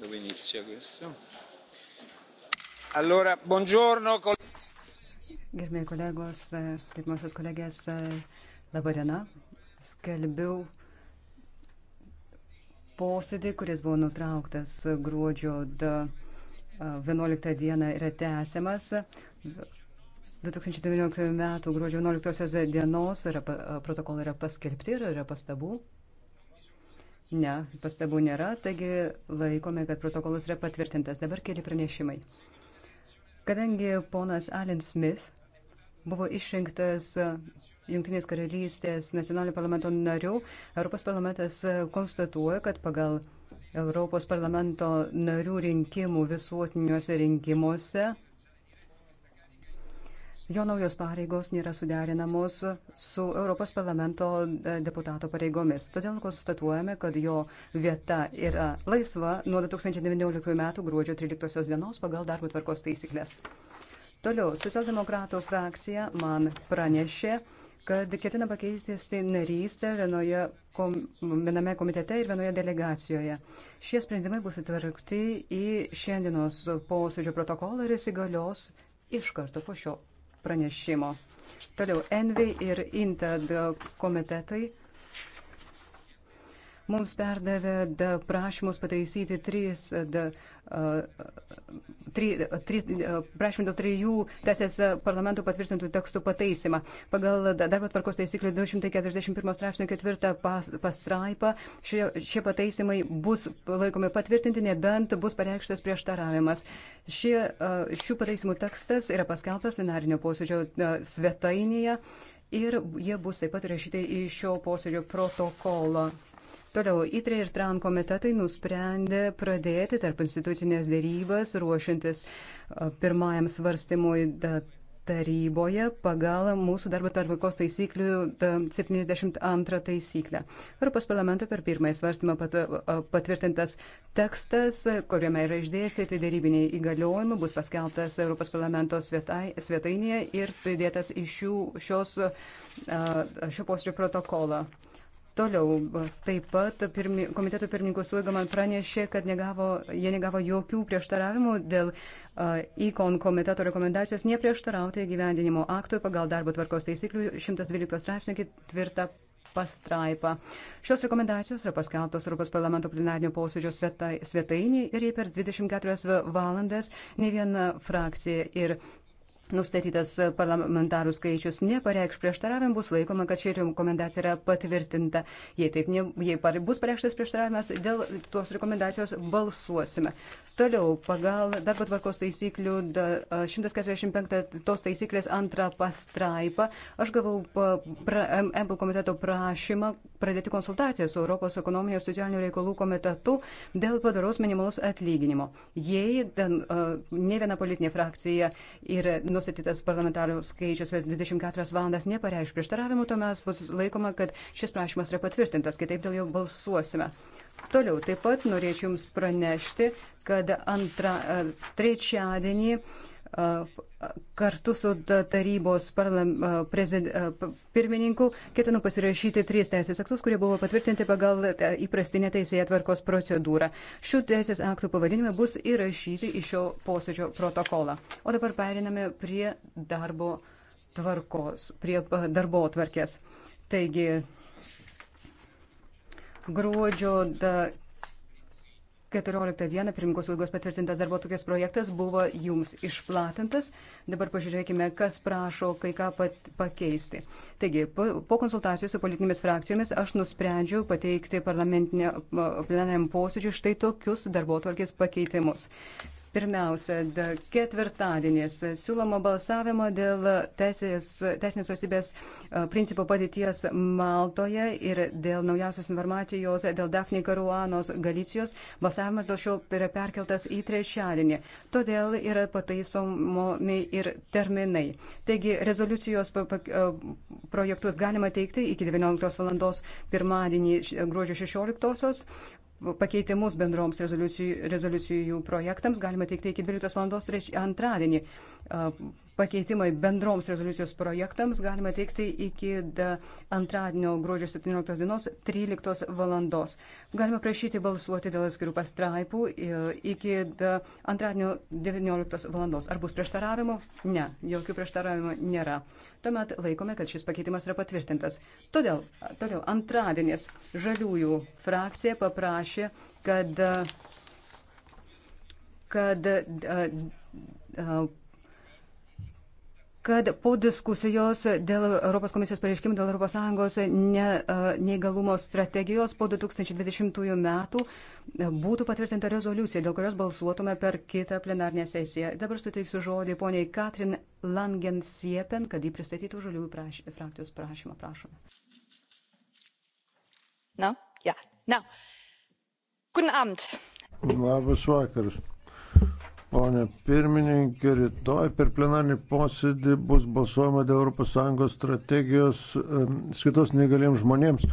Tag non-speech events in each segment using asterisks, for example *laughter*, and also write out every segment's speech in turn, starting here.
dove inizia questo? Allora, buongiorno. Gerbėjai kolegos, e, pirmosios kolegės, e, laba diena. Skelbiu posėdį, kuris buvo nutrauktas gruodžio 11 e, dieną, yra tęsiamas. 2019 m. gruodžio 11 dienos yra, protokolai yra paskelbti ir yra pastabų. Ne, pastabų nėra, taigi laikome, kad protokolas yra patvirtintas. Dabar keli pranešimai. Kadangi ponas Alan Smith buvo išrinktas Junktinės karalystės nacionalinio parlamento narių, Europos parlamentas konstatuoja, kad pagal Europos parlamento narių rinkimų visuotiniuose rinkimuose Jo naujos pareigos nėra suderinamos su Europos parlamento e, deputato pareigomis. Todėl konstatuojame, kad jo vieta yra laisva nuo 2019 m. gruodžio 13 dienos pagal darbo tvarkos taisyklės. Toliau, socialdemokratų frakcija man pranešė, kad ketina pakeisti narystę vienoje kom, viename komitete ir vienoje delegacijoje. Šie sprendimai bus įtvirkti į šiandienos posėdžio protokolą ir įsigalios iš karto po šio pranešimo. Toliau Envi ir Intad komitetai mums perdavė prašymus pataisyti tris, da, tri, tris prašymą dėl trijų teisės parlamentų patvirtintų tekstų pataisimą. Pagal darbo tvarkos taisyklių 241 straipsnio 4 pas, pastraipą šie, šie pataisimai bus laikomi patvirtinti, nebent bus pareikštas prieštaravimas. Šie, šių pataisimų tekstas yra paskelbtas plenarinio posėdžio svetainėje ir jie bus taip pat rašyti į šio posėdžio protokolą. Toliau ITRE ir TRAN komitetai nusprendė pradėti tarp institucinės dėrybas, ruošiantis pirmajam svarstymui taryboje pagal mūsų darbo tarvikos taisyklių 72 taisyklę. Europos parlamento per pirmąjį svarstymą pat, patvirtintas tekstas, kuriame yra išdėstyti dėrybiniai įgaliojimai, bus paskelbtas Europos parlamento svetai, svetainėje ir pridėtas iš šių, šios, šio posėdžio protokolą. Toliau, taip pat pirmi, komiteto pirmininko suėga man pranešė, kad negavo, jie negavo jokių prieštaravimų dėl uh, ICON komiteto rekomendacijos neprieštarauti gyvendinimo aktui pagal darbo tvarkos taisyklių 112 straipsnį ketvirtą pastraipą. Šios rekomendacijos yra paskelbtos Europos parlamento plenarnio posėdžio svetainėje ir jie per 24 valandas ne viena frakcija ir nustatytas parlamentarų skaičius nepareikš prieštaravimų, bus laikoma, kad ši rekomendacija yra patvirtinta. Jei taip ne, jei bus pareikštas prieštaravimas, dėl tos rekomendacijos balsuosime. Toliau, pagal darbo tvarkos taisyklių 145 tos taisyklės antrą pastraipą, aš gavau MPL komiteto prašymą pradėti konsultaciją su Europos ekonominio ir socialinių reikalų komitetu dėl padaros minimalus atlyginimo. Jei ten, ne viena politinė frakcija ir nustatė, nustatytas parlamentarų skaičius 24 valandas nepareiš prieštaravimų, tuomet bus laikoma, kad šis prašymas yra patvirtintas, kitaip dėl jo balsuosime. Toliau taip pat norėčiau Jums pranešti, kad antrą, e, trečiadienį kartu su tarybos parlam, prezid, pirmininku ketinu pasirašyti trys teisės aktus, kurie buvo patvirtinti pagal e, įprastinę teisėje tvarkos procedūrą. Šių teisės aktų pavadinimai bus įrašyti į šio posėdžio protokolą. O dabar periname prie darbo tvarkos, prie darbo tvarkės. Taigi, gruodžio da, 14 dieną pirmininkos saugos patvirtintas darbo tokias projektas buvo jums išplatintas. Dabar pažiūrėkime, kas prašo kai ką pat, pakeisti. Taigi, po, po konsultacijų su politinėmis frakcijomis aš nusprendžiau pateikti parlamentinio plenariam posėdžiui štai tokius darbo tokias pakeitimus. Pirmiausia, ketvirtadienis siūloma balsavimo dėl teisės, teisinės valstybės e, principo padėties Maltoje ir dėl naujausios informacijos dėl Dafne Karuanos Galicijos. Balsavimas dėl šio yra perkeltas į trečiadienį. Todėl yra pataisomi ir terminai. Taigi rezoliucijos e, projektus galima teikti iki 19 val. pirmadienį gruodžio 16. -osios pakeitimus bendroms rezoliucijų, rezoliucijų projektams galima teikti iki 12 val. antradienį pakeitimai bendroms rezoliucijos projektams galima teikti iki antradienio gruodžio 17 dienos 13 valandos. Galima prašyti balsuoti dėl atskirų pastraipų iki antradienio 19 valandos. Ar bus prieštaravimo? Ne, jokių prieštaravimo nėra. Tuomet laikome, kad šis pakeitimas yra patvirtintas. Todėl, todėl antradienės žaliųjų frakcija paprašė, kad kad uh, uh, kad po diskusijos dėl Europos komisijos pareiškimų dėl ES ne, e, neįgalumo strategijos po 2020 metų e, būtų patvirtinta rezoliucija, dėl kurios balsuotume per kitą plenarnę sesiją. Dabar suteiksiu žodį poniai Katrin Langen-Siepen, kad jį pristatytų žaliųjų praš, frakcijos prašymą. Prašome. Na, ja, na. Guten Abend. Labas vakaras. Pone pirmininkė, rytoj per plenarnį posėdį bus balsuojama dėl ES strategijos skirtos negaliems žmonėms.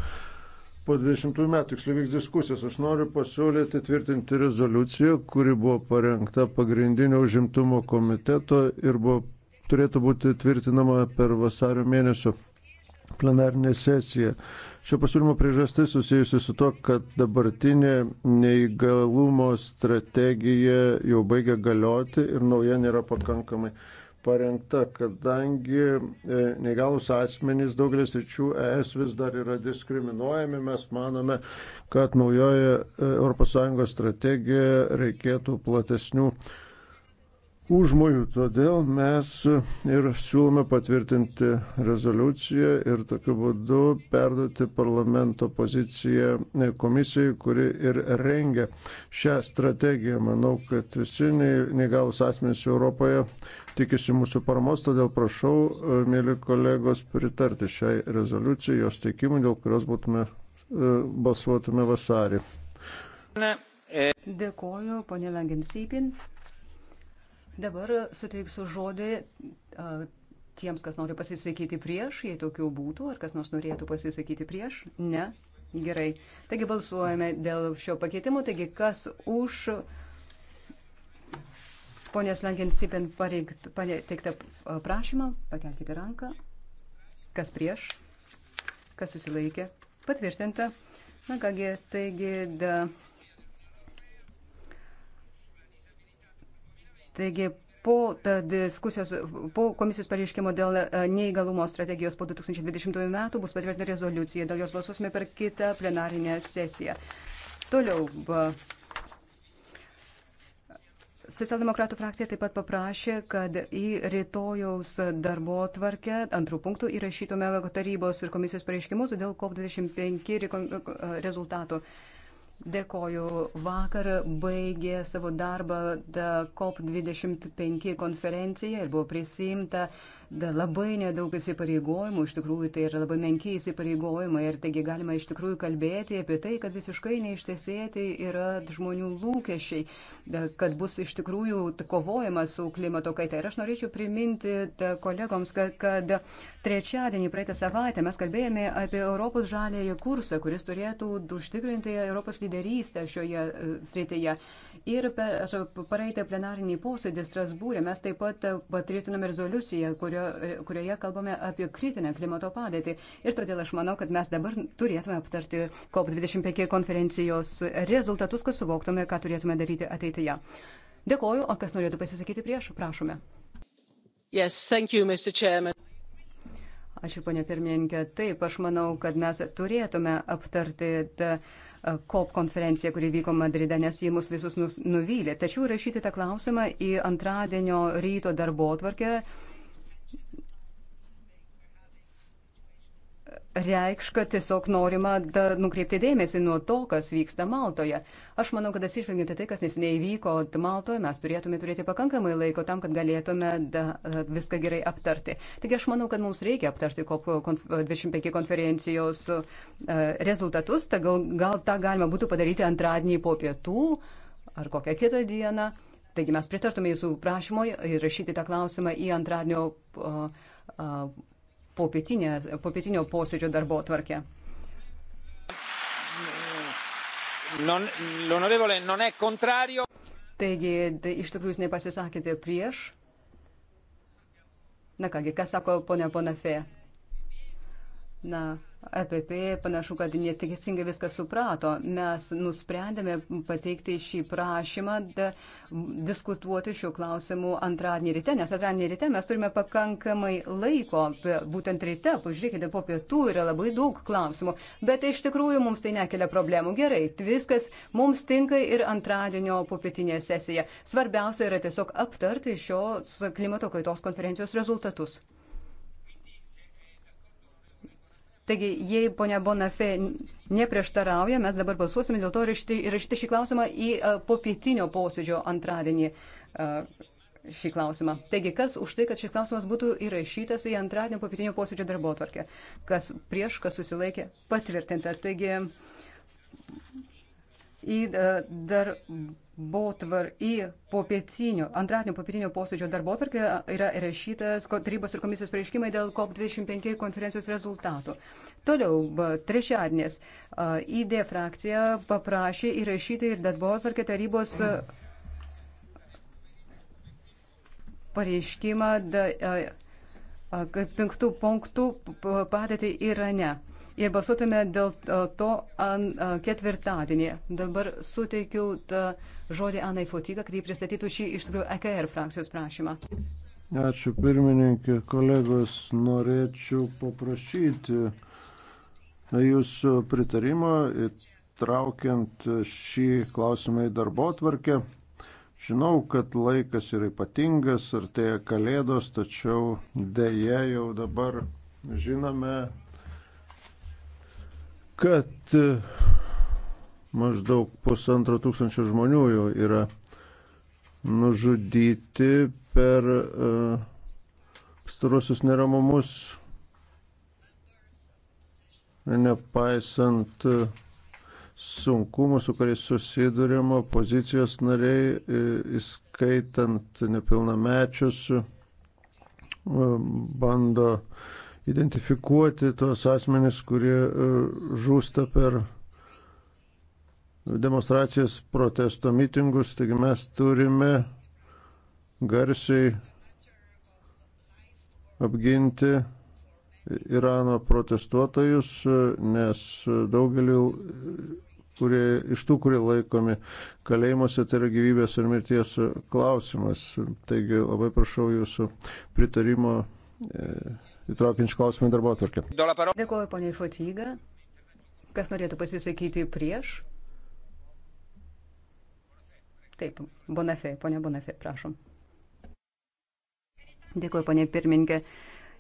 Po 20 metų tiksliai vyks diskusijos. Aš noriu pasiūlyti tvirtinti rezoliuciją, kuri buvo parengta pagrindinio užimtumo komiteto ir buvo, turėtų būti tvirtinama per vasario mėnesio plenarinė sesija. Šio pasiūlymo priežastis susijusi su to, kad dabartinė neįgalumo strategija jau baigia galioti ir nauja nėra pakankamai parengta, kadangi e, negalus asmenys daugelis ryčių ES vis dar yra diskriminuojami, mes manome, kad naujoje ES strategijoje reikėtų platesnių užmojų. Todėl mes ir siūlome patvirtinti rezoliuciją ir tokiu būdu perduoti parlamento poziciją komisijai, kuri ir rengia šią strategiją. Manau, kad visi negalus asmenys Europoje tikisi mūsų paramos, todėl prašau, mėly kolegos, pritarti šiai rezoliucijai, jos teikimui, dėl kurios būtume e, balsuotume vasarį. Dėkoju, ponė Langensypin. Dabar suteiksiu žodį tiems, kas nori pasisakyti prieš, jei tokių būtų, ar kas nors norėtų pasisakyti prieš. Ne. Gerai. Taigi balsuojame dėl šio pakeitimo. Taigi kas už ponės Langensipen pateiktą prašymą, pakelkite ranką. Kas prieš? Kas susilaikė? Patvirtinta. Na kągi, taigi. Da, Taigi, po, diskusijos, po komisijos pareiškimo dėl e, neįgalumo strategijos po 2020 metų bus patvirtinta rezoliucija, dėl jos balsuosime per kitą plenarinę sesiją. Toliau. Socialdemokratų frakcija taip pat paprašė, kad į rytojaus darbo tvarkę antrų punktų įrašytume tarybos ir komisijos pareiškimus dėl COP25 rezultatų. Dėkoju. Vakar baigė savo darbą COP25 konferencija ir buvo prisimta uh, Da labai nedaug įsipareigojimų, iš tikrųjų tai yra labai menkiai įsipareigojimai ir taigi galima iš tikrųjų kalbėti apie tai, kad visiškai neištesėti yra žmonių lūkesčiai, da, kad bus iš tikrųjų kovojama su klimato kaita. Ir aš norėčiau priminti da, kolegoms, kad, kad trečiadienį praeitą savaitę mes kalbėjome apie Europos žalėje kursą, kuris turėtų užtikrinti Europos lyderystę šioje e, srityje. Ir per praeitą plenarinį posėdį Strasbūrė mes taip pat patvirtinome rezoliuciją, kurio kurio, kurioje kalbame apie kritinę klimato padėtį. Ir todėl aš manau, kad mes dabar turėtume aptarti COP25 konferencijos rezultatus, kad suvoktume, ką turėtume daryti ateityje. Dėkoju, o kas norėtų pasisakyti prieš, prašome. Yes, thank you, Mr. Chairman. Ačiū, ponė pirmininkė. Taip, aš manau, kad mes turėtume aptarti. Ta, COP konferencija, kuri vyko Madride, nes jie mus visus nus, nuvylė. Tačiau rašyti tą klausimą į antradienio ryto darbo atvarkę reikš, kad tiesiog norima da, nukreipti dėmesį nuo to, kas vyksta Maltoje. Aš manau, kad atsižvelgiant į tai, kas nesiniai vyko Maltoje, mes turėtume turėti pakankamai laiko tam, kad galėtume da, viską gerai aptarti. Taigi aš manau, kad mums reikia aptarti COP25 konferencijos e, rezultatus, ta gal, gal tą galima būtų padaryti antradienį po pietų ar kokią kitą dieną. Taigi mes pritartume jūsų prašymui įrašyti tą klausimą į antradienio. Uh, uh, popietinio posėdžio darbo tvarkę. L'onorevole non è contrario. Taigi, tai iš tikrųjų jūs nepasisakėte prieš. Na kągi, ką sako ponia Bonafė? Na, EPP panašu, kad neteisingai viską suprato. Mes nusprendėme pateikti šį prašymą de, diskutuoti šiuo klausimu antradienį ryte, nes antradienį ryte mes turime pakankamai laiko, būtent ryte, pažiūrėkite, po pietų yra labai daug klausimų, bet iš tikrųjų mums tai nekelia problemų. Gerai, viskas mums tinka ir antradienio popietinė sesija. Svarbiausia yra tiesiog aptarti šios klimato kaitos konferencijos rezultatus. Taigi, jei ponia Bonafė neprieštarauja, mes dabar balsuosime dėl to įrašyti šį klausimą į e, po pietinio posėdžio antradienį e, šį klausimą. Taigi, kas už tai, kad šis klausimas būtų įrašytas į antradienio popietinio posėdžio darbo atvarkę? Kas prieš, kas susilaikė? Patvirtinta. Taigi, į e, dar. Botvar į popietinio, antradienio popietinio posėdžio darbo atvarkė yra rašytas tarybos ir komisijos pareiškimai dėl COP25 konferencijos rezultatų. Toliau, trečiadienės ID frakcija paprašė įrašyti ir darbo atvarkė tarybos pareiškimą penktų punktų padėti Irane ir balsuotume dėl e, to e, ketvirtadienį. Dabar suteikiu e, žodį Anai Fotyga, kad jį pristatytų šį iš tikrųjų EKR frakcijos prašymą. Ačiū pirmininkė, kolegos, norėčiau paprašyti jūsų pritarimo traukiant šį klausimą į darbo tvarkę. Žinau, kad laikas yra ypatingas, artėja kalėdos, tačiau dėje jau dabar žinome, kad e, maždaug pusantro tūkstančio žmonių jau yra nužudyti per e, pastarosius neramumus, nepaisant e, sunkumų, su kuriais susidurimo pozicijos nariai, įskaitant nepilnamečius, bando identifikuoti tos asmenys, kurie e, žūsta per demonstracijas, protesto mitingus. Taigi mes turime garsiai apginti Irano protestuotojus, e, nes daugelį, kurie, iš tų, kurie laikomi kalėjimuose, tai yra gyvybės ir mirties klausimas. Taigi labai prašau jūsų pritarimo. E, įtraukiančių klausimų į darbo atvarkę. Dėkuoju, poniai Fotyga. Kas norėtų pasisakyti prieš? Taip, Bonafė, ponia Bonafė, prašom. Dėkuoju, ponia pirmininkė.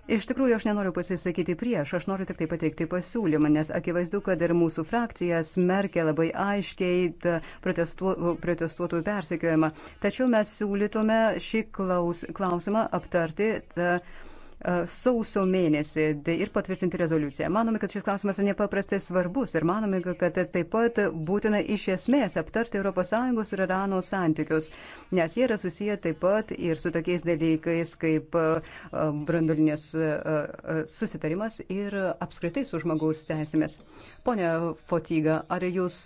Iš tikrųjų, aš nenoriu pasisakyti prieš, aš noriu tik tai pateikti pasiūlymą, nes akivaizdu, kad ir mūsų frakcija smerkia labai aiškiai protestuo, protestuotojų persekiojimą. Tačiau mes siūlytume šį klaus, klausimą aptarti. Ta, E, sausio mėnesį ir patvirtinti rezoliuciją. Manome, kad šis klausimas yra nepaprastai svarbus ir manome, kad taip pat būtina iš esmės aptarti ES ir Irano santykius, nes jie yra susiję taip pat ir su tokiais dalykais kaip e, e, brandulinės susitarimas ir apskritai su žmogaus teisėmis. Pone Fotyga, ar jūs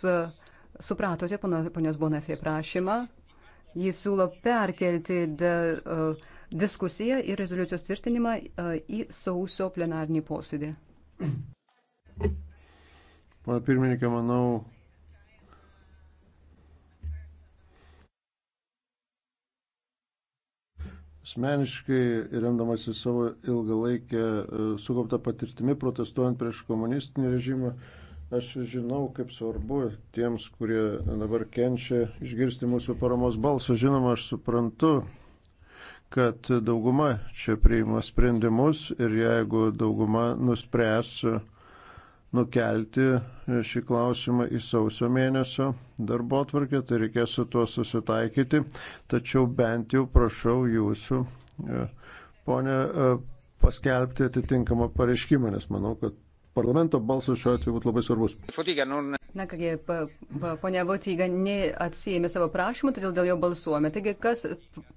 supratote ponios Bonafė prašymą? Jis siūlo perkelti. De, uh, diskusiją ir rezoliucijos tvirtinimą e, į sausio plenarnį posėdį. Pane pirmininkė, manau, asmeniškai remdamasi savo ilgalaikę e, sukauptą patirtimi protestuojant prieš komunistinį režimą, aš žinau, kaip svarbu tiems, kurie dabar kenčia, išgirsti mūsų paramos balsą. Žinoma, aš suprantu, kad dauguma čia priima sprendimus ir jeigu dauguma nuspręs nukelti šį klausimą į sausio mėnesio darbo atvarkę, tai reikės su tuo susitaikyti. Tačiau bent jau prašau jūsų, e, ponė, e, paskelbti atitinkamą pareiškimą, nes manau, kad parlamento balsas šiuo atveju būtų labai svarbus. Na kągi, ponia Votyga neatsijėmė savo prašymą, todėl dėl jo balsuojame. Taigi, kas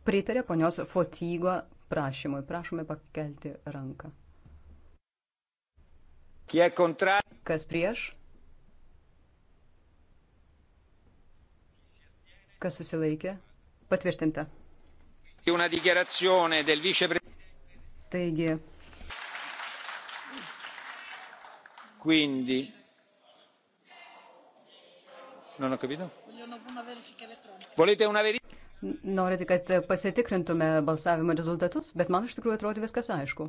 pritarė ponios Votygo prašymui? Prašome pakelti ranką. Kas prieš? Kas susilaikė? Patvirtinta. Taigi. Quindi Non ho capito? Volete una verifica? Norite, kad pasitikrintume balsavimo rezultatus, bet man iš tikrųjų atrodo viskas aišku.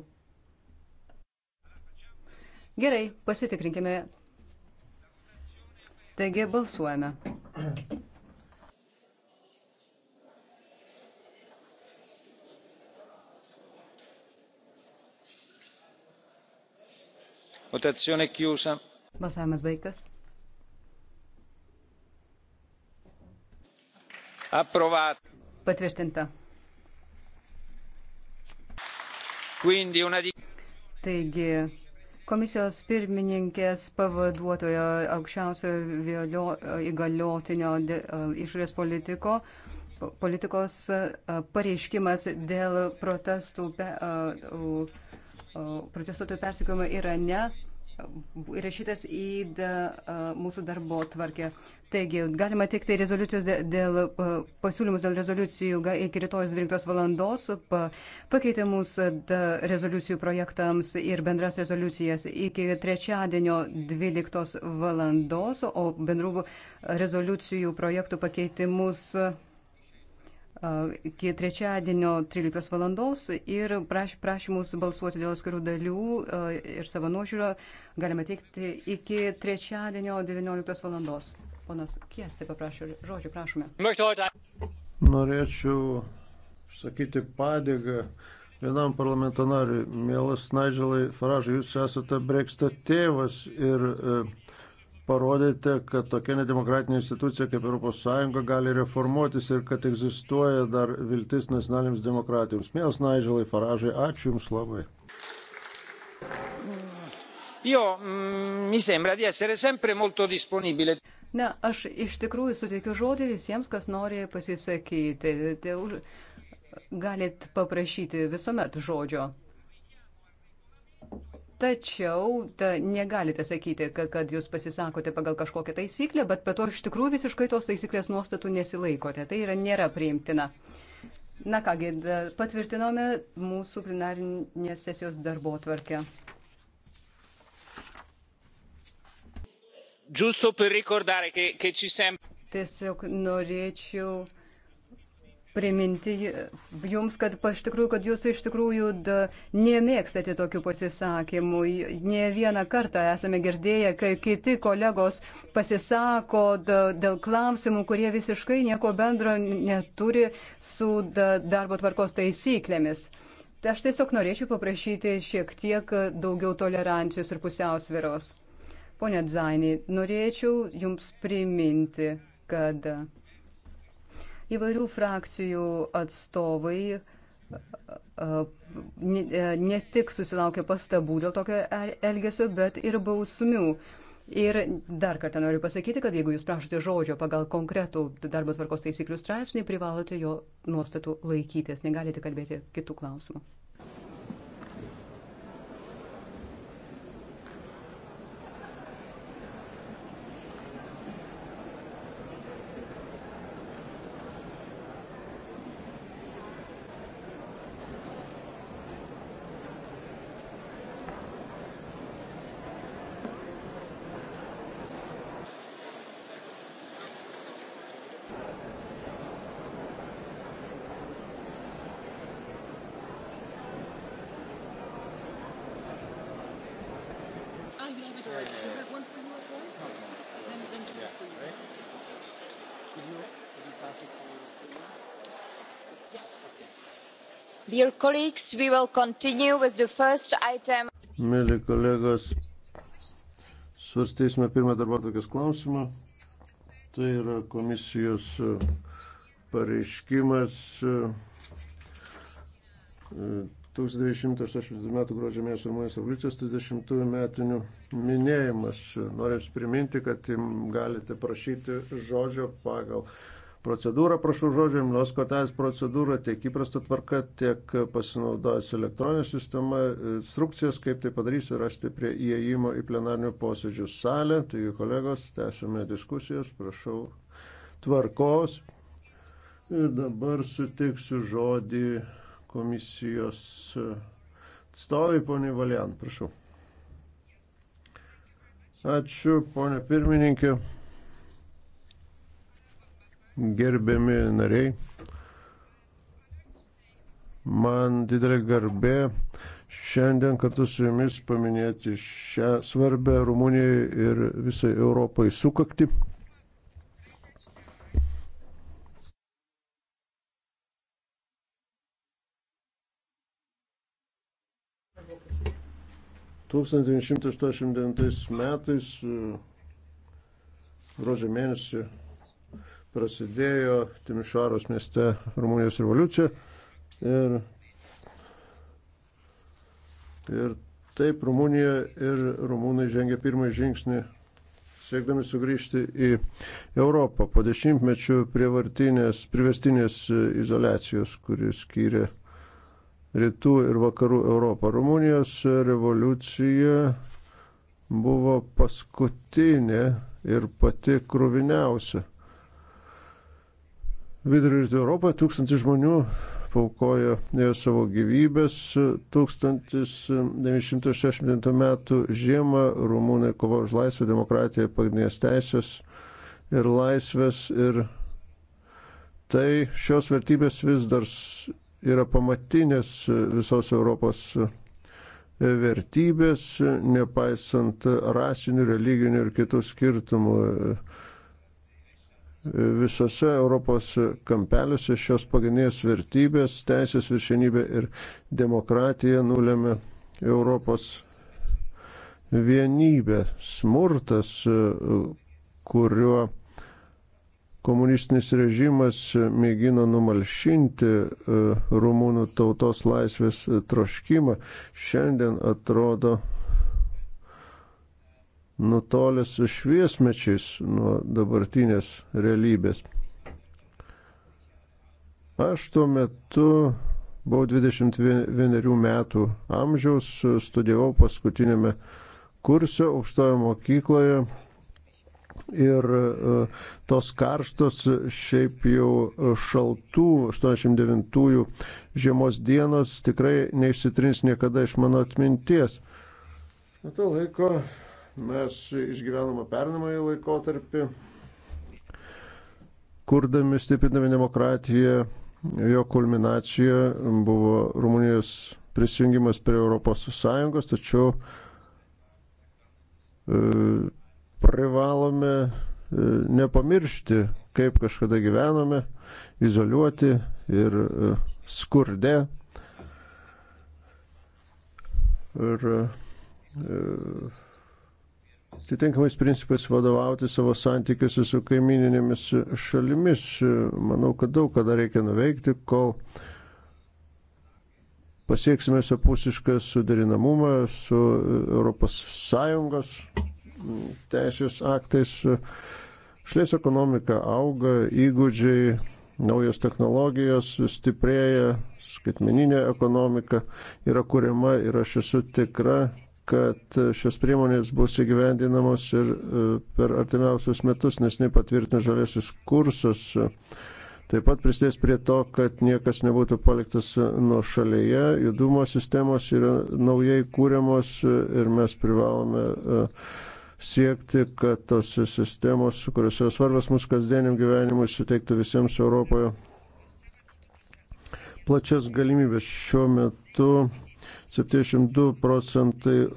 Gerai, pasitikrinkime. Taigi balsuojame. Votazione chiusa. Balsavimas baigtas. Approvato. Patvirtinta. Quindi una di... Taigi, komisijos pirmininkės pavaduotojo aukščiausiojo vėlio, įgaliotinio e, išorės politiko politikos e, pareiškimas dėl protestų, e, protestuotojų persikėjimo Irane įrašytas į da, mūsų darbo tvarkę. Taigi, galima teikti rezoliucijos dėl, pasiūlymus dėl rezoliucijų iki rytojus 12 valandos, pa, pakeitimus rezoliucijų projektams ir bendras rezoliucijas iki trečiadienio 12 valandos, o bendrų rezoliucijų projektų pakeitimus iki trečiadienio 13 valandos ir prašymus balsuoti dėl skirų dalių e, ir savo nuožiūro galima teikti iki trečiadienio 19 valandos. Ponas Kiesti paprašė žodžių, prašome. Norėčiau sakyti padėgą vienam parlamento nariui. Mielas Nigelai Faražai, jūs esate Breksto tėvas ir e, parodėte, kad tokia nedemokratinė institucija kaip ES gali reformuotis ir kad egzistuoja dar viltis nacionalinėms demokratijoms. Mielas Naidželai Faražai, ačiū Jums labai. Jo, mm, mi sembra di essere sempre molto disponibile. Na, aš iš tikrųjų suteikiu žodį visiems, kas nori pasisakyti. Te už... Galit paprašyti visuomet žodžio. Tačiau ta, negalite sakyti, kad, kad jūs pasisakote pagal kažkokią taisyklę, bet be to iš tikrųjų visiškai tos taisyklės nuostatų nesilaikote. Tai yra nėra priimtina. Na kągi, patvirtinome mūsų plenarinės sesijos darbo tvarkę. Tiesiog norėčiau priminti jums, kad iš tikrųjų, kad jūs iš tikrųjų nemėgstate tokių pasisakymų. Ne vieną kartą esame girdėję, kai kiti kolegos pasisako dėl klausimų, kurie visiškai nieko bendro neturi su darbo tvarkos taisyklėmis. Tai aš tiesiog norėčiau paprašyti šiek tiek daugiau tolerancijos ir pusiausviros. Pone Dzainį, norėčiau Jums priminti, kad įvairių frakcijų atstovai ne tik susilaukė pastabų dėl tokio e, elgesio, bet ir bausmių. Ir dar kartą noriu pasakyti, kad jeigu jūs prašote žodžio pagal konkretų darbo tvarkos taisyklių straipsnį, privalote jo nuostatų laikytis, negalite kalbėti kitų klausimų. Mėly kolegos, svarstysime pirmą darbo tokias klausimą. Tai yra komisijos e, pareiškimas 1980 e, e, m. gruodžio mėnesio Rumunijos revoliucijos 30 metinių minėjimas. Noriu jums priminti, kad galite prašyti žodžio pagal procedūrą, prašau žodžio, Minos kortelės procedūrą tiek įprasta tvarka, tiek pasinaudojus elektroninė sistema, instrukcijas, kaip tai padarysiu, rasti prie įėjimo į plenarnių posėdžių salę. Taigi, kolegos, tęsime diskusijas, prašau tvarkos. Ir dabar sutiksiu žodį komisijos atstovai, poniai Valian, prašau. Ačiū, ponia pirmininkė gerbiami nariai. Man didelė garbė šiandien kartu su jumis paminėti šią svarbę Rumunijai ir visai Europai sukakti. Tūkstantis devyni šimtai aštuoniasdešimt devintais metais e, gruodžio mėnesį prasidėjo Timišvaros mieste Rumunijos revoliucija ir, ir taip Rumunija ir Rumunai žengė pirmąjį žingsnį siekdami sugrįžti į Europą po dešimtmečių priverstinės izolacijos, kuris skyrė rytų ir vakarų Europą. Rumunijos revoliucija buvo paskutinė ir pati kruviniausia Vidurio rytų Europoje tūkstantis žmonių paukojo e, savo gyvybės. 1969 e, m. žiemą rumūnai kovo už laisvę, demokratiją, pagrindinės teisės ir laisvės. Ir tai šios vertybės vis dar yra pamatinės e, visos Europos vertybės, nepaisant rasinių, religinių ir kitų skirtumų visose Europos kampeliuose šios pagrindinės vertybės, teisės viršenybė ir demokratija nulėmė Europos vienybę. Smurtas, kuriuo komunistinis režimas mėgino numalšinti e, rumūnų tautos laisvės troškimą, šiandien atrodo nutolęs su šviesmečiais nuo dabartinės realybės. Aš tuo metu buvau 21 metų amžiaus, studijavau paskutinėme kurse aukštojo mokykloje ir e, tos karštos šiaip jau šaltų 89-ųjų žiemos dienos tikrai neišsitrins niekada iš mano atminties. Nuo to laiko Mes išgyvename pernamąjį laikotarpį, kurdami, stiprindami demokratiją, jo kulminacija buvo Rumunijos prisijungimas prie Europos Sąjungos, tačiau e, privalome e, nepamiršti, kaip kažkada gyvenome, izoliuoti ir e, skurde. Ir e, atitinkamais principais vadovauti savo santykiuose su kaimininėmis šalimis. Manau, kad daug ką dar reikia nuveikti, kol pasieksime sapusišką suderinamumą su ES teisės aktais. Šlės ekonomika auga, įgūdžiai, naujos technologijos stiprėja, skaitmeninė ekonomika yra kuriama ir aš esu tikra, kad šios priemonės bus įgyvendinamos ir e, per artimiausius metus, nes nepatvirtina žalėsis kursas. Taip pat prisidės prie to, kad niekas nebūtų paliktas nuo šalyje, judumo sistemos yra naujai kūriamos ir mes privalome e, siekti, kad tos sistemos, kurios yra svarbios mūsų kasdieniam gyvenimui, suteiktų visiems Europoje plačias galimybės. Šiuo metu 72 procentai e,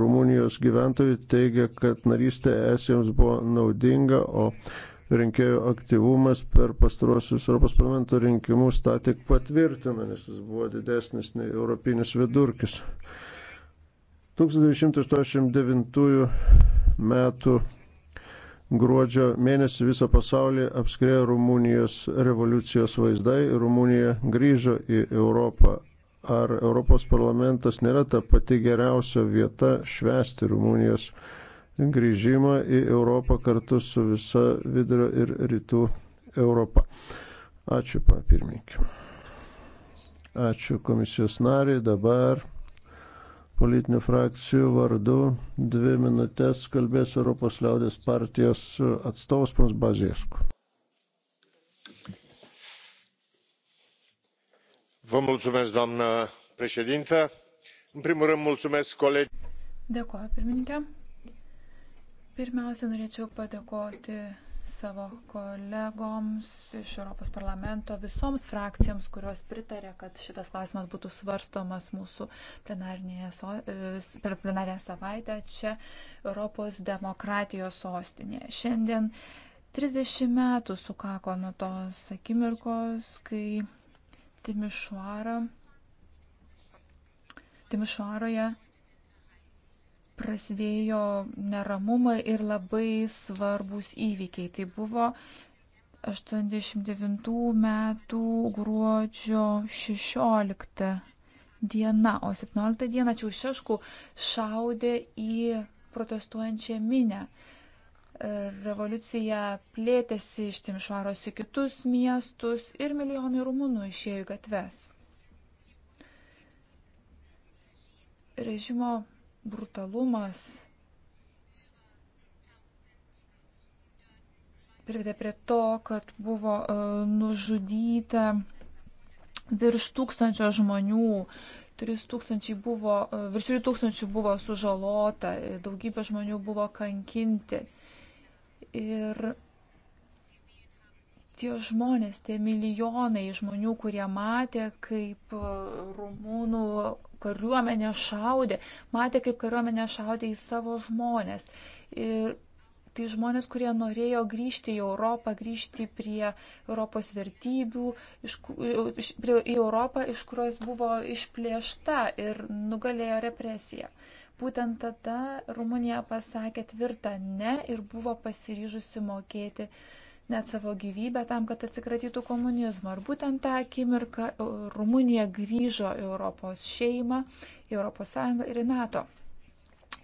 Rumunijos gyventojų teigia, kad narystė es jiems buvo naudinga, o rinkėjų aktyvumas per pastaruosius Europos parlamento rinkimus tą tik patvirtina, nes jis buvo didesnis nei europinis vidurkis. 1989 metų gruodžio mėnesį visą pasaulį apskrėjo Rumunijos revoliucijos vaizdai. Rumunija grįžo į Europą ar Europos parlamentas nėra ta pati geriausia vieta švęsti Rumunijos grįžimą į Europą kartu su visa vidurio ir rytų Europa. Ačiū, papirminkė. Ačiū komisijos nariai. Dabar politinių frakcijų vardu dvi minutės kalbės Europos liaudės partijos atstovas Pons Bazėskų. doamnă președintă în primul rând mulțumesc colegei. dėkoju pirmininke. pirmiausia norėčiau padėkoti savo kolegoms iš europos parlamento visoms frakcijoms kurios pritarė kad šitas klausimas būtų svarstomas mūsų plenarinėje so, per plenarinę savaitę čia europos demokratijos sostinėje. šiandien trisdešimt metų sukako nuo tos akimirkos kai Timišuaro, Timišuaroje prasidėjo neramumai ir labai svarbus įvykiai. Tai buvo 89 metų gruodžio 16 diena, o 17 dieną Čiaušeškų šaudė į protestuojančią minę revoliucija plėtėsi iš Timšvaros į kitus miestus ir milijonai rumunų išėjo į gatves. Režimo brutalumas privedė prie to, kad buvo e, nužudyta virš tūkstančio žmonių, 3000 buvo, e, virš 3000 buvo sužalota, daugybė žmonių buvo kankinti. Ir tie žmonės, tie milijonai žmonių, kurie matė, kaip e, rumūnų kariuomenė šaudė, matė, kaip kariuomenė šaudė į savo žmonės. Ir tai žmonės, kurie norėjo grįžti į Europą, grįžti prie Europos vertybių, iš, e, iš, prie, į Europą, iš kurios buvo išplėšta ir nugalėjo represiją. Būtent tada Rumunija pasakė tvirtą ne ir buvo pasiryžusi mokėti net savo gyvybę tam, kad atsikratytų komunizmo. Ir būtent tą akimirką e, Rumunija grįžo į Europos šeimą, į Europos Sąjungą ir į NATO.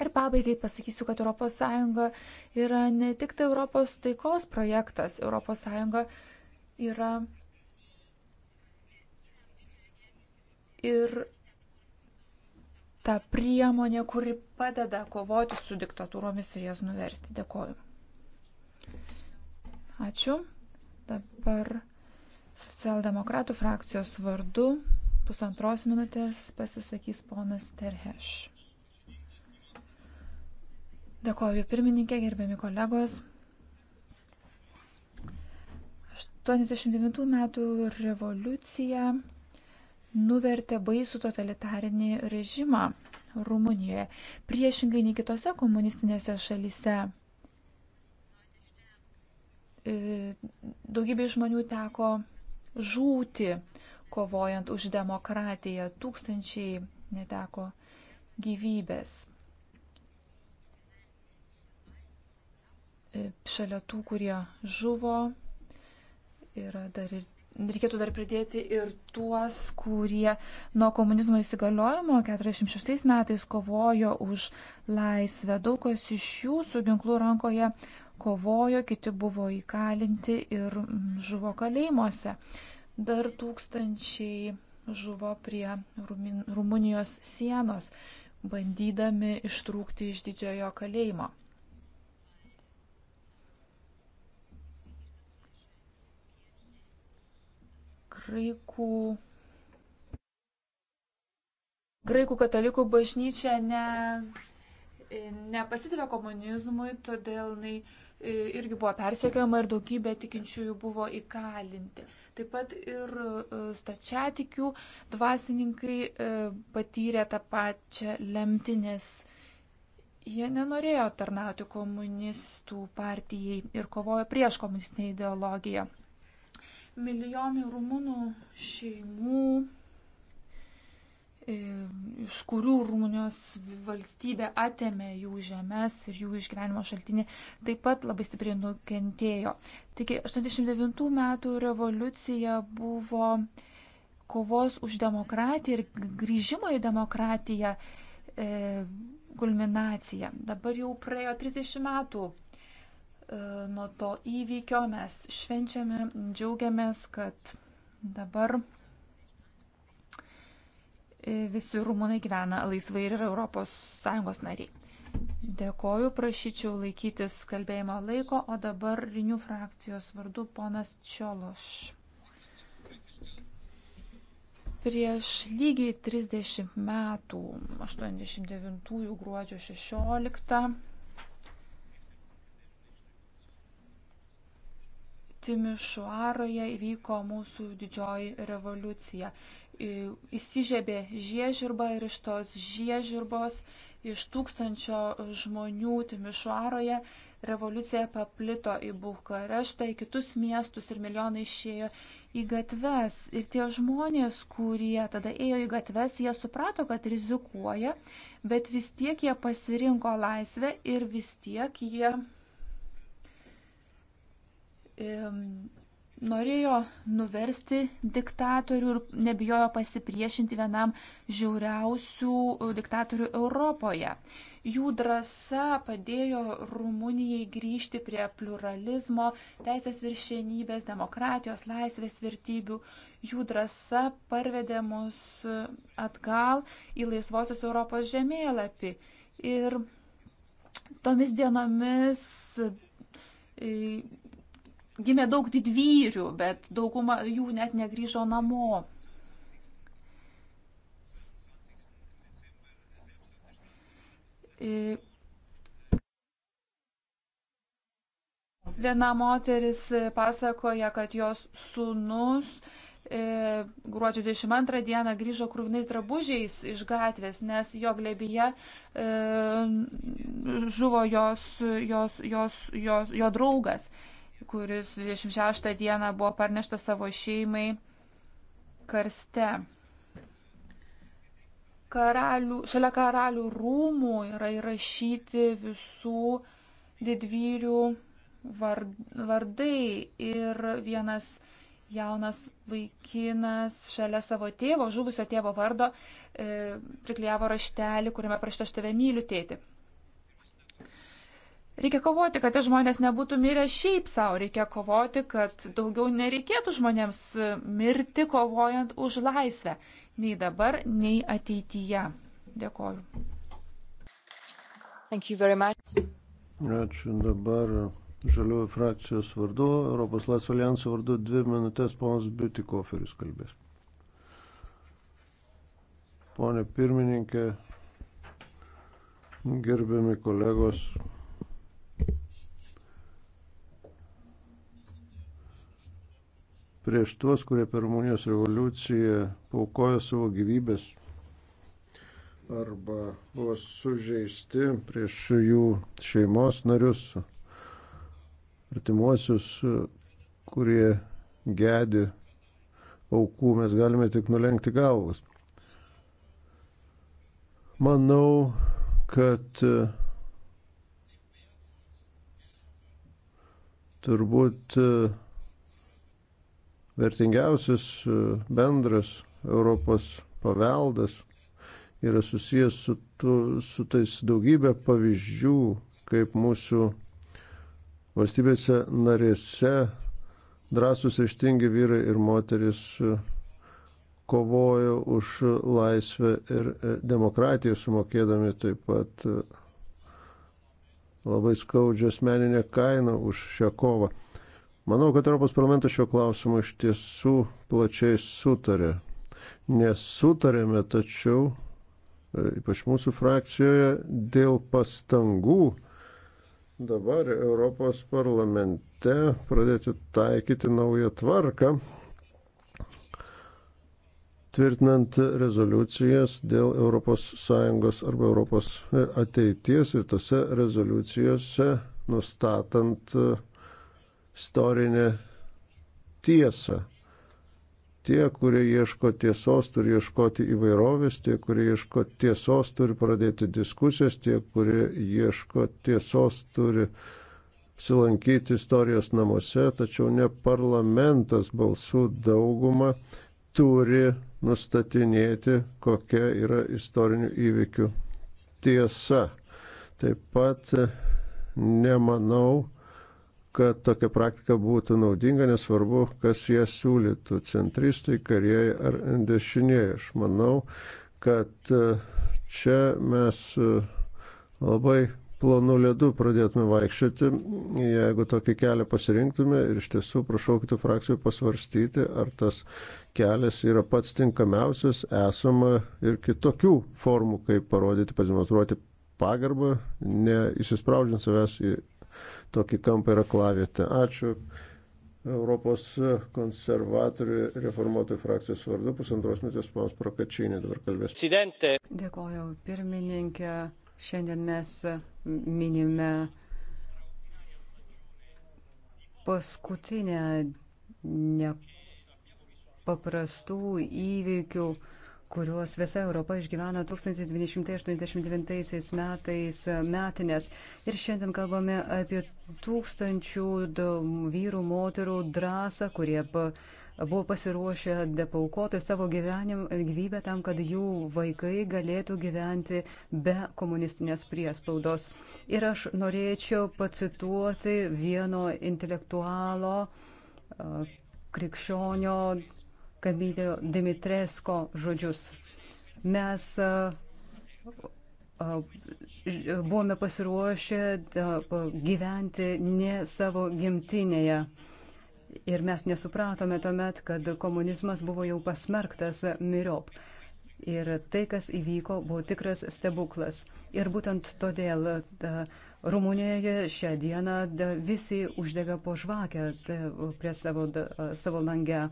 Ir pabaigai pasakysiu, kad ES yra ne tik tai Europos taikos projektas, ES yra ir ta priemonė, kuri padeda kovoti su diktatūromis ir jas nuversti. Dėkoju. Ačiū. Dabar socialdemokratų frakcijos vardu pusantros minutės pasisakys ponas Terheš. Dėkoju pirmininkė, gerbiami kolegos. 89 metų revoliucija nuvertė baisų totalitarinį režimą Rumunijoje, priešingai nei kitose komunistinėse šalise. E, daugybė žmonių teko žūti, kovojant už demokratiją. Tūkstančiai neteko gyvybės. E, šalia tų, kurie žuvo, yra dar ir reikėtų dar pridėti ir tuos, kurie nuo komunizmo įsigaliojimo 46 metais kovojo už laisvę. Daug kas iš jų su ginklu rankoje kovojo, kiti buvo įkalinti ir žuvo kalėjimuose. Dar tūkstančiai žuvo prie Rumunijos sienos, bandydami ištrūkti iš didžiojo kalėjimo. Graikų. Graikų katalikų bažnyčia ne, nepasidavė komunizmui, todėl jinai e, irgi buvo persiekiojama ir daugybė tikinčiųjų buvo įkalinti. Taip pat ir e, stačiatikių dvasininkai e, patyrė tą pačią lemtinės. Jie nenorėjo tarnauti komunistų partijai ir kovojo prieš komunistinę ideologiją. Milijonai rumunų šeimų, e, iš kurių Rumunijos valstybė atėmė jų žemės ir jų išgyvenimo šaltinį, taip pat labai stipriai nukentėjo. Taigi 89 metų revoliucija buvo kovos už demokratiją ir grįžimo į demokratiją e, kulminacija. Dabar jau praėjo 30 metų E, nuo to įvykio. Mes švenčiame, džiaugiamės, kad dabar e, visi rumunai gyvena laisvai ir yra ES nariai. Dėkoju, prašyčiau laikytis kalbėjimo laiko, o dabar Rinių frakcijos vardu ponas Čiološ. Prieš lygiai 30 metų, 89 gruodžio 16, Timišuaroje įvyko mūsų didžioji revoliucija. Įsižiebė žiežirba ir iš tos žiežirbos, iš tūkstančio žmonių Timišuaroje revoliucija paplito į Bukareštą, į kitus miestus ir milijonai išėjo į gatves. Ir tie žmonės, kurie tada ėjo į gatves, jie suprato, kad rizikuoja, bet vis tiek jie pasirinko laisvę ir vis tiek jie norėjo nuversti diktatorių ir nebijojo pasipriešinti vienam žiauriausių uh, diktatorių Europoje. Jų drąsa padėjo Rumunijai grįžti prie pluralizmo, teisės viršienybės, demokratijos, laisvės vertybių. Jų drąsa parvedė mus uh, atgal į laisvosios Europos žemėlapį. Ir tomis dienomis uh, Gimė daug didvyrių, bet dauguma jų net negryžo namo. E, viena moteris pasakoja, kad jos sunus e, gruodžio 22 dieną grįžo krūvnais drabužiais iš gatvės, nes jo glebyje e, žuvo jos, jos, jos, jos, jo draugas kuris 26 dieną buvo parneštas savo šeimai karste. Karalių, šalia karalių rūmų yra įrašyti visų didvyrių vardai ir vienas jaunas vaikinas šalia savo tėvo, žuvusio tėvo vardo, e, priklyjavo raštelį, kuriame parašyta, aš tave myliu tėti. Reikia kovoti, kad tie žmonės nebūtų mirę šiaip savo, reikia kovoti, kad daugiau nereikėtų žmonėms e, mirti kovojant už laisvę, nei dabar, nei ateityje. Dėkoju. Ačiū dabar Žaliųjų frakcijos vardu, Europos Laisvės alijanso vardu, dvi minutės ponas Biutikoferis kalbės. Pone pirmininkė, gerbiami kolegos, prieš tuos, kurie per Rumunijos revoliuciją paukojo savo gyvybės arba buvo sužeisti prieš jų šeimos narius, artimuosius, kurie gedi aukų, mes galime tik nulenkti galvas. Manau, kad turbūt uh, vertingiausias e, bendras Europos paveldas yra susijęs su, tu, su tais daugybė pavyzdžių, kaip mūsų valstybėse narėse drąsus ištingi vyrai ir moteris e, kovojo už laisvę ir e, demokratiją, sumokėdami taip pat labai skaudžią asmeninę kainą už šią kovą. Manau, kad Europos parlamentas šiuo klausimu iš tiesų plačiai sutarė. Nesutarėme, tačiau, e, ypač mūsų frakcijoje, dėl pastangų dabar Europos parlamente pradėti taikyti naują tvarką, tvirtinant rezoliucijas dėl ES arba Europos e, ateities ir tose rezoliucijose nustatant uh, istorinę tiesą. Tie, kurie ieško tiesos, turi ieškoti įvairovės, tie, kurie ieško tiesos, turi pradėti diskusijas, tie, kurie ieško tiesos, turi silankyti istorijos namuose, tačiau ne parlamentas balsų daugumą turi nustatinėti, kokia yra istorinių įvykių tiesa. Taip pat nemanau, kad tokia praktika būtų naudinga, nesvarbu, kas ją siūlytų - centristai, karieji ar dešinieji. Aš manau, kad e, čia mes e, labai plonu ledu pradėtume vaikščioti, jeigu tokį kelią pasirinktume ir iš tiesų prašau kitų frakcijų pasvarstyti, ar tas kelias yra pats tinkamiausias, esama ir kitokių formų, kaip parodyti, pademonstruoti pagarbą, neįsispraudžiant savęs į tokį kampą ir aklavietę. Ačiū. Europos konservatorių reformuotojų frakcijos vardu pusantros minutės panas Prokačinė dabar kalbės. Incidente. Dėkoju, pirmininkė. Šiandien mes minime paskutinę nepaprastų įvykių kuriuos visa Europa išgyveno 1989 metais metinės. Ir šiandien kalbame apie tūkstančių vyrų, moterų drąsą, kurie buvo pasiruošę depaukoti savo gyvenim, gyvybę tam, kad jų vaikai galėtų gyventi be komunistinės priespaudos. Ir aš norėčiau pacituoti vieno intelektualo, krikščionio Kamilio Dimitresko žodžius. Mes buvome pasiruošę gyventi ne savo gimtinėje. Ir mes nesupratome tuomet, kad komunizmas buvo jau pasmerktas miriop. Ir tai, kas įvyko, buvo tikras stebuklas. Ir būtent todėl da, Rumunijoje šią dieną da, visi uždega po žvakę da, prie savo, da, savo langę.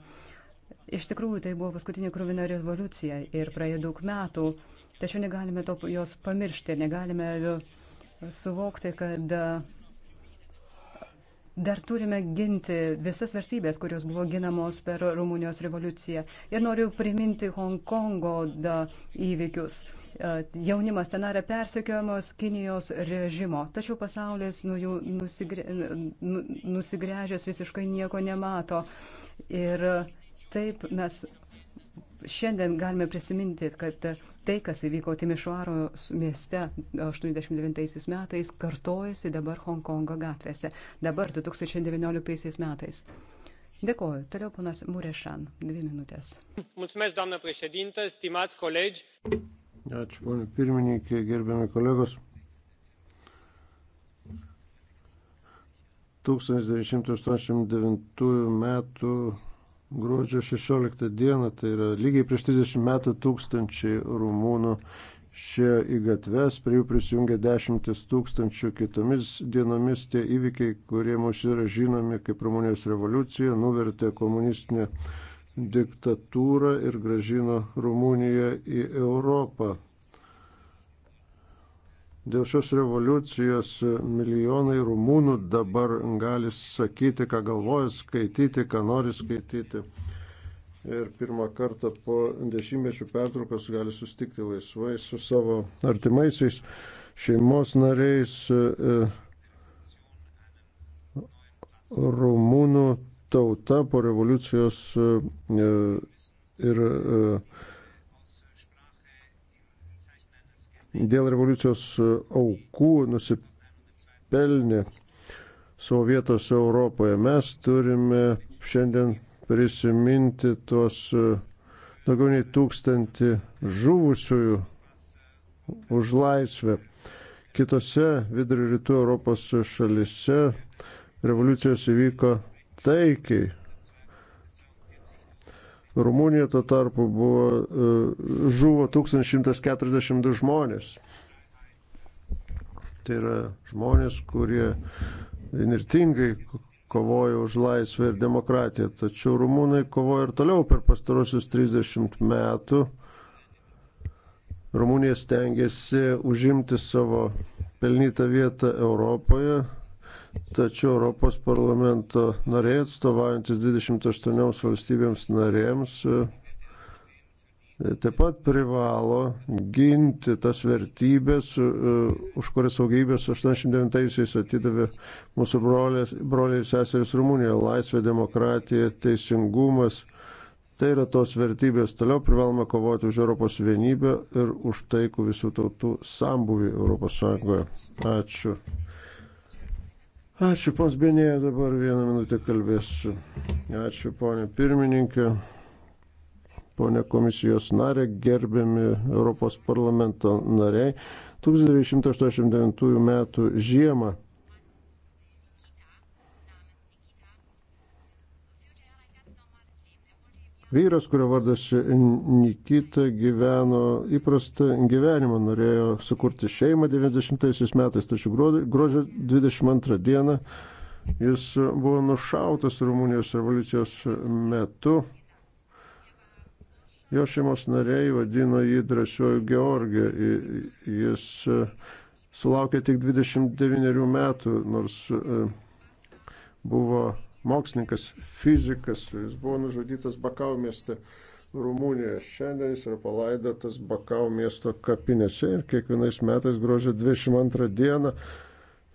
Iš tikrųjų, tai buvo paskutinė krūvina revoliucija ir praėjo daug metų, tačiau negalime to, jos pamiršti, negalime e, suvokti, kad e, dar turime ginti visas vertybės, kurios buvo ginamos per Rumunijos revoliuciją. Ir noriu priminti Hongkongo įvykius. E, jaunimas ten yra persekiojamos Kinijos režimo, tačiau pasaulis nuo jų nusigre, nu, nusigręžęs visiškai nieko nemato. Ir Taip mes šiandien galime prisiminti, kad tai, kas įvyko Timišvaro mieste 89 metais, kartojasi dabar Hongkongo gatvėse, dabar 2019 metais. Dėkoju. Toliau ponas Murešan, dvi minutės. Mulțumesc, doamnă președintă, stimați colegi. Ačiū, ponė pirmininkė, gerbiami kolegos. 1989 metų Gruodžio 16 dieną, tai yra lygiai prieš 30 metų tūkstančiai rumūnų šie į gatves, prie jų prisijungia dešimtis tūkstančių kitomis dienomis tie įvykiai, kurie mums yra žinomi kaip Rumunijos revoliucija, nuvertė komunistinę diktatūrą ir gražino Rumuniją į Europą. Dėl šios revoliucijos milijonai rumūnų dabar gali sakyti, ką galvoja skaityti, ką nori skaityti. Ir pirmą kartą po dešimtmečių pertraukos gali sustikti laisvai su savo artimaisiais, šeimos nariais, e, rumūnų tauta po revoliucijos e, ir e, dėl revoliucijos aukų nusipelnė savo vietos Europoje. Mes turime šiandien prisiminti tuos e, daugiau nei tūkstantį žuvusiųjų už laisvę. Kitose vidurio rytų Europos šalise revoliucijos įvyko taikiai, Rumunija tuo tarpu buvo, e, žuvo 1142 žmonės. Tai yra žmonės, kurie inirtingai kovojo už laisvę ir demokratiją. Tačiau rumūnai kovojo ir toliau per pastarosius 30 metų. Rumunija stengiasi užimti savo pelnytą vietą Europoje, Tačiau Europos parlamento nariai atstovaujantis 28 valstybėms narėms e, taip pat privalo ginti tas vertybės, e, už kurias saugybės 89-aisiais atidavė mūsų broliai ir seserys Rumunijoje - laisvė, demokratija, teisingumas. Tai yra tos vertybės. Toliau privalome kovoti už Europos vienybę ir už taikų visų tautų sambuvi Europos Sąjungoje. Ačiū. Ačiū, pons Benėje, dabar vieną minutę kalbėsiu. Ačiū, ponė pirmininkė, ponė komisijos narė, gerbiami Europos parlamento nariai. 1989 m. žiemą Vyras, kurio vardas Nikita, gyveno įprastą gyvenimą, norėjo sukurti šeimą 90 metais, tačiau gruodžio 22 dieną jis buvo nušautas Rumunijos revoliucijos metu. Jo šeimos nariai vadino jį drąsiuoju Georgiju. Jis e, sulaukė tik 29 metų, nors e, buvo mokslininkas, fizikas. Jis buvo nužudytas Bakau mieste Rumunijoje. Šiandien jis yra palaidotas Bakau miesto kapinėse ir kiekvienais metais gruodžio 22 dieną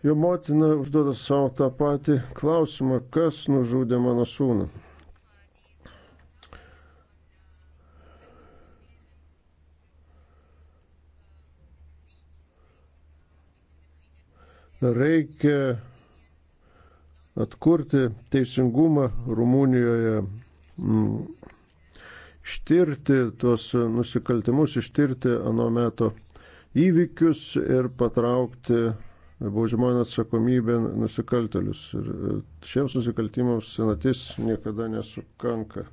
jo motina užduoda savo tą patį klausimą, kas nužudė mano sūnų. Reikia atkurti teisingumą Rumunijoje, ištirti tuos nusikaltimus, ištirti ano meto įvykius ir patraukti baudžiamojo atsakomybę nusikaltelius. Ir e, šiems nusikaltimams senatis niekada nesukanka.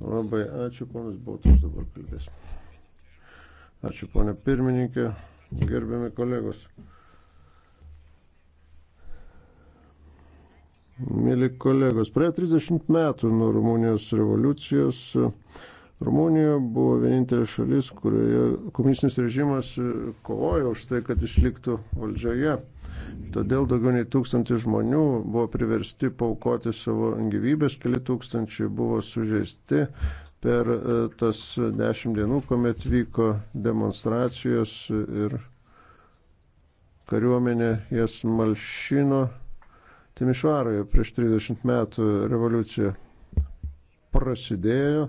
Labai ačiū, ponas Botas dabar kalbės. Ačiū, ponė pirmininkė, gerbiami kolegos. mėly kolegos, praėjo 30 metų nuo Rumunijos revoliucijos. Rumunija buvo vienintelė šalis, kurioje komunistinis režimas kovojo už tai, kad išliktų valdžioje. Todėl daugiau nei tūkstantis žmonių buvo priversti paukoti savo gyvybės, keli tūkstančiai buvo sužeisti per e, tas dešimt dienų, kuomet vyko demonstracijos ir kariuomenė jas malšino Timišvaroje prieš 30 metų revoliucija prasidėjo.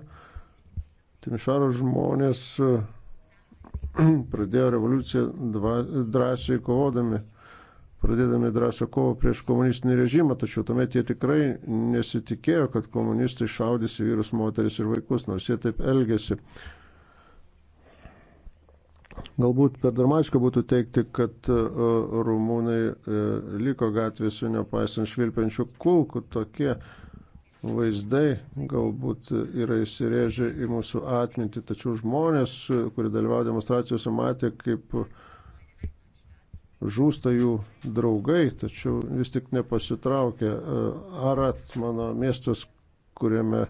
Timišvaro žmonės *clears throat* pradėjo revoliuciją drąsiai kovodami, pradėdami drąsią kovą prieš komunistinį režimą, tačiau tuomet jie tikrai nesitikėjo, kad komunistai šaudys į vyrus, moteris ir vaikus, nors jie taip elgėsi. Galbūt per dramatiška būtų teikti, kad e, rumūnai e, liko gatvėse, nepaisant švilpiančių kulkų. Tokie vaizdai galbūt yra įsirėžę į mūsų atmintį, tačiau žmonės, kurie dalyvavo demonstracijose, matė, kaip žūsta jų draugai, tačiau vis tik nepasitraukė. E, Arat, mano miestas, kuriame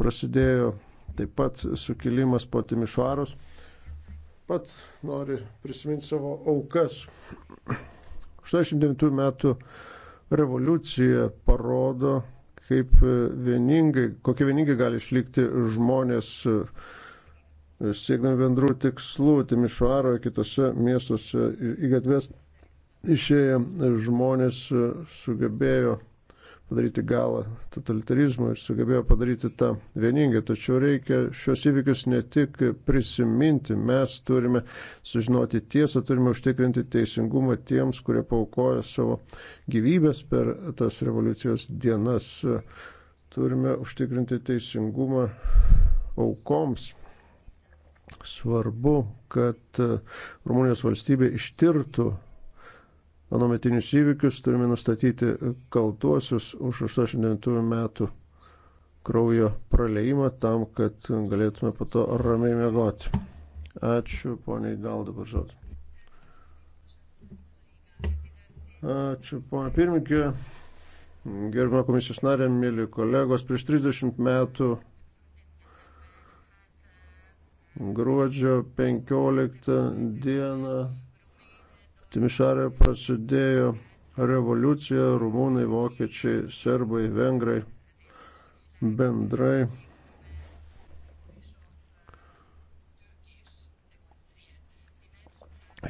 prasidėjo taip pat sukilimas po Timišvaros pat nori prisiminti savo aukas. 89 metų revoliucija parodo, kaip vieningai, kokie vieningai gali išlikti žmonės e, siekdami bendrų tikslų, Timišvaro ir kitose miestuose į gatves išėję žmonės e, sugebėjo padaryti galą totalitarizmui ir sugebėjo padaryti tą vieningai. Tačiau reikia šios įvykius ne tik prisiminti, mes turime sužinoti tiesą, turime užtikrinti teisingumą tiems, kurie paukojo savo gyvybės per tas revoliucijos dienas. Turime užtikrinti teisingumą aukoms. Svarbu, kad Rumunijos valstybė ištirtų anometinius įvykius, turime nustatyti kaltuosius už 89 metų kraujo praleimą tam, kad galėtume po to ramiai mėgoti. Ačiū, poniai Gal dabar žodžiu. Ačiū, ponia pirmininkė. Gerbimo komisijos narė, mėly kolegos, prieš 30 metų gruodžio 15 dieną Timišarė prasidėjo revoliucija, rumūnai, vokiečiai, serbai, vengrai bendrai.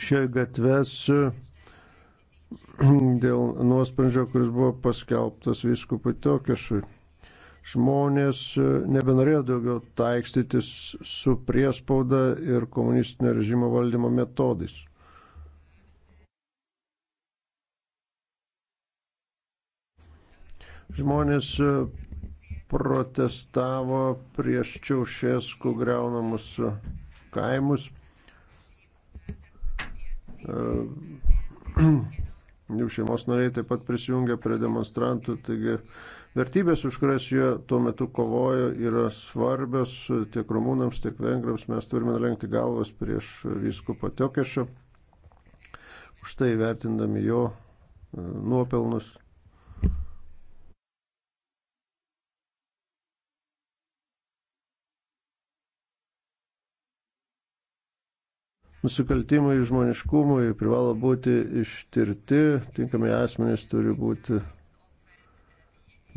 Šioje gatves dėl nuosprendžio, kuris buvo paskelbtas viskupui Tokiešui. Žmonės nebenorėjo daugiau taikstytis su priespauda ir komunistinio režimo valdymo metodais. Žmonės e, protestavo prieš Čiaušėskų greunamus e, kaimus. E, *clears throat* jų šeimos nariai taip pat prisijungia prie demonstrantų, taigi vertybės, už kurias jie tuo metu kovojo, yra svarbios tiek rumūnams, tiek vengrams. Mes turime lenkti galvas prieš viskupą Tiokešą, už tai vertindami jo nuopelnus. nusikaltimai žmoniškumui privalo būti ištirti, tinkami asmenys turi būti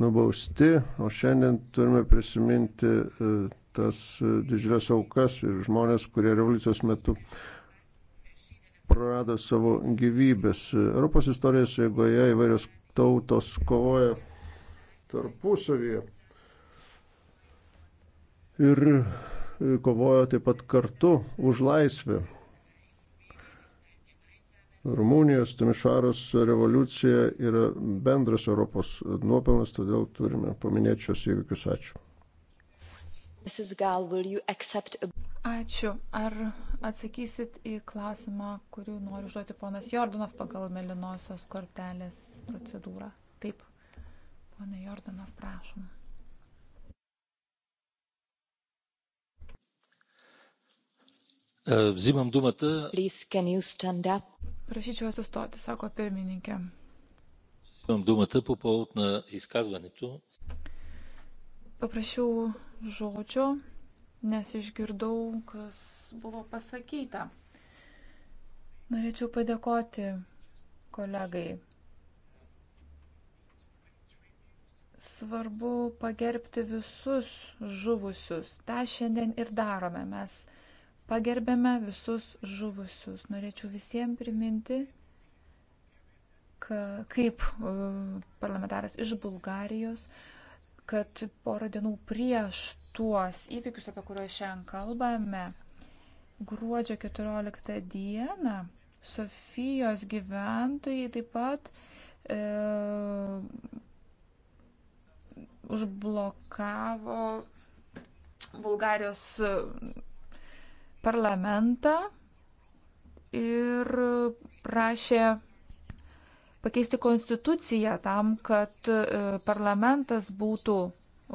nubausti, o šiandien turime prisiminti e, tas e, didžiulės aukas ir žmonės, kurie revoliucijos metu prarado savo gyvybės. Europos istorijos jėgoje įvairios tautos kovoja tarpusavyje. Ir e, kovojo taip pat kartu už laisvę. Rumunijos, Timišvaros revoliucija yra bendras Europos nuopelnas, todėl turime paminėti šios įvykius. Ačiū. Ačiū. Ar atsakysit į klausimą, kurį noriu žodžiu ponas Jordanov pagal melinosios kortelės procedūrą? Taip. Pone Jordanov, prašom. Взимам думата. Please, can you stand up? Prašyčiau sustoti, sako pirmininkė. Paprašiau žodžio, nes išgirdau, kas buvo pasakyta. Norėčiau padėkoti kolegai. Svarbu pagerbti visus žuvusius. Ta šiandien ir darome. Mes pagerbėme visus žuvusius. Norėčiau visiems priminti, ka, kaip e, parlamentaras iš Bulgarijos kad porą dienų prieš tuos įvykius, apie kuriuos šiandien kalbame, gruodžio 14 dieną Sofijos gyventojai taip pat e, užblokavo Bulgarijos parlamentą ir prašė pakeisti konstituciją tam, kad e, parlamentas būtų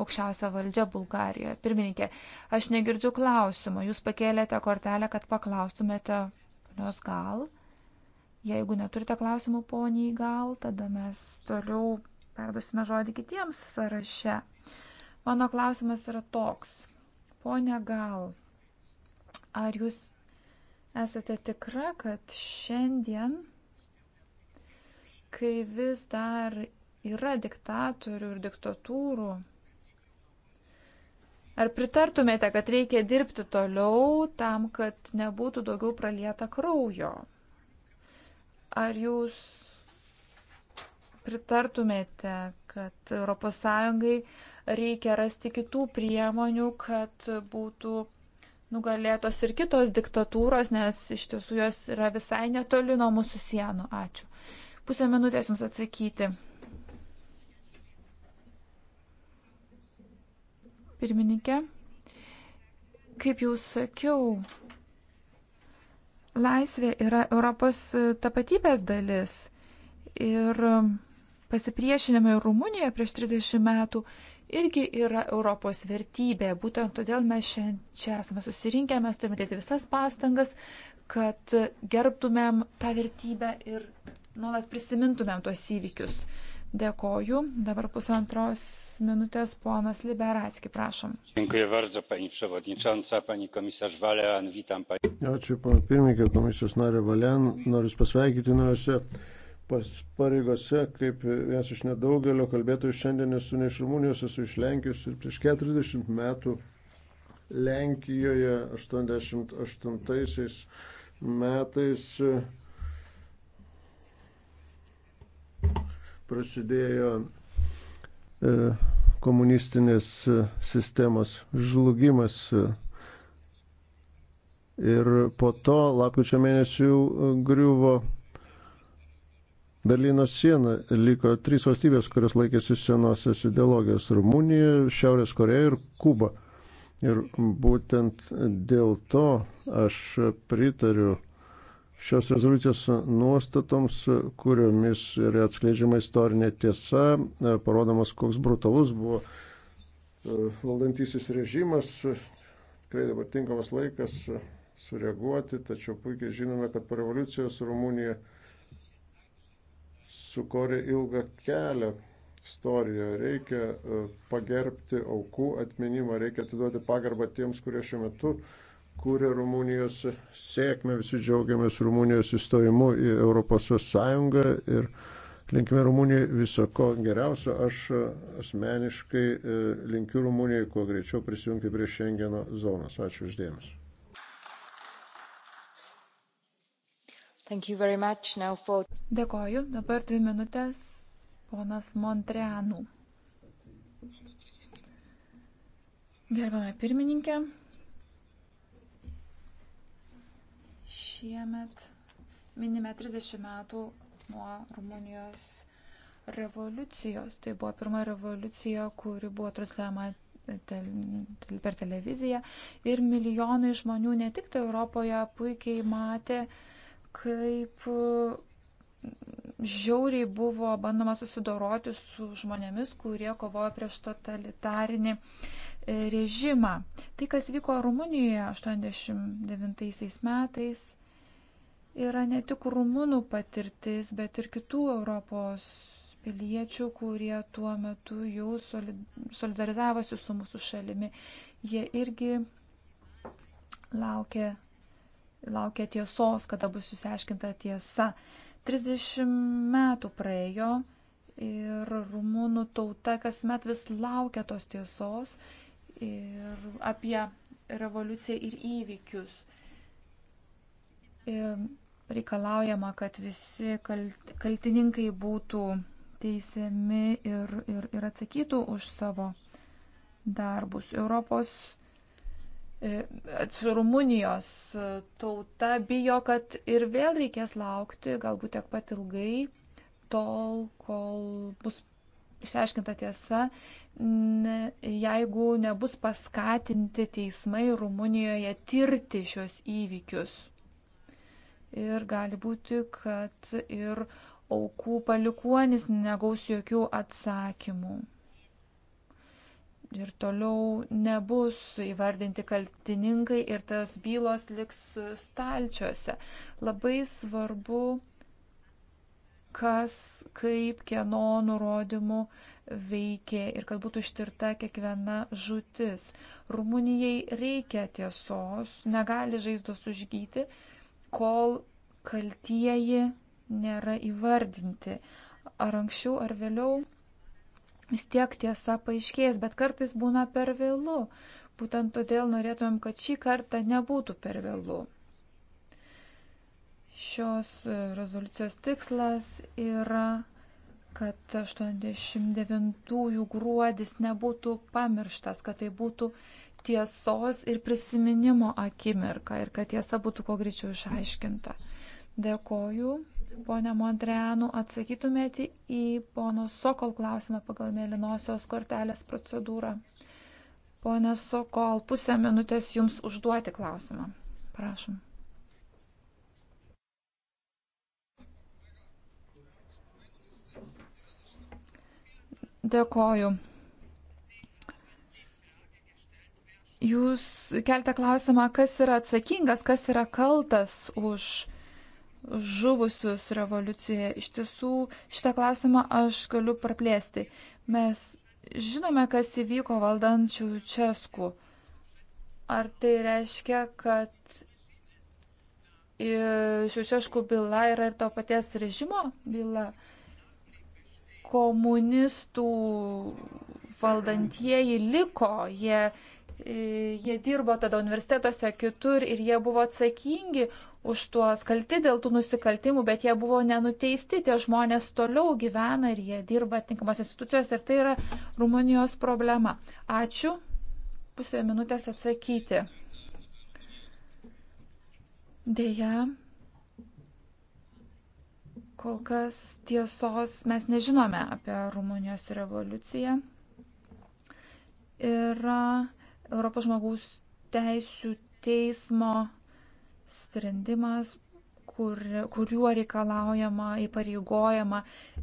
aukščiausia valdžia Bulgarijoje. Pirmininkė, aš negirdžiu klausimo. Jūs pakėlėte kortelę, kad paklaustumėte ponios gal. Jeigu neturite klausimų poniai gal, tada mes toliau perdusime žodį kitiems sąraše. Mano klausimas yra toks. Pone gal, Ar jūs esate tikra, kad šiandien, kai vis dar yra diktatorių ir diktatūrų, ar pritartumėte, kad reikia dirbti toliau tam, kad nebūtų daugiau pralieta kraujo? Ar jūs pritartumėte, kad ES reikia rasti kitų priemonių, kad būtų nugalėtos ir kitos diktatūros, nes iš tiesų jos yra visai netoli nuo mūsų sienų. Ačiū. Pusę minutės jums atsakyti. Pirmininkė, kaip jau sakiau, laisvė yra Europos tapatybės dalis. Ir pasipriešinimai Rumunijoje prieš 30 metų irgi yra Europos vertybė. Būtent todėl mes šiandien čia esame susirinkę, mes turime dėti visas pastangas, kad gerbtumėm tą vertybę ir nuolat prisimintumėm tuos įvykius. Dėkoju. Dabar pusantros minutės ponas Liberatski, prašom. Dziękuję bardzo, pani przewodnicząca, pani komisarz Valean, witam pani. Ačiū, pana pirmininkė, komisijos narė Valean, noriu pasveikyti nuose. Jūs pareigose, kaip vienas iš nedaugelio kalbėtojų šiandien esu ne iš Rumunijos, esu iš Lenkijos ir prieš 40 metų Lenkijoje 88 metais e, prasidėjo e, komunistinės e, sistemos žlugimas ir po to lapkričio mėnesį griuvo Berlyno siena liko trys valstybės, kurios laikėsi senosios ideologijos - Rumunija, Šiaurės Koreja ir Kuba. Ir būtent dėl to aš pritariu šios rezoliucijos nuostatoms, kuriomis yra atskleidžiama istorinė tiesa, parodomas, koks brutalus buvo e, valdantysis režimas, tikrai dabar tinkamas laikas sureaguoti, tačiau puikiai žinome, kad po revoliucijos Rumunija sukorė ilgą kelią istorijoje. Reikia e, pagerbti aukų atminimą, reikia atiduoti pagarbą tiems, kurie šiuo metu kūrė Rumunijos sėkmę. Visi džiaugiamės Rumunijos įstojimu į Europos Sąjungą ir linkime Rumunijai viso ko geriausio. Aš e, asmeniškai e, linkiu Rumunijai kuo greičiau prisijungti prie Schengeno zonos. Ačiū uždėmesi. For... Dėkoju. Dabar dvi minutės ponas Montreanų. Gerbame pirmininkė. Šiemet minime 30 metų nuo Rumunijos revoliucijos. Tai buvo pirma revoliucija, kuri buvo transliuojama per televiziją ir milijonai žmonių ne tik tai Europoje puikiai matė, uh, kaip mm, žiauriai buvo bandoma susidoroti su žmonėmis, kurie kovojo prieš totalitarinį e, režimą. Tai, kas vyko Rumunijoje 89 metais, yra ne tik rumunų patirtis, bet ir kitų Europos piliečių, kurie tuo metu jau solidarizavosi su mūsų šalimi. Jie irgi laukia laukia tiesos, kada bus išsiaiškinta tiesa. 30 metų praėjo ir rumūnų tauta kasmet vis laukia tos tiesos ir apie revoliuciją ir įvykius. Ir reikalaujama, kad visi kaltininkai būtų teisiami ir, ir, ir atsakytų už savo darbus. Europos E, Rumunijos e, tauta bijo, kad ir vėl reikės laukti, galbūt tiek pat ilgai, tol, kol bus išsiaiškinta tiesa, jeigu nebus paskatinti teismai Rumunijoje tirti šios įvykius. Ir gali būti, kad ir aukų palikuonis negaus jokių atsakymų ir toliau nebus įvardinti kaltininkai ir tas bylos liks stalčiuose. Labai svarbu, kas, kaip, kieno nurodymų veikė ir kad būtų ištirta kiekviena žutis. Rumunijai reikia tiesos, negali žaizdos užgyti, kol kaltieji nėra įvardinti. Ar anksčiau ar vėliau vis tiek tiesa paaiškės, bet kartais būna per vėlų. Būtent todėl norėtumėm, kad šį kartą nebūtų per vėlų. Šios rezoliucijos tikslas yra, kad 89-ųjų gruodis nebūtų pamirštas, kad tai būtų tiesos ir prisiminimo akimirka ir kad tiesa būtų kuo greičiau išaiškinta. Dėkoju. Pone Mondrianu, atsakytumėte į pono Sokol klausimą pagal mėlynosios kortelės procedūrą. Pone Sokol, pusę minutės jums užduoti klausimą. Prašom. Dėkoju. Jūs keltą klausimą, kas yra atsakingas, kas yra kaltas už žuvusius revoliucijoje. Iš tiesų, šitą klausimą aš galiu praplėsti. Mes žinome, kas įvyko valdančių Českų. Ar tai reiškia, kad šių Češkų byla yra ir to paties režimo byla? Komunistų valdantieji liko, jie E, jie dirbo tada universitetuose, kitur ir jie buvo atsakingi už tuos kalti dėl tų nusikaltimų, bet jie buvo nenuteisti, tie žmonės toliau gyvena ir jie dirba atinkamos institucijos ir tai yra Rumunijos problema. Ačiū, pusė minutės atsakyti. Deja, kol kas tiesos mes nežinome apie Rumunijos revoliuciją. Yra Europos žmogaus teisų teismo sprendimas, kur, kuriuo reikalaujama, įpareigojama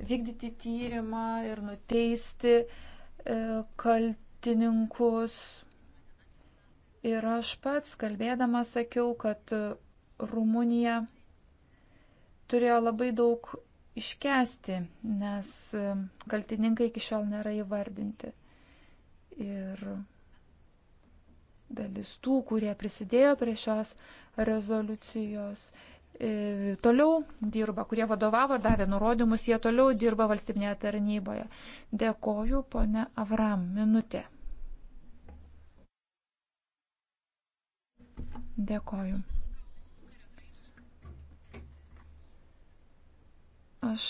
vykdyti tyrimą ir nuteisti e, kaltininkus. Ir aš pats kalbėdama sakiau, kad Rumunija turėjo labai daug iškesti, nes e, kaltininkai iki šiol nėra įvardinti. Ir dalis tų, kurie prisidėjo prie šios rezoliucijos, e, toliau dirba, kurie vadovavo ir davė nurodymus, jie toliau dirba valstybinėje tarnyboje. Dėkoju, ponė Avram, minutė. Dėkoju. Aš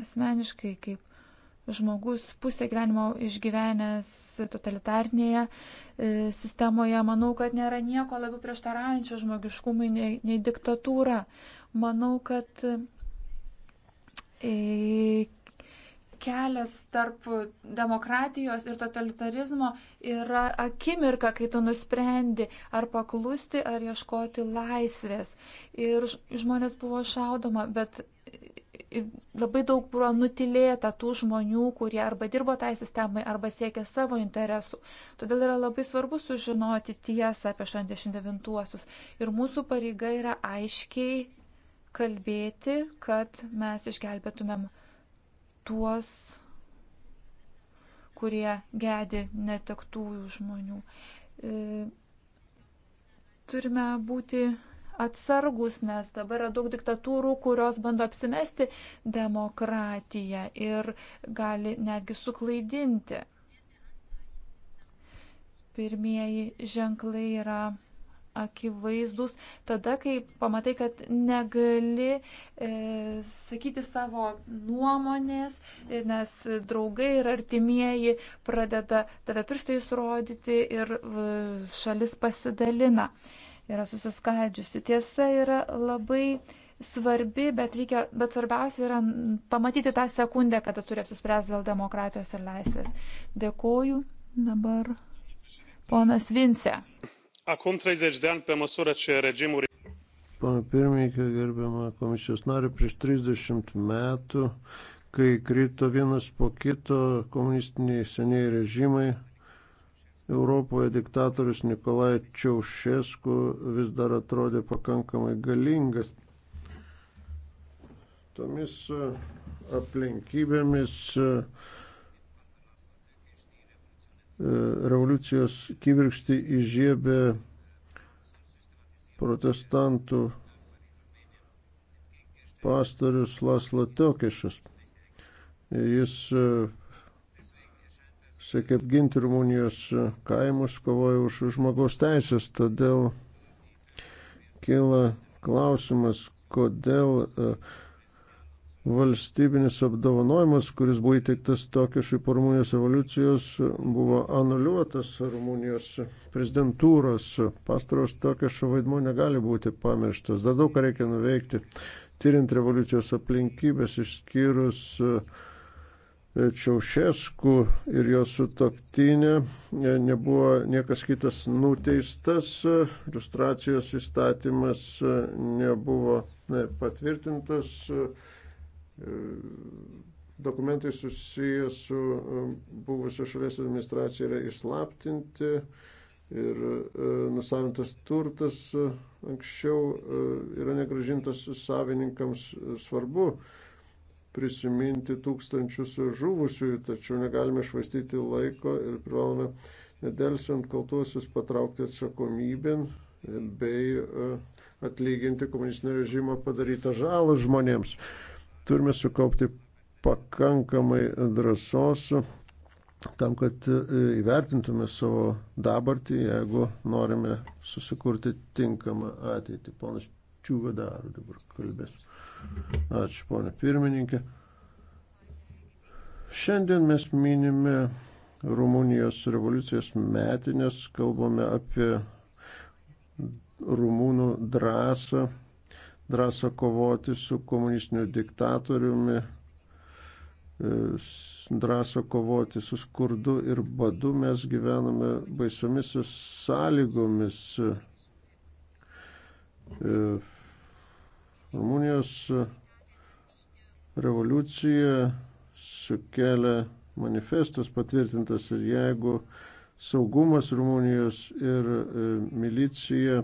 asmeniškai kaip žmogus pusę gyvenimo išgyvenęs totalitarnėje e, sistemoje, manau, kad nėra nieko labiau prieštaraujančio žmogiškumui nei, nei diktatūra. Manau, kad e, kelias tarp demokratijos ir totalitarizmo yra akimirka, kai tu nusprendi ar paklusti, ar ieškoti laisvės. Ir žmonės buvo šaudoma, bet labai daug buvo nutilėta tų žmonių, kurie arba dirbo tai sistemai, arba siekė savo interesų. Todėl yra labai svarbu sužinoti tiesą apie 89-uosius. Ir mūsų pareiga yra aiškiai kalbėti, kad mes išgelbėtumėm tuos, kurie gedi netektųjų žmonių. E, turime būti atsargus, nes dabar yra daug diktatūrų, kurios bando apsimesti demokratiją ir gali netgi suklaidinti. Pirmieji ženklai yra akivaizdus tada, kai pamatai, kad negali e, sakyti savo nuomonės, nes draugai ir artimieji pradeda tave pirštais rodyti ir e, šalis pasidalina. E, yra susiskaldžiusi. Tiesa yra labai svarbi, bet, reikia, bet svarbiausia yra pamatyti tą sekundę, kada turi apsispręsti dėl demokratijos ir laisvės. Dėkoju dabar ponas Vince. Acum 30 de ani, pe măsură ce regimul Pana pirmininkė, gerbiama komisijos narė, prieš 30 metų, kai krito vienas po kito komunistiniai seniai režimai, Europoje diktatorius Nikolai Čiaušesku vis dar atrodė pakankamai galingas. Tomis e, aplinkybėmis e, e, revoliucijos kivirkšti įžiebė protestantų pastorius Laslo Tokešas. Jis siekia apginti Rumunijos kaimus, kovoja už žmogaus teisės, todėl kyla klausimas, kodėl e, valstybinis apdovanojimas, kuris buvo įteiktas Tokiešui po Rumunijos revoliucijos, buvo anuliuotas Rumunijos prezidentūros. Pastaros Tokiešo vaidmo negali būti pamirštas. Dar daug ką reikia nuveikti, tyrint revoliucijos aplinkybės, išskyrus uh, Čiaušesku ir jos sutoktinė e, nebuvo niekas kitas nuteistas, e, iliustracijos įstatymas e, nebuvo patvirtintas, dokumentai susiję su buvusio šalies administracija yra įslaptinti ir nusavintas turtas anksčiau yra negražintas savininkams svarbu prisiminti tūkstančius žuvusiųjų, tačiau negalime švaistyti laiko ir privalome nedelsiant kaltuosius patraukti atsakomybėn bei e, atlyginti komunistinio režimo padarytą žalą žmonėms. Turime sukaupti pakankamai drąsos tam, kad e, įvertintume savo dabartį, jeigu norime susikurti tinkamą ateitį. Ponas Čiuvadaru dabar kalbėsiu. Ačiū, ponė pirmininkė. Šiandien mes minime Rumunijos revoliucijos metinės, kalbame apie rumūnų drąsą, drąsą kovoti su komunistiniu diktatoriumi, e, drąsą kovoti su skurdu ir badu. Mes gyvename baisiomis sąlygomis. E, Rumunijos e, revoliucija sukelia manifestas patvirtintas ir jeigu saugumas Rumunijos ir e, milicija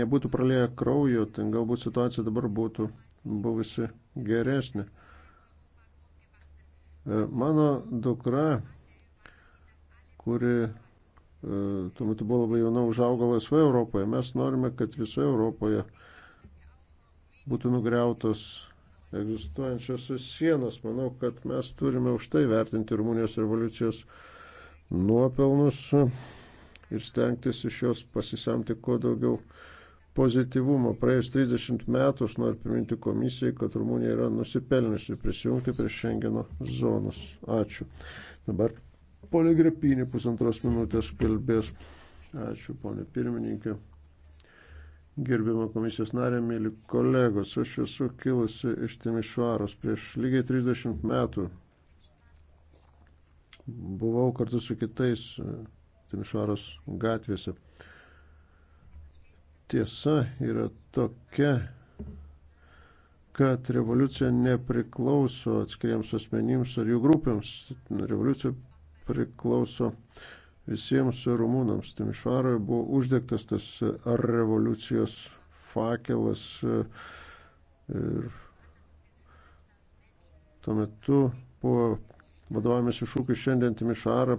nebūtų pralėję kraujo, tai galbūt situacija dabar būtų buvusi geresnė. E, mano dukra, kuri tuo metu buvo labai jauna, užaugo laisvoje Europoje. Mes norime, kad visoje Europoje uh, būtų nugriautos egzistuojančios sienos. Manau, kad mes turime už tai vertinti Rumunijos revoliucijos nuopelnus ir stengtis iš jos pasisemti kuo daugiau pozityvumo. Praėjus 30 metų aš noriu priminti komisijai, kad Rumunija yra nusipelniusi prisijungti prie Šengeno zonos. Ačiū. Dabar ponė Grepinė pusantros minutės kalbės. Ačiū, ponė pirmininkė. Gerbimo komisijos narė, mėly kolegos, aš esu kilusi iš Timišvaros. Prieš lygiai 30 metų buvau kartu su kitais e, Timišvaros gatvėse. Tiesa yra tokia, kad revoliucija nepriklauso atskiriems asmenims ar jų grupėms. Revoliucija priklauso uh, visiems rumūnams Timišvaroje buvo uždegtas tas revoliucijos fakelas e, ir tuo metu buvo vadovavimas iššūkis šiandien Timišvarą,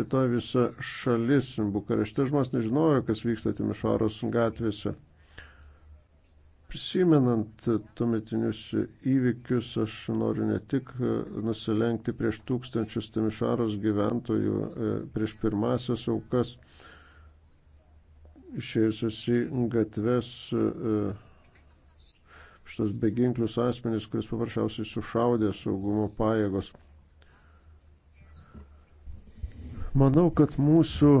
rytoj visa šalis Bukarešte žmonės nežinojo, kas vyksta Timišvaros gatvėse. Prisimenant tuometinius įvykius, aš noriu ne tik nusilenkti prieš tūkstančius Timišaros gyventojų, e, prieš pirmasias aukas, išėjusius į gatves e, šitas beginklius asmenys, kuris paprasčiausiai sušaudė saugumo pajėgos. Manau, kad mūsų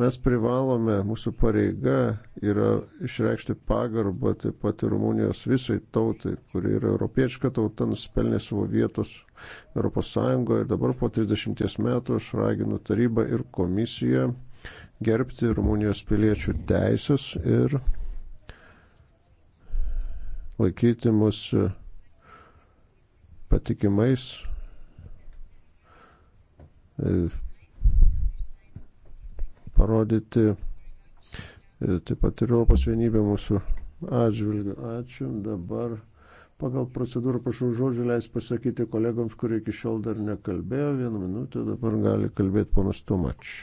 Mes privalome, mūsų pareiga yra išreikšti pagarbą taip pat ir Rumunijos visai tautai, kuri yra europiečka tauta, nusipelnė savo vietos ES ir dabar po 30 metų aš raginu tarybą ir komisiją gerbti Rumunijos piliečių teisės ir laikyti mus patikimais parodyti e, taip pat ir Europos vienybę mūsų atžvilgiu. Ačiū. Dabar pagal procedūrą prašau žodžių leis pasakyti kolegoms, kurie iki šiol dar nekalbėjo. Vieną minutę dabar gali kalbėti ponas Tomač.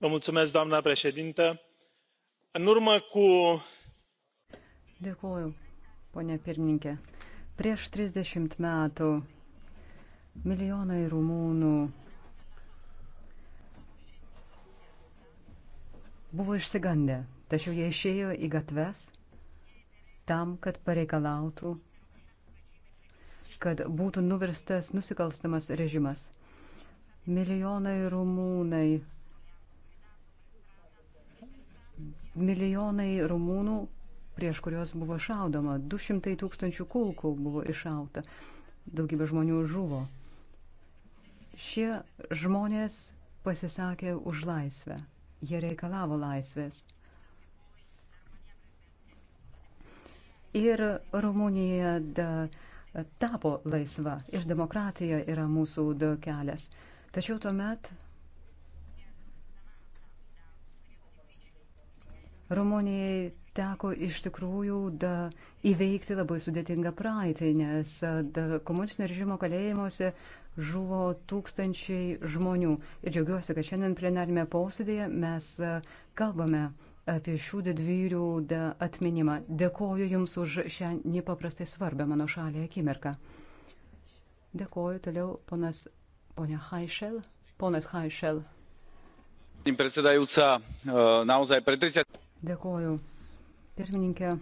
Vă mulțumesc, doamna președintă. În urmă cu... Dėkuoju, ponia pirmininkė. Prieš 30 metų milijonai rumūnų buvo išsigandę, tačiau jie išėjo į gatves tam, kad pareikalautų, kad būtų nuverstas nusikalstamas režimas. Milijonai rumūnai, milijonai rumūnų, prieš kurios buvo šaudoma, 200 tūkstančių kulkų buvo iššauta, daugybė žmonių žuvo. Šie žmonės pasisakė už laisvę. Jie reikalavo laisvės. Ir Rumunija da, tapo laisva ir demokratija yra mūsų da, kelias. Tačiau tuomet Rumunijai teko iš tikrųjų da, įveikti labai sudėtingą praeitį, nes da, komunistinio režimo kalėjimuose žuvo tūkstančiai žmonių. Ir džiaugiuosi, kad šiandien plenarime posėdėje mes e, kalbame apie šių didvyrių atminimą. Dėkoju Jums už šią nepaprastai svarbę mano šaliai akimirką. Dėkoju toliau ponas, ponia Haišel. Ponas Haišel. E, Dėkoju. Pirmininkė.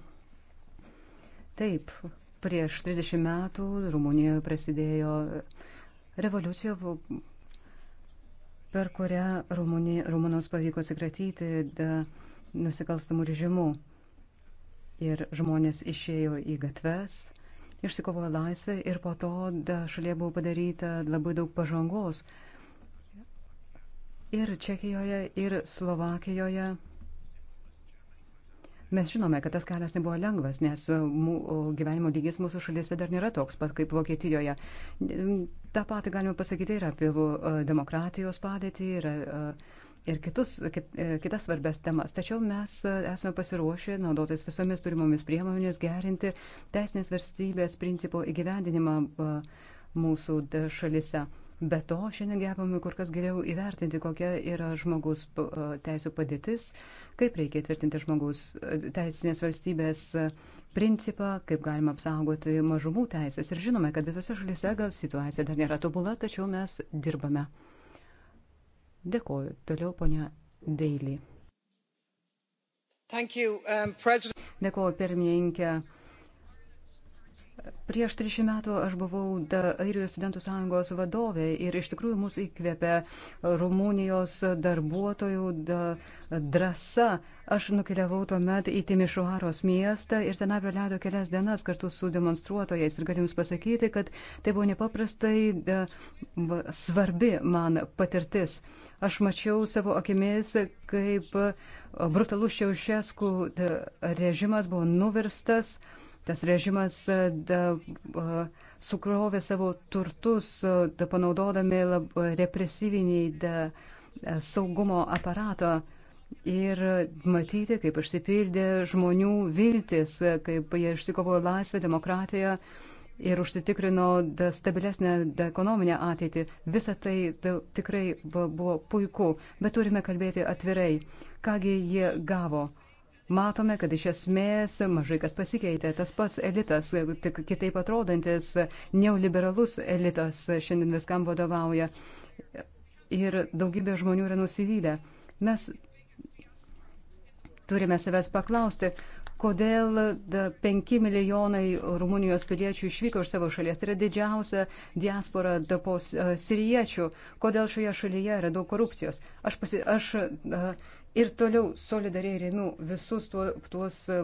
Taip, prieš 30 metų Rumunijoje prasidėjo uh, Revoliucija buvo per kurią Rumunijos pavyko atsikratyti nusikalstamų režimų. Ir žmonės išėjo į gatves, išsikovojo laisvę ir po to šalyje buvo padaryta labai daug pažangos. Ir Čekijoje, ir Slovakijoje Mes žinome, kad tas kelias nebuvo lengvas, nes e, gyvenimo lygis mūsų šalyse dar nėra toks pat kaip Vokietijoje. Ta pati galima pasakyti ir apie demokratijos padėtį, ir, e, ir kitus, kit, e, kitas svarbės temas. Tačiau mes esame pasiruošę naudotis visomis turimomis priemonėmis gerinti teisinės valstybės principų įgyvendinimą mūsų šalise. Be to, šiandien gebame kur kas geriau įvertinti, kokia yra žmogus teisų padėtis, kaip reikia tvirtinti žmogus teisinės valstybės principą, kaip galima apsaugoti mažumų teisės. Ir žinome, kad visose šalyse gal situacija dar nėra tobula, tačiau mes dirbame. Dėkoju. Toliau ponia Deilį. Um, Dėkoju, pirmininkė. Prieš 30 metų aš buvau Airijos studentų sąjungos vadovė ir iš tikrųjų mus įkvėpė Rumunijos darbuotojų da, drąsa. Aš nukeliavau tuomet į Timišuaros miestą ir ten praleido kelias dienas kartu su demonstruotojais ir galiu Jums pasakyti, kad tai buvo nepaprastai da, svarbi man patirtis. Aš mačiau savo akimis, kaip brutalus Čiaušeskų režimas buvo nuverstas. Uh, Tas režimas e, da, e, sukrovė savo turtus, e, da, panaudodami lab, represyvinį da, saugumo aparatą. Ir matyti, kaip išsipildė žmonių viltis, kaip jie išsikovojo laisvę, demokratiją ir užsitikrino da, stabilesnę da, ekonominę ateitį. Visa tai da, tikrai buvo puiku, bet turime kalbėti atvirai, kągi jie gavo matome, kad iš esmės mažai kas pasikeitė. Tas pats elitas, tik kitaip atrodantis neoliberalus elitas šiandien viskam vadovauja. Ir daugybė žmonių yra nusivylę. Mes turime savęs paklausti, kodėl 5 milijonai Rumunijos piliečių išvyko iš savo šalies. Tai yra didžiausia diaspora po siriečių. Kodėl šioje šalyje yra daug korupcijos. Aš, pasi, aš ir toliau solidariai remiu visus tuo, tuos e,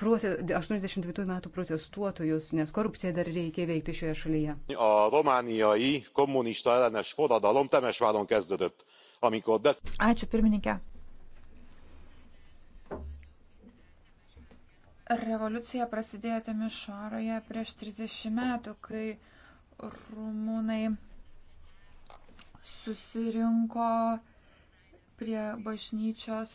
prote, 82 metų protestuotojus, nes korupciją dar reikia veikti šioje šalyje. A romániai komunista ellenes forradalom Temesváron kezdődött, amikor... De... Ačiū pirmininkė. Revoliucija prasidėjo Temišvaroje prieš 30 metų, kai rumūnai susirinko prie bažnyčios,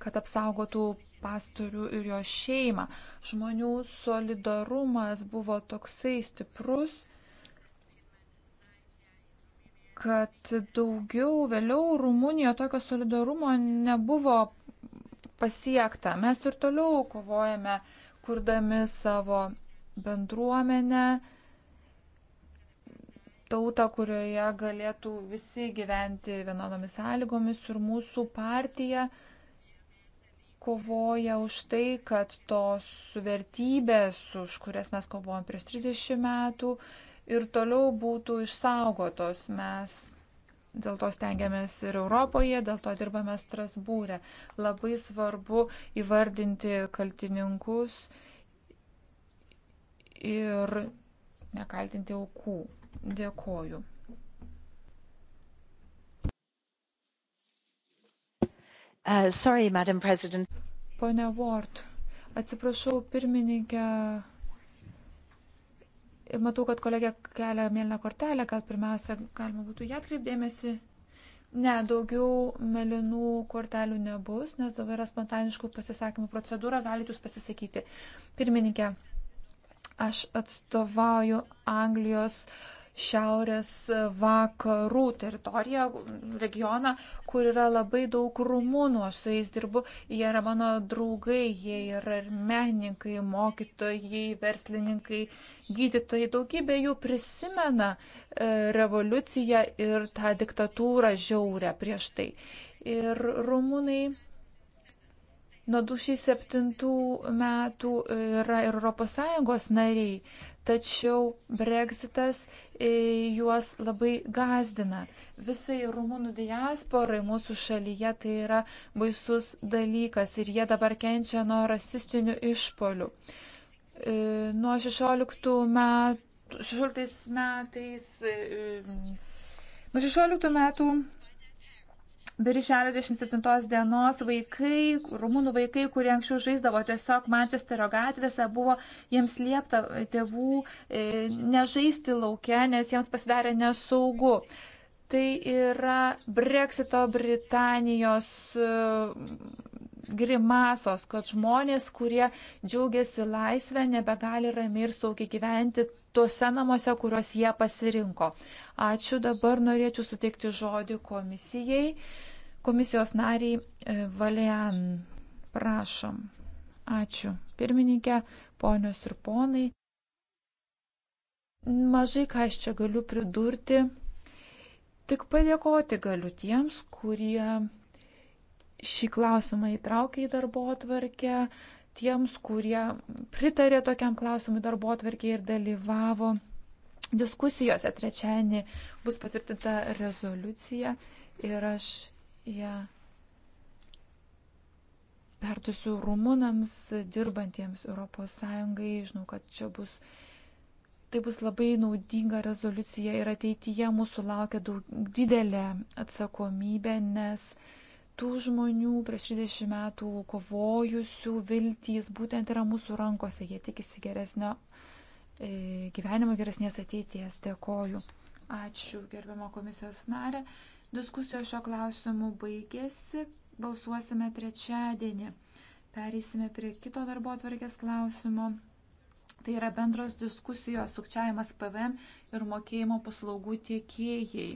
kad apsaugotų pastorių ir jo šeimą. Žmonių solidarumas buvo toksai stiprus, kad daugiau vėliau Rumunijoje tokio solidarumo nebuvo pasiekta. Mes ir toliau kovojame, kurdami savo bendruomenę tautą, kurioje galėtų visi gyventi vienodomis sąlygomis ir mūsų partija kovoja už tai, kad tos vertybės, už kurias mes kovojom prieš 30 metų, ir toliau būtų išsaugotos. Mes dėl to stengiamės ir Europoje, dėl to dirbame Strasbūrė. Labai svarbu įvardinti kaltininkus ir nekaltinti aukų. Dėkoju. Uh, sorry, Madam President. Pone Ward, atsiprašau, pirmininkė. Ir matau, kad kolegė kelia mėlyną kortelę, kad pirmiausia galima būtų ją atkreipdėmėsi. Ne, daugiau mėlynų kortelių nebus, nes dabar yra spontaniškų pasisakymų procedūra, galite jūs pasisakyti. Pirmininkė, aš atstovauju Anglijos uh, šiaurės vakarų teritoriją, regioną, kur yra labai daug rumunų. Aš su jais dirbu, jie yra mano draugai, jie yra ir menininkai, mokytojai, verslininkai, gydytojai. Daugybė jų prisimena e, revoliuciją ir tą diktatūrą žiaurę prieš tai. Ir rumunai Nuo 2007 metų yra ir ES nariai, tačiau Brexitas e, juos labai gazdina. Visai rumunų diasporai mūsų šalyje tai yra baisus dalykas ir jie dabar kenčia nuo rasistinių išpolių. E, nuo 16 metų, 16 metais, e, nuo 16 metų Birželio 27 dienos vaikai, rumūnų vaikai, kurie anksčiau žaisdavo tiesiog Mančesterio gatvėse, buvo jiems liepta e, tėvų e, nežaisti laukia, nes jiems pasidarė nesaugu. Tai yra Brexito Britanijos e, grimasos, kad žmonės, kurie džiaugiasi laisvę, nebegali ramiai ir saugiai gyventi tuose namuose, kuriuos jie pasirinko. Ačiū, dabar norėčiau suteikti žodį komisijai komisijos nariai e, Valian. Prašom. Ačiū. Pirmininkė, ponios ir ponai. Mažai ką aš čia galiu pridurti. Tik padėkoti galiu tiems, kurie šį klausimą įtraukė į darbo atvarkę, tiems, kurie pritarė tokiam klausimui darbo atvarkė ir dalyvavo diskusijose. Trečiadienį bus patvirtinta rezoliucija ir aš ją ja. perdusiu rumunams dirbantiems ES. Žinau, kad čia bus tai bus labai naudinga rezoliucija ir ateityje mūsų laukia daug, didelė atsakomybė, nes tų žmonių prieš 30 metų kovojusių viltys būtent yra mūsų rankose, jie tikisi geresnio e, gyvenimo, geresnės ateities. Dėkoju. Ačiū, gerbimo komisijos narė. Diskusijos šio klausimu baigėsi, balsuosime trečiadienį. Pereisime prie kito darbo atvarkės klausimo. Tai yra bendros diskusijos sukčiavimas PVM ir mokėjimo paslaugų tiekėjai.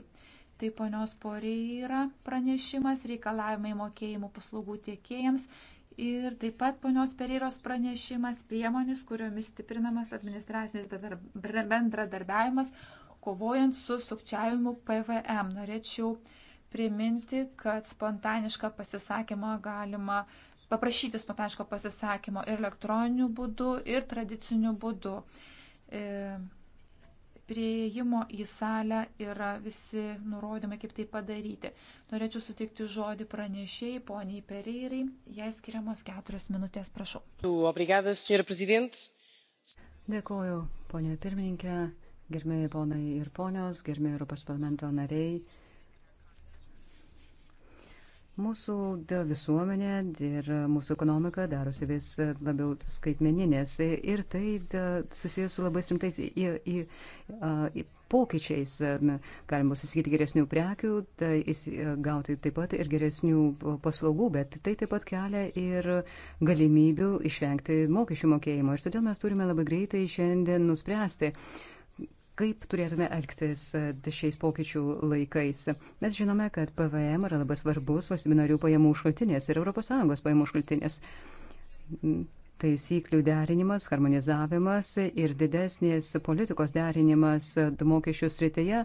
Tai ponios poreira pranešimas, reikalavimai mokėjimo paslaugų tiekėjams ir taip pat ponios pereiros pranešimas priemonės, kuriomis stiprinamas administracinis bendradarbiavimas, kovojant su sukčiavimu PVM. Norėčiau priminti, kad spontanišką pasisakymą galima paprašyti spontaniško pasisakymo ir elektroniniu būdu, ir tradiciniu būdu. E, prieimo į salę yra visi nurodymai, kaip tai padaryti. Norėčiau sutikti žodį pranešėjai, poniai Pereirai, jai skiriamos keturios minutės, prašau. Dėkuoju, ponė pirmininkė. Gerbėjai ponai ir ponios, gerbėjai Europos parlamento nariai. Mūsų visuomenė ir mūsų ekonomika darosi vis labiau skaitmeninės ir tai susijęs su labai rimtais į, į, į pokyčiais. Galima susigyti geresnių prekių, tai gauti taip pat ir geresnių paslaugų, bet tai taip pat kelia ir galimybių išvengti mokesčių mokėjimo. Ir todėl mes turime labai greitai šiandien nuspręsti, kaip turėtume elgtis e, šiais pokyčių laikais. Mes žinome, kad PVM yra labai svarbus valstybinarių pajamų šaltinės ir ES pajamų šaltinės. Taisyklių derinimas, harmonizavimas ir didesnės politikos derinimas e, mokesčių srityje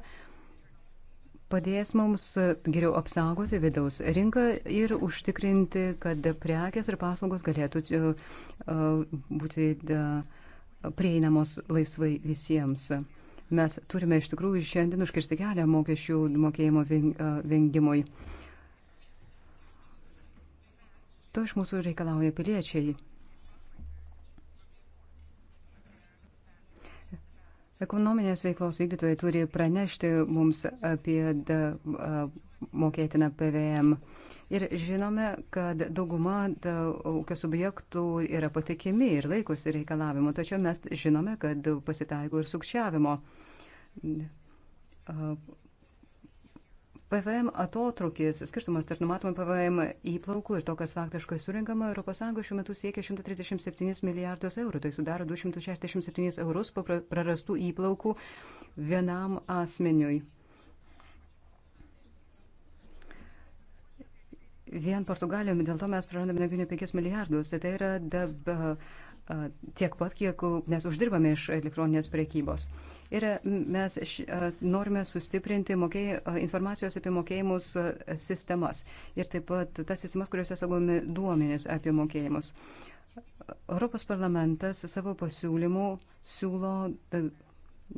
padės mums e, geriau apsaugoti vidaus rinką ir užtikrinti, kad prekės ir paslaugos galėtų būti prieinamos laisvai visiems. Mes turime iš tikrųjų šiandien užkirsti kelią mokesčių mokėjimo vengimui. To iš mūsų reikalauja piliečiai. Ekonominės veiklos vykdytojai turi pranešti mums apie mokėtiną PVM. Ir žinome, kad dauguma ūkio subjektų yra patikimi ir laikosi reikalavimų, tačiau mes žinome, kad pasitaiko ir sukčiavimo. PVM atotrukis, skirtumas tarp numatomų PVM įplaukų ir to, kas faktiškai surinkama ES šiuo metu siekia 137 milijardus eurų, tai sudaro 267 eurus prarastų įplaukų vienam asmeniui. Vien Portugalijom, dėl to mes prarandame daugiau nei 5 milijardus. Tai yra dab, tiek pat, kiek mes uždirbame iš elektroninės prekybos. Ir mes norime sustiprinti mokėj, informacijos apie mokėjimus sistemas ir taip pat tas sistemas, kuriuose saugomi duomenys apie mokėjimus. Europos parlamentas savo pasiūlymų siūlo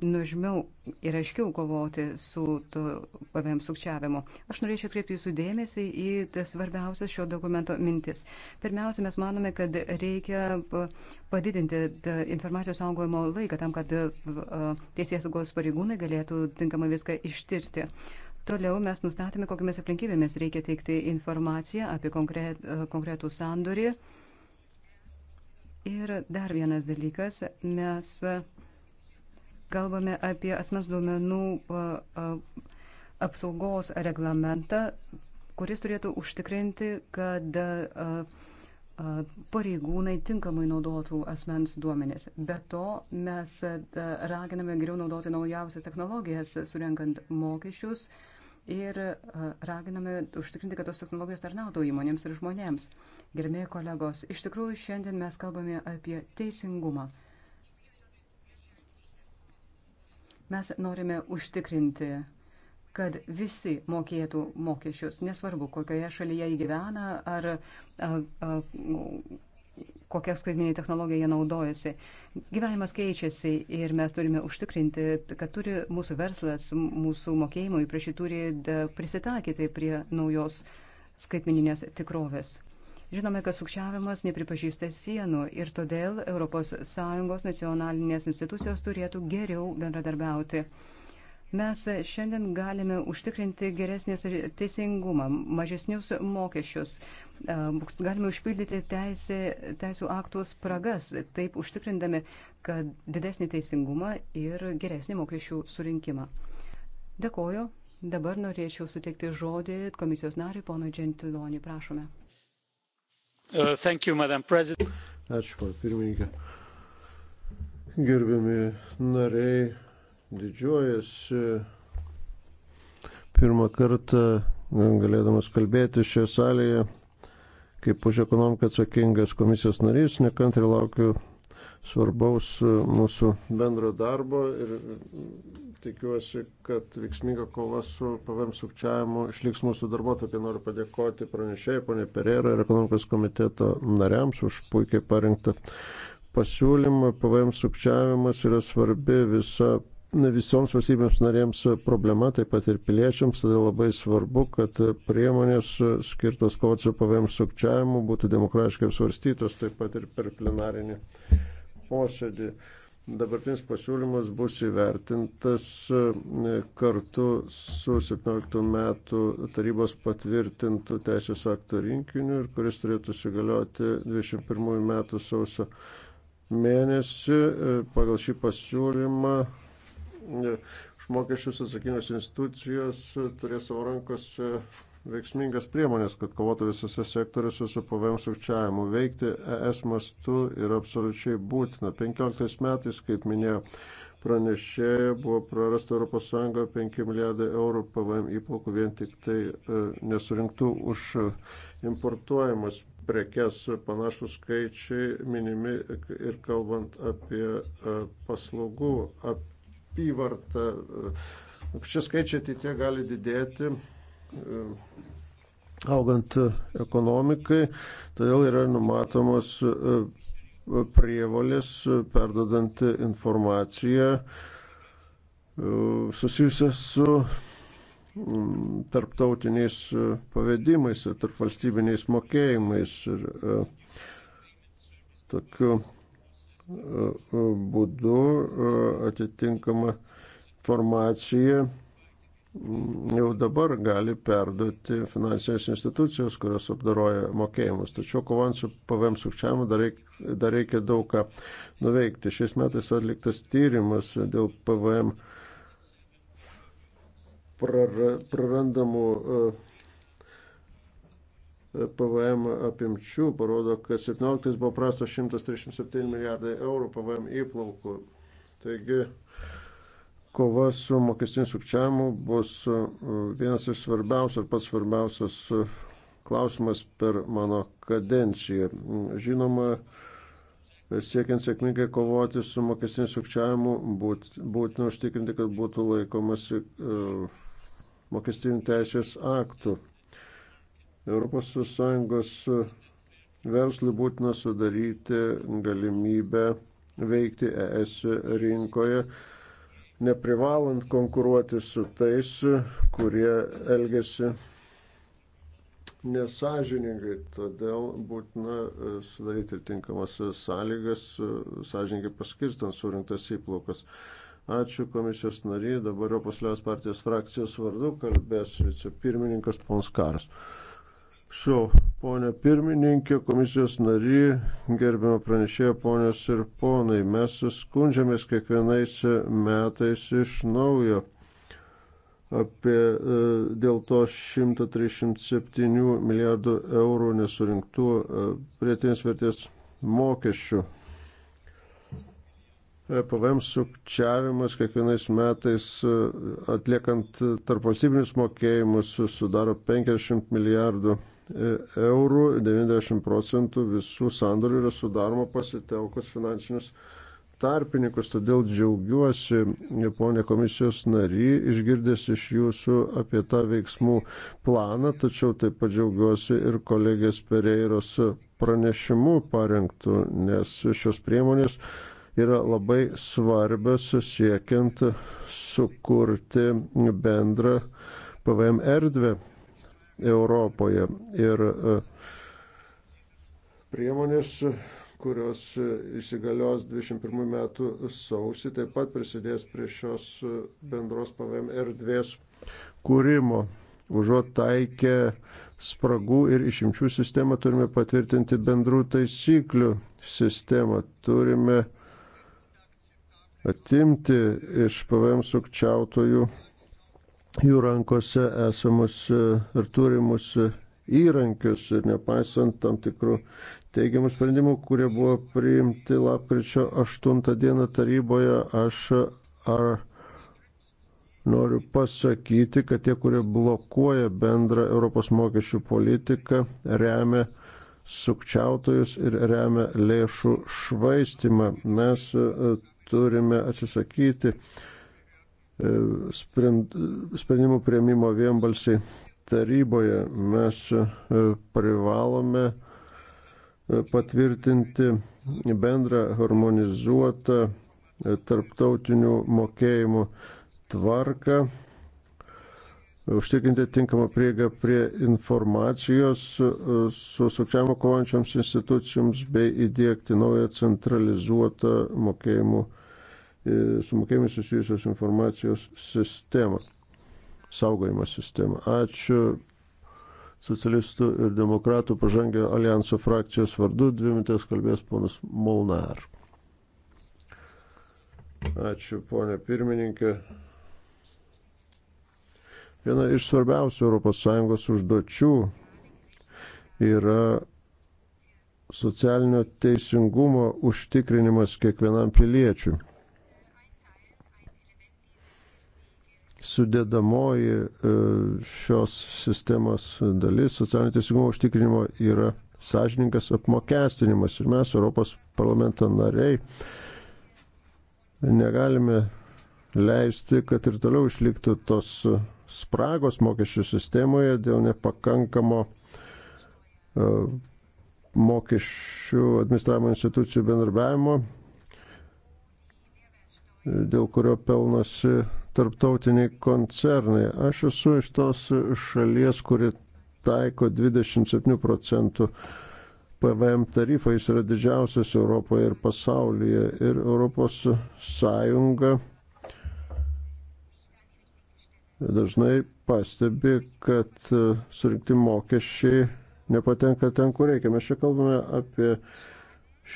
nužmiau ir aiškiau kovoti su PVM sukčiavimu. Aš norėčiau atkreipti jūsų dėmesį į tas svarbiausias šio dokumento mintis. Pirmiausia, mes manome, kad reikia padidinti informacijos saugojimo laiką tam, kad e, teisės saugos pareigūnai galėtų tinkamai viską ištirti. Toliau mes nustatėme, kokiamis aplinkybėmis reikia teikti informaciją apie konkret, konkretų sandorį. Ir dar vienas dalykas, mes kalbame apie asmens duomenų apsaugos reglamentą, kuris turėtų užtikrinti, kad pareigūnai tinkamai naudotų asmens duomenis. Be to, mes raginame geriau naudoti naujausias technologijas, surenkant mokesčius ir raginame užtikrinti, kad tos technologijos tarnautų įmonėms ir žmonėms. Gerbėjai kolegos, iš tikrųjų šiandien mes kalbame apie teisingumą. Mes norime užtikrinti, kad visi mokėtų mokesčius, nesvarbu, kokioje šalyje jie gyvena ar a, a, kokią skaitminį technologiją jie naudojasi. Gyvenimas keičiasi ir mes turime užtikrinti, kad turi mūsų verslas, mūsų mokėjimai prieš jį turi prisitaikyti prie naujos skaitmininės tikrovės. Žinome, kad sukčiavimas nepripažįsta sienų ir todėl ES nacionalinės institucijos turėtų geriau bendradarbiauti. Mes šiandien galime užtikrinti geresnės teisingumą, mažesnius mokesčius, galime užpildyti teisė, teisų aktų spragas, taip užtikrindami, kad didesnį teisingumą ir geresnį mokesčių surinkimą. Dėkoju. Dabar norėčiau suteikti žodį komisijos nariui, ponui Džentilonį, prašome. Uh, you, Ačiū, pana pirmininkė. Gerbiami nariai, didžiuojasi pirmą kartą galėdamas kalbėti šioje salėje kaip už ekonomiką atsakingas komisijos narys, nekantri laukiu svarbaus e, mūsų bendro darbo ir e, tikiuosi, kad veiksminga kova su PVM sukčiavimu išliks mūsų darbo. Tokia noriu padėkoti pranešėjai, ponė Perėra ir ekonomikos komiteto nariams už puikiai parengtą pasiūlymą. PVM sukčiavimas yra svarbi visa visoms valstybėms narėms problema, taip pat ir piliečiams, todėl labai svarbu, kad priemonės skirtos kovoti su PVM sukčiavimu būtų demokratiškai apsvarstytos, taip pat ir per plenarinį posėdį. Dabartinis pasiūlymas bus įvertintas e, kartu su 17 metų tarybos patvirtintų teisės aktų rinkiniu ir kuris turėtų įsigalioti 21 metų sausio mėnesį. E, pagal šį pasiūlymą e, už mokesčius atsakingos institucijos turės savo rankose veiksmingas priemonės, kad kovotų visose sektoriuose su PVM sukčiavimu. Veikti ES mastu yra absoliučiai būtina. 15 metais, kaip minėjau, pranešėja buvo prarasta ES 5 milijardai eurų PVM įplaukų vien tik tai e, nesurinktų už e, importuojamas prekes. Panašus skaičiai minimi ir kalbant apie e, paslaugų apyvartą. Šie skaičiai ateitie gali didėti E, augant ekonomikai, todėl yra numatomos e, prievalės e, perdodant informaciją susijusią su tarptautiniais pavedimais ir tarpvalstybiniais mokėjimais. Ir tokiu būdu atitinkama informacija jau dabar gali perduoti finansinės institucijos, kurios apdaroja mokėjimus. Tačiau kovant su PVM sukčiavimu dar, reik, dar reikia daug ką nuveikti. Šiais metais atliktas tyrimas dėl PVM prarandamų e, e, PVM apimčių parodo, kad 17 buvo prastas 137 milijardai eurų PVM įplaukų. Taigi kova su mokestiniu sukčiavimu bus e, vienas iš svarbiausių ir pats svarbiausias e, klausimas per mano kadenciją. Žinoma, siekiant sėkmingai kovoti su mokestiniu sukčiavimu, būt, būtina užtikrinti, kad būtų laikomasi uh, mokestinių teisės aktų. ES verslui būtina sudaryti galimybę veikti ES rinkoje neprivalant konkuruoti su tais, kurie elgesi nesažiningai. Todėl būtina e, sudaryti tinkamas sąlygas, e, sąžininkai paskirstant surinktas įplaukas. Ačiū komisijos nariai, dabar Europos Liaus partijos frakcijos vardu kalbės vicepirmininkas Ponskaras su ponė pirmininkė, komisijos nary, gerbiamą pranešėją ponės ir ponai. Mes skundžiamės kiekvienais metais iš naujo apie e, dėl to 137 milijardų eurų nesurinktų e, prietinės vertės mokesčių. E PVM sukčiavimas kiekvienais metais atliekant tarpvalstybinius mokėjimus sudaro 50 milijardų eurų, 90 procentų visų sandorių yra sudaroma pasitelkus finansinius tarpininkus. Todėl džiaugiuosi, ponė komisijos nary, išgirdęs iš jūsų apie tą veiksmų planą, tačiau taip pat džiaugiuosi ir kolegės Pereiros pranešimu parengtų, nes šios priemonės yra labai svarbios siekiant sukurti bendrą PVM erdvę Europoje. Ir e, priemonės, kurios įsigalios 21 metų sausį, taip pat prisidės prie šios bendros PVM erdvės kūrimo. Užuot taikę spragų ir išimčių sistemą, turime patvirtinti bendrų taisyklių sistemą. Turime atimti iš PVM sukčiautojų jų rankose esamus e, ir turimus e, įrankius ir nepaisant tam tikrų teigiamų sprendimų, kurie buvo priimti lapkričio 8 dieną taryboje, aš e, ar noriu pasakyti, kad tie, kurie blokuoja bendrą Europos mokesčių politiką, remia sukčiautojus ir remia lėšų švaistimą. Mes turime atsisakyti uh, sprendimų prieimimo vienbalsiai taryboje. Mes e, privalome e, patvirtinti bendrą harmonizuotą e, tarptautinių mokėjimų tvarką, užtikrinti tinkamą prieigą prie informacijos su sukčiavimo kovančioms institucijoms bei įdėkti naują centralizuotą mokėjimų tvarką sumokėjimai susijusios informacijos sistemą, saugojimo sistemą. Ačiū socialistų ir demokratų pažangio alijanso frakcijos vardu. Dvi minutės kalbės ponas Molnar. Ačiū, ponė pirmininkė. Viena iš svarbiausių ES užduočių yra socialinio teisingumo užtikrinimas kiekvienam piliečiui. sudėdamoji e, šios sistemos dalis socialinio teisingumo užtikrinimo yra sąžininkas apmokestinimas. Ir mes, Europos parlamento nariai, negalime leisti, kad ir toliau išliktų tos spragos mokesčių sistemoje dėl nepakankamo e, mokesčių administravimo institucijų bendarbiavimo, dėl kurio pelnosi tarptautiniai koncernai. Aš esu iš tos šalies, kuri taiko 27 procentų PVM tarifą, jis yra didžiausias Europoje ir pasaulyje. Ir Europos Sąjunga dažnai pastebi, kad surinkti mokesčiai nepatenka ten, kur reikia. Mes čia kalbame apie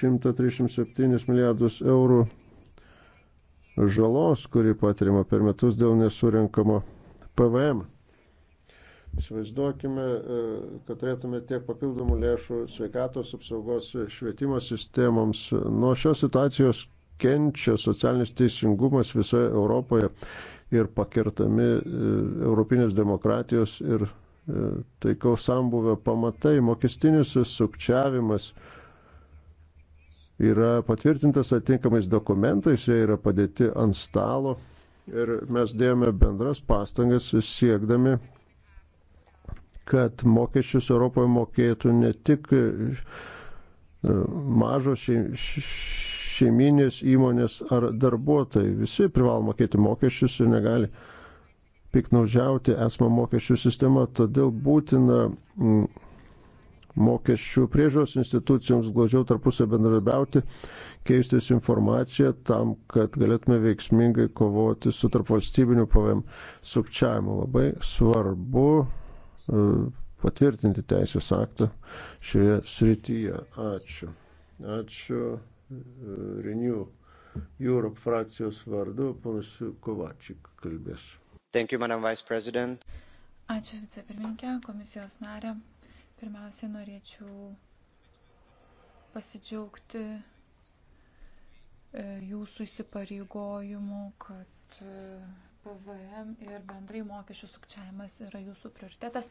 137 milijardus eurų žalos, kuri patiriama per metus dėl nesurinkamo PVM. Įsivaizduokime, e, kad turėtume tiek papildomų lėšų sveikatos apsaugos švietimo sistemoms. Nuo šios situacijos kenčia socialinis teisingumas visoje Europoje ir pakirtami e, europinės demokratijos ir e, taikaus sambuvio pamatai, mokestinis sukčiavimas. Su yra patvirtintas atitinkamais dokumentais, jie yra padėti ant stalo ir mes dėjome bendras pastangas siekdami, kad mokesčius Europoje mokėtų ne tik e, mažos šeiminės įmonės ar darbuotojai. Visi privalo mokėti mokesčius ir negali piknaudžiauti esmą mokesčių sistemą, todėl būtina mm, mokesčių priežiūros institucijoms glaudžiau tarpusą bendradarbiauti, keistis informaciją tam, kad galėtume veiksmingai kovoti su tarpvalstybiniu pavėm sukčiavimu. Labai svarbu e, patvirtinti teisės aktą šioje srityje. Ačiū. Ačiū e, Renew Europe frakcijos vardu, ponas Kovačik kalbės. Thank you, Madam Vice President. Ačiū vicepirmininkė, komisijos narė. Pirmiausiai norėčiau pasidžiaugti e, jūsų įsipareigojimu, kad e, PVM ir bendrai mokesčių sukčiavimas yra jūsų prioritetas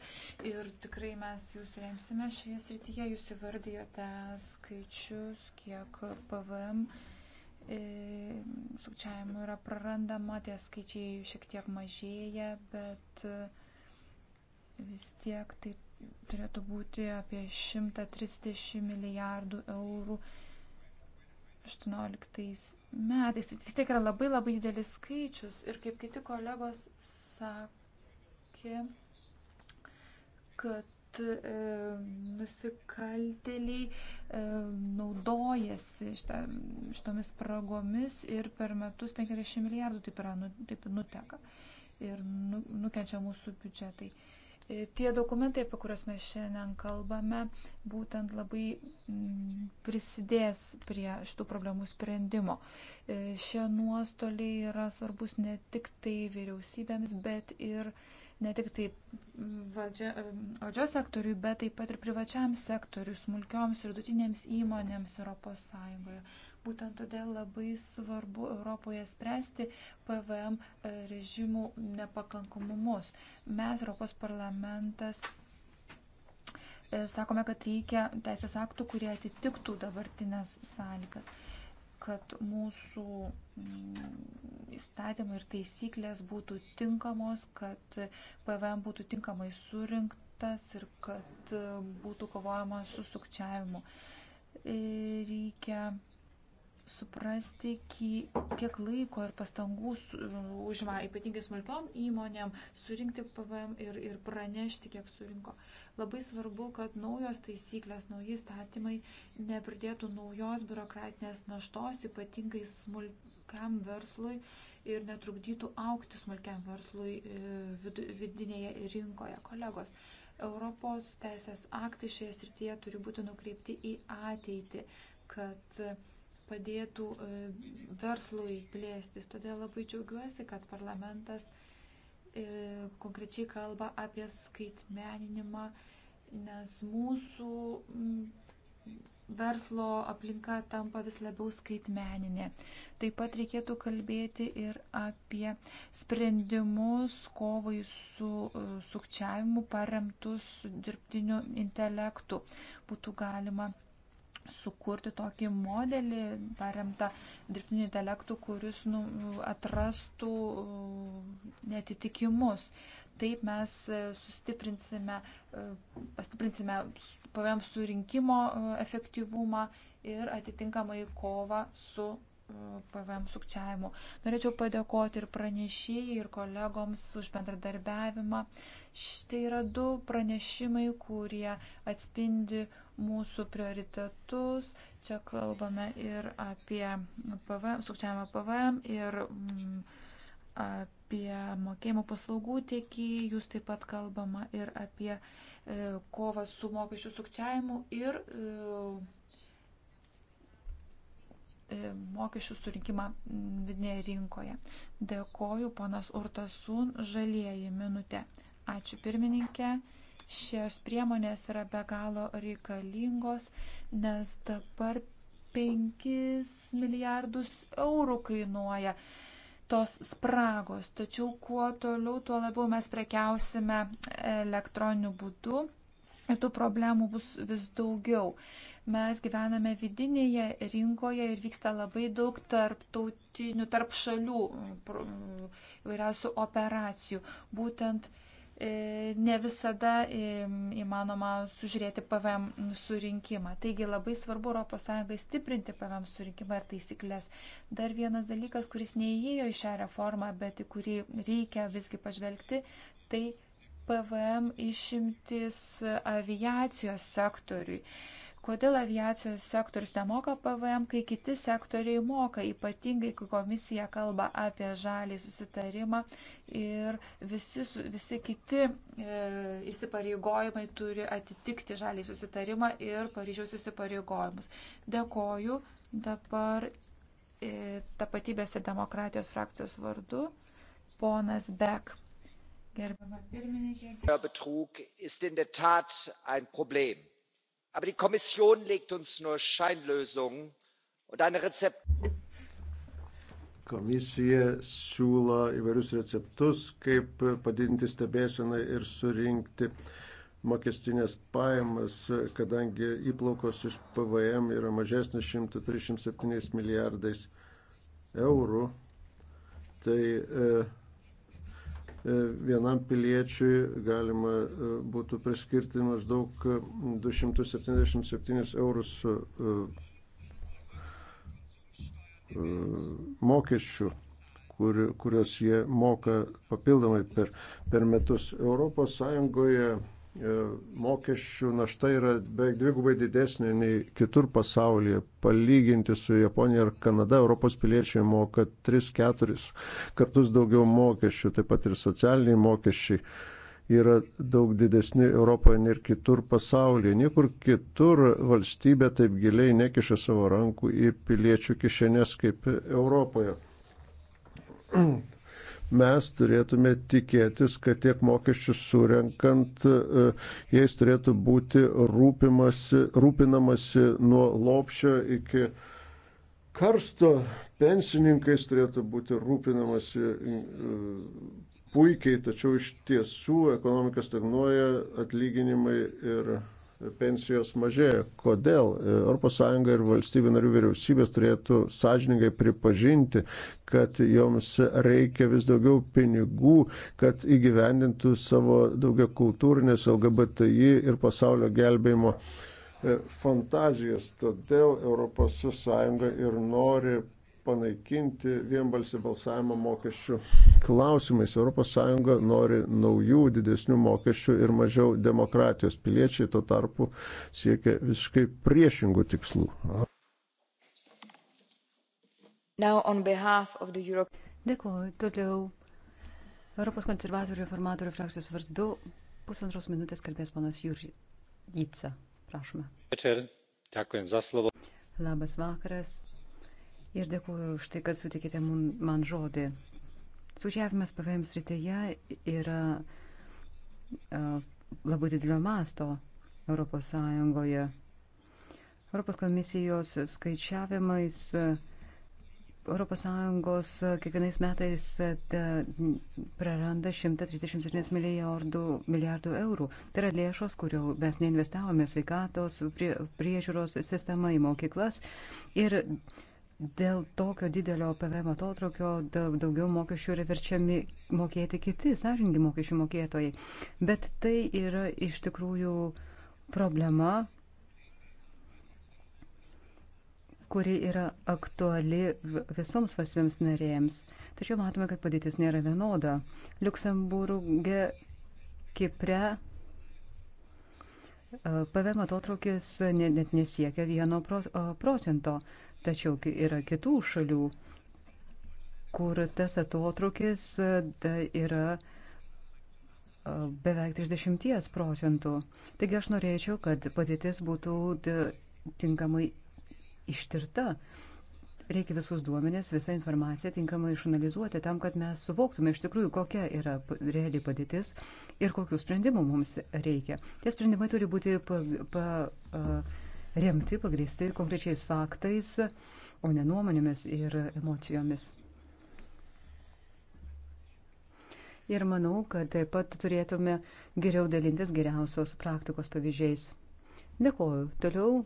ir tikrai mes jūs remsime šioje srityje. Jūs įvardijote skaičius, kiek PVM e, sukčiavimų yra prarandama, tie skaičiai šiek tiek mažėja, bet vis tiek tai turėtų būti apie 130 milijardų eurų 18 metais. Tai vis tiek yra labai labai didelis skaičius ir kaip kiti kolegos sakė, kad e, nusikaltėliai e, naudojasi šita, šitomis spragomis ir per metus 50 milijardų taip, yra, nu, taip nuteka ir nu, nukenčia mūsų biudžetai. E, E, tie dokumentai, apie kuriuos mes šiandien kalbame, būtent labai prisidės prie šitų problemų sprendimo. E, šie nuostoliai yra svarbus ne tik tai vyriausybėms, bet ir ne tik tai valdžia, e, valdžios sektoriui, bet taip pat ir privačiam sektoriui, smulkioms ir dutinėms įmonėms ES. Būtent todėl labai svarbu Europoje spręsti PVM e, režimų nepakankamumus. Mes, Europos parlamentas, e, sakome, kad reikia teisės aktų, kurie atitiktų dabartinės sąlygas kad mūsų mm, įstatymai ir taisyklės būtų tinkamos, kad PVM būtų tinkamai surinktas ir kad e, būtų kovojama su sukčiavimu. Reikia suprasti, kiek laiko ir pastangų užima ypatingai smulkiom įmonėm surinkti PVM ir, ir pranešti, kiek surinko. Labai svarbu, kad naujos taisyklės, nauji statymai nepridėtų naujos biurokratinės naštos ypatingai smulkiam verslui ir netrukdytų aukti smulkiam verslui e, vidu, vidinėje rinkoje. Kolegos, Europos teisės aktai šioje srityje turi būti nukreipti į ateitį, kad uh, padėtų e, verslui plėstis. Todėl labai džiaugiuosi, kad parlamentas e, konkrečiai kalba apie skaitmeninimą, nes mūsų verslo aplinka tampa vis labiau skaitmeninė. Taip pat reikėtų kalbėti ir apie sprendimus kovai su e, sukčiavimu paremtus dirbtiniu intelektu. Būtų galima sukurti tokį modelį paremtą dirbtiniu intelektu, kuris nu, atrastų uh, netitikimus. Taip mes uh, sustiprinsime, uh, pastiprinsime pavėm surinkimo efektyvumą ir atitinkamai kovą su PVM sukčiavimu. Norėčiau padėkoti ir pranešėjai, ir kolegoms už bendradarbiavimą. Štai yra du pranešimai, kurie atspindi mūsų prioritetus. Čia kalbame ir apie PVM, sukčiavimą PVM ir mm, apie mokėjimo paslaugų tiekėjus, taip pat kalbama ir apie e, kovą su mokesčių sukčiavimu ir e, e mokesčių surinkimą mm, vidinėje rinkoje. Dėkoju, ponas Urtasun, žalieji minutė. Ačiū pirmininkė. Šios priemonės yra be galo reikalingos, nes dabar 5 milijardus eurų kainuoja tos spragos. Tačiau kuo toliau, tuo labiau mes prekiausime elektroniniu būdu ir tų problemų bus vis daugiau. Mes gyvename vidinėje rinkoje ir vyksta labai daug tarptautinių, tarp šalių įvairiausių operacijų. Būtent E, ne visada e, įmanoma sužiūrėti PVM surinkimą. Taigi labai svarbu ES stiprinti PVM surinkimą ir taisyklės. Dar vienas dalykas, kuris neįėjo į šią reformą, bet į kurį reikia visgi pažvelgti, tai PVM išimtis aviacijos sektoriui kodėl aviacijos sektorius nemoka PVM, kai kiti sektoriai moka, ypatingai, kai komisija kalba apie žalį susitarimą ir visi, visi kiti e, įsipareigojimai turi atitikti žalį susitarimą ir Paryžiaus įsipareigojimus. Dėkoju dabar e, tapatybės ir demokratijos frakcijos vardu, ponas Bek. Gerbiama pirmininkė. Betrug ist in der Tat ein Problem aber die kommission legt uns nur scheinlösungen und eine rezept Komisija siūlo įvairius receptus, kaip padidinti stebėseną ir surinkti mokestinės pajamas, kadangi įplaukos iš PVM yra mažesnis 137 milijardais eurų, tai e, E, vienam piliečiui galima e, būtų priskirti maždaug 277 e, eurus mokesčių, kur, kuriuos jie moka papildomai per, per metus. Europos Sąjungoje E, mokesčių našta yra beveik dvigubai didesnė nei kitur pasaulyje. Palyginti su Japonija ir Kanada, Europos piliečiai moka 3-4 kartus daugiau mokesčių, taip pat ir socialiniai mokesčiai yra daug didesni Europoje nei kitur pasaulyje. Niekur kitur valstybė taip giliai nekiša savo rankų į piliečių kišenės kaip Europoje. *clears throat* mes turėtume tikėtis, kad tiek mokesčius surenkant, e, jais turėtų būti rūpinamasi nuo lopšio iki karsto, pensininkais turėtų būti rūpinamasi e, puikiai, tačiau iš tiesų ekonomika stagnuoja, atlyginimai ir pensijos mažėja. Kodėl ES ir valstybių narių vyriausybės turėtų sąžiningai pripažinti, kad joms reikia vis daugiau pinigų, kad įgyvendintų savo daugia kultūrinės LGBTI ir pasaulio gelbėjimo e, fantazijas. Todėl ES ir nori panaikinti vienbalsį balsavimą mokesčių klausimais. ES nori naujų, didesnių mokesčių ir mažiau demokratijos. Piliečiai tuo tarpu siekia visiškai priešingų tikslų. Europe... Dėkuoju. Toliau Europos konservatorių reformatorių frakcijos vardu pusantros minutės kalbės panas Jurjica. Prašome. Večer. Dėkuojam za slovo. Labas vakaras ir dėkuoju už tai, kad sutikite man žodį. Sužiavimas PVM srityje yra uh, labai didelio masto Europos Sąjungoje. Europos komisijos skaičiavimais Europos Sąjungos kiekvienais metais praranda 137 milijardų, milijardų eurų. Tai yra lėšos, kurių mes neinvestavome sveikatos, prie, priežiūros sistemą į mokyklas. Ir uh, dėl tokio didelio PVM atotrukio daugiau mokesčių yra verčiami mokėti kiti sąžininkai mokesčių mokėtojai. Bet tai yra iš tikrųjų problema, kuri yra aktuali visoms valstybėms narėjams. Tačiau matome, kad padėtis nėra vienoda. Luksemburgė, Kipre PVM atotrukis net nesiekia 1 procento. Tačiau yra kitų šalių, kur tas atotrukis e, yra e, beveik 30 procentų. Taigi aš norėčiau, kad padėtis būtų tinkamai ištirta. Reikia visus duomenės, visą informaciją tinkamai išanalizuoti tam, kad mes suvoktume iš tikrųjų, kokia yra reali padėtis ir kokių sprendimų mums reikia. Tie sprendimai turi būti pa, pa, remti pagrįsti konkrečiais faktais, o ne nuomonėmis ir emocijomis. Ir manau, kad taip pat turėtume geriau dalintis geriausios praktikos pavyzdžiais. Dėkoju. Toliau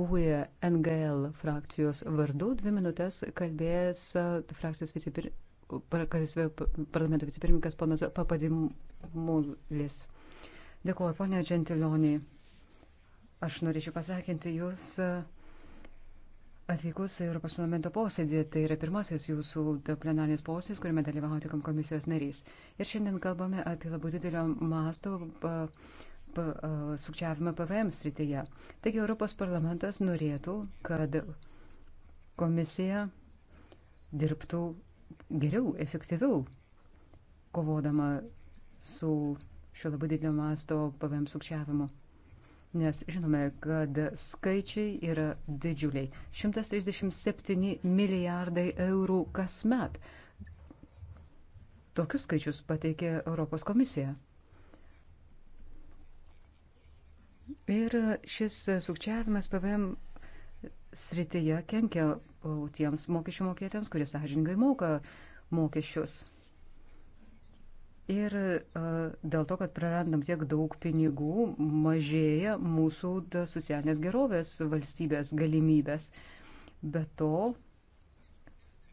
GUE NGL frakcijos vardu dvi minutės kalbės frakcijos vicepir... parlamento vicepirmininkas ponas Papadimulis. Dėkoju, ponia Džentilionė. Aš norėčiau pasakinti Jūs e, atvykus į Europos parlamento posėdį. Tai yra pirmasis Jūsų plenarinis posėdis, kuriame dalyvauti komisijos narys. Ir šiandien kalbame apie labai didelio masto e, sukčiavimą PVM srityje. Taigi Europos parlamentas norėtų, kad komisija dirbtų geriau, efektyviau, kovodama su šio labai didelio masto PVM sukčiavimu nes žinome, kad skaičiai yra didžiuliai. 137 milijardai eurų kasmet. Tokius skaičius pateikė Europos komisija. Ir šis sukčiavimas PVM srityje kenkia tiems mokesčių mokėtėms, kurie sąžingai moka mokesčius. Ir e, dėl to, kad prarandam tiek daug pinigų, mažėja mūsų socialinės gerovės valstybės galimybės. Be to,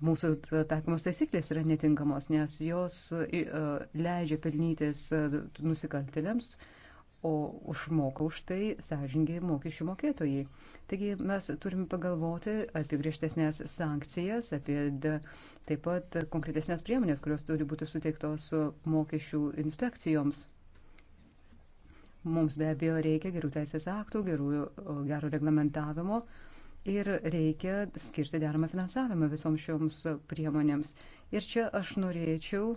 mūsų taikymos taisyklės yra netinkamos, nes jos e, leidžia pelnytis e, nusikaltėliams, o užmoka už tai sąžingiai mokesčių mokėtojai. Taigi mes turime pagalvoti apie griežtesnės sankcijas, apie taip pat konkretesnės priemonės, kurios turi būti suteiktos mokesčių inspekcijoms. Mums be abejo reikia gerų teisės aktų, gerų, gerų reglamentavimo ir reikia skirti deramą finansavimą visoms šioms priemonėms. Ir čia aš norėčiau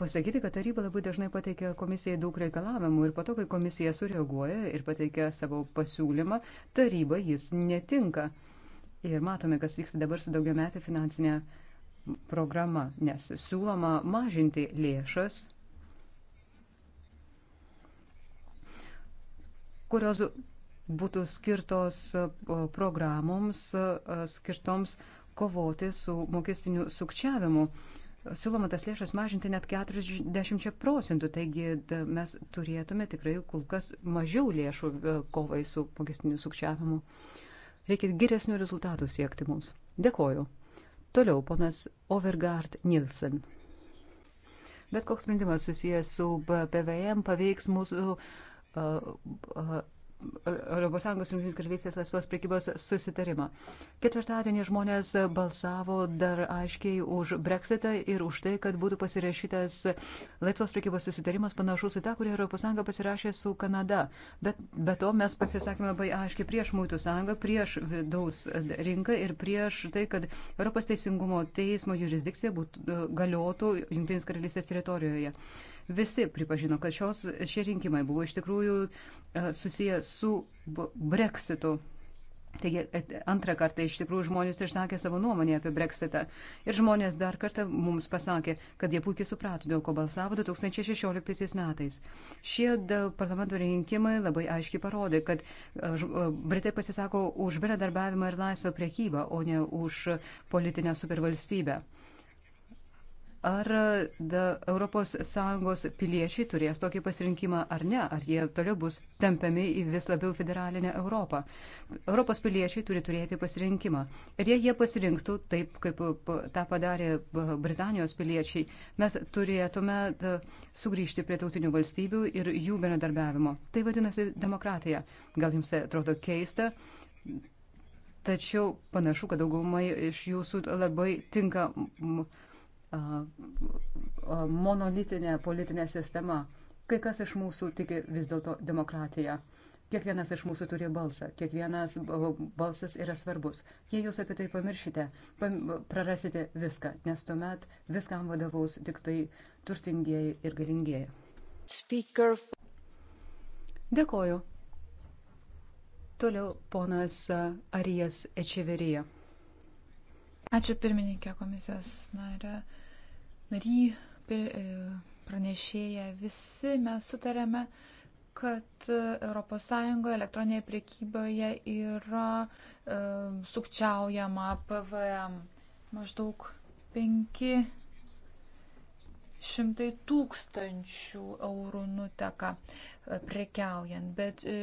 pasakyti, kad taryba labai dažnai pateikia komisijai daug reikalavimų ir po to, kai komisija sureaguoja ir pateikia savo pasiūlymą, taryba jis netinka. Ir matome, kas vyksta dabar su daugiametė finansinė programa, nes siūloma mažinti lėšas, kurios būtų skirtos programoms, skirtoms kovoti su mokestiniu sukčiavimu siūloma tas lėšas mažinti net 40 procentų, taigi mes turėtume tikrai kol kas mažiau lėšų e, kovai su mokestiniu sukčiavimu. Reikia geresnių rezultatų siekti mums. Dėkoju. Toliau ponas Overgard Nilsen. Bet koks sprendimas susijęs su PVM paveiks mūsų uh, uh, ES ir Junktinės karalystės laisvos prekybos susitarimo. Ketvirtadienį žmonės balsavo dar aiškiai už Brexitą ir už tai, kad būtų pasirašytas laisvos prekybos susitarimas panašus į tą, kurį ES pasirašė su Kanada. Bet be to mes pasisakėme labai aiškiai prieš Mūtų sąjungą, prieš vidaus rinką ir prieš tai, kad ES teisingumo teismo jurisdikcija būtų, galiotų Junktinės karalystės teritorijoje. Visi pripažino, kad šios, šie rinkimai buvo iš tikrųjų e, susiję su breksitu. Taigi antrą kartą iš tikrųjų žmonės išsakė savo nuomonę apie breksitą. Ir žmonės dar kartą mums pasakė, kad jie puikiai suprato, dėl ko balsavo 2016 metais. Šie parlamento rinkimai labai aiškiai parodė, kad e, e, Britai pasisako už bendradarbiavimą ir laisvą priekybą, o ne už politinę supervalstybę ar ES piliečiai turės tokį pasirinkimą ar ne, ar jie toliau bus tempiami į vis labiau federalinę Europą. Europos piliečiai turi turėti pasirinkimą. Ir jei jie pasirinktų taip, kaip tą padarė Britanijos piliečiai, mes turėtume sugrįžti prie tautinių valstybių ir jų bendradarbiavimo. Tai vadinasi demokratija. Gal jums tai atrodo keista? Tačiau panašu, kad daugumai iš jūsų labai tinka monolitinė politinė sistema. Kai kas iš mūsų tiki vis dėlto demokratiją. Kiekvienas iš mūsų turi balsą, kiekvienas balsas yra svarbus. Jei jūs apie tai pamiršite, prarasite viską, nes tuomet viskam vadovaus tik tai turtingieji ir galingieji. Speaker. Dėkoju. Toliau ponas Arijas Ečeverija. Ačiū pirmininkė komisijos narė. Na, nary, e, pranešėja, visi mes sutarėme, kad ES elektroninėje priekyboje yra e, sukčiaujama PVM maždaug 5 šimtai tūkstančių eurų nuteka e, prekiaujant. Bet e,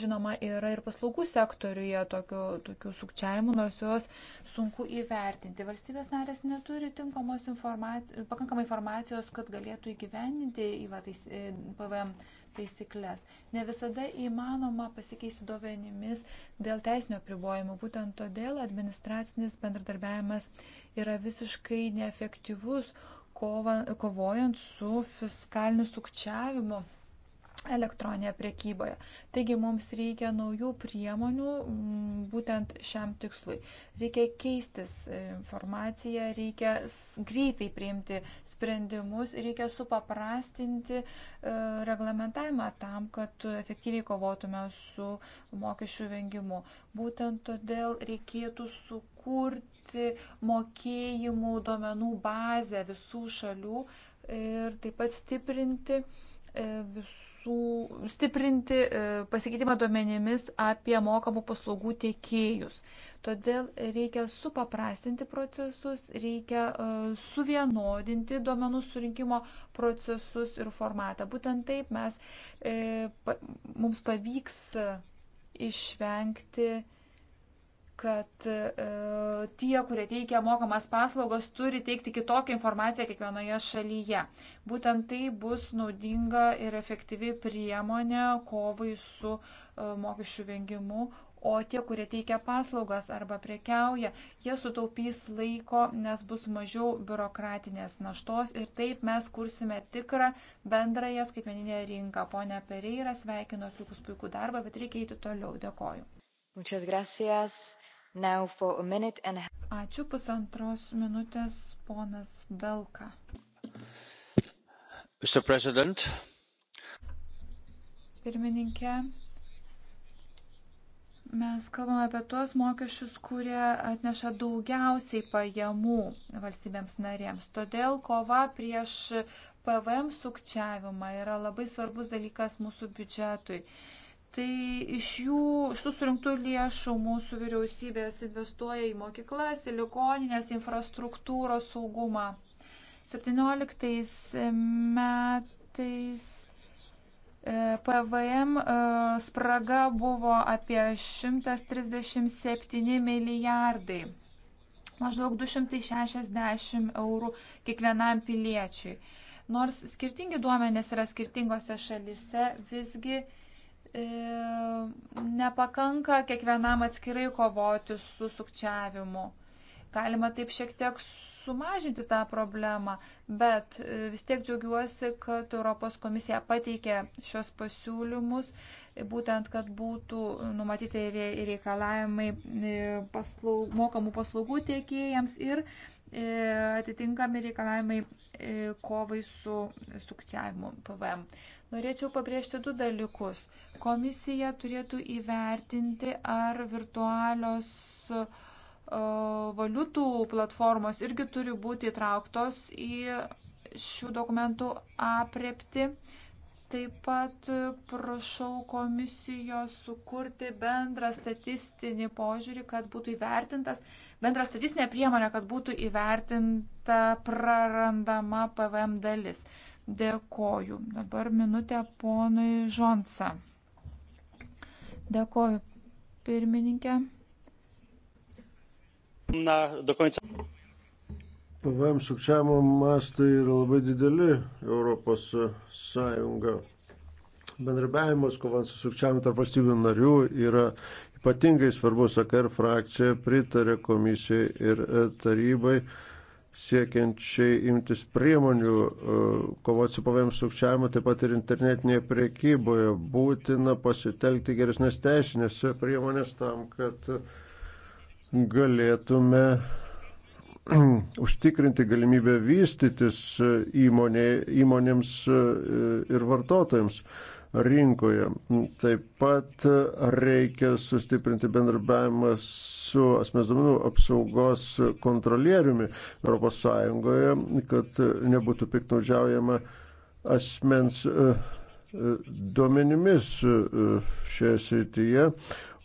žinoma, yra ir paslaugų sektoriuje tokių, tokių sukčiavimų, nors juos sunku įvertinti. Valstybės narės neturi tinkamos informacijos, pakankamai informacijos, kad galėtų įgyvendinti įvatais e, PVM taisyklės. Ne visada įmanoma pasikeisti duomenimis dėl teisinio pribojimo. Būtent todėl administracinis bendradarbiavimas yra visiškai neefektyvus, kova, kovojant su fiskaliniu sukčiavimu elektroninėje priekyboje. Taigi mums reikia naujų priemonių mm, būtent šiam tikslui. Reikia keistis informaciją, reikia greitai priimti sprendimus, reikia supaprastinti e, reglamentavimą tam, kad efektyviai kovotume su mokesčių vengimu. Būtent todėl reikėtų sukurti mokėjimų duomenų bazę visų šalių ir taip pat stiprinti e, visų, stiprinti e, pasikeitimą duomenimis apie mokamų paslaugų tiekėjus. Todėl reikia supaprastinti procesus, reikia e, suvienodinti duomenų surinkimo procesus ir formatą. Būtent taip mes, mums pavyks išvengti kad e, tie, kurie teikia mokamas paslaugos, turi teikti kitokią informaciją kiekvienoje šalyje. Būtent tai bus naudinga ir efektyvi priemonė kovai su e, mokesčių vengimu, o tie, kurie teikia paslaugas arba prekiauja, jie sutaupys laiko, nes bus mažiau biurokratinės naštos ir taip mes kursime tikrą bendrąją skaitmeninę rinką. Pone Pereira, sveikinu atlikus puikų darbą, bet reikia eiti toliau. Dėkoju. Muchas gracias. And... Ačiū pusantros minutės, ponas Belka. Pirmininkė, mes kalbame apie tuos mokesčius, kurie atneša daugiausiai pajamų valstybėms narėms. Todėl kova prieš PVM sukčiavimą yra labai svarbus dalykas mūsų biudžetui. Tai iš jų, iš tų surinktų lėšų mūsų vyriausybės investuoja į mokyklas, į ligoninės infrastruktūros saugumą. 17 metais e, PVM e, spraga buvo apie 137 milijardai, maždaug 260 eurų kiekvienam piliečiui. Nors skirtingi duomenys yra skirtingose šalise, visgi E, nepakanka kiekvienam atskirai kovoti su sukčiavimu. Galima taip šiek tiek sumažinti tą problemą, bet e, vis tiek džiaugiuosi, kad Europos komisija pateikė šios pasiūlymus, būtent, kad būtų numatyti reikalavimai e, paslaug, mokamų paslaugų tiekėjams ir atitinkami reikalavimai kovai su sukčiavimu PVM. Norėčiau pabrėžti du dalykus. Komisija turėtų įvertinti, ar virtualios e, valiutų platformos irgi turi būti įtrauktos į šių dokumentų aprepti. Taip pat e, prašau komisijos sukurti bendrą statistinį požiūrį, kad būtų įvertintas, bendrą statistinę priemonę, kad būtų įvertinta prarandama PVM dalis. Dėkoju. Dabar minutė ponui Žonsa. Dėkoju, pirmininkė. Na, do końca. PVM sukčiavimo mastai yra labai dideli Europos Sąjunga. Bendrabiavimas, kovant su sukčiavimu tarp valstybių narių yra ypatingai svarbus. AKR frakcija pritarė komisijai ir e, tarybai siekiančiai imtis priemonių e, kovoti su pavojams sukčiavimu, taip pat ir internetinėje priekyboje. Būtina pasitelkti geresnės teisinės priemonės tam, kad galėtume *clears throat* užtikrinti galimybę vystytis įmonė, įmonėms e, ir vartotojams rinkoje. Taip pat reikia sustiprinti bendradarbiavimą su asmens duomenų apsaugos kontrolieriumi ES, kad nebūtų piknaudžiaujama asmens e, e, duomenimis e, šioje srityje.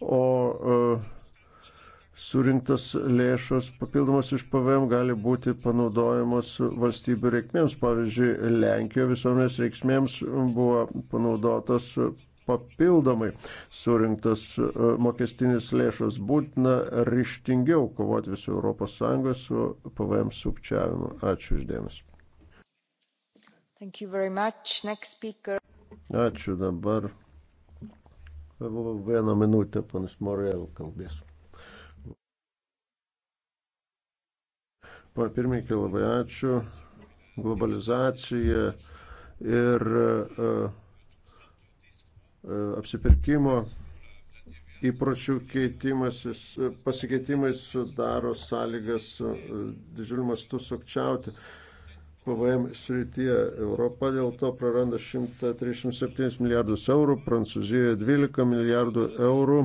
O surinktos lėšos papildomos iš PVM gali būti panaudojamos valstybių reikmėms. Pavyzdžiui, Lenkijoje visuomenės reikmėms buvo panaudotos papildomai surinktos e, mokestinės lėšos. Būtina ryštingiau kovoti visų ES su PVM sukčiavimu. Ačiū uždėmesi. Ačiū dabar. Vieną minutę panas Morel kalbės. Pane pirmininkė, labai ačiū. Globalizacija ir e, e, apsipirkimo įpročių e, pasikeitimai sudaro sąlygas didžiuliu mastu sukčiauti. PVM srityje Europa dėl to praranda 137 milijardus eurų, Prancūzijoje 12 milijardų eurų.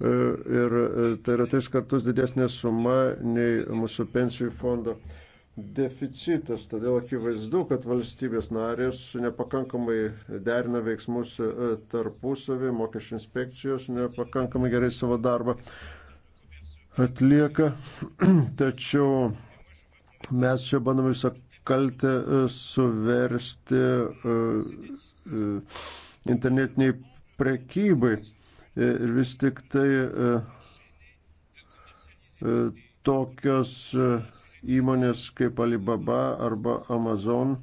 E, ir e, tai yra tris kartus didesnė suma nei mūsų pensijų fondo deficitas. Todėl akivaizdu, kad valstybės narės nepakankamai derina veiksmus e, tarpusavį, mokesčių inspekcijos nepakankamai gerai savo darbą atlieka. *clears throat* Tačiau mes čia bandome visą kaltę suversti internetiniai prekybai. E, ir vis tik tai e, e, tokios įmonės kaip Alibaba arba Amazon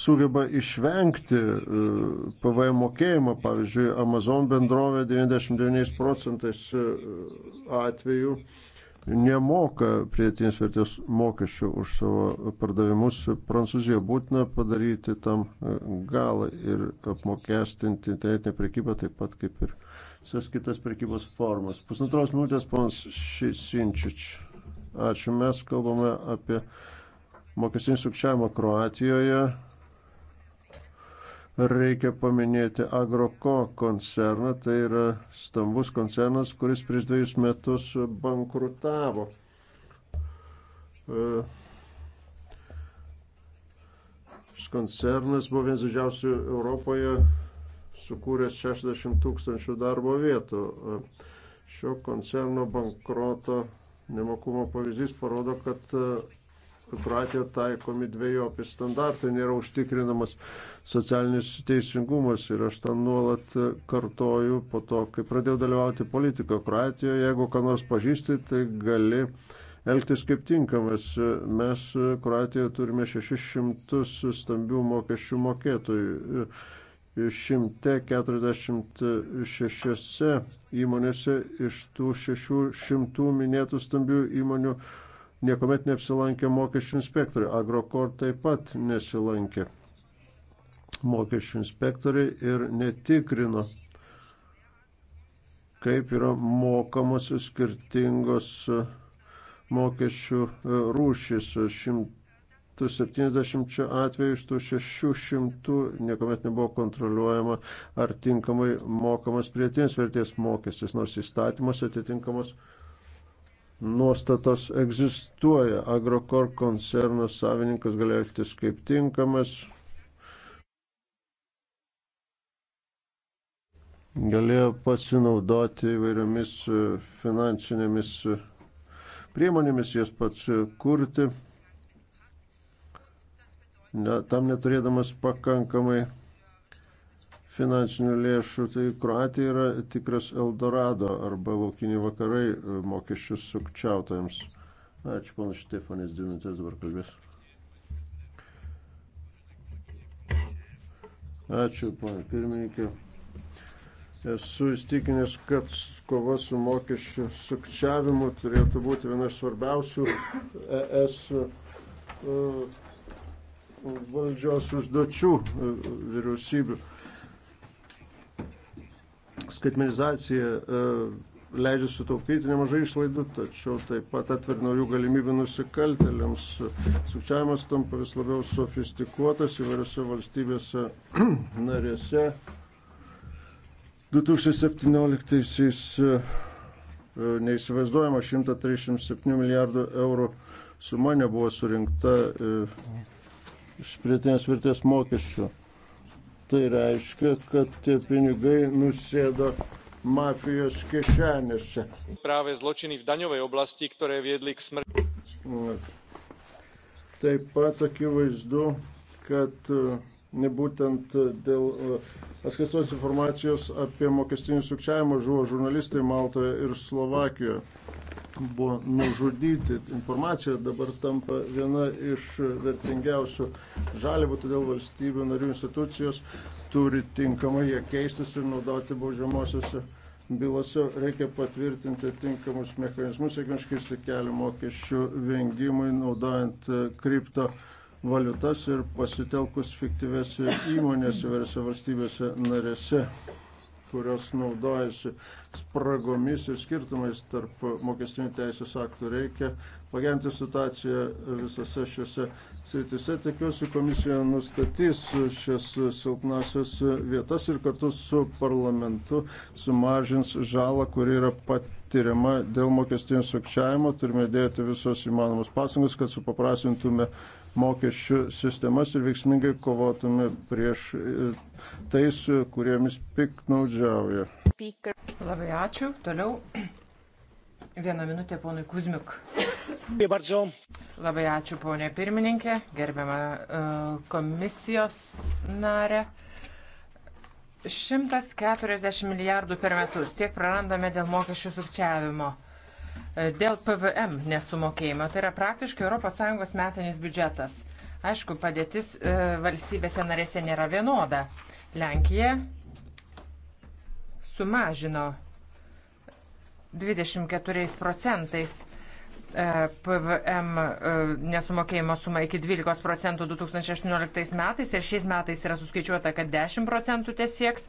sugeba išvengti PVM mokėjimo. Pavyzdžiui, Amazon bendrovė 99 procentais atveju nemoka prietinės vertės mokesčių už savo pardavimus Prancūzijoje. Būtina padaryti tam e, galą ir apmokestinti internetinę prekybą taip pat kaip ir visas kitas prekybos formas. Pusantros minutės, ponas Šinčič. Ačiū. Mes kalbame apie mokestinį sukčiavimą Kroatijoje reikia paminėti Agroko koncerną, tai yra stambus koncernas, kuris prieš dviejus metus bankrutavo. E, šis koncernas buvo vienas didžiausių Europoje, sukūręs 60 tūkstančių darbo vietų. E, šio koncerno bankroto nemokumo pavyzdys parodo, kad Kroatija taikomi dviejopi standartai, nėra užtikrinamas socialinis teisingumas ir aš tam nuolat kartoju po to, kai pradėjau dalyvauti politiką Kroatijoje, jeigu ką nors pažįsti, tai gali elgtis kaip tinkamas. Mes Kroatijoje turime 600 stambių mokesčių mokėtojų. 146 įmonėse iš tų 600 minėtų stambių įmonių niekuomet neapsilankė mokesčių inspektoriai. Agrokor taip pat nesilankė mokesčių inspektoriai ir netikrino, kaip yra mokamos skirtingos mokesčių rūšis. 170 atvejų iš tų 600 niekuomet nebuvo kontroliuojama, ar tinkamai mokamas prietinis vertės mokestis, nors įstatymas atitinkamos nuostatos egzistuoja. Agrokor koncerno savininkas gali elgtis kaip tinkamas. Galėjo pasinaudoti įvairiomis e, finansinėmis e, priemonėmis, jas pats e, kurti, ne, tam neturėdamas pakankamai finansinių lėšų, tai Kroatija yra tikras Eldorado arba laukiniai vakarai e, mokesčių sukčiautojams. Ačiū, panas Štefanis, dvi minutės dabar kalbės. Ačiū, pana pirmininkė. Esu įstikinęs, kad kova su mokesčių sukčiavimu turėtų būti viena iš svarbiausių ES e, valdžios užduočių e, vyriausybių skaitmenizacija e, leidžia sutaupyti nemažai išlaidų, tačiau taip pat atver naujų galimybių nusikaltelėms. Sukčiavimas tampa vis labiau sofistikuotas įvairiose valstybėse *clears throat* narėse. 2017-aisiais e, e, neįsivaizduojama 137 milijardų eurų suma nebuvo surinkta iš prietinės vertės mokesčių. Tai reiškia, kad tie pinigai nusėdo mafijos kišenėse. Právě zločiny v daňové oblasti, které viedli k smrti. Taip pat akivaizdu, kad e, nebūtent e, dėl e, Atskestos informacijos apie mokestinį sukčiavimą žuvo žurnalistai Maltoje ir Slovakijoje. Buvo nužudyti. Informacija dabar tampa viena iš vertingiausių žalėvų, todėl valstybių narių institucijos turi tinkamai ją keistis ir naudoti baudžiamosiose bylose reikia patvirtinti tinkamus mechanizmus, siekiant iškirsti kelią mokesčių vengimui, naudojant e, kripto valiutas ir pasitelkus fiktyves įmonės įvairiose valstybėse narėse, kurios naudojasi spragomis ir skirtumais tarp mokestinių teisės aktų. Reikia pagerinti situaciją visose šiuose sritise. Tikiuosi, komisija nustatys šias silpnasias vietas ir kartu su parlamentu sumažins žalą, kuri yra patiriama dėl mokestinio sukčiavimo. Turime dėti visos įmanomas pasangas, kad supaprasintume mokesčių sistemas ir veiksmingai kovotume prieš e, tais, kuriemis piknaudžiauja. Labai ačiū. Toliau vieną minutę ponui Kuzmiuk. Labai ačiū ponė pirmininkė, gerbiama e, komisijos narė. 140 milijardų per metus tiek prarandame dėl mokesčių sukčiavimo. Dėl PVM nesumokėjimo, tai yra praktiškai ES metinis biudžetas. Aišku, padėtis e, valstybėse narėse nėra vienoda. Lenkija sumažino 24 procentais e, PVM e, nesumokėjimo suma iki 12 procentų 2018 metais ir šiais metais yra suskaičiuota, kad 10 procentų tiesieks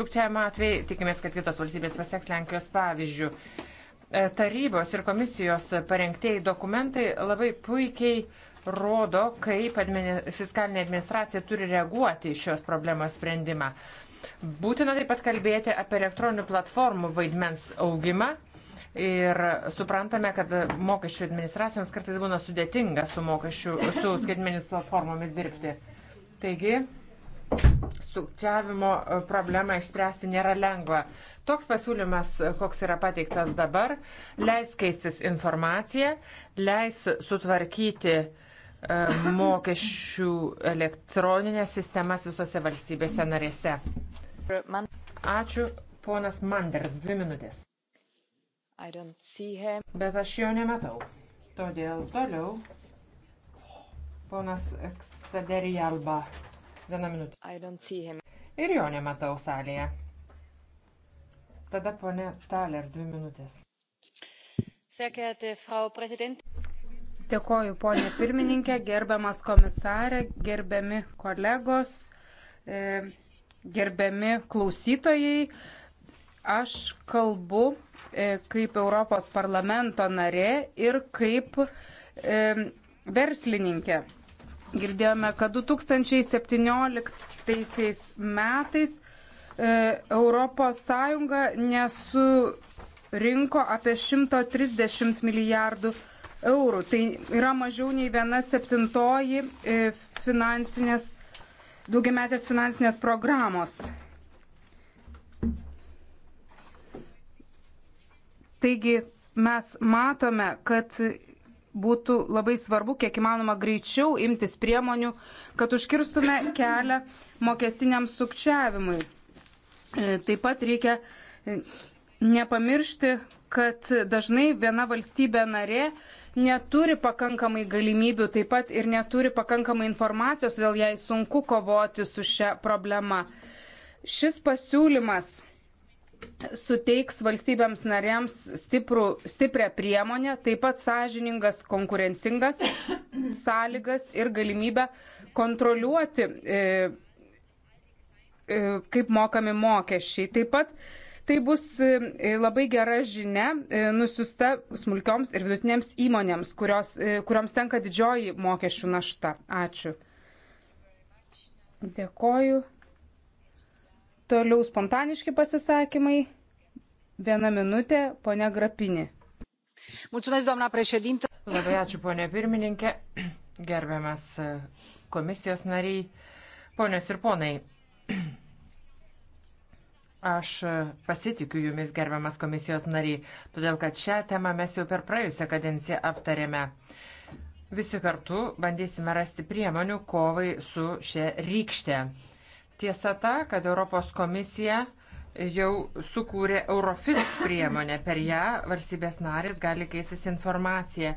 sukčiavimo atvejai. Tikimės, kad kitos valstybės pasieks Lenkijos pavyzdžių. E, tarybos ir komisijos parengtieji dokumentai labai puikiai rodo, kaip administ... fiskalinė administracija turi reaguoti į šios problemos sprendimą. Būtina taip pat kalbėti apie elektroninių platformų vaidmens augimą ir suprantame, kad mokesčių administracijoms kartais būna sudėtinga su mokesčių, su skaitmenis platformomis dirbti. Taigi, sukčiavimo problemą išspręsti nėra lengva. Toks pasiūlymas, koks yra pateiktas dabar, leis keistis informaciją, leis sutvarkyti e, mokesčių elektroninės sistemas visose valstybėse narėse. Ačiū, ponas Manders, dvi minutės. Bet aš jo nematau. Todėl toliau. Ponas Xaderialba, viena minutė. Ir jo nematau salėje. Tada ponė Taler, dvi minutės. Dėkoju, ponė pirmininkė, gerbiamas komisarė, gerbiami kolegos, e, gerbiami klausytojai. Aš kalbu e, kaip Europos parlamento narė ir kaip e, verslininkė. Girdėjome, kad 2017 metais E, Europos Sąjunga nesurinko apie 130 milijardų eurų. Tai yra mažiau nei viena septintoji e, finansinės, daugiametės finansinės programos. Taigi mes matome, kad būtų labai svarbu, kiek įmanoma greičiau imtis priemonių, kad užkirstume kelią mokestiniam sukčiavimui. E, taip pat reikia e, nepamiršti, kad dažnai viena valstybė narė neturi pakankamai galimybių, taip pat ir neturi pakankamai informacijos, todėl jai sunku kovoti su šia problema. Šis pasiūlymas suteiks valstybėms narėms stiprų, stiprią priemonę, taip pat sąžiningas, konkurencingas sąlygas ir galimybę kontroliuoti e, E, kaip mokami mokesčiai. Taip pat tai bus e, e, labai gera žinia nusiusta smulkioms ir vidutinėms įmonėms, kurios, kurioms tenka didžioji mokesčių našta. Ačiū. Dėkoju. Toliau spontaniški pasisakymai. Viena minutė, ponia Grapinė. Mulțumesc, doamna președintă. Labai ačiū, ponia pirmininkė, gerbiamas komisijos nariai, ponios ir ponai. *clears throat* Aš e, pasitikiu jumis, gerbiamas komisijos nariai, todėl kad šią temą mes jau per praėjusią kadenciją aptarėme. Visi kartu bandysime rasti priemonių kovai su šia rykšte. Tiesa ta, kad Europos komisija jau sukūrė Eurofis priemonę. Per ją valstybės narės gali keistis informaciją.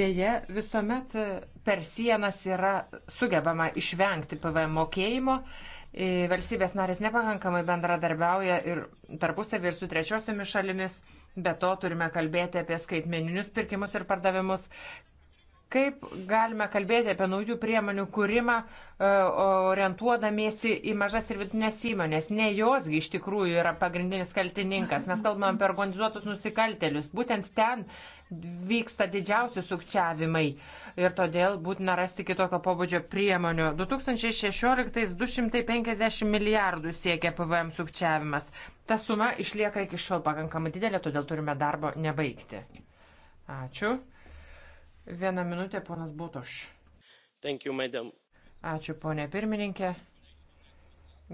Deja, visuomet per sienas yra sugebama išvengti PVM mokėjimo. E, valstybės narės nepakankamai bendradarbiauja ir tarpusavį ir su trečiosiomis šalimis. Be to turime kalbėti apie skaitmeninius pirkimus ir pardavimus, Kaip galime kalbėti apie naujų priemonių kūrimą, e, orientuodamiesi į mažas ir vidutinės įmonės? Ne josgi iš tikrųjų yra pagrindinis kaltininkas. Mes kalbame apie organizuotus nusikaltelius. Būtent ten vyksta didžiausi sukčiavimai ir todėl būtina rasti kitokio pobūdžio priemonių. 2016-250 milijardų siekia PVM sukčiavimas. Ta suma išlieka iki šiol pakankamai didelė, todėl turime darbo nebaigti. Ačiū. Vieną minutę, ponas Būtoš. You, madam. Ačiū, ponė pirmininkė.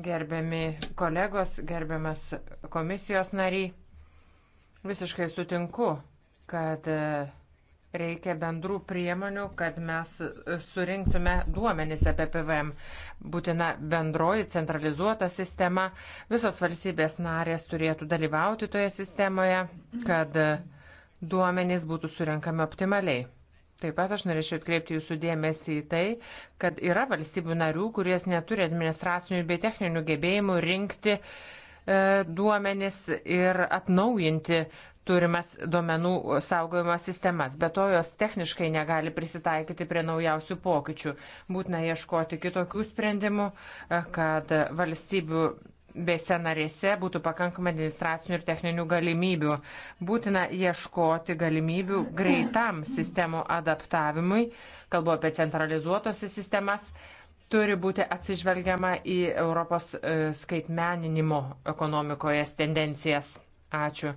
Gerbiami kolegos, gerbiamas komisijos nariai. Visiškai sutinku, kad e, reikia bendrų priemonių, kad mes e, surinktume duomenys apie PVM. Būtina bendroji centralizuota sistema. Visos valstybės narės turėtų dalyvauti toje sistemoje, kad e, duomenys būtų surinkami optimaliai. Taip pat aš norėčiau atkreipti jūsų dėmesį į tai, kad yra valstybių narių, kurios neturi administracinių bei techninių gebėjimų rinkti e, duomenis ir atnaujinti turimas duomenų saugojimo sistemas. Be to jos techniškai negali prisitaikyti prie naujausių pokyčių. Būtina ieškoti kitokių sprendimų, e, kad valstybių bėse narėse būtų pakankamai administracinių ir techninių galimybių. Būtina ieškoti galimybių greitam sistemų adaptavimui, kalbu apie centralizuotos sistemas, turi būti atsižvelgiama į Europos e, skaitmeninimo ekonomikoje tendencijas. Ačiū.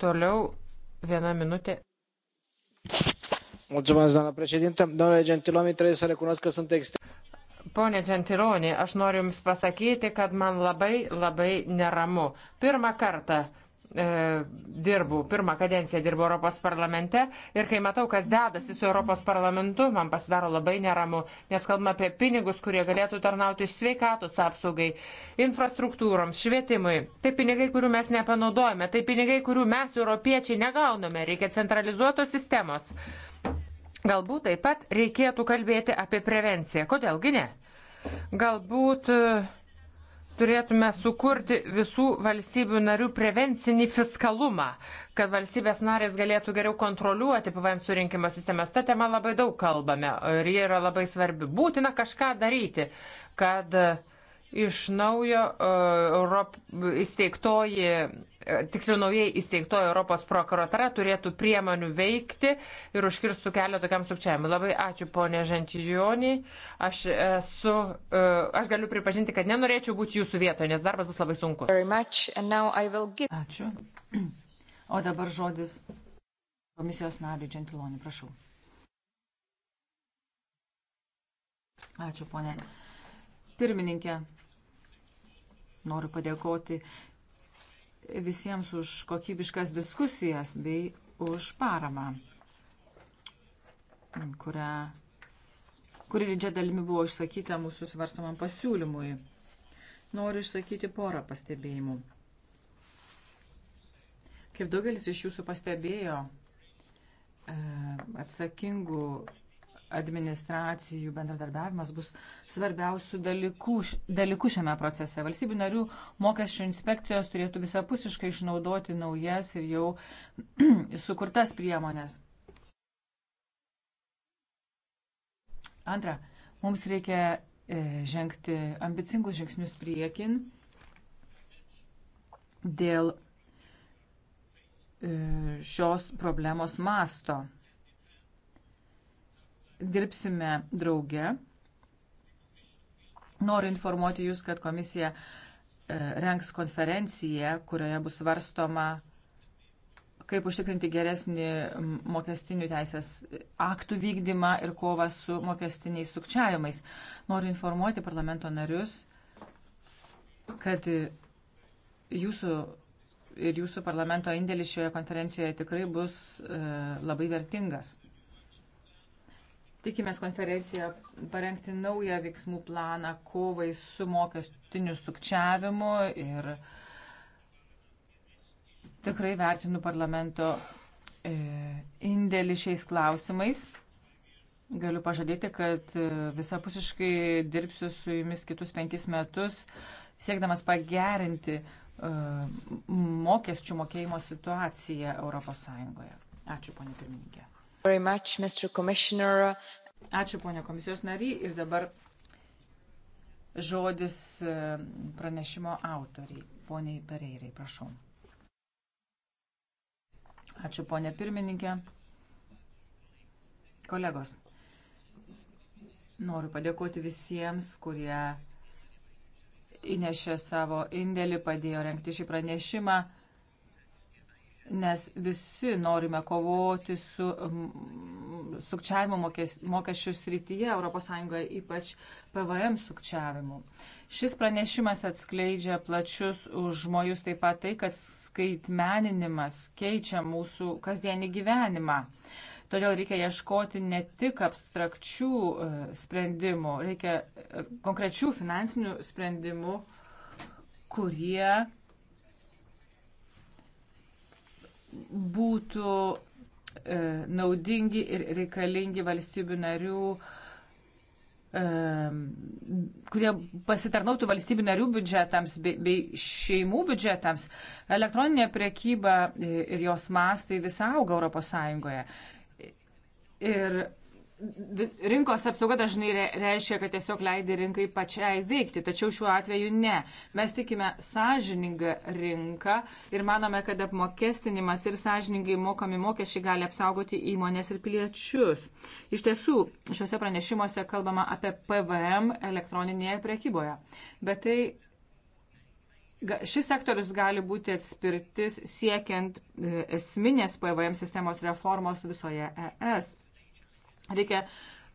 Toliau viena minutė. Mulțumesc, doamna președintă. Domnule Gentiloni, trebuie să recunosc că sunt extrem Pone Džentironė, aš noriu Jums pasakyti, kad man labai labai neramu. Pirmą kartą e, dirbu, pirmą kadenciją dirbu Europos parlamente ir kai matau, kas dedasi su Europos parlamentu, man pasidaro labai neramu, nes kalbame apie pinigus, kurie galėtų tarnauti iš sveikatos apsaugai, infrastruktūroms, švietimui. Tai pinigai, kurių mes nepanaudojame, tai pinigai, kurių mes, europiečiai, negauname. Reikia centralizuotos sistemos. Galbūt taip pat reikėtų kalbėti apie prevenciją. Kodėlgi ne? Galbūt e, turėtume sukurti visų valstybių narių prevencinį fiskalumą, kad valstybės narės galėtų geriau kontroliuoti PVM surinkimo sistemas. Ta tema labai daug kalbame ir jie yra labai svarbi. Būtina kažką daryti, kad e, iš naujo uh, Europ... įsteigtoji E, tiksliau naujai įsteigto Europos prokuratūra turėtų priemonių veikti ir užkirstų kelią tokiam sukčiavimui. Labai ačiū ponė Žantijonį. Aš, esu, e, aš galiu pripažinti, kad nenorėčiau būti jūsų vietoje, nes darbas bus labai sunkus. Give... Ačiū. *clears throat* O dabar žodis komisijos nariui Džentilonį, prašau. Ačiū, ponė. Pirmininkė, noriu padėkoti visiems už kokybiškas diskusijas bei už paramą, kurią, kuri didžia dalimi buvo išsakyta mūsų svarstomam pasiūlymui. Noriu išsakyti porą pastebėjimų. Kaip daugelis iš jūsų pastebėjo, e, atsakingų administracijų bendradarbiavimas bus svarbiausių dalykų, dalykų šiame procese. Valstybių narių mokesčių inspekcijos turėtų visapusiškai išnaudoti naujas ir jau *clears throat* sukurtas priemonės. Antra, mums reikia e, žengti ambicingus žingsnius priekin dėl e, šios problemos masto dirbsime drauge. Noriu informuoti Jūs, kad komisija e, renks konferenciją, kurioje bus svarstoma, kaip užtikrinti geresnį mokestinių teisės aktų vykdymą ir kovą su mokestiniais sukčiavimais. Noriu informuoti parlamento narius, kad jūsų ir jūsų parlamento indėlis šioje konferencijoje tikrai bus e, labai vertingas. Tikimės konferencijoje parengti naują veiksmų planą kovai su mokestiniu sukčiavimu ir tikrai vertinu parlamento e, indėlį šiais klausimais. Galiu pažadėti, kad e, visapusiškai dirbsiu su jumis kitus penkis metus, siekdamas pagerinti e, mokesčių mokėjimo situaciją ES. Ačiū, ponė pirmininkė. Ačiū, ponė komisijos nariai. Ir dabar žodis e, pranešimo autoriai. Poniai Pereirai, prašau. Ačiū, ponė pirmininkė. Kolegos, noriu padėkoti visiems, kurie įnešė savo indėlį, padėjo renkti šį pranešimą nes visi norime kovoti su sukčiavimo mokes, mokesčių srityje ES, ypač PVM sukčiavimu. Šis pranešimas atskleidžia plačius užmojus taip pat tai, kad skaitmeninimas keičia mūsų kasdienį gyvenimą. Todėl reikia ieškoti ne tik abstrakčių e, sprendimų, reikia e, konkrečių finansinių sprendimų, kurie būtų e, naudingi ir reikalingi valstybių narių, e, kurie pasitarnautų valstybių narių biudžetams bei, bei šeimų biudžetams. Elektroninė priekyba ir jos mastai visą auga Europos Sąjungoje. Ir Rinkos apsauga dažnai reiškia, kad tiesiog leidai rinkai pačiai veikti, tačiau šiuo atveju ne. Mes tikime sąžiningą rinką ir manome, kad apmokestinimas ir sąžiningai mokami mokesčiai gali apsaugoti įmonės ir piliečius. Iš tiesų, šiuose pranešimuose kalbama apie PVM elektroninėje prekyboje, bet tai Šis sektorius gali būti atspirtis siekiant e, esminės PVM sistemos reformos visoje ES. Reikia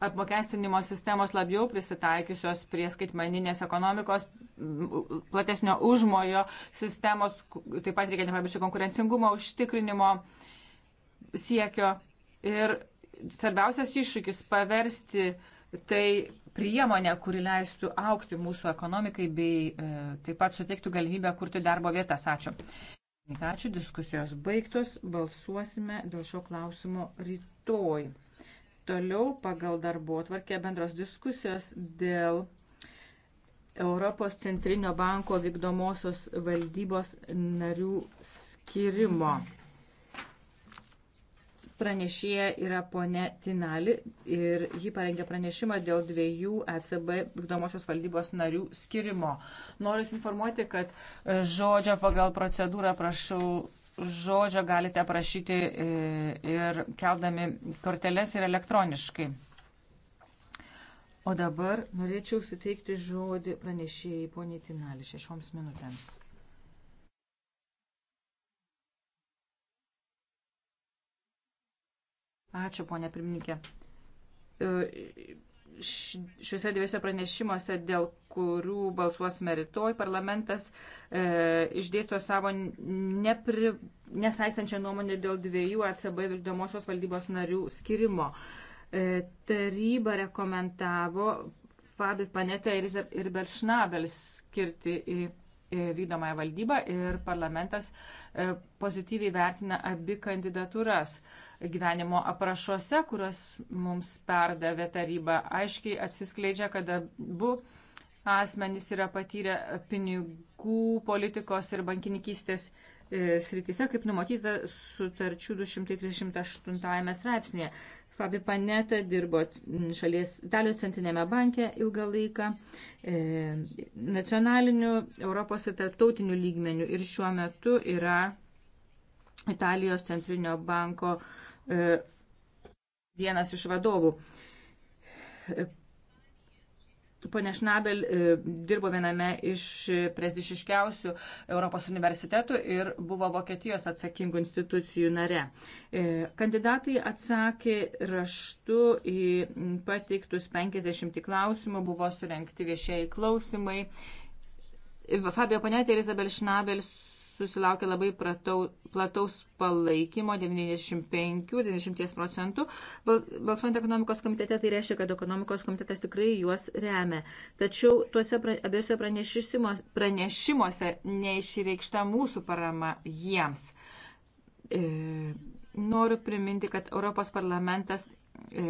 apmokestinimo sistemos labiau prisitaikiusios prie skaitmaninės ekonomikos, platesnio užmojo sistemos, taip pat reikia nepamiršti konkurencingumo, užtikrinimo siekio. Ir svarbiausias iššūkis - paversti tai priemonę, kuri leistų aukti mūsų ekonomikai bei e, taip pat suteiktų galimybę kurti darbo vietas. Ačiū. Ačiū, diskusijos baigtos, balsuosime dėl šio klausimo rytoj. Toliau pagal darbo atvarkė bendros diskusijos dėl Europos centrinio banko vykdomosios valdybos narių skirimo. Pranešėja yra ponė Tinali ir ji parengė pranešimą dėl dviejų ECB vykdomosios valdybos narių skirimo. Noriu informuoti, kad žodžio pagal procedūrą prašau žodžio galite prašyti e, ir keldami korteles ir elektroniškai. O dabar norėčiau suteikti žodį pranešėjai poniai Tinalį šešioms minutėms. Ačiū, ponė pirmininkė. E, šiuose dviejose pranešimuose, dėl kurių balsuosime rytoj, parlamentas e, išdėsto savo nepri, nesaistančią nuomonę dėl dviejų ECB vykdomosios valdybos narių skirimo. E, taryba rekomendavo Fabi Panetę ir, ir Belšnabel skirti į vykdomąją valdybą ir parlamentas e, pozityviai vertina abi kandidatūras. E, gyvenimo aprašuose, kuriuos mums perdavė taryba, aiškiai atsiskleidžia, kad abu asmenys yra patyrę pinigų politikos ir bankininkystės e, srityse, kaip numatyta sutarčių 238 straipsnėje. Fabi Paneta dirbo šalies Italijos centrinėme banke ilgą laiką, e, nacionaliniu, Europos ir tarptautiniu lygmeniu ir šiuo metu yra Italijos centrinio banko e, E, vienas iš vadovų. E, Pone Šnabel e, dirbo viename iš prestižiškiausių Europos universitetų ir buvo Vokietijos atsakingų institucijų nare. Kandidatai atsakė raštu į pateiktus 50 klausimų, buvo surenkti viešieji klausimai. Fabio Panetė ir Izabel Šnabelis susilaukė labai pratau, plataus palaikymo 95-90 procentų. Balsuojant ekonomikos komitete, tai reiškia, kad ekonomikos komitetas tikrai juos remia. Tačiau tuose abiejose pranešimuose neišreikšta mūsų parama jiems. E, noriu priminti, kad Europos parlamentas e,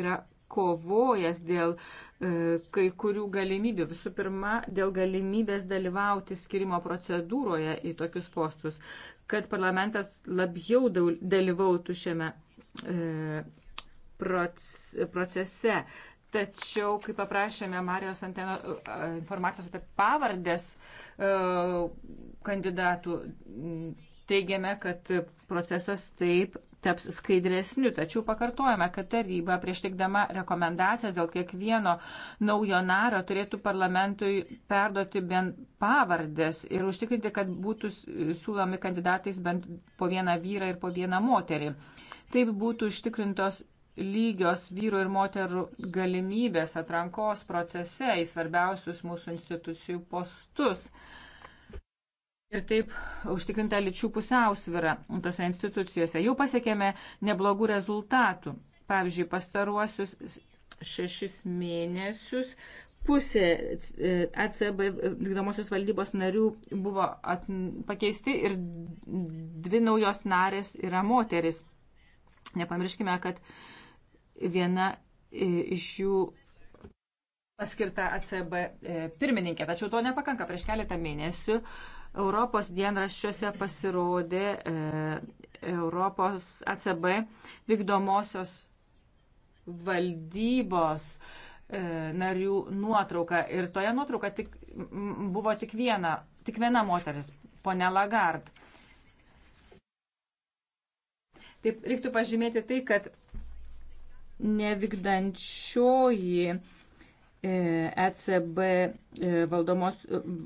yra kovojęs dėl e, kai kurių galimybių. Visų pirma, dėl galimybės dalyvauti skirimo procedūroje į tokius postus, kad parlamentas labiau dalyvautų šiame e, procese. Tačiau, kai paprašėme Marijos Anteno e, informacijos apie pavardės e, kandidatų, teigiame, kad procesas taip taps skaidresniu. Tačiau pakartojame, kad taryba prieš teikdama rekomendacijas dėl kiekvieno naujo nario turėtų parlamentui perduoti bent pavardės ir užtikrinti, kad būtų siūlomi kandidatais bent po vieną vyrą ir po vieną moterį. Taip būtų užtikrintos lygios vyrų ir moterų galimybės atrankos procese į svarbiausius mūsų institucijų postus. Uh, Ir taip užtikrinta lyčių pusiausvyrą tose institucijose. Jau pasiekėme neblogų rezultatų. Pavyzdžiui, pastaruosius šešis mėnesius pusė ECB vykdomosios valdybos narių buvo at, pakeisti ir dvi naujos narės yra moteris. Nepamirškime, kad viena e, iš jų paskirta ECB e, pirmininkė, tačiau to nepakanka. Prieš keletą mėnesių uh, Europos dienraščiuose pasirodė e, Europos ACB vykdomosios valdybos e, narių nuotrauka. Ir toje nuotrauka tik, buvo tik viena, tik viena moteris, ponia Lagard. Taip, reiktų pažymėti tai, kad nevykdančioji ECB e e, valdomos,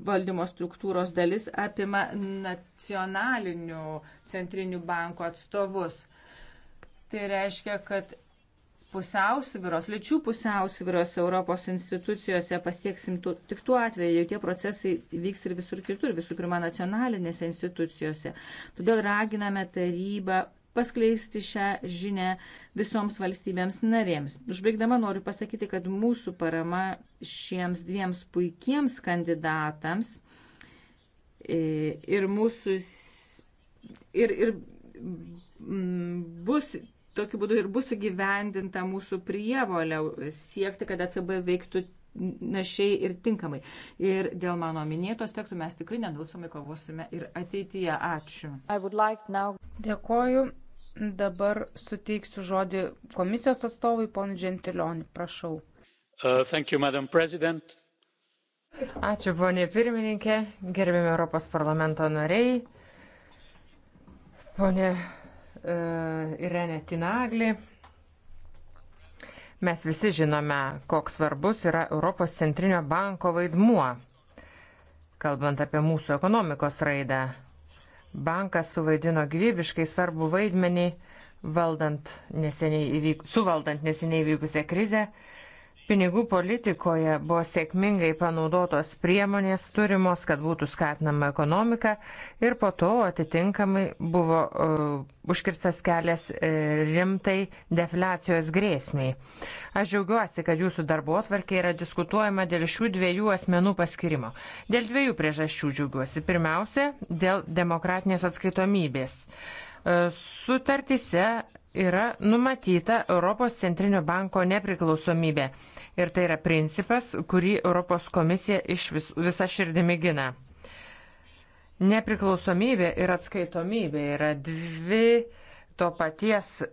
valdymo struktūros dalis apima nacionalinių centrinių bankų atstovus. Tai reiškia, kad pusiausvyros, lyčių pusiausvyros Europos institucijose pasieksim tu, tik tuo atveju, jei tie procesai vyks ir visur kitur, visų pirma nacionalinėse institucijose. Todėl raginame tarybą paskleisti šią žinę visoms valstybėms narėms. Užbaigdama noriu pasakyti, kad mūsų parama šiems dviems puikiems kandidatams e, ir mūsų ir, ir bus. Tokiu būdu ir bus įgyvendinta mūsų prievolė siekti, kad ECB veiktų našiai ir tinkamai. Ir dėl mano minėto aspektų mes tikrai nedalsomai kovosime ir ateityje. Ačiū. Like now... Dėkoju. Dabar suteiksiu žodį komisijos atstovui, ponui Gentilioni, prašau. Uh, thank you, Madam President. Ačiū, ponė pirmininkė, gerbėmi Europos parlamento nariai, ponė uh, Irene Tinagli. Mes visi žinome, koks svarbus yra Europos centrinio banko vaidmuo, kalbant apie mūsų ekonomikos raidą. Bankas suvaidino gyvybiškai svarbu vaidmenį, valdant neseniai įvyk, suvaldant neseniai įvykusią krizę Pinigų politikoje buvo sėkmingai panaudotos priemonės turimos, kad būtų skatinama ekonomika ir po to atitinkamai buvo uh, užkirtas kelias uh, rimtai defliacijos grėsmiai. Aš džiaugiuosi, kad jūsų darbo atvarkė yra diskutuojama dėl šių dviejų asmenų paskirimo. Dėl dviejų priežasčių džiaugiuosi. Pirmiausia, dėl demokratinės atskaitomybės. Uh, sutartise yra numatyta Europos centrinio banko nepriklausomybė. Ir tai yra principas, kurį Europos komisija iš vis, visa širdimi gina. Nepriklausomybė ir atskaitomybė yra dvi to paties e,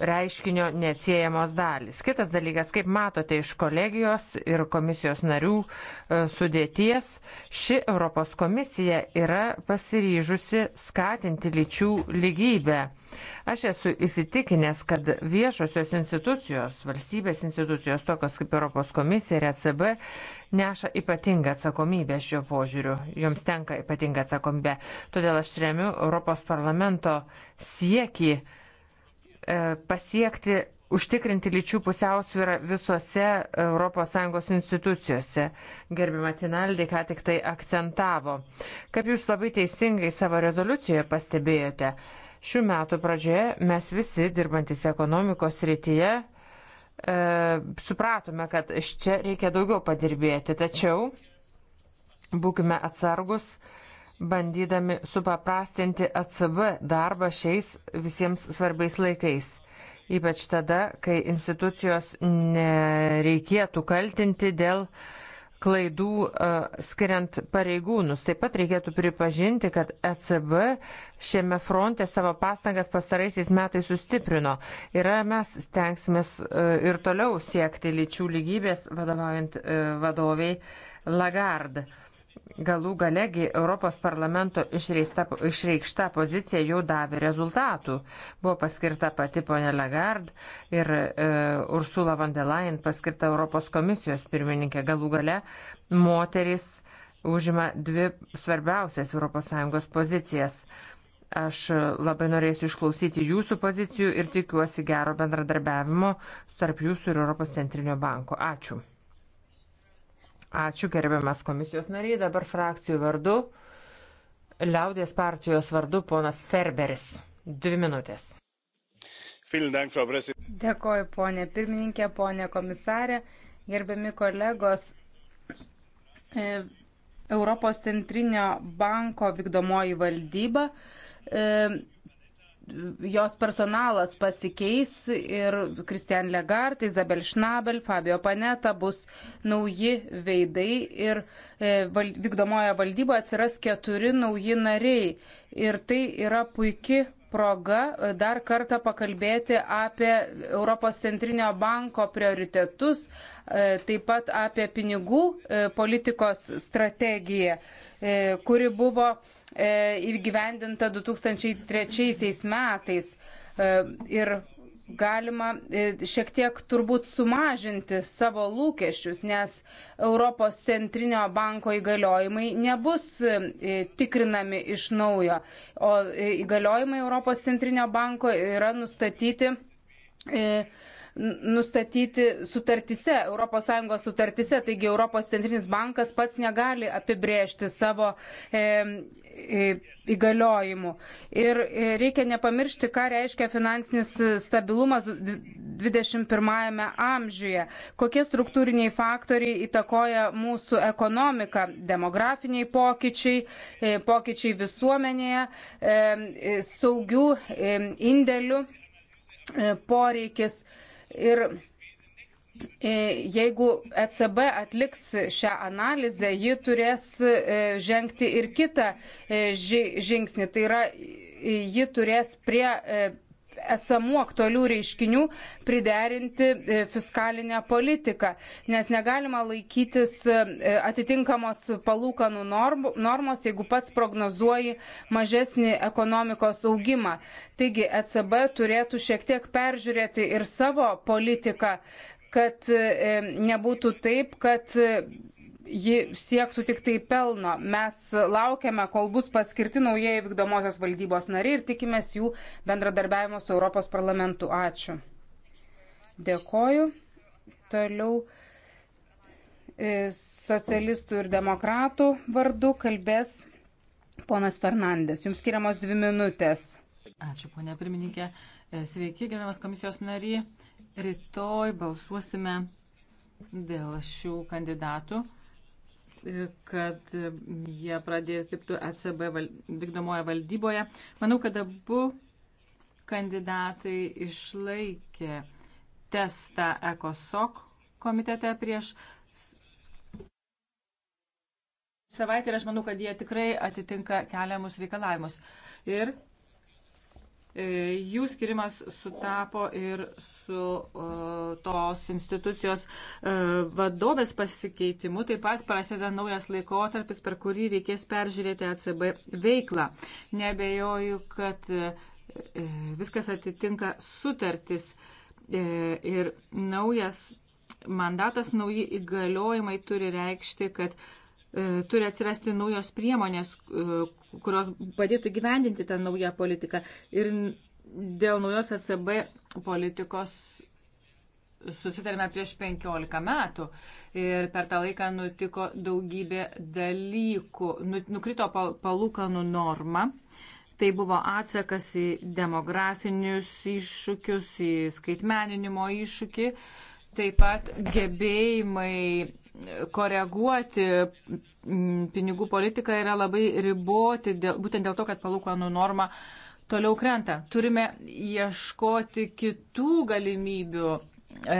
reiškinio neatsiejamos dalis. Kitas dalykas, kaip matote iš kolegijos ir komisijos narių e, sudėties, ši Europos komisija yra pasiryžusi skatinti lyčių lygybę. Aš esu įsitikinęs, kad viešosios institucijos, valstybės institucijos, tokios kaip Europos komisija ir ECB, neša ypatingą atsakomybę šiuo požiūriu, joms tenka ypatinga atsakomybė. Todėl aš remiu Europos parlamento siekį e, pasiekti užtikrinti lyčių pusiausvyrą visose ES institucijose. Gerbima Tinaldė ką tik tai akcentavo. Kaip jūs labai teisingai savo rezoliucijoje pastebėjote, šių metų pradžioje mes visi dirbantis ekonomikos rytyje E, supratome, kad čia reikia daugiau padirbėti, tačiau būkime atsargus, bandydami supaprastinti ACB darbą šiais visiems svarbiais laikais. Ypač tada, kai institucijos nereikėtų kaltinti dėl uh, klaidų e, skiriant pareigūnus. Taip pat reikėtų pripažinti, kad ECB šiame fronte savo pastangas pasaraisiais metais sustiprino. Ir mes stengsimės e, ir toliau siekti lyčių lygybės vadovaujant e, vadoviai Lagarde. Galų galegi Europos parlamento išreista, išreikšta pozicija jau davė rezultatų. Buvo paskirta pati ponė Lagarde ir e, Ursula von der Leyen paskirta Europos komisijos pirmininkė. Galų gale moteris užima dvi svarbiausias ES pozicijas. Aš labai norėsiu išklausyti jūsų pozicijų ir tikiuosi gero bendradarbiavimo tarp jūsų ir Europos centrinio banko. Ačiū. Ačiū gerbiamas komisijos nariai, dabar frakcijų vardu. Liaudės partijos vardu ponas Ferberis. Dvi minutės. Dėkoju, ponė pirmininkė, ponė komisarė, gerbiami kolegos. E, Europos centrinio banko vykdomoji valdyba e, jos personalas pasikeis ir Kristian Legart, Izabel Šnabel, Fabio Paneta bus nauji veidai ir e, val, vykdomoje valdyboje atsiras keturi nauji nariai. Ir tai yra puikia proga e, dar kartą pakalbėti apie Europos centrinio banko prioritetus, e, taip pat apie pinigų politikos strategiją, kuri buvo E, įgyvendinta 2003 metais. E, ir galima e, šiek tiek turbūt sumažinti savo lūkesčius, nes Europos centrinio banko įgaliojimai nebus tikrinami iš naujo, o įgaliojimai Europos centrinio banko yra nustatyti nustatyti sutartise, ES sutartise, taigi Europos centrinis bankas pats negali apibrėžti savo e, e, įgaliojimų. Ir e, reikia nepamiršti, ką reiškia finansinis stabilumas 21-ame amžiuje, kokie struktūriniai faktoriai įtakoja mūsų ekonomiką, demografiniai pokyčiai, e, pokyčiai visuomenėje, e, saugių indėlių poreikis. Ir e, jeigu ECB atliks šią analizę, ji turės e, žengti ir kitą e, žingsnį. Tai yra, ji turės prie esamų aktualių reiškinių priderinti e, fiskalinę politiką, nes negalima laikytis e, atitinkamos palūkanų normos, jeigu pats prognozuoji mažesnį ekonomikos augimą. Taigi ECB turėtų šiek tiek peržiūrėti ir savo politiką, kad e, nebūtų taip, kad ji siektų tik tai pelno. Mes laukiame, kol bus paskirti naujieji vykdomosios valdybos nariai ir tikimės jų bendradarbiavimo su Europos parlamentu. Ačiū. Dėkoju. Toliau e, socialistų ir demokratų vardu kalbės ponas Fernandės. Jums skiriamos dvi minutės. Ačiū, ponė pirmininkė. E, sveiki, gerbiamas komisijos nariai. Rytoj balsuosime dėl šių kandidatų kad e, jie pradėjo dirbti ECB vykdomoje valdyboje. Manau, kad abu kandidatai išlaikė testą ECOSOC komitete prieš savaitę ir aš manau, kad jie tikrai atitinka keliamus reikalavimus. Ir E, jų skirimas sutapo ir su e, tos institucijos e, vadovės pasikeitimu. Taip pat prasideda naujas laikotarpis, per kurį reikės peržiūrėti ACB veiklą. Nebejoju, kad viskas atitinka sutartis ir naujas mandatas, nauji įgaliojimai turi reikšti, kad E, turi atsirasti naujos priemonės, e, kurios padėtų gyvendinti tą naują politiką. Ir dėl naujos ECB politikos susitarėme prieš 15 metų ir per tą laiką nutiko daugybė dalykų. Nu, nukrito palūkanų norma. Tai buvo atsakas į demografinius iššūkius, į skaitmeninimo iššūkį. Uh, Taip pat gebėjimai koreguoti pinigų politiką yra labai riboti, dėl, būtent dėl to, kad palūkanų norma toliau krenta. Turime ieškoti kitų galimybių e,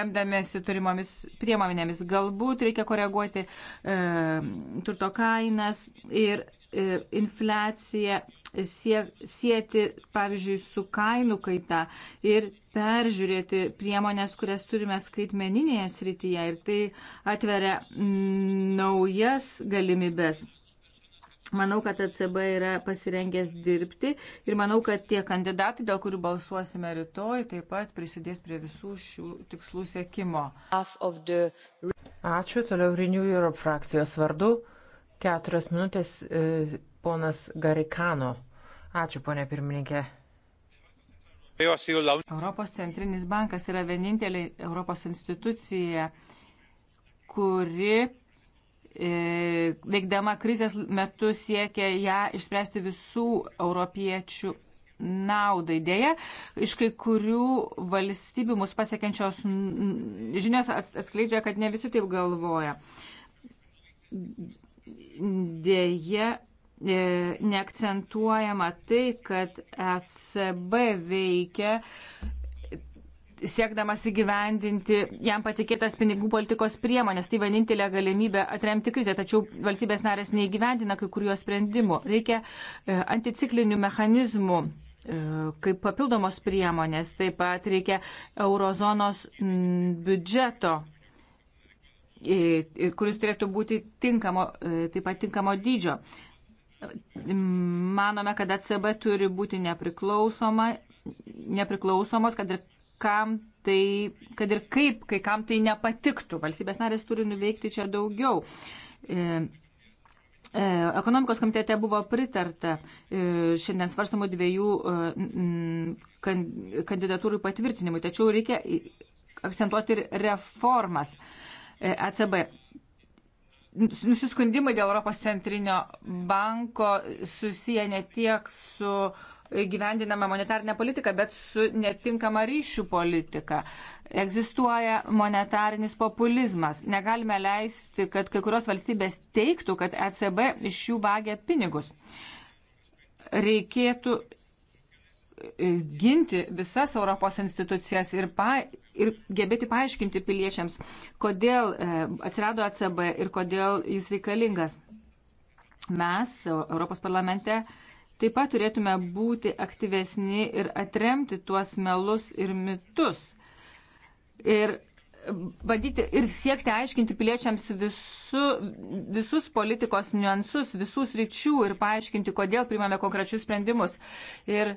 remdamėsi turimomis priemonėmis. Galbūt reikia koreguoti e, turto kainas ir e, infliaciją sie, sieti, pavyzdžiui, su kainų kaita ir peržiūrėti priemonės, kurias turime skaitmeninėje srityje ir tai atveria mm, naujas galimybės. Manau, kad ACB yra pasirengęs dirbti ir manau, kad tie kandidatai, dėl kurių balsuosime rytoj, taip pat prisidės prie visų šių tikslų sėkimo. Ačiū, toliau Renew Europe frakcijos vardu. Keturias minutės. E ponas Garikano. Ačiū, ponė pirmininkė. Europos centrinis bankas yra vienintelė Europos institucija, kuri e, veikdama krizės metu siekia ją išspręsti visų europiečių naudai. Deja, iš kai kurių valstybių mus pasiekiančios žinios atskleidžia, kad ne visi taip galvoja. Deja, E, neakcentuojama tai, kad ECB veikia siekdamas įgyvendinti jam patikėtas pinigų politikos priemonės. Tai vienintelė galimybė atremti krizę, tačiau valstybės narės neįgyvendina kai kurių sprendimų. Reikia e, anticiklinių mechanizmų e, kaip papildomos priemonės, taip pat reikia eurozonos biudžeto kuris turėtų būti tinkamo, taip pat tinkamo dydžio. Manome, kad ECB turi būti nepriklausoma, nepriklausomos, kad ir, kam tai, kad ir kaip, kai kam tai nepatiktų. Valstybės narės turi nuveikti čia daugiau. E, e Ekonomikos komitete buvo pritarta e, šiandien svarstamų dviejų e, kandidatūrų patvirtinimui, tačiau reikia akcentuoti ir reformas. ECB nusiskundimai dėl Europos centrinio banko susiję ne tiek su gyvendinama monetarinė politika, bet su netinkama ryšių politika. Egzistuoja monetarinis populizmas. Negalime leisti, kad kai kurios valstybės teiktų, kad ECB iš jų vagia pinigus. Reikėtų ginti visas Europos institucijas ir, pa, ir gebėti paaiškinti piliečiams, kodėl e, atsirado ECB ir kodėl jis reikalingas. Mes Europos parlamente taip pat turėtume būti aktyvesni ir atremti tuos melus ir mitus. Ir bandyti ir siekti aiškinti piliečiams visu, visus politikos niuansus, visus ryčių ir paaiškinti, kodėl primame konkrečius sprendimus. Ir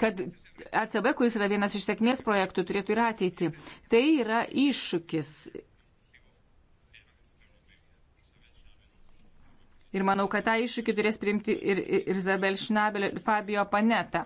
kad ECB, kuris yra vienas iš sėkmės projektų, turėtų ir ateitį. Tai yra iššūkis. Ir manau, kad tą iššūkį turės priimti ir, ir Izabel Šnabel ir Fabio Paneta.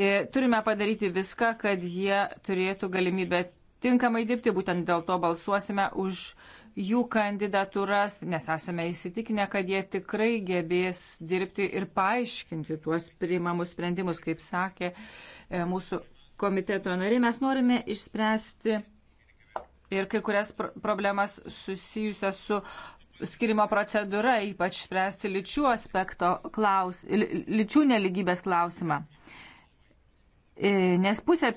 E, turime padaryti viską, kad jie turėtų galimybę tinkamai dirbti, būtent dėl to balsuosime už uh, jų kandidatūras, nes esame įsitikinę, kad jie tikrai gebės dirbti ir paaiškinti tuos priimamus sprendimus, kaip sakė e, mūsų komiteto nariai. Mes norime išspręsti ir kai kurias problemas susijusias su skirimo procedūra, ypač spręsti lyčių aspekto klaus, lyčių neligybės klausimą. E, nes pusė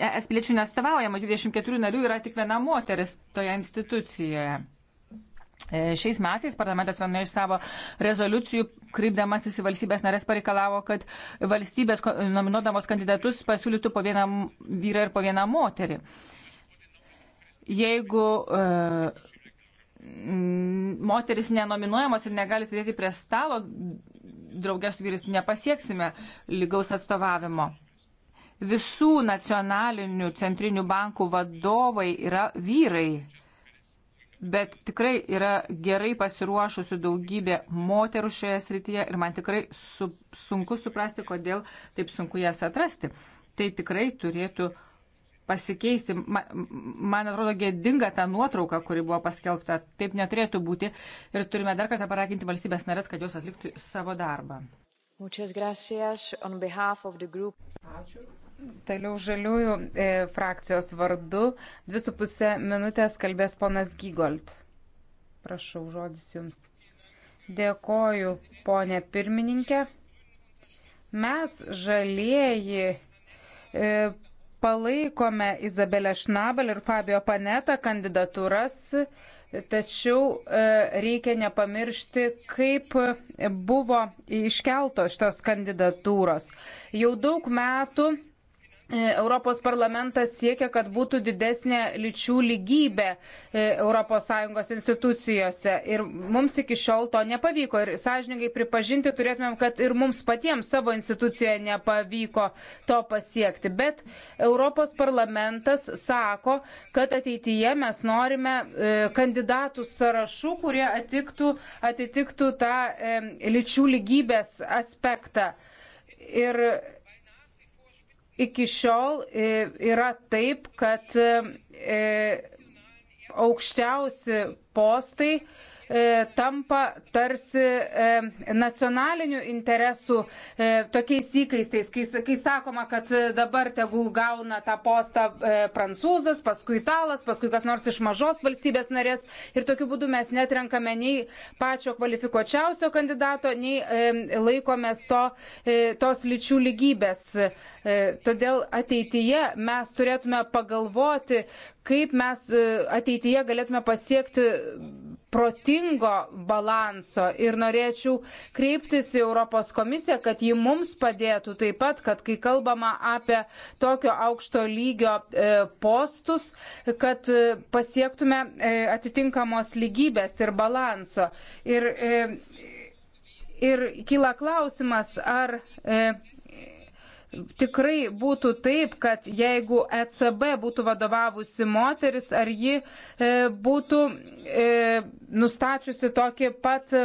es piliečių nestovaujama, 24 narių yra tik viena moteris toje institucijoje. E, šiais metais parlamentas viena iš savo rezoliucijų, krypdamasis į valstybės narės, pareikalavo, kad valstybės nominuodamos kandidatus pasiūlytų po vieną vyrą ir po vieną moterį. Jeigu uh, moteris nenominuojamos ir negali sėdėti prie stalo, draugės su vyrais nepasieksime lygaus atstovavimo. Uh, visų nacionalinių centrinių bankų vadovai yra vyrai, bet tikrai yra gerai pasiruošusių daugybė moterų šioje srityje ir man tikrai su, sunku suprasti, kodėl taip sunku jas atrasti. Tai tikrai turėtų pasikeisti. Man, man atrodo gėdinga ta nuotrauka, kuri buvo paskelbta. Taip neturėtų būti. Ir turime dar kartą paraginti valstybės narės, kad jos atliktų savo darbą. Ačiū. Toliau žaliųjų e, frakcijos vardu 2,5 minutės kalbės ponas Gygolt. Prašau, žodis jums. Dėkoju, ponė pirmininkė. Mes žalieji e, palaikome Izabelę Šnabel ir Fabio Panetą kandidatūras, tačiau e, reikia nepamiršti, kaip buvo iškeltos šitos kandidatūros. Jau daug metų E, Europos parlamentas siekia, kad būtų didesnė lyčių lygybė ES institucijose. Ir mums iki šiol to nepavyko. Ir sąžininkai pripažinti turėtumėm, kad ir mums patiems savo institucijoje nepavyko to pasiekti. Bet Europos parlamentas sako, kad ateityje mes norime e, kandidatų sąrašų, kurie atiktų, atitiktų tą e, lyčių lygybės aspektą. Ir Iki šiol e, yra taip, kad e, aukščiausi postai E, tampa tarsi e, nacionalinių interesų e, tokiais įkaistais, kai, kai sakoma, kad dabar tegul gauna tą postą prancūzas, paskui italas, paskui kas nors iš mažos valstybės narės ir tokiu būdu mes netrenkame nei pačio kvalifikuočiausio kandidato, nei e, laikomės to, e, tos lyčių lygybės. E, todėl ateityje mes turėtume pagalvoti, kaip mes ateityje galėtume pasiekti protingo balanso ir norėčiau kreiptis į Europos komisiją, kad ji mums padėtų taip pat, kad kai kalbama apie tokio aukšto lygio e, postus, kad e, pasiektume e, atitinkamos lygybės ir balanso. Ir, ir kyla klausimas, ar tikrai būtų taip, kad jeigu ECB būtų vadovavusi moteris, ar ji e, būtų e, nustačiusi tokį pat.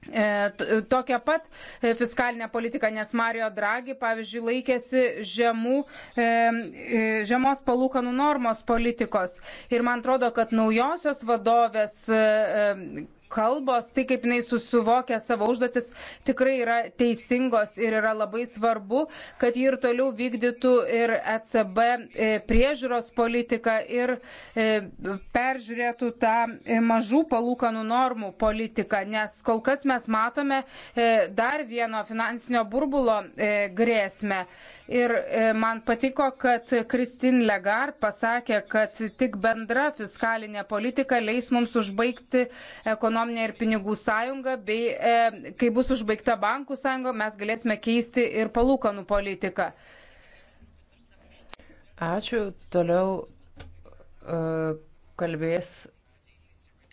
E, tokią pat e, fiskalinę politiką, nes Mario Draghi, pavyzdžiui, laikėsi žemų, e, e, žemos palūkanų normos politikos. Ir man atrodo, kad naujosios vadovės e, e kalbos, tai kaip jinai susivokia savo užduotis, tikrai yra teisingos ir yra labai svarbu, kad ji ir toliau vykdytų ir ECB e, priežiūros politiką ir e, peržiūrėtų tą e, mažų palūkanų normų politiką, nes kol kas mes matome dar vieno finansinio burbulo grėsmę. Ir man patiko, kad Kristin Legar pasakė, kad tik bendra fiskalinė politika leis mums užbaigti ekonomiką ekonominę ir pinigų sąjungą, bei e, kai bus užbaigta bankų sąjunga, mes galėsime keisti ir palūkanų politiką. Ačiū. Toliau uh, kalbės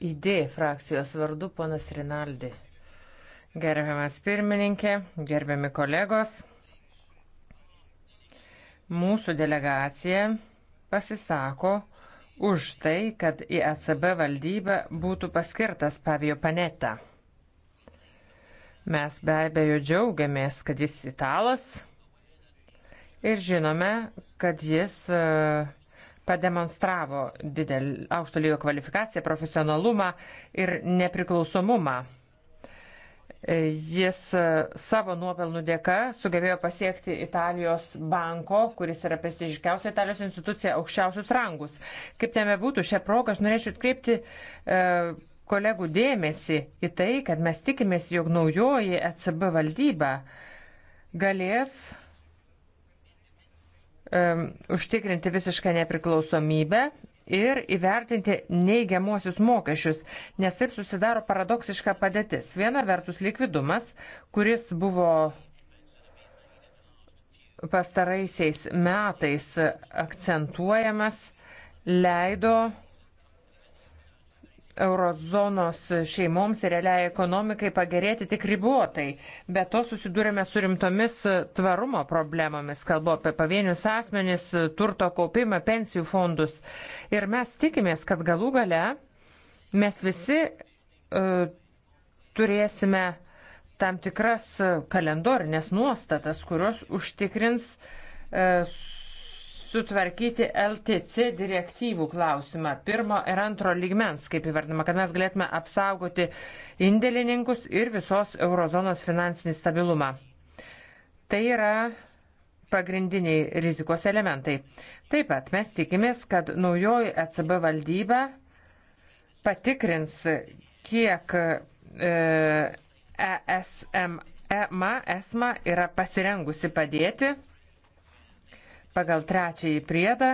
ID frakcijos vardu ponas Rinaldi. Gerbiamas pirmininkė, gerbiami kolegos, mūsų delegacija pasisako, už tai, kad į ECB valdybą būtų paskirtas Pavijo Paneta. Mes be abejo džiaugiamės, kad jis italas ir žinome, kad jis e, pademonstravo didelį aukšto lygio kvalifikaciją, profesionalumą ir nepriklausomumą. Jis e, savo nuopelnų dėka sugebėjo pasiekti Italijos banko, kuris yra prestižiškiausia Italijos institucija, aukščiausius rangus. Kaip tame būtų, šią progą aš norėčiau atkreipti e, kolegų dėmesį į tai, kad mes tikimės, jog naujoji ECB valdyba galės um, užtikrinti visišką nepriklausomybę ir įvertinti neigiamuosius mokesčius, nes taip susidaro paradoksiška padėtis. Viena vertus likvidumas, kuris buvo pastaraisiais metais akcentuojamas, leido eurozonos šeimoms ir realiai ekonomikai pagerėti tik ribotai. Be to susidūrėme su rimtomis tvarumo problemomis, kalbu apie pavienius asmenis, turto kaupimą, pensijų fondus. Ir mes tikimės, kad galų gale mes visi uh, turėsime tam tikras kalendorinės nuostatas, kurios užtikrins uh, sutvarkyti LTC direktyvų klausimą pirmo ir antro lygmens, kaip įvardama, kad mes galėtume apsaugoti indėlininkus ir visos eurozonos finansinį stabilumą. Tai yra pagrindiniai rizikos elementai. Taip pat mes tikimės, kad naujoji ECB valdyba patikrins, kiek e, ESMA e ESMA yra pasirengusi padėti pagal trečiąjį priedą,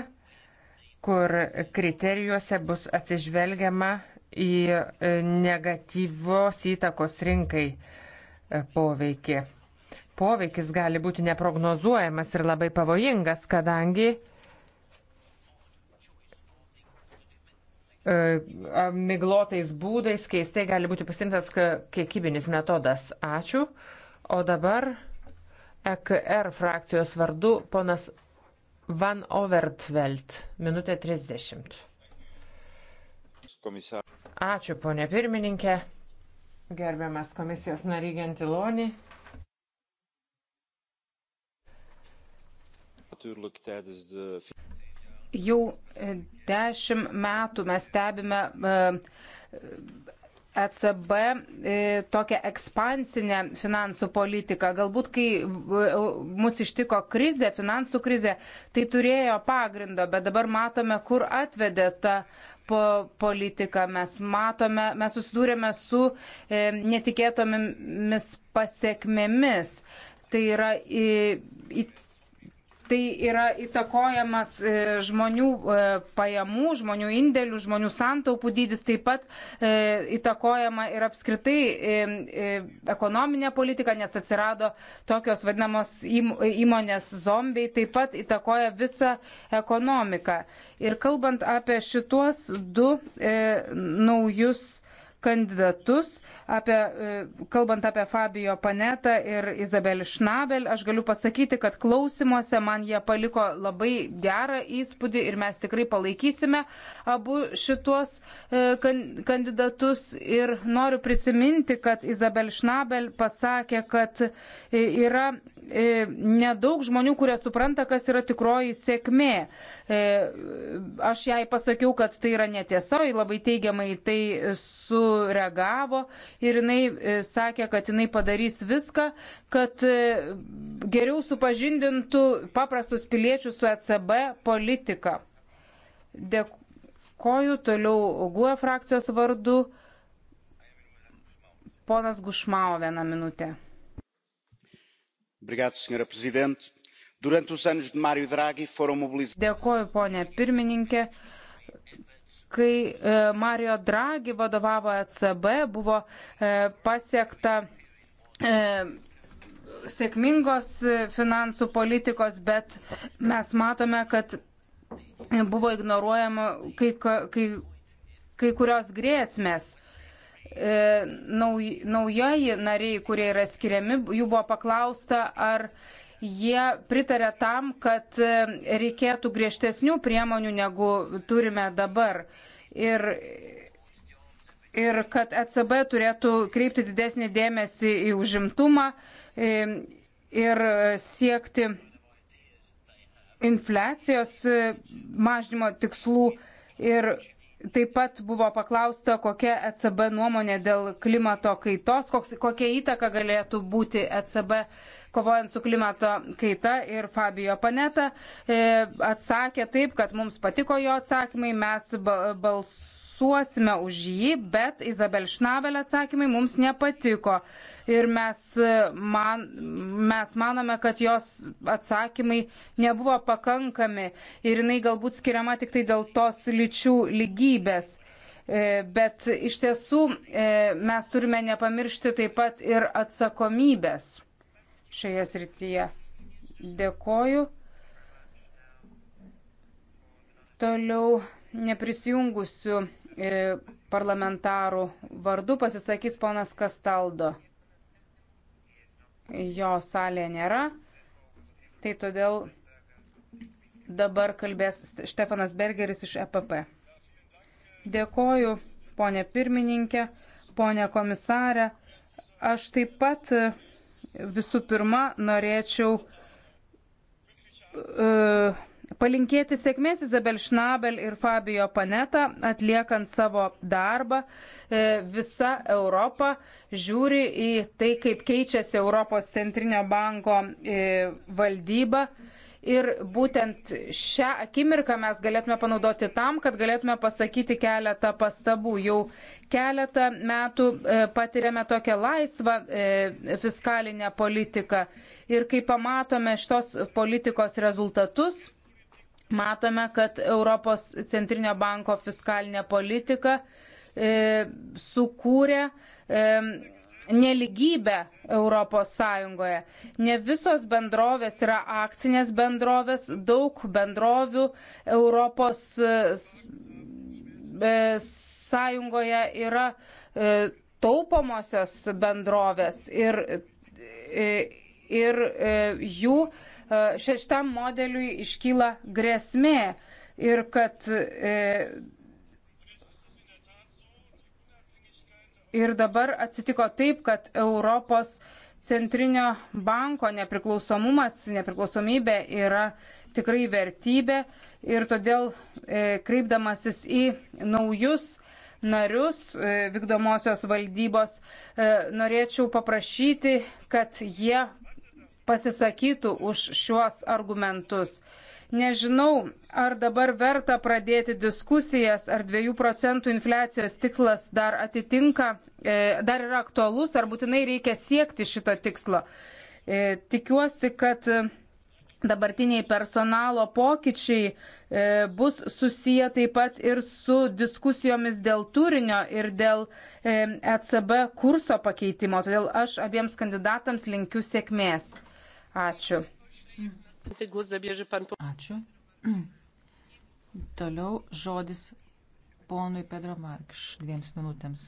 kur kriterijuose bus atsižvelgiama į e, negatyvos įtakos rinkai e, poveikį. Poveikis gali būti neprognozuojamas ir labai pavojingas, kadangi e, miglotais būdais keistai gali būti pasimtas kiekybinis metodas. Ačiū. O dabar EKR frakcijos vardu ponas Van Overtveld, minutė 30. Komisar. Ačiū, ponė pirmininkė. Gerbiamas komisijos nariai Gentiloni. Jau e, dešimt metų mes stebime e, ECB e, tokią ekspansinę finansų politiką. Galbūt, kai e, e, mus ištiko krizė, finansų krizė, tai turėjo pagrindo, bet dabar matome, kur atvedė ta po politiką. Mes matome, mes susidūrėme su netikėtomis pasiekmėmis. Tai yra į, į tai yra įtakojamas e, žmonių e, pajamų, žmonių indėlių, žmonių santaupų dydis, taip pat e, įtakojama ir apskritai ekonominė politika, nes atsirado tokios vadinamos įmonės zombiai, taip pat įtakoja visą ekonomiką. Ir kalbant apie šituos du naujus kandidatus. Apie, e, kalbant apie Fabio Panetą ir Izabelį Šnabel, aš galiu pasakyti, kad klausimuose man jie paliko labai gerą įspūdį ir mes tikrai palaikysime abu šituos e, kandidatus. Ir noriu prisiminti, kad Izabel Šnabel pasakė, kad e, yra nedaug žmonių, kurie supranta, kas yra tikroji sėkmė. Aš jai pasakiau, kad tai yra netiesa, ji labai teigiamai tai su sureagavo ir jinai e, sakė, kad jinai padarys viską, kad e, geriau supažindintų paprastus piliečius su ECB politika. Dėkoju toliau GUE frakcijos vardu. Ponas Gušmao vieną minutę. Obrigado, senhora Presidente. Durante os anos de Mário Draghi foram mobilizados. Dėkoju, ponė pirmininkė kai e, Mario Draghi vadovavo ECB, buvo e, pasiekta e, sėkmingos finansų politikos, bet mes matome, kad buvo ignoruojama kai, kai, kai kurios grėsmės nauj, naujieji nariai, kurie yra skiriami, jų buvo paklausta, ar jie pritarė tam, kad e, reikėtų griežtesnių priemonių, negu turime dabar. Ir, ir kad ECB turėtų kreipti didesnį dėmesį į užimtumą e, ir e, siekti infliacijos mažnymo tikslų ir Taip pat buvo paklausta, kokia ECB nuomonė dėl klimato kaitos, koks, kokia įtaka galėtų būti ECB kovojant su klimato kaita ir Fabio Paneta e, atsakė taip, kad mums patiko jo atsakymai, mes balsuojame balsuosime už jį, bet Izabel Šnabel atsakymai mums nepatiko. Ir mes, e, man, mes manome, kad jos atsakymai nebuvo pakankami ir jinai galbūt skiriama tik tai dėl tos lyčių lygybės. E, bet iš tiesų e, mes turime nepamiršti taip pat ir atsakomybės šioje srityje. Dėkoju toliau neprisijungusių E, parlamentarų vardu pasisakys ponas Kastaldo. Jo salėje nėra, tai todėl dabar kalbės Štefanas Bergeris iš EPP. Dėkoju, ponė pirmininkė, ponė komisarė. Aš taip pat e, visų pirma norėčiau uh, palinkėti sėkmės Izabel Šnabel ir Fabio Paneta atliekant savo darbą. E, visa Europa žiūri į tai, kaip keičiasi Europos centrinio banko e, valdyba. Ir būtent šią akimirką mes galėtume panaudoti tam, kad galėtume pasakyti keletą pastabų. Jau keletą metų e, patiriame tokią laisvą fiskalinę politiką. Ir kai pamatome šitos politikos rezultatus, matome, kad Europos centrinio banko fiskalinė politika e, sukūrė e, neligybę Europos Sąjungoje. Ne visos bendrovės yra akcinės bendrovės, daug bendrovių Europos e, e, Sąjungoje yra e, taupomosios bendrovės ir, ir jų E, šeštam modeliui iškyla grėsmė ir kad e, ir dabar atsitiko taip, kad Europos centrinio banko nepriklausomumas, nepriklausomybė yra tikrai vertybė ir todėl e, kreipdamasis į naujus narius e, vykdomosios valdybos e, norėčiau paprašyti, kad jie pasisakytų už šiuos argumentus. Nežinau, ar dabar verta pradėti diskusijas, ar 2 procentų infliacijos tiklas dar atitinka, e, dar yra aktualus, ar būtinai reikia siekti šito tikslo. E, tikiuosi, kad dabartiniai personalo pokyčiai e, bus susiję taip pat ir su diskusijomis dėl turinio ir dėl ECB kurso pakeitimo. Todėl aš abiems kandidatams linkiu sėkmės. Ačiū. Ačiū. Toliau žodis ponui Pedro Markš dviems minutėms.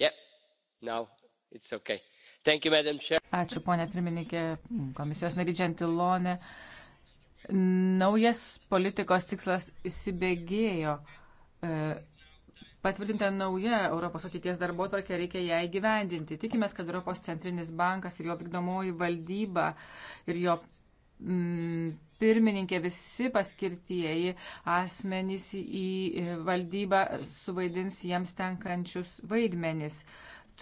Yeah, now it's okay. Thank you, Madam Chair. Ačiū, ponė pirmininkė, komisijos narydžiantilonė. Uh, Naujas politikos tikslas įsibėgėjo. E, Patvirtinta nauja Europos ateities darbo tvarkė, reikia ją įgyvendinti. Tikimės, kad Europos centrinis bankas ir jo vykdomoji valdyba ir jo mm, pirmininkė, visi paskirtieji asmenys į valdybą suvaidins jiems tenkančius vaidmenis.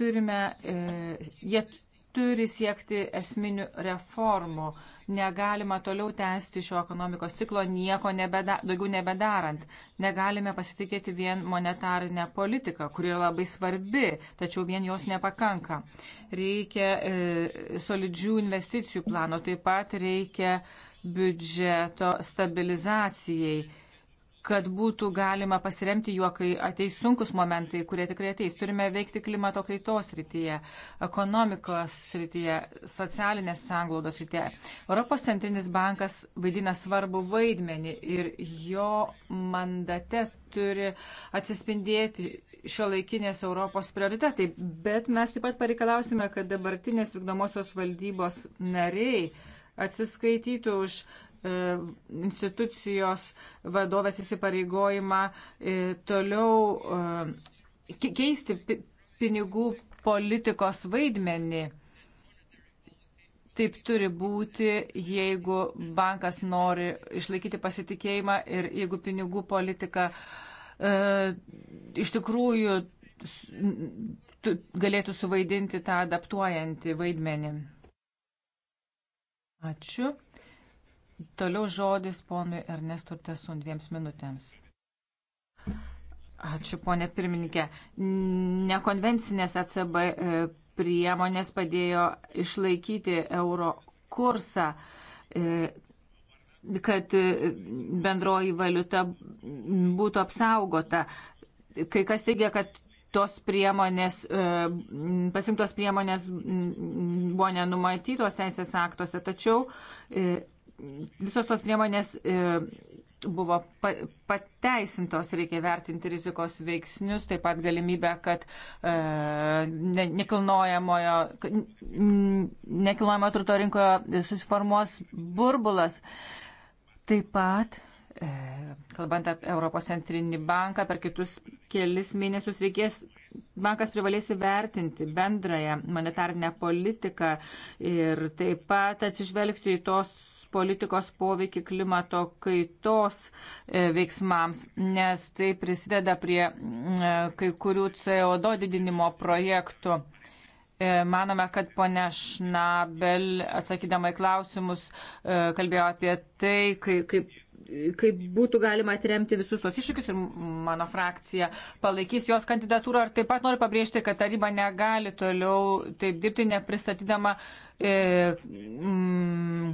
Turime, e, jie turi siekti esminių reformų. Negalima toliau tęsti šio ekonomikos ciklo nieko nebeda, daugiau nebedarant. Negalime pasitikėti vien monetarinę politiką, kuri yra labai svarbi, tačiau vien jos nepakanka. Reikia e, solidžių investicijų plano, taip pat reikia biudžeto stabilizacijai kad būtų galima pasiremti juo, kai ateis sunkus momentai, kurie tikrai ateis. Turime veikti klimato kaitos rytyje, ekonomikos rytyje, socialinės sanglaudos rytyje. Europos centrinis bankas vaidina svarbu vaidmenį ir jo mandate turi atsispindėti šio laikinės Europos prioritetai. Bet mes taip pat pareikalausime, kad dabartinės vykdomosios valdybos nariai atsiskaitytų už E, institucijos vadovės įsipareigojimą e, toliau e, keisti pinigų politikos vaidmenį. Taip turi būti, jeigu bankas nori išlaikyti pasitikėjimą ir jeigu pinigų politika e, iš tikrųjų tu, galėtų suvaidinti tą adaptuojantį vaidmenį. Ačiū. Toliau žodis ponui Ernestu Tesun dviems minutėms. Ačiū, ponė pirmininkė. Nekonvencinės ECB e, priemonės padėjo išlaikyti euro kursą, e, kad e, bendroji valiuta būtų apsaugota. Kai kas teigia, kad tos priemonės, pasimtos priemonės buvo nenumatytos teisės aktuose, tačiau visos tos priemonės e, buvo pateisintos, reikia vertinti rizikos veiksnius, taip pat galimybę, kad e, nekilnojamojo, nekilnojamojo turto rinkoje susiformuos burbulas. Taip pat e, kalbant apie Europos centrinį banką, per kitus kelis mėnesius reikės, bankas privalės įvertinti bendrąją monetarinę politiką ir taip pat atsižvelgti į tos politikos poveikį klimato kaitos e, veiksmams, nes tai prisideda prie e, kai kurių CO2 didinimo projektų. E, manome, kad ponia Šnabel, atsakydama į klausimus, kalbėjo apie tai, kaip, kaip, kaip būtų galima atremti visus tos iššūkius ir mano frakcija palaikys jos kandidatūrą. Ir taip pat noriu pabrėžti, kad taryba negali toliau taip dirbti, nepristatydama e, mm,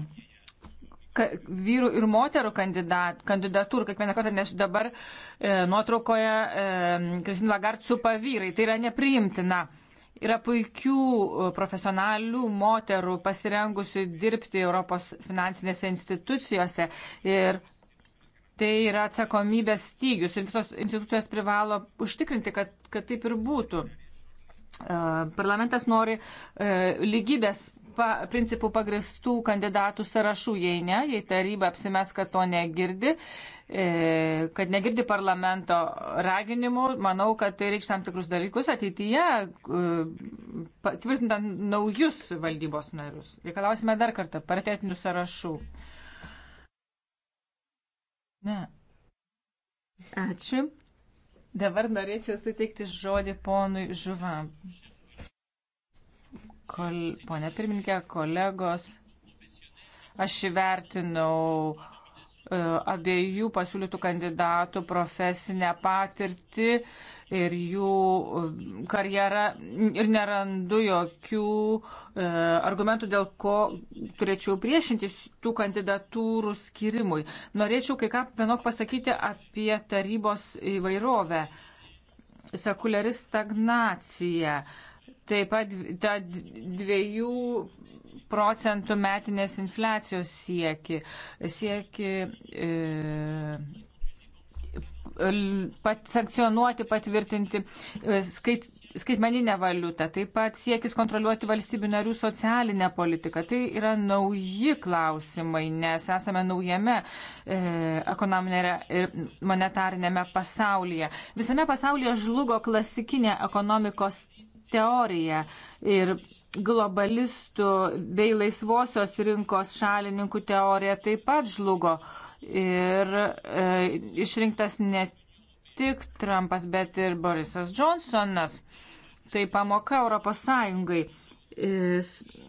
vyrų ir moterų kandidat, kandidatų ir kiekvieną kartą, nes dabar e, nuotraukoje e, Kristina Lagart supa vyrai. Tai yra nepriimtina. Yra puikių e, profesionalių moterų pasirengusių dirbti Europos finansinėse institucijose ir tai yra atsakomybės stygius ir visos institucijos privalo užtikrinti, kad, kad taip ir būtų. E, parlamentas nori e, lygybės pa, principų pagristų kandidatų sąrašų. Jei ne, jei taryba apsimes, kad to negirdi, e, kad negirdi parlamento raginimų, manau, kad tai reikš tam tikrus dalykus ateityje, e, tvirtinant naujus valdybos narius. Reikalausime dar kartą paritetinių sąrašų. Ne. Ačiū. Dabar norėčiau suteikti žodį ponui Žuvam. Kol, pone pirmininkė, kolegos, aš įvertinau e, abiejų pasiūlytų kandidatų profesinę patirtį ir jų e, karjerą ir nerandu jokių e, argumentų, dėl ko turėčiau priešintis tų kandidatūrų skirimui. Norėčiau kai ką vienok pasakyti apie tarybos įvairovę, sekuliari stagnacija. E, Taip pat tą dviejų procentų metinės infliacijos sieki, sieki e, pat, sankcionuoti, patvirtinti e, skait, skaitmeninę valiutą, taip pat siekis kontroliuoti valstybių narių socialinę politiką. Tai yra nauji klausimai, nes esame naujame e, ekonominėme ir monetarinėme pasaulyje. Visame pasaulyje žlugo klasikinė ekonomikos teoriją ir globalistų bei laisvosios rinkos šalininkų teorija taip pat žlugo ir e, išrinktas ne tik Trumpas, bet ir Borisas Johnsonas. Tai pamoka Europos Sąjungai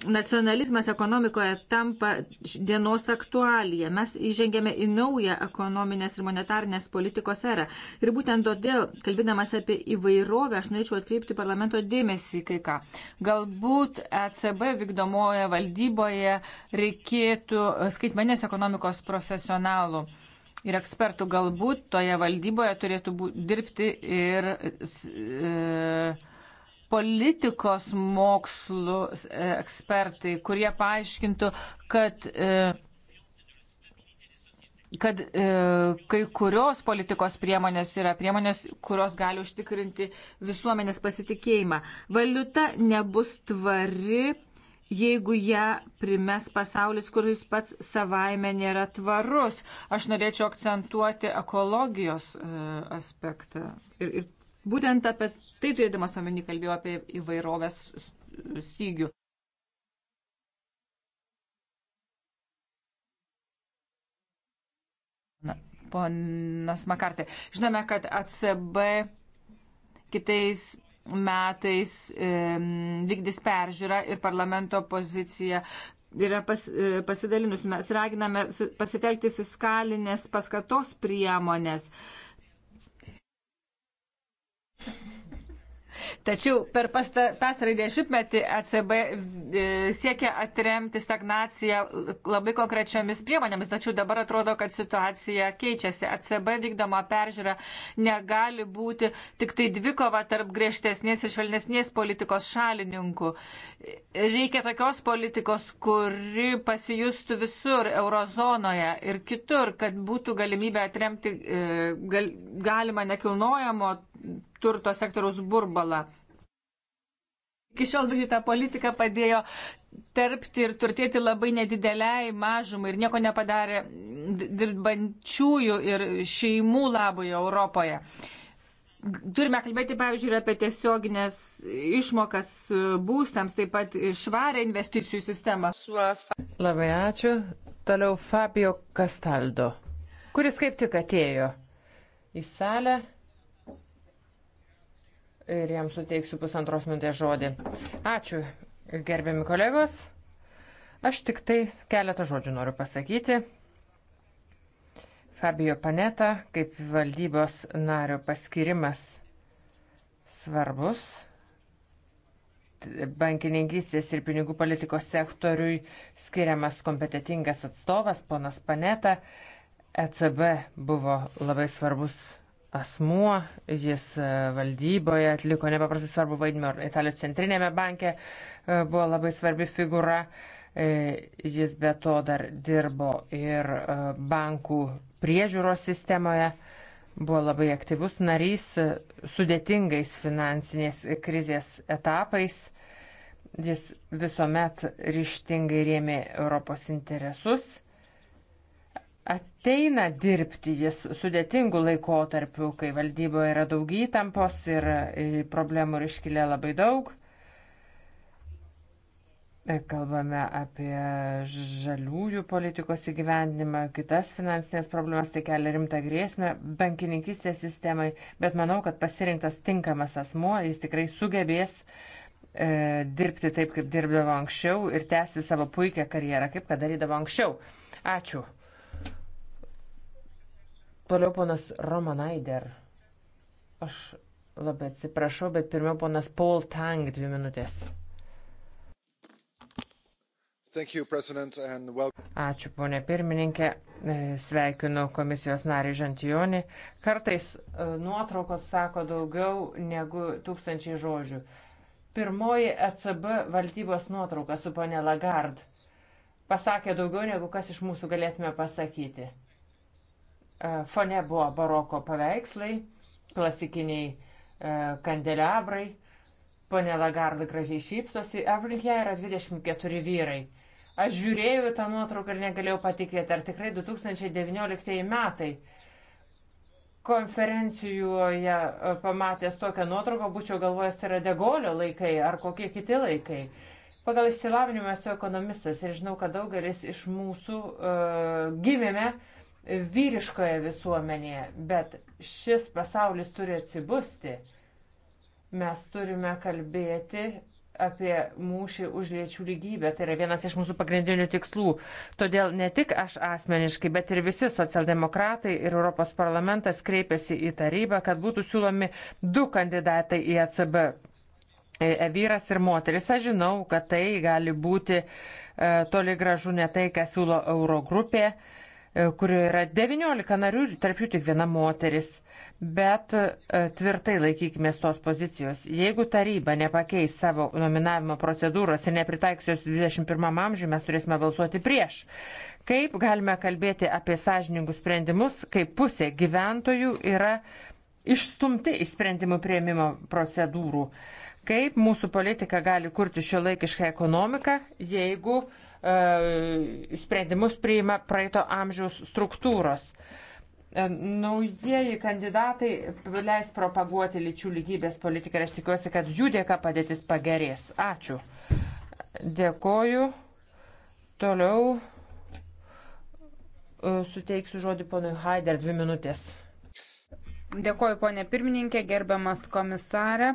nacionalizmas ekonomikoje tampa dienos aktualija. Mes įžengėme į naują ekonominės ir monetarnės politikos erą. Ir būtent todėl, kalbėdamas apie įvairovę, aš norėčiau atkreipti parlamento dėmesį kai ką. Galbūt ECB vykdomoje valdyboje reikėtų skaitmenės ekonomikos profesionalų. Ir ekspertų galbūt toje valdyboje turėtų dirbti ir. E, politikos mokslų ekspertai, kurie paaiškintų, kad e, kad e, kai kurios politikos priemonės yra priemonės, kurios gali užtikrinti visuomenės pasitikėjimą. Valiuta nebus tvari, jeigu ją primes pasaulis, kuris pats savaime nėra tvarus. Aš norėčiau akcentuoti ekologijos e, aspektą ir, ir Būtent apie tai turėdamas omeny kalbėjau apie įvairovės stygių. Na, ponas Makartė, žinome, kad ACB kitais metais e, vykdys peržiūrą ir parlamento pozicija yra pas, e, pasidalinusi. Mes raginame fi, pasitelkti fiskalinės paskatos priemonės. E, Tačiau per pastarąjį dešimtmetį ECB e, siekia atremti stagnaciją labai konkrečiomis priemonėmis, tačiau dabar atrodo, kad situacija keičiasi. ECB vykdoma peržiūra negali būti tik tai dvikova tarp griežtesnės ir švelnesnės politikos šalininkų. Reikia tokios politikos, kuri pasijustų visur eurozonoje ir kitur, kad būtų galimybė atremti e, gal, galimą nekilnojamo turto sektoriaus burbalą. Iki šiol vykdyta politika padėjo tarpti ir turtėti labai nedideliai mažumai ir nieko nepadarė dirbančiųjų ir šeimų labui Europoje. Turime kalbėti, pavyzdžiui, ir apie tiesioginės išmokas būstams, taip pat švarę investicijų sistemą. Labai ačiū. Toliau Fabio Castaldo, kuris kaip tik atėjo į salę ir jam suteiksiu pusantros minutės žodį. Ačiū, gerbiami kolegos. Aš tik tai keletą žodžių noriu pasakyti. Fabio Paneta kaip valdybos nario paskirimas svarbus bankininkystės ir pinigų politikos sektoriui skiriamas kompetitingas atstovas, ponas Paneta. ECB buvo labai svarbus asmuo, jis e, valdyboje atliko nepaprastai svarbu vaidmenį Italijos centrinėme banke, e, buvo labai svarbi figūra, e, jis be to dar dirbo ir bankų priežiūros sistemoje, buvo labai aktyvus narys sudėtingais finansinės krizės etapais. Jis visuomet ryštingai rėmė Europos interesus ateina dirbti jis sudėtingų laikotarpių, kai valdyboje yra daug įtampos ir problemų iškilė labai daug. Kalbame apie žaliųjų politikos įgyvendinimą, kitas finansinės problemas, tai kelia rimtą grėsmę bankininkistės sistemai, bet manau, kad pasirinktas tinkamas asmuo, jis tikrai sugebės e, dirbti taip, kaip dirbdavo anksčiau ir tęsti savo puikią karjerą, kaip kad darydavo anksčiau. Ačiū. Toliau ponas Romanaider. Aš labai atsiprašau, bet pirmiau ponas Paul Tang dvi minutės. You, well... Ačiū, ponė pirmininkė. E, sveikinu komisijos narį Žantijonį. Kartais e, nuotraukos sako daugiau negu tūkstančiai žodžių. Pirmoji ECB valdybos nuotrauka su ponė Lagard pasakė daugiau negu kas iš mūsų galėtume pasakyti. E, fone buvo baroko paveikslai, klasikiniai e, kandelabrai. Pone Lagardai gražiai šypsosi. Aplink ją yra 24 vyrai. Aš žiūrėjau tą nuotrauką ir negalėjau patikėti, ar tikrai 2019 metai konferencijoje e, pamatęs tokią nuotrauką, būčiau galvojęs, tai yra degolio laikai ar kokie kiti laikai. Pagal išsilavinimą esu ekonomistas ir žinau, kad daugelis iš mūsų uh, gimėme uh, vyriškoje visuomenėje, bet šis pasaulis turi atsibusti. Mes turime kalbėti apie mūšį už lėčių lygybę. Tai yra vienas iš mūsų pagrindinių tikslų. Todėl ne tik aš asmeniškai, bet ir visi socialdemokratai ir Europos parlamentas kreipėsi į tarybą, kad būtų siūlomi du kandidatai į ECB. E, e, vyras ir moteris. Aš žinau, kad tai gali būti e, toli gražu ne tai, ką siūlo Eurogrupė. grupė E, kurioje yra 19 narių ir tarp jų tik viena moteris. Bet e, tvirtai laikykime tos pozicijos. Jeigu taryba nepakeis savo nominavimo procedūros ir nepritaiks jos 21 amžiui, mes turėsime balsuoti prieš. Kaip galime kalbėti apie sąžiningus sprendimus, kai pusė gyventojų yra išstumti iš sprendimų prieimimo procedūrų? Kaip mūsų politika gali kurti šio laikišką ekonomiką, jeigu uh, E, sprendimus priima praeito amžiaus struktūros. E, naujieji kandidatai leis propaguoti lyčių lygybės politiką ir aš tikiuosi, kad jų dėka padėtis pagerės. Ačiū. Dėkoju. Toliau e, suteiksiu žodį ponui Haider dvi minutės. Dėkoju, ponė pirmininkė, gerbiamas komisarė.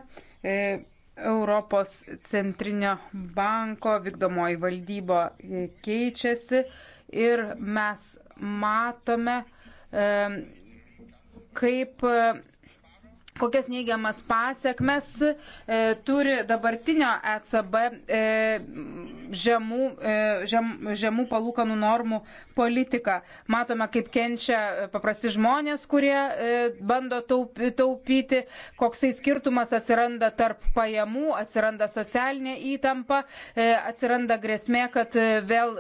Europos centrinio banko vykdomoji valdyba e, keičiasi ir mes matome, kaip kokias neigiamas pasiekmes e, turi dabartinio ECB e, žemų, e, žem, žemų palūkanų normų politika. Matome, kaip kenčia paprasti žmonės, kurie e, bando taup, taupyti, koksai skirtumas atsiranda tarp pajamų, atsiranda socialinė įtampa, e, atsiranda grėsmė, kad e, vėl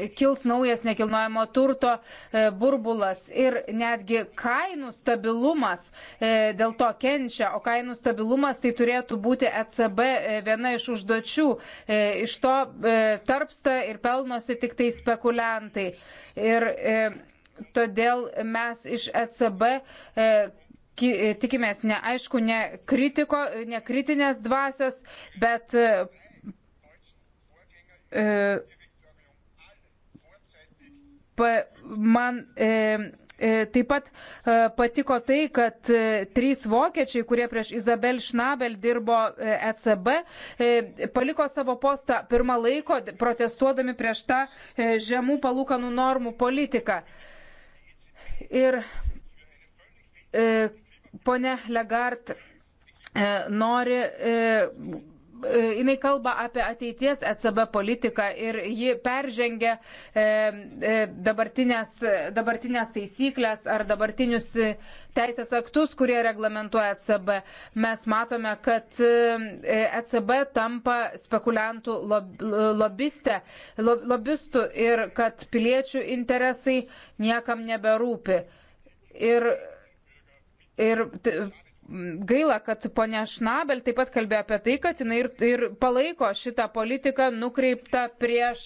e, kils naujas nekilnojamo turto e, burbulas ir netgi kainų stabilumas e, dėl to kenčia, o kainų stabilumas tai turėtų būti ECB e, viena iš užduočių. E, iš to e, tarpsta ir pelnosi tik tai spekuliantai. Ir todėl mes iš ECB tikimės ne, aišku, ne, kritiko, ne kritinės dvasios, bet e, pa, man e, E, taip pat e, patiko tai, kad e, trys vokiečiai, kurie prieš Izabel Šnabel dirbo ECB, paliko savo postą pirmą laiko protestuodami prieš tą žemų palūkanų normų politiką. Ir ponė Legart nori E, jinai kalba apie ateities ECB politiką ir ji peržengia e, e, dabartinės, dabartinės taisyklės ar dabartinius teisės aktus, kurie reglamentuoja ECB. Mes matome, kad ECB tampa spekuliantų lobiste, lobistų ir kad piliečių interesai niekam neberūpi. Ir, ir gaila, kad ponia Šnabel taip pat kalbėjo apie tai, kad jinai ir, ir palaiko šitą politiką nukreiptą prieš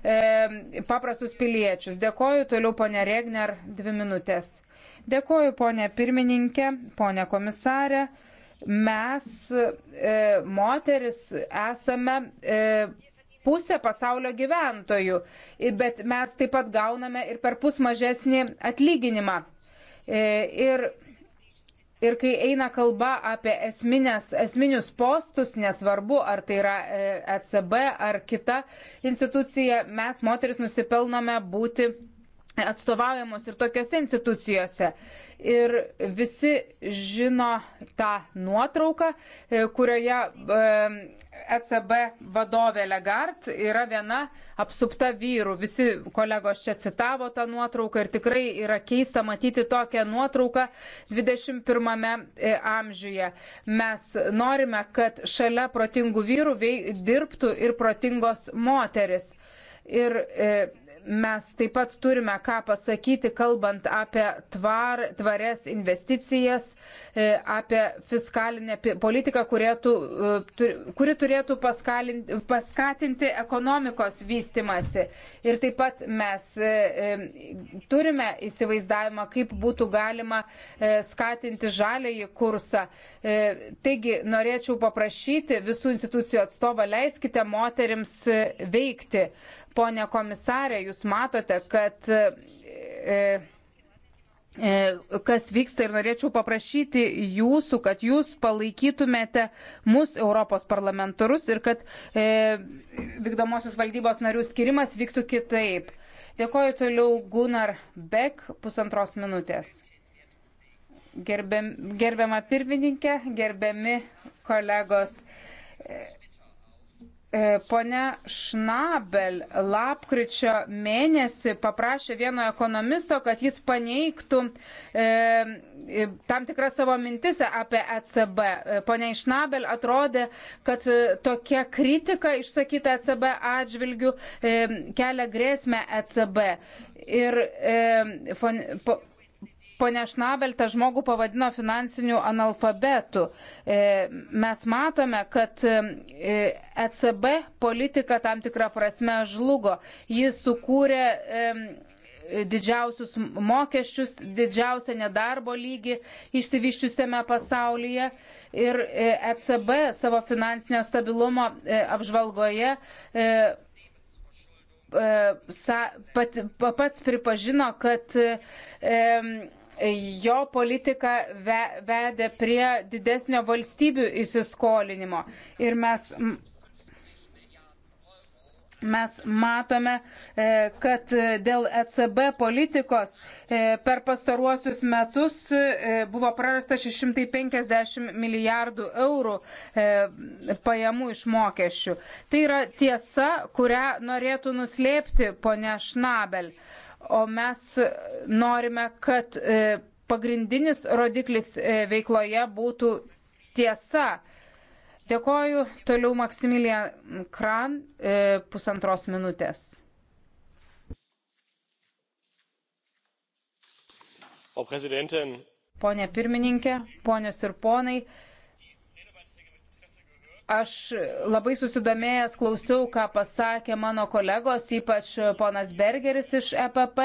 e, paprastus piliečius. Dėkoju toliau ponia Regner, dvi minutės. Dėkoju ponia pirmininkė, ponia komisarė. Mes, e, moteris, esame. E, pusė pasaulio gyventojų, bet mes taip pat gauname ir per pus mažesnį atlyginimą. E, ir Ir kai eina kalba apie esminės, esminius postus, nesvarbu, ar tai yra ECB e ar kita institucija, mes moteris nusipelnome būti atstovaujamos ir tokiose institucijose. Ir visi žino tą nuotrauką, e, kurioje ECB e vadovė Legard yra viena apsupta vyrų. Visi kolegos čia citavo tą nuotrauką ir tikrai yra keista matyti tokią nuotrauką 21-ame e, amžiuje. Mes norime, kad šalia protingų vyrų dirbtų ir protingos moteris. Ir e, mes taip pat turime ką pasakyti, kalbant apie tvar, tvarias investicijas, e, apie fiskalinę politiką, turėtų, e, kuri turėtų paskatinti ekonomikos vystimasi. Ir taip pat mes e, turime įsivaizdavimą, kaip būtų galima skatinti žalėjį kursą. Taigi norėčiau paprašyti visų institucijų atstovą, leiskite moterims veikti ponė komisarė, jūs matote, kad e, e, kas vyksta ir norėčiau paprašyti jūsų, kad jūs palaikytumėte mus Europos parlamentarus ir kad e, vykdomosios valdybos narių skirimas vyktų kitaip. Dėkoju toliau Gunnar Beck pusantros minutės. Gerbiam, gerbiama pirmininkė, gerbiami kolegos. E, E, pone Šnabel lapkričio mėnesį paprašė vieno ekonomisto, kad jis paneigtų e, e tam tikrą savo mintis apie ECB. E, pone Šnabel atrodė, kad tokia kritika išsakyta ECB atžvilgių e, kelia grėsmę ECB. Ir e, fon, po, Pone Šnabel tą žmogų pavadino finansiniu analfabetu. E, mes matome, kad ECB e politika tam tikrą prasme žlugo. Jis sukūrė didžiausius mokesčius, didžiausią nedarbo lygį išsivyščiusiame pasaulyje. Ir ECB e savo finansinio stabilumo apžvalgoje pats pripažino, kad jo politika ve, vedė prie didesnio valstybių įsiskolinimo. Ir mes mes matome, e, kad dėl ECB politikos e, per pastaruosius metus e, buvo prarasta 650 milijardų eurų pajamų iš mokesčių. Tai yra tiesa, kurią norėtų nuslėpti ponia Šnabel o mes norime, kad e, pagrindinis rodiklis e, veikloje būtų tiesa. Dėkoju toliau Maksimilian Kran e, pusantros minutės. Pone pirmininkė, ponios ir ponai, Aš labai susidomėjęs klausiau, ką pasakė mano kolegos, ypač ponas Bergeris iš EPP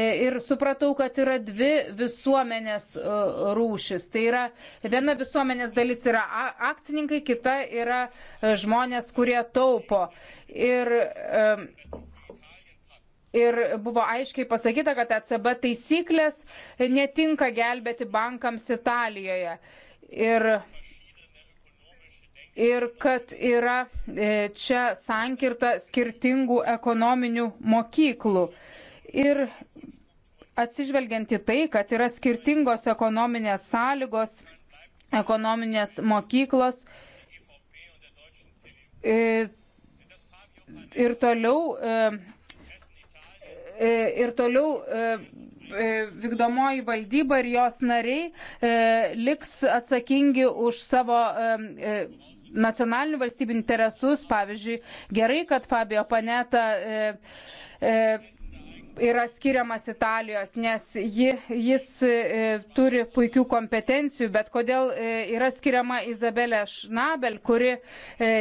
ir supratau, kad yra dvi visuomenės e, rūšis. Tai yra viena visuomenės dalis yra akcininkai, kita yra e, žmonės, kurie taupo. Ir, e, ir buvo aiškiai pasakyta, kad ECB taisyklės netinka gelbėti bankams Italijoje. Ir ir kad yra e, čia sankirta skirtingų ekonominių mokyklų. Ir atsižvelgiant į tai, kad yra skirtingos ekonominės sąlygos, ekonominės mokyklos, e, ir toliau, e, ir toliau vykdomoji valdyba ir jos nariai liks atsakingi už savo nacionalinių valstybių interesus. Pavyzdžiui, gerai, kad Fabio Paneta e, e, yra skiriamas Italijos, nes ji, jis e, turi puikių kompetencijų, bet kodėl e, yra skiriama Izabelė Šnabel, kuri, e,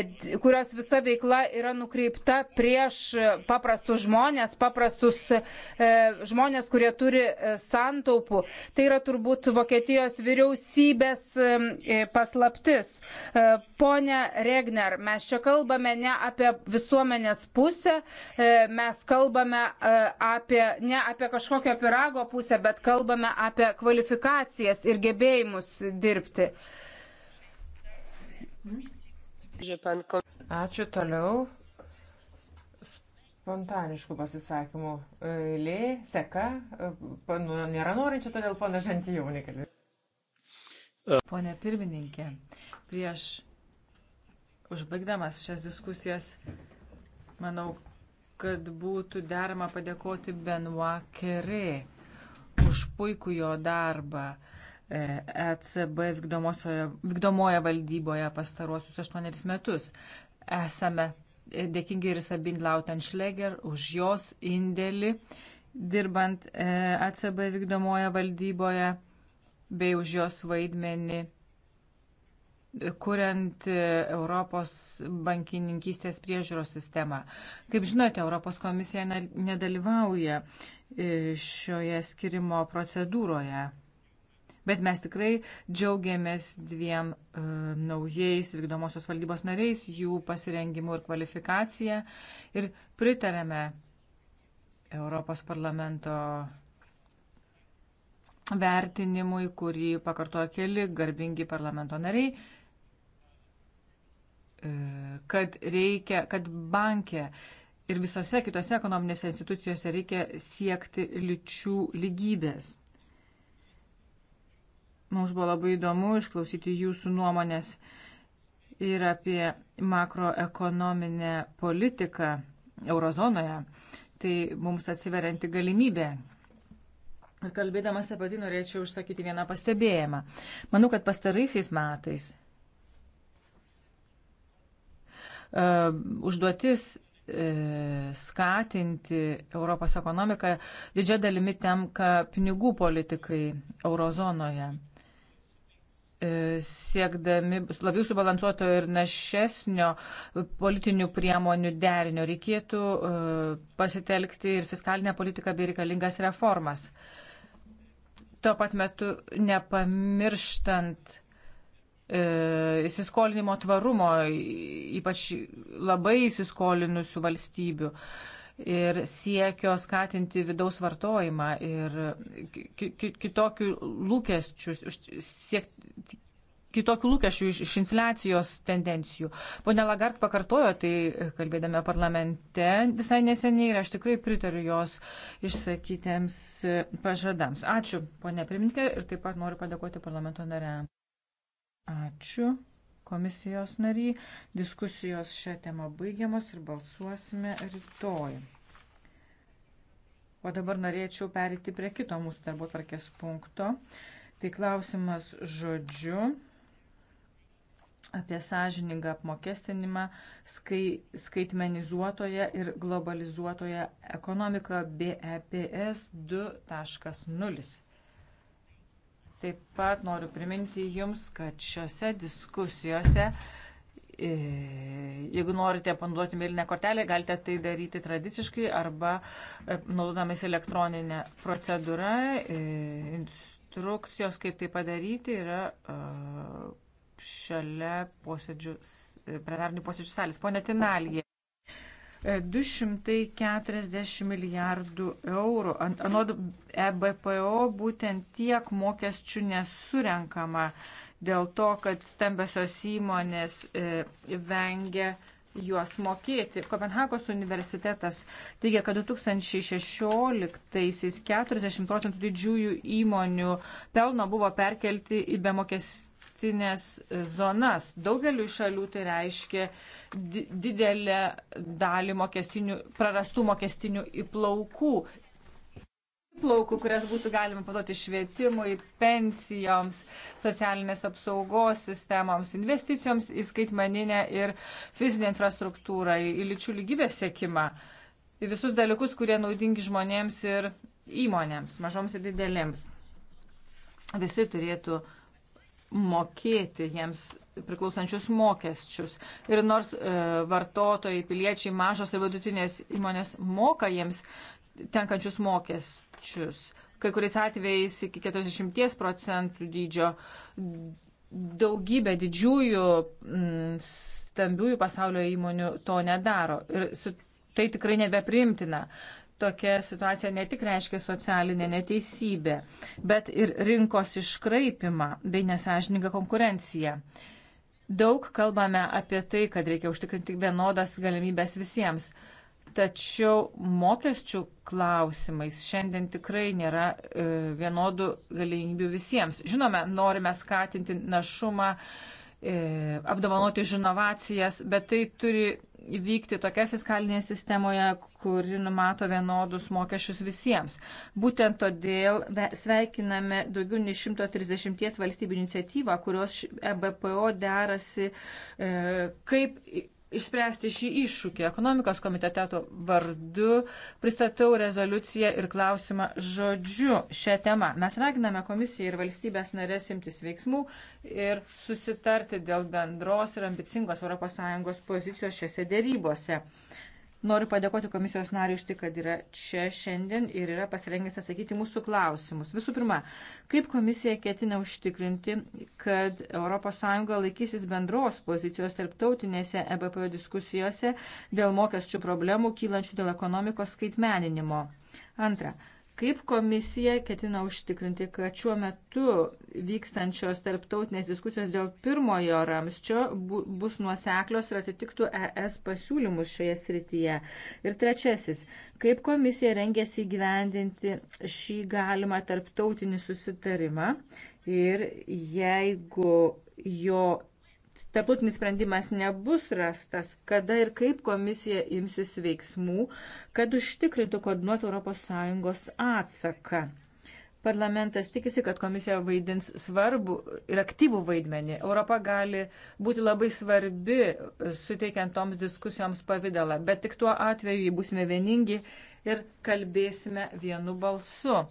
kurios visa veikla yra nukreipta prieš paprastus žmonės, paprastus žmonės, kurie turi santaupų. Tai yra turbūt Vokietijos vyriausybės paslaptis. Pone Regner, mes čia kalbame ne apie visuomenės pusę, mes kalbame apie apie, ne apie kažkokio pirago pusę, bet kalbame apie kvalifikacijas ir gebėjimus dirbti. Ačiū toliau. Spontaniškų pasisakymų eilė, seka, e, nu, nėra norinčių, todėl pana Žantijau nekalbė. E. Pone pirmininkė, prieš užbaigdamas šias diskusijas, manau, kad būtų derama padėkoti Benoit Kerė už puikų jo darbą ECB e vykdomoje valdyboje pastaruosius aštuonerius metus. Esame e, dėkingi ir Sabin Lautenschläger už jos indėlį dirbant ECB vykdomoje valdyboje bei už jos vaidmenį kuriant e, Europos bankininkystės priežiūros sistemą. Kaip žinote, Europos komisija nedalyvauja e, šioje skirimo procedūroje. Bet mes tikrai džiaugiamės dviem e, naujais vykdomosios valdybos nariais, jų pasirengimu ir kvalifikacija ir pritarėme Europos parlamento vertinimui, kurį pakartojo keli garbingi parlamento nariai E, kad reikia, kad bankė ir visose kitose ekonominėse institucijose reikia siekti lyčių lygybės. Mums buvo labai įdomu išklausyti jūsų nuomonės ir apie makroekonominę politiką eurozonoje. Tai mums atsiverianti galimybė. Ir kalbėdamas apie tai norėčiau užsakyti vieną pastebėjimą. Manau, kad pastaraisiais metais E, užduotis e, skatinti Europos ekonomiką didžia dalimi tenka pinigų politikai eurozonoje. E, siekdami labiau subalansuoto ir našesnio politinių priemonių derinio reikėtų pasitelkti ir fiskalinę politiką bei reikalingas reformas. Tuo pat metu nepamirštant E, įsiskolinimo tvarumo, ypač labai įsiskolinusių valstybių ir siekio skatinti vidaus vartojimą ir kitokių lūkesčių, siekti kitokių lūkesčių iš, iš infliacijos tendencijų. Pone Lagart pakartojo tai, kalbėdame parlamente visai neseniai ir aš tikrai pritariu jos išsakytiems pažadams. Ačiū, ponė Priminkė, ir taip pat noriu padėkoti parlamento nariam. Ačiū komisijos nariai. Diskusijos šią temą baigiamos ir balsuosime rytoj. O dabar norėčiau perėti prie kito mūsų darbo tvarkės punkto. Tai klausimas žodžiu apie sąžiningą apmokestinimą skai, skaitmenizuotoje ir globalizuotoje ekonomikoje BEPS 2.0. Taip pat noriu priminti Jums, kad šiuose diskusijose, e, jeigu norite panduoti mėlynę kortelę, galite tai daryti tradiciškai arba e, naudodamis elektroninę procedūrą. E, instrukcijos, kaip tai padaryti, yra šalia posėdžių, plenarnių posėdžių salės. Pone Tinalija. 240 milijardų eurų. Anot EBPO būtent tiek mokesčių nesurenkama dėl to, kad stambiosios įmonės e, vengia juos mokėti. Kopenhagos universitetas teigia, kad 2016-aisiais 40 procentų didžiųjų įmonių pelno buvo perkelti į bemokestį išskirtinės zonas. Daugeliu šalių tai reiškia didelę dalį mokestinių, prarastų mokestinių įplaukų. Plaukų, kurias būtų galima padoti švietimui, pensijoms, socialinės apsaugos sistemoms, investicijoms į skaitmaninę ir fizinę infrastruktūrą, į lyčių lygybės sėkimą, į visus dalykus, kurie naudingi žmonėms ir įmonėms, mažoms ir didelėms visi turėtų mokėti jiems priklausančius mokesčius. Ir nors e, vartotojai, piliečiai, mažos ir vidutinės įmonės moka jiems tenkančius mokesčius, kai kuriais atvejais iki 40 procentų dydžio daugybė didžiųjų m, mm, stambiųjų pasaulio įmonių to nedaro. Ir su, tai tikrai nebeprimtina tokia situacija ne tik reiškia socialinę neteisybę, bet ir rinkos iškraipimą bei nesažiningą konkurenciją. Daug kalbame apie tai, kad reikia užtikrinti vienodas galimybės visiems, tačiau mokesčių klausimais šiandien tikrai nėra e, vienodų galimybių visiems. Žinome, norime skatinti našumą, e, apdovanoti už inovacijas, bet tai turi vykti tokia fiskalinė sistemoje, kuri numato vienodus mokesčius visiems. Būtent todėl sveikiname daugiau nei 130 valstybių iniciatyvą, kurios e BPO derasi, e, kaip išspręsti šį iššūkį. Ekonomikos komiteto vardu pristatau rezoliuciją ir klausimą žodžiu šią temą. Mes raginame komisiją ir valstybės narės imtis veiksmų ir susitarti dėl bendros ir ambicingos ES pozicijos šiuose dėrybose. Noriu padėkoti komisijos nariui iš tai, kad yra čia šiandien ir yra pasirengęs atsakyti mūsų klausimus. Visų pirma, kaip komisija ketina užtikrinti, kad ES laikysis bendros pozicijos tarptautinėse EBPO diskusijose dėl mokesčių problemų kylančių dėl ekonomikos skaitmeninimo? Antra, Kaip komisija ketina užtikrinti, kad šiuo metu vykstančios tarptautinės diskusijos dėl pirmojo ramščio bu, bus nuoseklios ir atitiktų ES pasiūlymus šioje srityje? Ir trečiasis, kaip komisija rengėsi įgyvendinti šį galimą tarptautinį susitarimą ir jeigu jo tarptautinis sprendimas nebus rastas, kada ir kaip komisija imsis veiksmų, kad užtikrintų koordinuotų ES atsaką. Parlamentas tikisi, kad komisija vaidins svarbu ir aktyvų vaidmenį. Europa gali būti labai svarbi, e, suteikiant toms diskusijoms pavydalą, bet tik tuo atveju, jei būsime vieningi ir kalbėsime vienu balsu.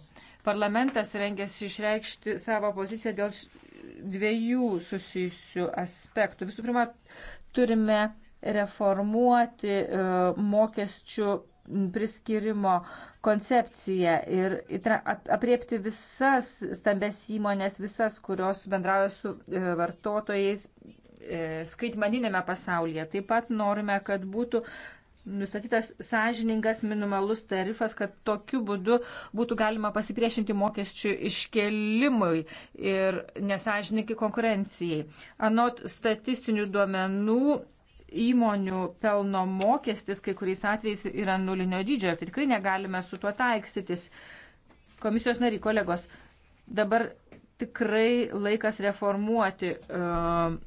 Parlamentas rengėsi išreikšti savo poziciją dėl dviejų susijusių aspektų. Visų pirma, turime reformuoti e, mokesčių priskirimo koncepciją ir apriepti visas stambes įmonės, visas, kurios bendrauja su e, vartotojais e, skaitmaninėme pasaulyje. Taip pat norime, kad būtų nustatytas sąžiningas minimalus tarifas, kad tokiu būdu būtų galima pasipriešinti mokesčių iškelimui ir nesažininkai konkurencijai. Anot statistinių duomenų. Įmonių pelno mokestis kai kuriais atvejais yra nulinio dydžio ir tai tikrai negalime su tuo taikstytis. Komisijos nariai, kolegos, dabar tikrai laikas reformuoti uh,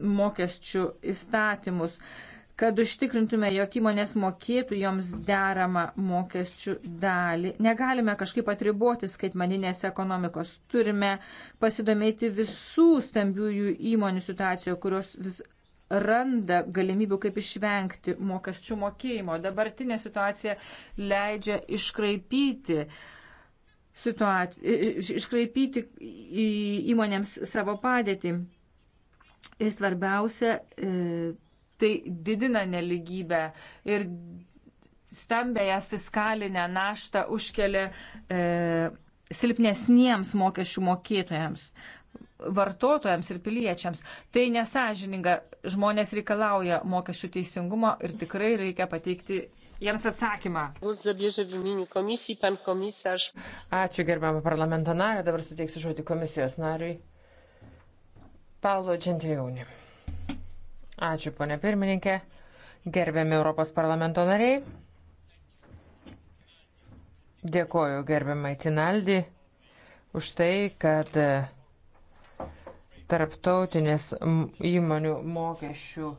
mokesčių įstatymus. Uh, kad užtikrintume, jog įmonės mokėtų joms deramą mokesčių dalį. Negalime kažkaip atriboti skaitmaninės ekonomikos. Turime pasidomėti visų stambiųjų įmonių situacijų, kurios vis randa galimybių, kaip išvengti mokesčių mokėjimo. Dabartinė situacija leidžia iškraipyti situaciją, iškraipyti įmonėms savo padėtį. Ir svarbiausia, e, tai didina neligybę ir stambėją fiskalinę naštą užkelia e, silpnesniems mokesčių mokėtojams vartotojams ir piliečiams. Tai nesažininga. Žmonės reikalauja mokesčių teisingumo ir tikrai reikia pateikti jiems atsakymą. Ačiū gerbiamą parlamento narį. Dabar suteiksiu žodį komisijos nariui Paulo Džentrijaunį. Ačiū, ponė pirmininkė. Gerbiami Europos parlamento nariai. Dėkoju gerbiamai Tinaldi už tai, kad e, tarptautinės įmonių mokesčių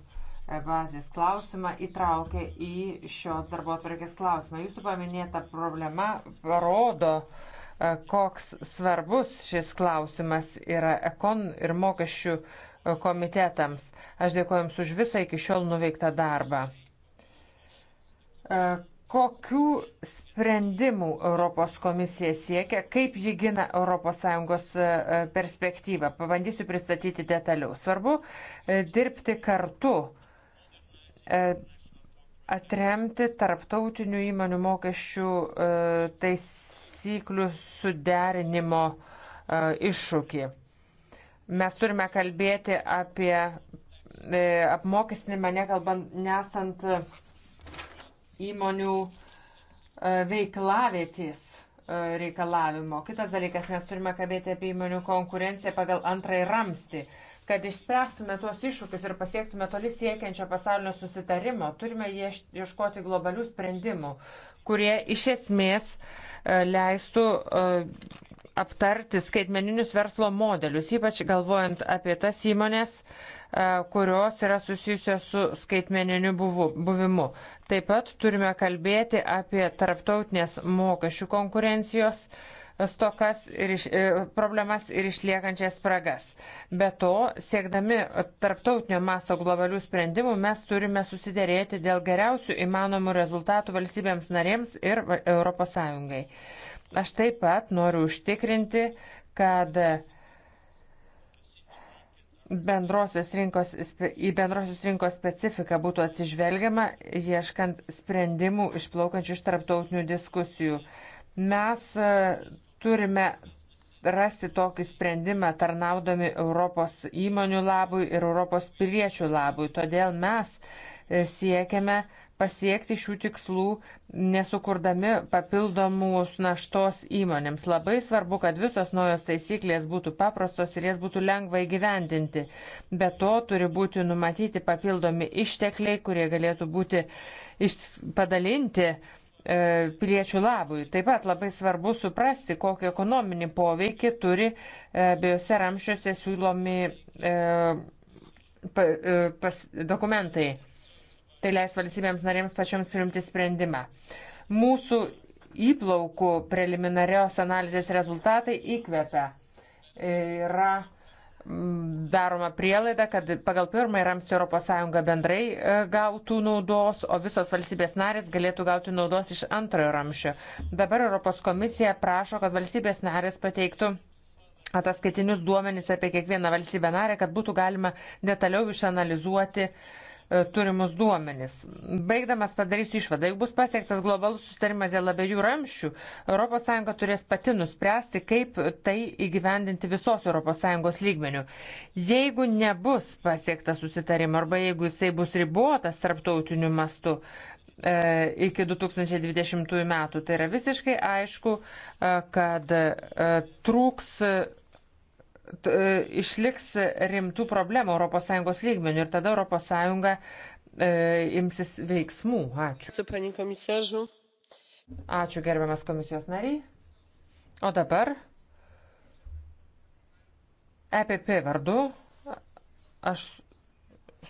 bazės klausimą įtraukė į šios darbo atvarkės klausimą. Jūsų paminėta problema parodo, e, koks svarbus šis klausimas yra ekon ir mokesčių komitetams. Aš dėkoju Jums už visą iki šiol nuveiktą darbą. E, kokių sprendimų Europos komisija siekia, kaip ji gina ES e, perspektyvą? Pabandysiu pristatyti detaliau. Svarbu e, dirbti kartu, atremti tarptautinių įmonių mokesčių taisyklių suderinimo iššūkį. Mes turime kalbėti apie e, apmokestinimą, nekalbant, nesant e, įmonių e, veiklavėtys reikalavimo. Kitas dalykas, mes turime kalbėti apie įmonių konkurenciją pagal antrąjį ramstį. Kad išspręstume tuos iššūkius ir pasiektume toli siekiančio pasaulinio susitarimo, turime ieškoti globalių sprendimų, kurie iš esmės leistų aptarti skaitmeninius verslo modelius, ypač galvojant apie tas įmonės, e, kurios yra susijusios su skaitmeniniu buvimu. Taip pat turime kalbėti apie tarptautinės mokesčių konkurencijos stokas ir iš, e, problemas ir išliekančias spragas. Be to, siekdami tarptautinio masto globalių sprendimų, mes turime susidėrėti dėl geriausių įmanomų rezultatų valstybėms narėms ir ES. Aš taip pat noriu užtikrinti, kad bendrosios rinkos, į bendrosios rinkos specifiką būtų atsižvelgiama, ieškant sprendimų išplaukiančių iš tarptautinių diskusijų. Mes e, turime rasti tokį sprendimą tarnaudami Europos įmonių labui ir Europos piliečių labui. Todėl mes e, siekiame, pasiekti šių tikslų, nesukurdami papildomus naštos įmonėms. Labai svarbu, kad visos naujos taisyklės būtų paprastos ir jas būtų lengva įgyvendinti. Be to turi būti numatyti papildomi ištekliai, kurie galėtų būti padalinti e, piliečių labui. Taip pat labai svarbu suprasti, kokį ekonominį poveikį turi e, abiejose e, ramščiuose siūlomi e, pa, e, pas, dokumentai. Tai leis valstybėms narėms pačioms priimti sprendimą. Mūsų įplaukų preliminarios analizės rezultatai įkvepia. Yra mm, daroma prielaida, kad pagal pirmąjį ramstį ES bendrai e, gautų naudos, o visos valstybės narės galėtų gauti naudos iš antrojo ramščio. Dabar Europos komisija prašo, kad valstybės narės pateiktų ataskaitinius duomenys apie kiekvieną valstybę narę, kad būtų galima detaliau išanalizuoti uh, E, turimus duomenis. Baigdamas padarysiu išvadą, jeigu bus pasiektas globalus sustarimas dėl abiejų ramščių, ES turės pati nuspręsti, kaip tai įgyvendinti visos ES lygmenių. Jeigu nebus pasiektas susitarimas arba jeigu jisai bus ribotas tarptautiniu mastu, e, iki 2020 metų. Tai yra visiškai aišku, e, kad trūks E, išliks rimtų problemų ES lygmenių ir tada ES e, imsis veiksmų. Ačiū. Ačiū gerbiamas komisijos nariai. O dabar EPP vardu aš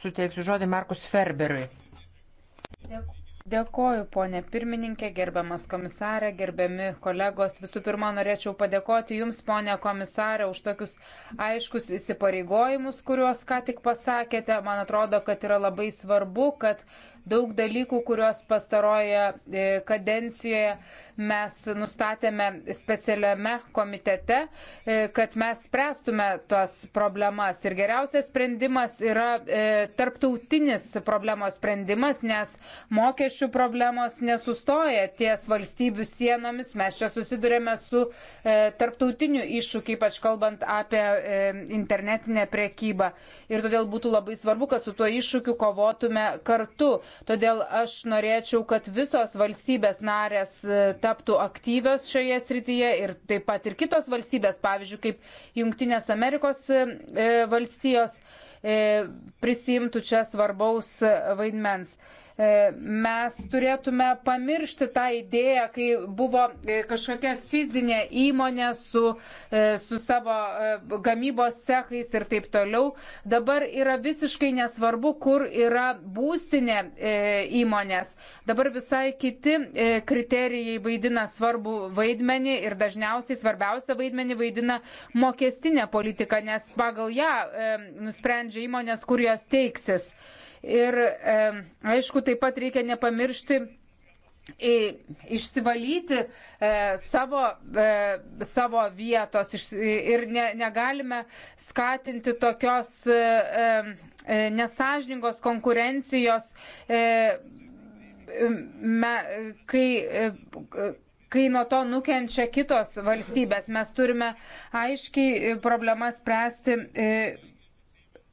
suteiksiu žodį Markus Ferberiui. Dėkui. Dėkoju, ponė pirmininkė, gerbiamas komisarė, gerbiami kolegos. Visų pirma, norėčiau padėkoti Jums, ponė komisarė, už tokius aiškus įsipareigojimus, kuriuos ką tik pasakėte. Man atrodo, kad yra labai svarbu, kad daug dalykų, kuriuos pastarojoje e, kadencijoje mes nustatėme specialiame komitete, e, kad mes spręstume tos problemas. Ir geriausias sprendimas yra e, tarptautinis problemos sprendimas, nes mokesčių problemos nesustoja ties valstybių sienomis. Mes čia susidurėme su tarptautiniu iššūkiu, ypač kalbant apie internetinę priekybą. Ir todėl būtų labai svarbu, kad su tuo iššūkiu kovotume kartu. Todėl aš norėčiau, kad visos valstybės narės e, taptų aktyvios šioje srityje ir taip pat ir kitos valstybės, pavyzdžiui, kaip Junktinės Amerikos e, e, valstijos prisimtų čia svarbaus vaidmens. E, mes turėtume pamiršti tą idėją, kai buvo e, kažkokia fizinė įmonė su, e, su savo gamybos cechais ir taip toliau. Dabar yra visiškai nesvarbu, kur yra būstinė įmonės. Dabar visai kiti kriterijai vaidina svarbu vaidmenį ir dažniausiai svarbiausia vaidmenį vaidina mokestinė politika, nes pagal ją nusprendžia įmonės, kur jos teiksis. Ir e, aišku, taip pat reikia nepamiršti išsivalyti e, savo, e, savo vietos iš, ir ne, negalime skatinti tokios e, e, nesažningos konkurencijos, e, me, kai, e, kai nuo to nukenčia kitos valstybės. Mes turime aiškiai problemas spręsti. E,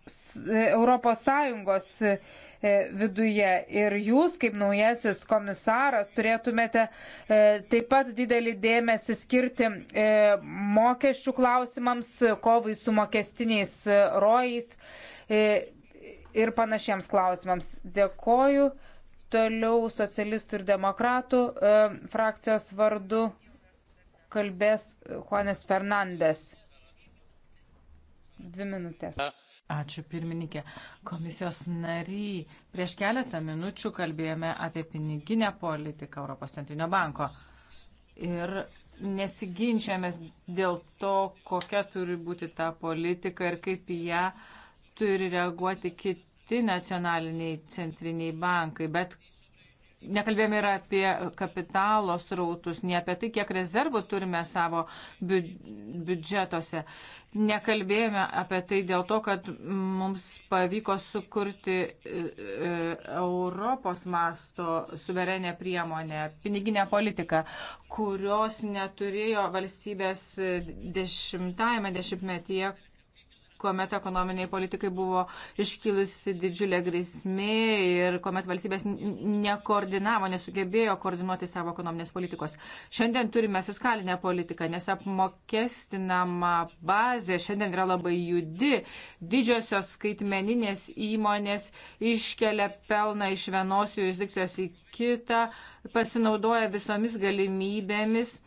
ES e, e, viduje. Ir jūs, kaip naujasis komisaras, turėtumėte e, taip pat didelį dėmesį skirti mokesčių klausimams, kovai su mokestiniais rojais ir panašiems klausimams. Dėkoju. Toliau socialistų ir demokratų frakcijos vardu kalbės Juanes Fernandes. Dvi minutės. Ačiū pirmininkė. Komisijos nary, prieš keletą minučių kalbėjome apie piniginę politiką Europos centrinio banko. Ir nesiginčiamės dėl to, kokia turi būti ta politika ir kaip į ją turi reaguoti kiti nacionaliniai centriniai bankai. Bet nekalbėjome ir apie kapitalo srautus, ne apie tai, kiek rezervų turime savo biudžetuose. Nekalbėjome apie tai dėl to, kad mums pavyko sukurti e, e, Europos masto suverenę priemonę, piniginę politiką, kurios neturėjo valstybės dešimtajame dešimtmetyje, kuomet ekonominiai politikai buvo iškilusi didžiulė grėsmė ir kuomet valstybės nekoordinavo, nesugebėjo koordinuoti savo ekonominės politikos. Šiandien turime fiskalinę politiką, nes apmokestinama bazė šiandien yra labai judi. Didžiosios skaitmeninės įmonės iškelia pelną iš vienos jurisdikcijos į kitą, pasinaudoja visomis galimybėmis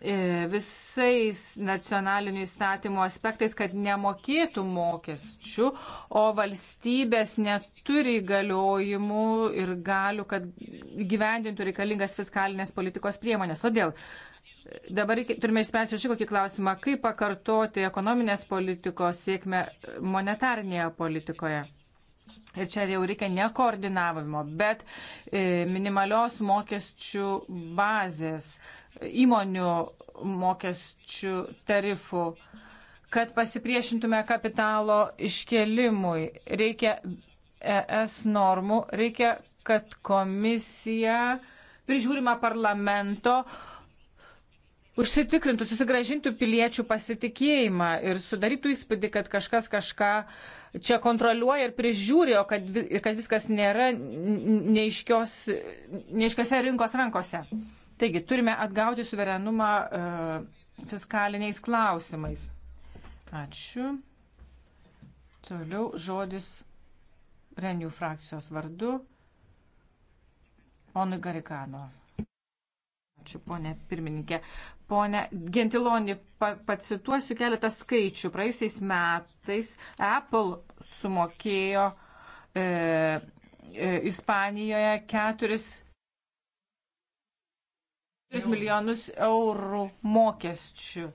E, visais nacionalinių įstatymų aspektais, kad nemokėtų mokesčių, o valstybės neturi įgaliojimų ir galių, kad gyvendintų reikalingas fiskalinės politikos priemonės. Todėl dabar turime išspręsti šį kokį klausimą, kaip pakartoti ekonominės politikos sėkmę monetarnėje politikoje. Ir čia jau reikia ne koordinavimo, bet e, minimalios mokesčių bazės, įmonių mokesčių tarifų, kad pasipriešintume kapitalo iškelimui. Reikia ES normų, reikia, kad komisija prižiūrima parlamento užsitikrintų, susigražintų piliečių pasitikėjimą ir sudarytų įspūdį, kad kažkas kažką uh, čia kontroliuoja ir prižiūri, o kad, kad viskas nėra neiškios, neiškiose rinkos rankose. Taigi, turime atgauti suverenumą uh, fiskaliniais klausimais. Ačiū. Toliau žodis Renijų frakcijos vardu. Onui Garikano. Ačiū, ponė pirmininkė. Pone Gentiloni, pacituosiu keletą skaičių. Praėjusiais metais Apple sumokėjo e, e, Ispanijoje 4, 4 milijonus eurų mokesčių.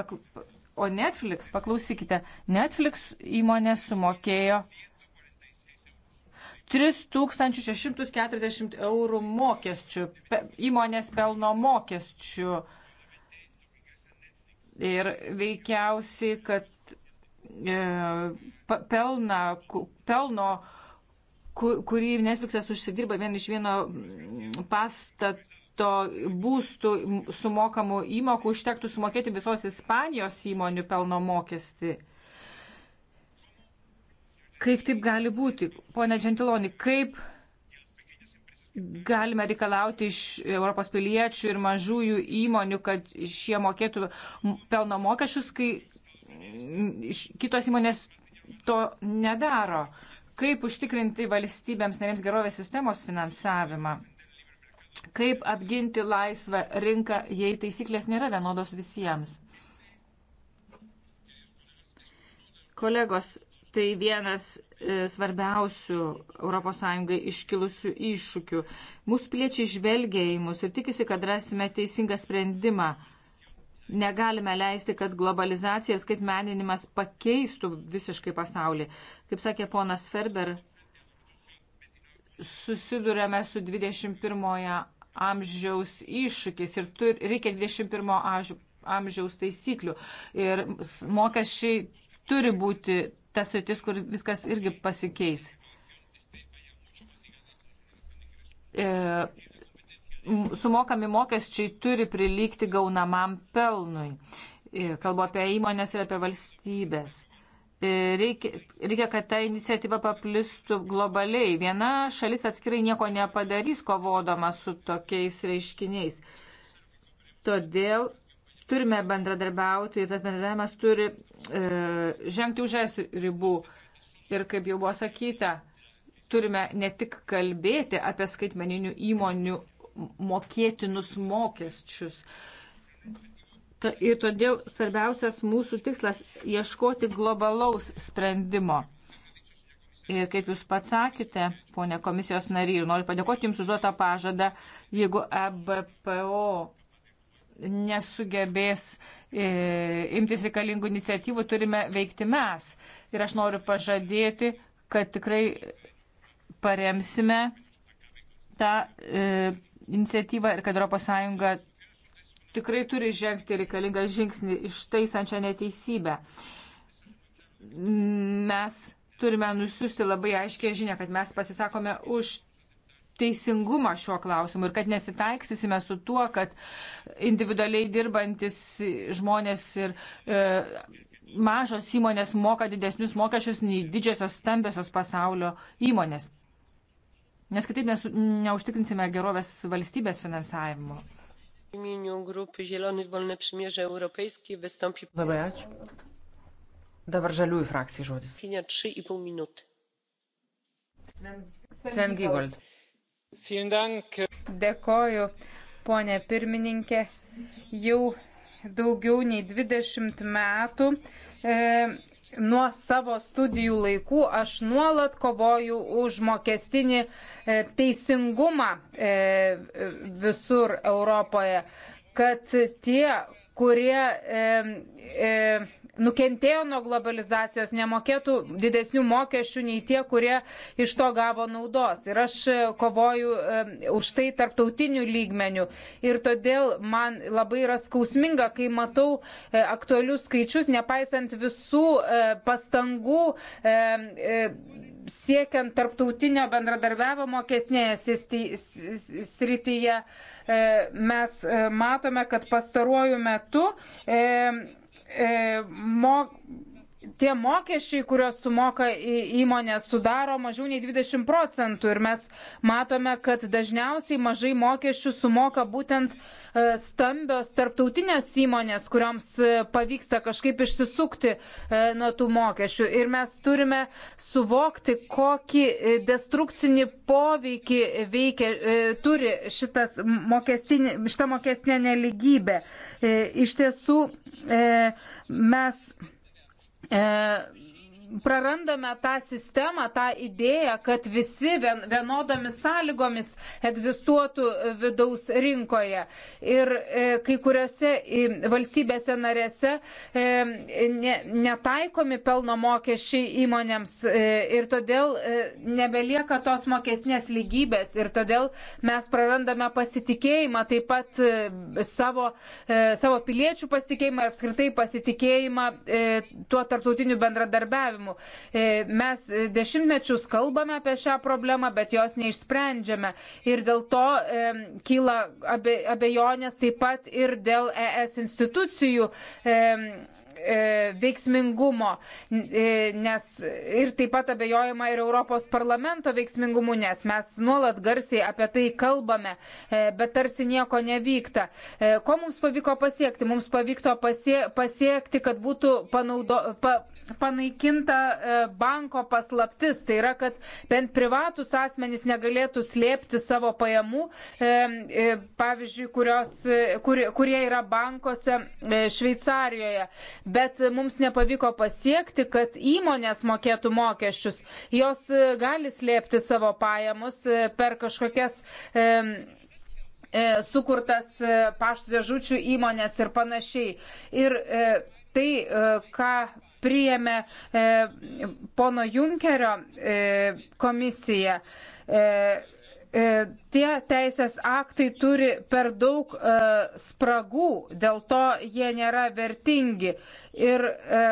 Pakl o Netflix, paklausykite, Netflix įmonė sumokėjo 3640 eurų mokesčių, įmonės pelno mokesčių. Ir veikiausiai, kad e, pelna, pelno, kurį Netflixas užsidirba vien iš vieno mm, pastato to būstų sumokamų įmokų užtektų sumokėti visos Ispanijos įmonių pelno mokestį. Kaip taip gali būti? Pone Džentiloni, kaip galime reikalauti iš Europos piliečių ir mažųjų įmonių, kad šie mokėtų pelno mokesčius, kai kitos įmonės to nedaro? Kaip užtikrinti valstybėms narėms gerovės sistemos finansavimą? Kaip apginti laisvą rinką, jei taisyklės nėra vienodos visiems? Kolegos, tai vienas e, svarbiausių ES iškilusių iššūkių. Mūsų piliečiai žvelgia į mus ir tikisi, kad rasime teisingą sprendimą. Negalime leisti, kad globalizacija ir skaitmeninimas pakeistų visiškai pasaulį. Kaip sakė ponas Ferber, susidurėme su 21 amžiaus iššūkis ir tur, reikia 21 amžiaus taisyklių. Ir mokesčiai turi būti tas sritis, kur viskas irgi pasikeis. E, sumokami mokesčiai turi prilygti gaunamam pelnui. E, kalbu apie įmonės ir apie valstybės. E, reikia, reikia, kad ta iniciatyva paplistų globaliai. Viena šalis atskirai nieko nepadarys kovodama su tokiais reiškiniais. Todėl Turime bendradarbiauti ir tas bendradarbiavimas turi e, žengti už es ribų. Ir kaip jau buvo sakyta, turime ne tik kalbėti apie skaitmeninių įmonių mokėtinus mokesčius. Ir todėl svarbiausias mūsų tikslas - ieškoti globalaus sprendimo. Ir kaip jūs pats sakėte, ponė komisijos nariai, ir noriu padėkoti Jums už duotą pažadą, jeigu EBPO nesugebės e, imtis reikalingų iniciatyvų, turime veikti mes. Ir aš noriu pažadėti, kad tikrai paremsime tą e, iniciatyvą ir kad ES tikrai turi žengti reikalingą žingsnį ištaisančią neteisybę. Mes turime nusiųsti labai aiškiai žinę, kad mes pasisakome už teisingumą šiuo klausimu ir kad nesitaiksysime su tuo, kad individualiai dirbantis žmonės ir e, mažos įmonės moka didesnius mokesčius nei didžiosios stambiosios pasaulio įmonės. Nes kitaip nesu, neužtikrinsime gerovės valstybės finansavimo. Labai ačiū. Dabar žaliųjų frakcijai žodis. Sven Gigold. Dėkoju, ponė pirmininkė. Jau daugiau nei 20 metų e, nuo savo studijų laikų aš nuolat kovoju už mokestinį e, teisingumą e, visur Europoje, kad tie, kurie e, e, nukentėjo nuo globalizacijos, nemokėtų didesnių mokesčių nei tie, kurie iš to gavo naudos. Ir aš e, kovoju e, už tai tarptautinių lygmenių. Ir todėl man labai yra skausminga, kai matau e, aktualius skaičius, nepaisant visų e, pastangų. E, e, siekiant tarptautinio bendradarbiavo mokesnėje srityje, e, mes e, matome, kad pastaruoju metu e, mo, tie mokesčiai, kuriuos sumoka įmonė, sudaro mažiau nei 20 procentų ir mes matome, kad dažniausiai mažai mokesčių sumoka būtent e, stambios tarptautinės įmonės, kuriams e, pavyksta kažkaip išsisukti e, nuo tų mokesčių. Ir mes turime suvokti, kokį destrukcinį poveikį veikia, turi šitas mokestinė, šita mokestinė neligybė. Iš tiesų mes e, prarandame tą sistemą, tą idėją, kad visi vienodomis sąlygomis egzistuotų vidaus rinkoje. Ir e, kai kuriuose valstybėse narėse e, netaikomi pelno mokesčiai įmonėms e, ir todėl nebelieka tos mokesnės lygybės ir todėl mes prarandame pasitikėjimą, taip pat savo, savo piliečių pasitikėjimą ir apskritai pasitikėjimą tuo tarptautiniu bendradarbiavimu reikalavimų. E, mes dešimtmečius kalbame apie šią problemą, bet jos neišsprendžiame. Ir dėl to e, kyla abejonės taip pat ir dėl ES institucijų e, veiksmingumo, nes ir taip pat abejojama ir Europos parlamento veiksmingumu, nes mes nuolat garsiai apie tai kalbame, bet tarsi nieko nevyksta. Ko mums pavyko pasiekti? Mums pavyko pasie, pasiekti, kad būtų panaudo, pa, panaikinta e, banko paslaptis, tai yra, kad bent privatus asmenys negalėtų slėpti savo pajamų, e, e, pavyzdžiui, kurios, kur, kurie yra bankose Šveicarijoje. Bet mums nepavyko pasiekti, kad įmonės mokėtų mokesčius. Jos gali slėpti savo pajamus per kažkokias sukurtas pašto dėžučių įmonės ir panašiai. Ir tai, ką priėmė e, pono Junkerio e, komisija. E, e, tie teisės aktai turi per daug e, spragų, dėl to jie nėra vertingi. Ir e,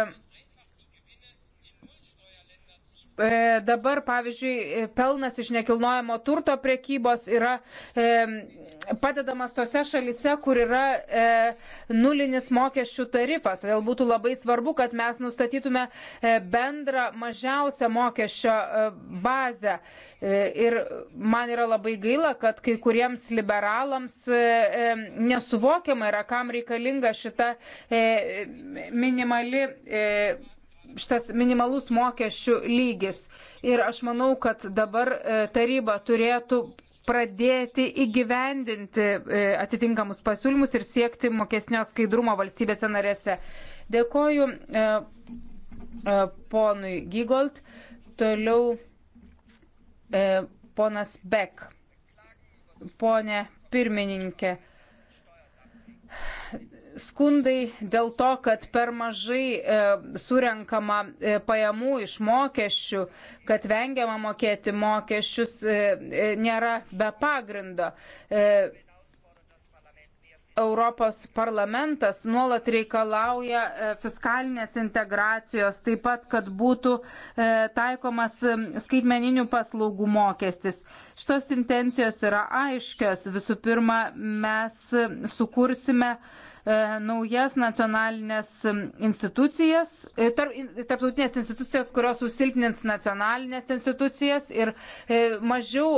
E, dabar, pavyzdžiui, e, pelnas iš nekilnojamo turto priekybos yra e, padedamas tose šalise, kur yra nulinis mokesčių tarifas. Todėl būtų labai svarbu, kad mes nustatytume bendrą mažiausią mokesčio bazę. Ir man yra labai gaila, kad kai kuriems liberalams nesuvokiama yra, kam reikalinga šita minimali šitas minimalus mokesčių lygis. Ir aš manau, kad dabar e, taryba turėtų pradėti įgyvendinti e, atitinkamus pasiūlymus ir siekti mokesnio skaidrumo valstybėse narėse. Dėkoju e, e, ponui Gigold. Toliau e, ponas Beck. Pone pirmininkė skundai dėl to, kad per mažai e, surenkama e, pajamų iš mokesčių, kad vengiama mokėti mokesčius, e, e, nėra be pagrindo. E, Europos parlamentas nuolat reikalauja e, fiskalinės integracijos, taip pat, kad būtų e, taikomas e, skaitmeninių paslaugų mokestis. Šitos intencijos yra aiškios. Visų pirma, mes sukursime uh, E, naujas nacionalinės institucijas, e, tarp, tarptautinės institucijas, kurios susilpnins nacionalinės institucijas ir e, mažiau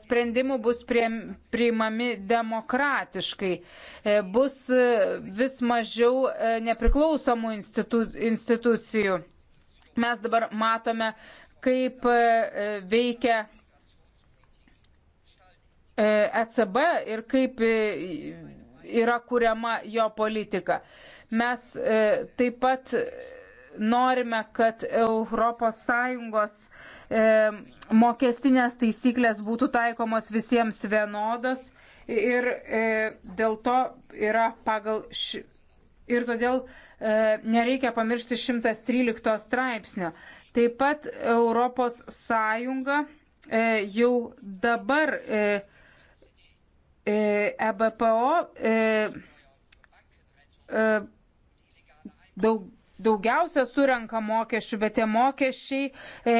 sprendimų bus priimami demokratiškai. Bus vis mažiau nepriklausomų institu, institucijų. Mes dabar matome, kaip veikia ECB ir kaip yra kuriama jo politika. Mes e, taip pat norime, kad ES e, mokestinės taisyklės būtų taikomos visiems vienodos ir e, dėl to yra pagal. Ši, ir todėl e, nereikia pamiršti 113 straipsnio. Taip pat ES e, jau dabar e, EBPO e e, e, daug daugiausia surenka mokesčių, bet tie mokesčiai e,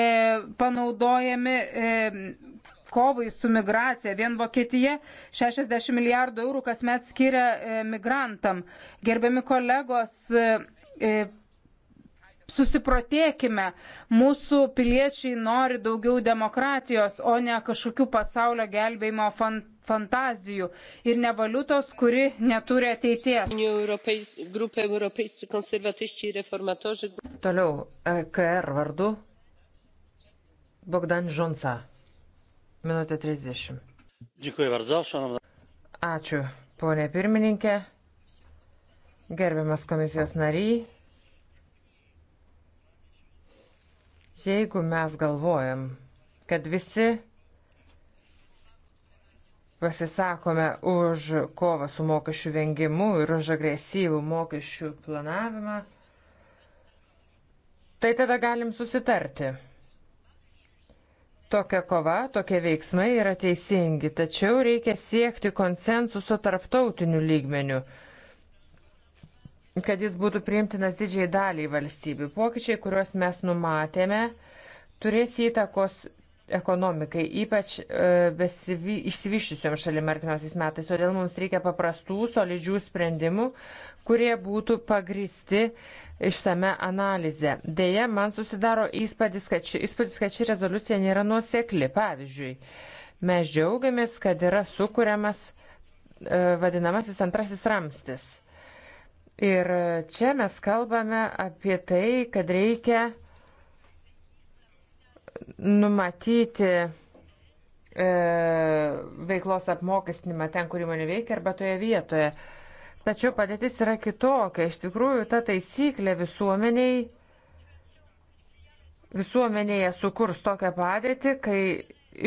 panaudojami e, kovai su migracija. Vien Vokietija 60 milijardų eurų kasmet skiria e, migrantam. Gerbiami kolegos, e, susiprotėkime, mūsų piliečiai nori daugiau demokratijos, o ne kažkokių pasaulio gelbėjimo fan fantazijų ir ne valiutos, kuri neturi ateities. Toliau e KR vardu Bogdan Žonsa. Minutė 30. Ačiū, ponė pirmininkė, gerbiamas komisijos nariai. Jeigu mes galvojam, kad visi pasisakome už kovą su mokesčių vengimu ir už agresyvų mokesčių planavimą, tai tada galim susitarti. Tokia kova, tokie veiksmai yra teisingi, tačiau reikia siekti konsensuso tarptautiniu lygmeniu kad jis būtų priimtinas didžiai daliai valstybių. Pokyčiai, kuriuos mes numatėme, turės įtakos ekonomikai, ypač e, išsivyščiusiom šalim artimiausiais metais. Todėl mums reikia paprastų, solidžių sprendimų, kurie būtų pagristi išsame analize. Deja, man susidaro įspūdis, kad ši, įspūdis, kad ši rezoliucija nėra nuosekli. Pavyzdžiui, mes džiaugiamės, kad yra sukūriamas e, vadinamasis antrasis ramstis Ir čia mes kalbame apie tai, kad reikia numatyti e, veiklos apmokestinimą ten, kur įmonė veikia, arba toje vietoje. Tačiau padėtis yra kitokia. Iš tikrųjų, ta taisyklė visuomeniai, visuomenėje sukurs tokią padėtį, kai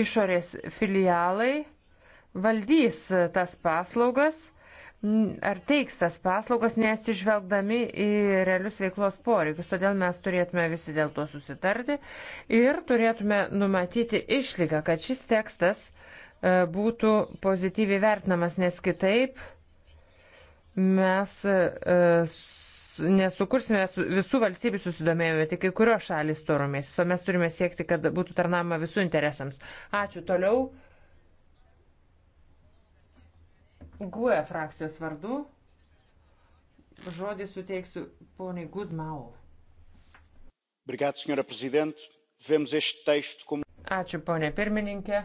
išorės filialai valdys tas paslaugas ar teiks tas paslaugas, nesižvelgdami į realius veiklos poreikius. Todėl mes turėtume visi dėl to susitarti ir turėtume numatyti išlygą, kad šis tekstas e, būtų pozityviai vertinamas, nes kitaip mes e, nesukursime visų valstybių susidomėjimo, tik kai kurios šalis turomės. O mes turime siekti, kad būtų tarnama visų interesams. Ačiū toliau. GUE frakcijos vardu žodį suteiksiu poniai Guzmau. Ačiū, ponė pirmininkė.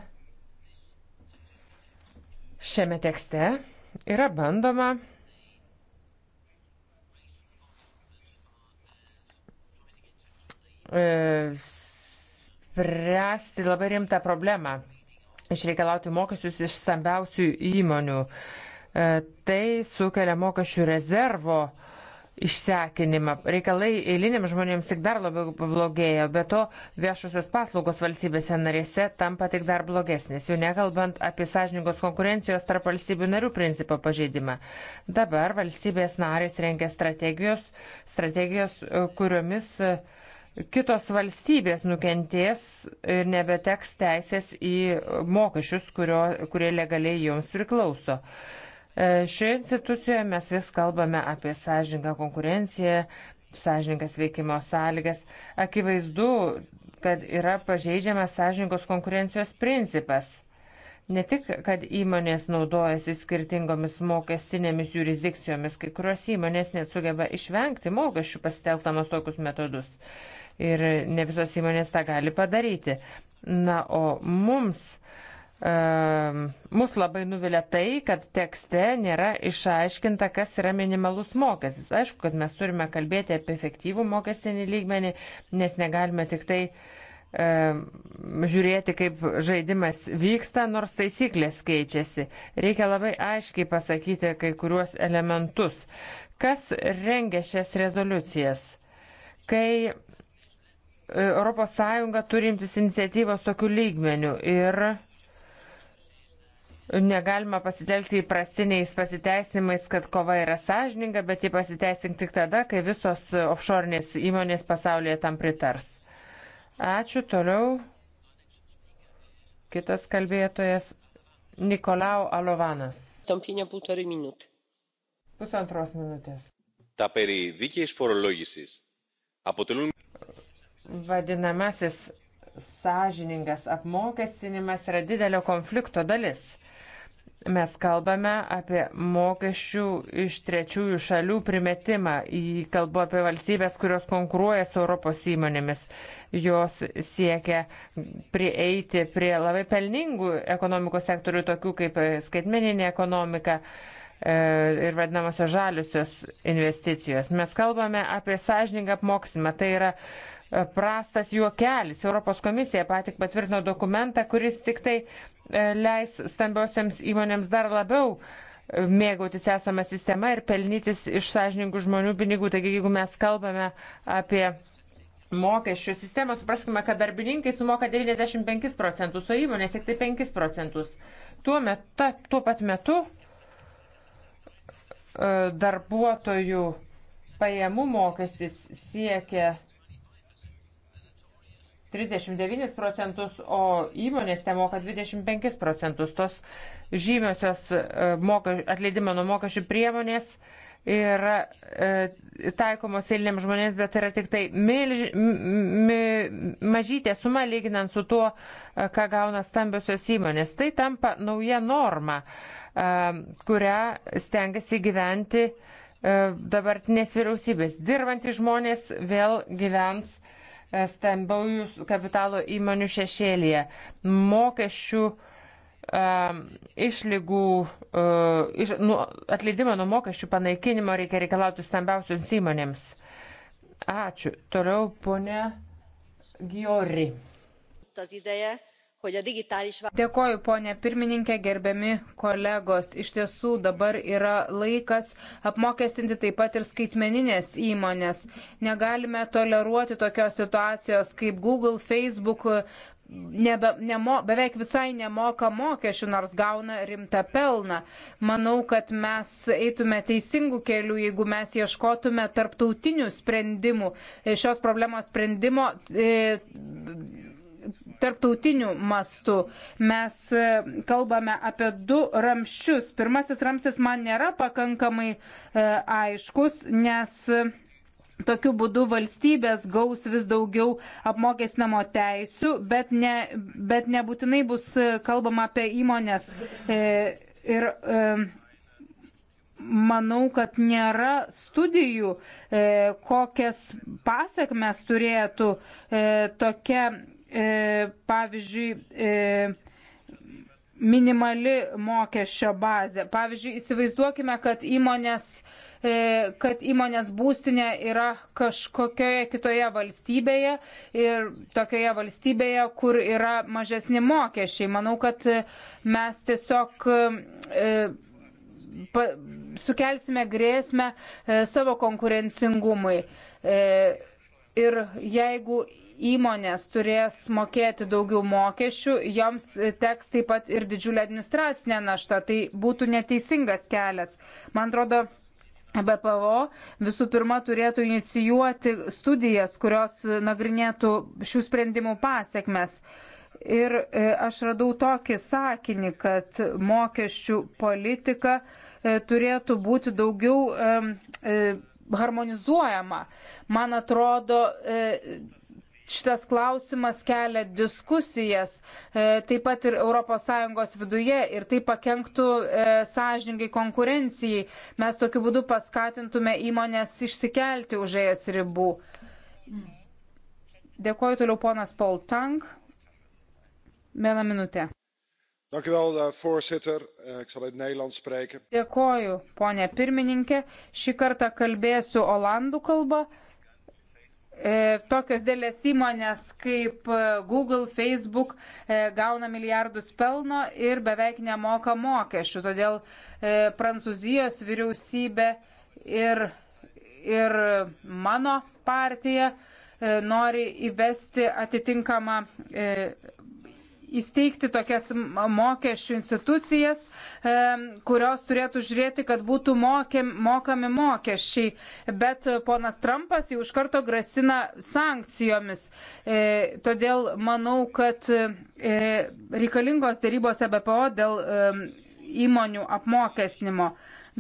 Šiame tekste yra bandoma e, spręsti labai rimtą problemą - išreikalauti mokesčius iš stambiausių įmonių. E, E, tai sukelia mokesčių rezervo išsekinimą. Reikalai eiliniam žmonėms tik dar labiau pablogėjo, be to viešosios paslaugos valstybėse narėse tampa tik dar blogesnės, jau nekalbant apie sąžiningos konkurencijos tarp valstybių narių principo pažeidimą. Dabar valstybės narės rengia strategijos, strategijos e, kuriomis e, kitos valstybės nukentės ir nebeteks teisės į mokesčius, kurio, kurie legaliai joms priklauso. Šioje institucijoje mes vis kalbame apie sąžininką konkurenciją, sąžininkas veikimo sąlygas. Akivaizdu, kad yra pažeidžiamas sąžininkos konkurencijos principas. Ne tik, kad įmonės naudojasi skirtingomis mokestinėmis jurisdikcijomis, kai kurios įmonės net sugeba išvengti mokesčių pasiteltamos tokius metodus. Ir ne visos įmonės tą gali padaryti. Na, o mums uh, Ehm, mus labai nuvilia tai, kad tekste nėra išaiškinta, kas yra minimalus mokestis. Aišku, kad mes turime kalbėti apie efektyvų mokestinį lygmenį, nes negalime tik tai e, žiūrėti, kaip žaidimas vyksta, nors taisyklės keičiasi. Reikia labai aiškiai pasakyti kai kuriuos elementus. Kas rengia šias rezoliucijas? Kai ES turi imtis iniciatyvos tokių lygmenių ir negalima pasitelkti įprastiniais pasiteisimais, kad kova yra sąžininga, bet jį pasiteisink tik tada, kai visos offshore'nės įmonės pasaulyje tam pritars. Ačiū, toliau kitas kalbėtojas Nikolau Alovanas. Tampinė pūtori minut. Pusantros minutės. Ta peri dykės forologisis. Αποτελούν... Vadinamasis sąžiningas apmokestinimas yra didelio konflikto dalis mes kalbame apie mokesčių iš trečiųjų šalių primetimą. Kalbu apie valstybės, kurios konkuruoja su Europos įmonėmis. Jos siekia prieiti prie labai pelningų ekonomikos sektorių, tokių kaip e, skaitmeninė ekonomika e, ir vadinamosios žaliusios investicijos. Mes kalbame apie sąžiningą apmoksimą. Tai yra prastas juokelis. Europos komisija patik patvirtino dokumentą, kuris tik tai e, leis stambiosiams įmonėms dar labiau e, mėgautis esamą sistemą ir pelnytis iš sąžiningų žmonių pinigų. Taigi, jeigu mes kalbame apie mokesčių sistemą, supraskime, kad darbininkai sumoka 95 procentus, o įmonės tik tai 5 procentus. Tuo, met, ta, tuo pat metu e, darbuotojų pajamų mokestis siekia 39 procentus, o įmonės te moka 25 procentus. Tos žymiosios e, moka, atleidimo nuo mokesčių priemonės yra e, taikomos eiliniam žmonėms, bet yra tik tai milž, m, m, mažytė suma lyginant su tuo, e, ką gauna stambiosios įmonės. Tai tampa nauja norma, e, kurią stengiasi gyventi e, dabartinės vyriausybės. Dirbantys žmonės vėl gyvens E, stambaujus kapitalo įmonių šešėlėje. Mokesčių um, išlygų, uh, iš, nu, atleidimo nuo mokesčių panaikinimo reikia reikalauti stambiausioms įmonėms. Ačiū. Toliau ponė Giori. Tas idėja Dėkoju, ponė pirmininkė, gerbiami kolegos. Iš tiesų dabar yra laikas apmokestinti taip pat ir skaitmeninės įmonės. Negalime toleruoti tokios situacijos kaip Google, Facebook. Nebe, nemo, beveik visai nemoka mokesčių, nors gauna rimtą pelną. Manau, kad mes eitume teisingų kelių, jeigu mes ieškotume tarptautinių sprendimų, šios problemos sprendimo. E, tarptautiniu mastu. Mes e, kalbame apie du ramščius. Pirmasis ramstis man nėra pakankamai e, aiškus, nes e, Tokiu būdu valstybės gaus vis daugiau apmokestinamo teisių, bet, ne, bet nebūtinai bus kalbama apie įmonės. E, ir e, manau, kad nėra studijų, e, kokias pasiekmes turėtų e, tokia E, pavyzdžiui, e, minimali mokesčio bazė. Pavyzdžiui, įsivaizduokime, kad įmonės, e, kad įmonės būstinė yra kažkokioje kitoje valstybėje ir tokioje valstybėje, kur yra mažesni mokesčiai. Manau, kad mes tiesiog sukelsime grėsmę savo konkurencingumui. Ir jeigu įmonės turės mokėti daugiau mokesčių, joms teks taip pat ir didžiulė administracinė našta. Tai būtų neteisingas kelias. Man atrodo, BPO visų pirma turėtų inicijuoti studijas, kurios nagrinėtų šių sprendimų pasiekmes. Ir e, aš radau tokį sakinį, kad mokesčių politika e, turėtų būti daugiau e, harmonizuojama. Man atrodo, šitas klausimas kelia diskusijas, e, taip pat ir ES viduje ir tai pakenktų e, sąžininkai konkurencijai. Mes tokiu būdu paskatintume įmonės išsikelti už jas ribų. Dėkuoju toliau ponas Paul Tank. Vieną minutę. Eh, voorzitter, eh, ik zal in het Nederlands spreken. Dėkoju, ponė pirmininkė. Šį kartą kalbėsiu olandų kalbą. E, tokios dėlės įmonės kaip e, Google, Facebook e, gauna milijardus pelno ir beveik nemoka mokesčių. Todėl Prancūzijos vyriausybė ir, ir mano partija nori įvesti atitinkamą įsteigti tokias mokesčių institucijas, kurios turėtų žiūrėti, kad būtų mokėm, mokami mokesčiai. Bet ponas Trumpas jau iš karto grasina sankcijomis. E, todėl manau, kad e, reikalingos dėrybos EBPO dėl įmonių apmokesnimo.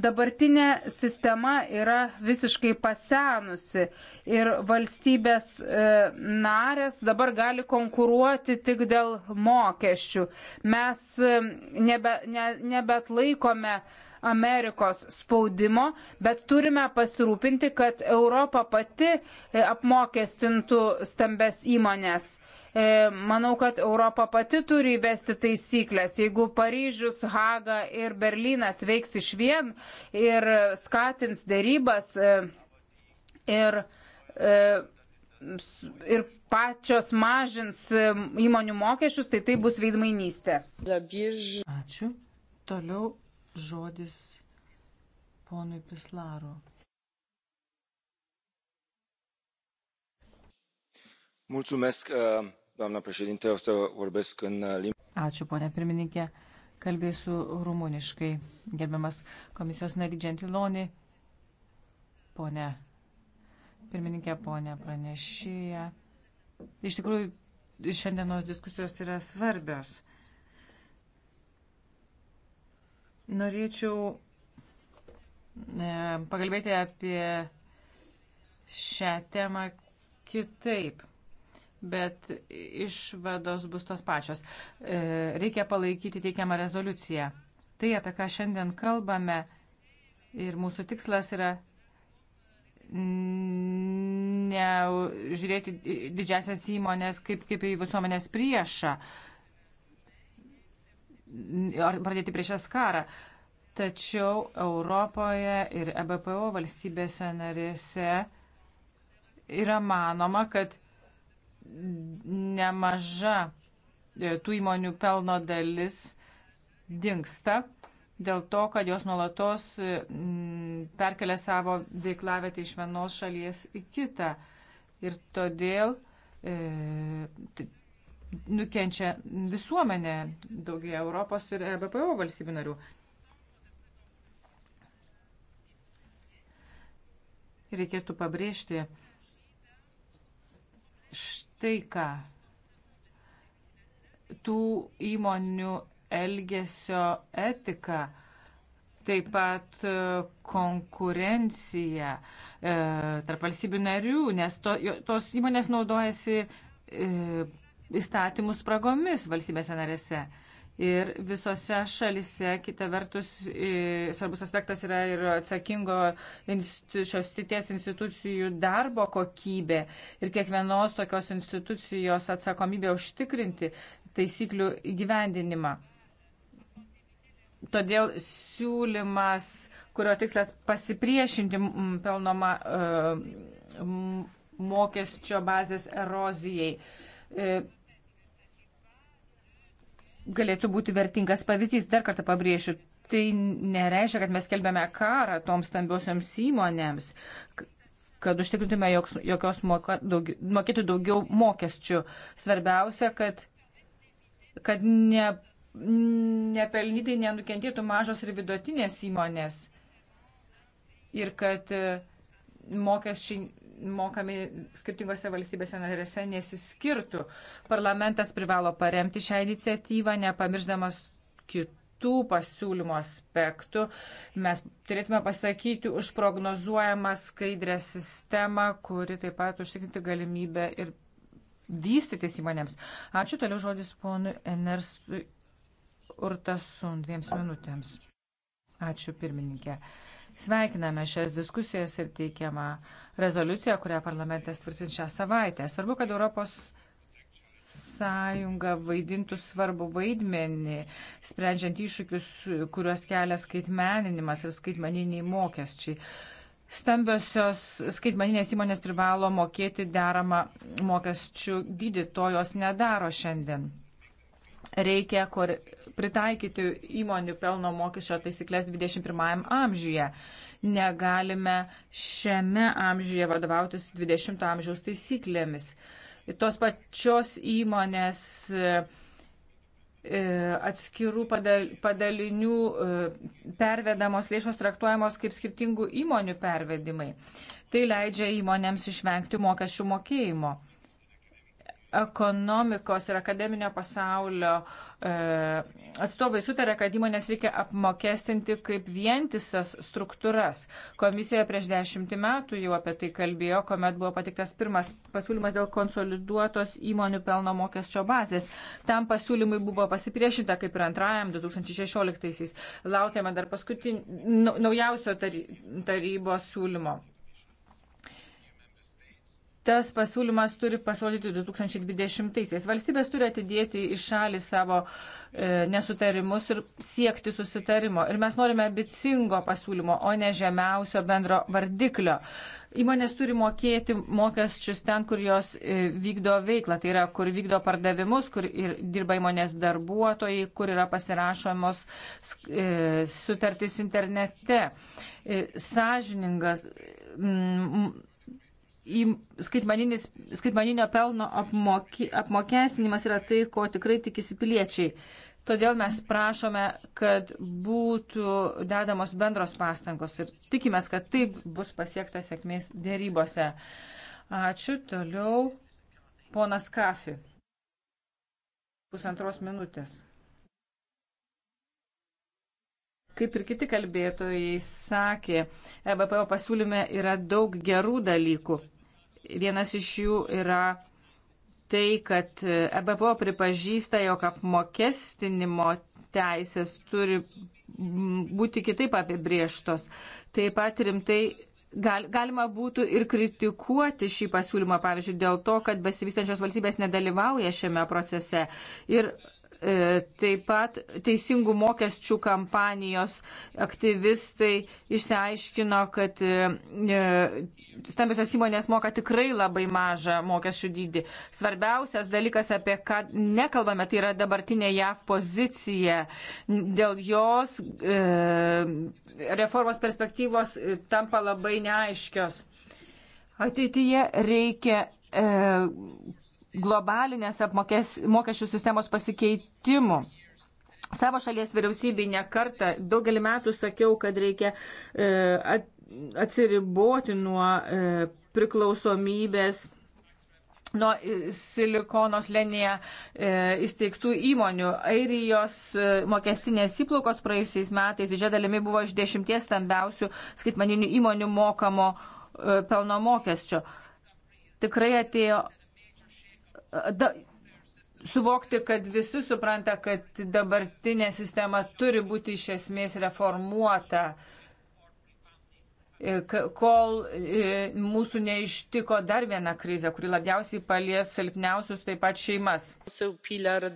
Dabartinė sistema yra visiškai pasenusi ir valstybės e, narės dabar gali konkuruoti tik dėl mokesčių. Mes e, nebe, ne, nebeatlaikome Amerikos spaudimo, bet turime pasirūpinti, kad Europa pati e, apmokestintų stambes įmonės. E, manau, kad Europa pati turi įvesti taisyklės. Jeigu Paryžius, Haga ir Berlynas veiks iš vien ir skatins dėrybas e, ir ir pačios mažins įmonių mokesčius, tai tai bus veidmainystė. Ačiū. Toliau žodis ponui Pislaru. Mulțumesc, uh, doamna președinte, o să vorbesc în uh, limba. Ačiū, ponė pirmininkė. Kalbėsiu rumuniškai. Gerbiamas komisijos nariai Gentiloni, ponė pirmininkė, ponė pranešėja. Iš tikrųjų, šiandienos diskusijos yra svarbios. Norėčiau e, pakalbėti apie šią temą kitaip, bet išvados bus tos pačios. E, reikia palaikyti teikiamą rezoliuciją. Tai, apie ką šiandien kalbame ir mūsų tikslas yra ne žiūrėti didžiasias įmonės kaip, kaip į visuomenės priešą. Uh, ar pradėti prieš šias karą. Tačiau Europoje ir EBPO valstybėse narėse yra manoma, kad nemaža e, tų įmonių pelno dalis dinksta dėl to, kad jos nuolatos e, perkelia savo veiklavietę iš vienos šalies į kitą. Ir todėl e, nukenčia visuomenė daugiai Europos ir BPO valstybių narių. Reikėtų pabrėžti štai ką. Tų įmonių elgesio etika, taip pat e, konkurencija e, tarp valstybių narių, nes to, tos įmonės naudojasi e, įstatymų spragomis valstybėse narėse. Ir visose šalise, kita vertus, svarbus aspektas yra ir atsakingo šios sities institucijų darbo kokybė ir kiekvienos tokios institucijos atsakomybė užtikrinti taisyklių įgyvendinimą. Todėl siūlymas, kurio tikslas pasipriešinti mm, pelnoma e, mokesčio bazės erozijai, e, galėtų būti vertingas pavyzdys. Dar kartą pabrėšiu, tai nereiškia, kad mes kelbėme karą toms stambiosioms įmonėms, kad užtikrintume joks, jokios moka, daug, mokėtų daugiau mokesčių. Svarbiausia, kad, kad ne, nepelnytai nenukentėtų mažos ir vidutinės įmonės ir kad e, mokesčiai mokami skirtingose valstybėse narėse nesiskirtų. Parlamentas privalo paremti šią iniciatyvą, nepamiršdamas kitų pasiūlymo aspektų. Mes turėtume pasakyti už prognozuojamą skaidrę sistemą, kuri taip pat užtikrinti galimybę ir vystytis įmonėms. Ačiū toliau žodis ponui Enersui Urtasun dviems minutėms. Ačiū pirmininkė. Uh, Sveikiname šias diskusijas ir teikiamą rezoliuciją, kurią parlamentas tvirtins šią savaitę. Svarbu, kad Europos sąjunga vaidintų svarbu vaidmenį, sprendžiant iššūkius, kuriuos kelia skaitmeninimas ir skaitmeniniai mokesčiai. Stambiosios skaitmaninės įmonės privalo mokėti deramą mokesčių dydį, to jos nedaro šiandien reikia kur pritaikyti įmonių pelno mokesčio taisyklės 21 amžiuje. Negalime šiame amžiuje vadovautis 20 amžiaus taisyklėmis. Tos pačios įmonės e, atskirų padalinių e, pervedamos lėšos traktuojamos kaip skirtingų įmonių pervedimai. Tai leidžia įmonėms išvengti mokesčių mokėjimo ekonomikos ir akademinio pasaulio e, atstovai sutarė, kad įmonės reikia apmokestinti kaip vientisas struktūras. Komisija prieš dešimtį metų jau apie tai kalbėjo, kuomet buvo patiktas pirmas pasiūlymas dėl konsoliduotos įmonių pelno mokesčio bazės. Tam pasiūlymui buvo pasipriešinta kaip ir antrajam 2016-aisiais. Laukiame dar paskutinį nu, naujausio tarybos siūlymo tas pasiūlymas turi pasirodyti 2020-aisiais. Valstybės turi atidėti į šalį savo e, nesutarimus ir siekti susitarimo. Ir mes norime ambicingo pasiūlymo, o ne žemiausio bendro vardiklio. Įmonės turi mokėti mokesčius ten, kur jos e, vykdo veiklą, tai yra, kur vykdo pardavimus, kur dirba įmonės darbuotojai, kur yra pasirašomos e, sutartys internete. E, sąžiningas. Mm, į skaitmaninio pelno apmoky, apmokestinimas yra tai, ko tikrai tikisi piliečiai. Todėl mes prašome, kad būtų dedamos bendros pastangos ir tikimės, kad taip bus pasiekta sėkmės dėrybose. Ačiū. Toliau ponas Kafi. Pusantros minutės. kaip ir kiti kalbėtojai sakė, EBPO pasiūlyme yra daug gerų dalykų. Vienas iš jų yra tai, kad EBPO pripažįsta, jog apmokestinimo teisės turi būti kitaip apibrieštos. Taip pat rimtai gal, galima būtų ir kritikuoti šį pasiūlymą, pavyzdžiui, dėl to, kad besivystančios valstybės nedalyvauja šiame procese. Ir E, taip pat teisingų mokesčių kampanijos aktyvistai išsiaiškino, kad e, e, stambiosios įmonės moka tikrai labai mažą mokesčių dydį. Svarbiausias dalykas, apie ką nekalbame, tai yra dabartinė JAV pozicija. Dėl jos e, reformos perspektyvos tampa labai neaiškios. Ateityje reikia e, globalinės apmokės, mokesčių sistemos pasikeitimų. Savo šalies vyriausybei nekartą daugelį metų sakiau, kad reikia e, atsiriboti nuo e, priklausomybės nuo e, silikono slėnėje e, įsteigtų įmonių. Airijos e, mokestinės įplaukos praėjusiais metais didžia dalimi buvo iš dešimties stambiausių skaitmaninių įmonių mokamo e, pelno mokesčio. Tikrai atėjo da, suvokti, kad visi supranta, kad dabartinė sistema turi būti iš esmės reformuota, e, kol e, mūsų neištiko dar viena krizė, kuri labiausiai palies silpniausius taip pat šeimas. Toliau Pilar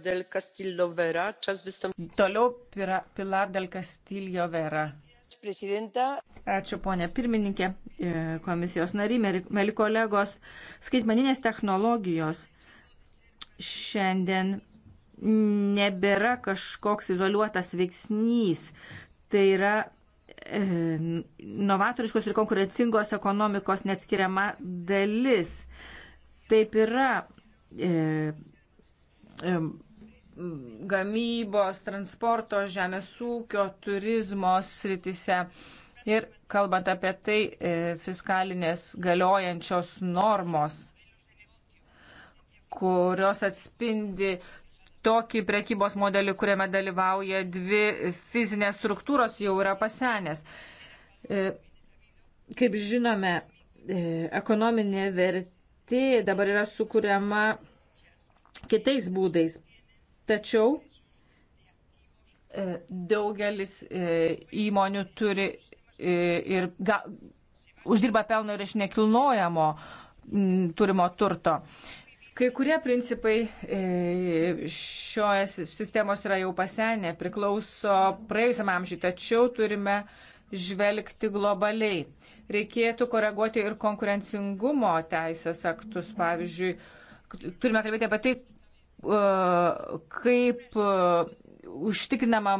del Castillo Vera. Ačiū, ponė pirmininkė, e, komisijos nariai, meli kolegos, skaitmaninės technologijos šiandien nebėra kažkoks izoliuotas veiksnys. Tai yra e, novatoriškos ir konkurencingos ekonomikos neatskiriama dalis. Taip yra e, e, gamybos, transporto, žemės ūkio, turizmo sritise. Ir kalbant apie tai, e, fiskalinės galiojančios normos kurios atspindi tokį prekybos modelį, kuriame dalyvauja dvi fizinės struktūros, jau yra pasenęs. E, kaip žinome, e, ekonominė vertė dabar yra sukūriama kitais būdais. Tačiau e, daugelis įmonių turi ir ga, uždirba pelno ir iš nekilnojamo turimo turto. Kai kurie principai e, šios sistemos yra jau pasenę, priklauso praėjusiam amžiui, tačiau turime žvelgti globaliai. Reikėtų koreguoti ir konkurencingumo teisės aktus. Pavyzdžiui, turime kalbėti apie tai, e, kaip e, užtikrinama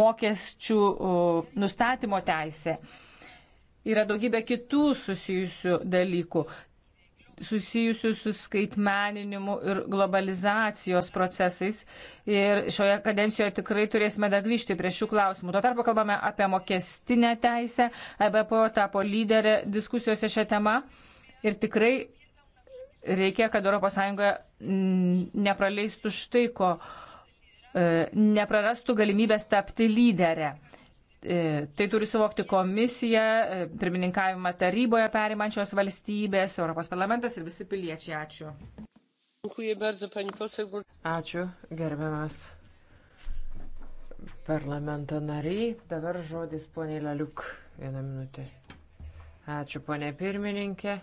mokesčių nustatymo teisė. Yra daugybė kitų susijusių dalykų susijusių su skaitmeninimu ir globalizacijos procesais. Ir šioje kadencijoje tikrai turėsime dar grįžti prie šių klausimų. Tuo tarpu kalbame apie mokestinę teisę. EBPO tapo lyderė diskusijose šią temą. Ir tikrai reikia, kad ES mm, nepraleistų štai ko, e, neprarastų galimybės tapti lyderę. E, tai turi suvokti komisija, e, pirmininkavimą taryboje perimančios valstybės, Europos parlamentas ir visi piliečiai. Ačiū. Ačiū, gerbiamas parlamento nariai. Dabar žodis poniai Laliuk. Vieną minutę. Ačiū, ponė pirmininkė.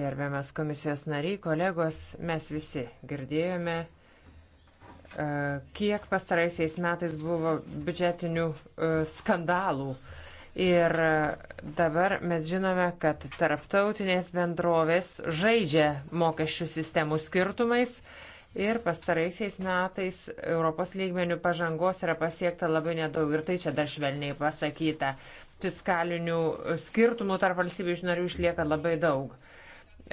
Gerbiamas komisijos nariai, kolegos, mes visi girdėjome E, kiek pastaraisiais metais buvo biudžetinių e, skandalų. Ir e, dabar mes žinome, kad tarptautinės bendrovės žaidžia mokesčių sistemų skirtumais ir pastaraisiais metais Europos lygmenių pažangos yra pasiekta labai nedaug ir tai čia dar švelniai pasakyta. Fiskalinių skirtumų tarp valstybių iš narių išlieka labai daug.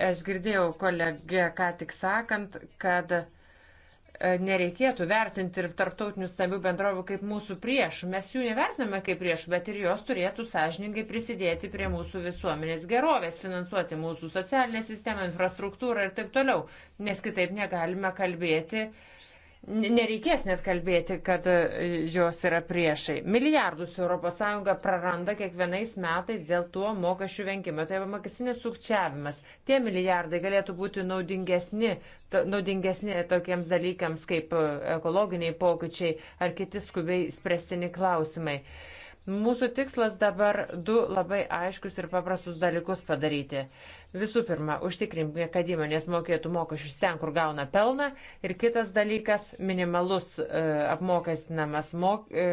Aš girdėjau kolegę ką tik sakant, kad E, nereikėtų vertinti ir tarptautinių stambių bendrovių kaip mūsų priešų. Mes jų nevertiname kaip priešų, bet ir jos turėtų sąžiningai prisidėti prie mūsų visuomenės gerovės, finansuoti mūsų socialinę sistemą, infrastruktūrą ir taip toliau. Nes kitaip negalime kalbėti uh, Nereikės net kalbėti, kad e, jos yra priešai. Milijardus ES praranda kiekvienais metais dėl tuo mokesčių venkimo. Tai yra mokestinis sukčiavimas. Tie milijardai galėtų būti naudingesni, to, naudingesni tokiems dalykams kaip e, ekologiniai pokyčiai ar kiti skubiai spręstini klausimai. Uh, Mūsų tikslas dabar du labai aiškius ir paprastus dalykus padaryti. Visų pirma, užtikrinkime, kad įmonės mokėtų mokesčius ten, kur gauna pelną. Ir kitas dalykas, minimalus e, apmokestinamas mok, e,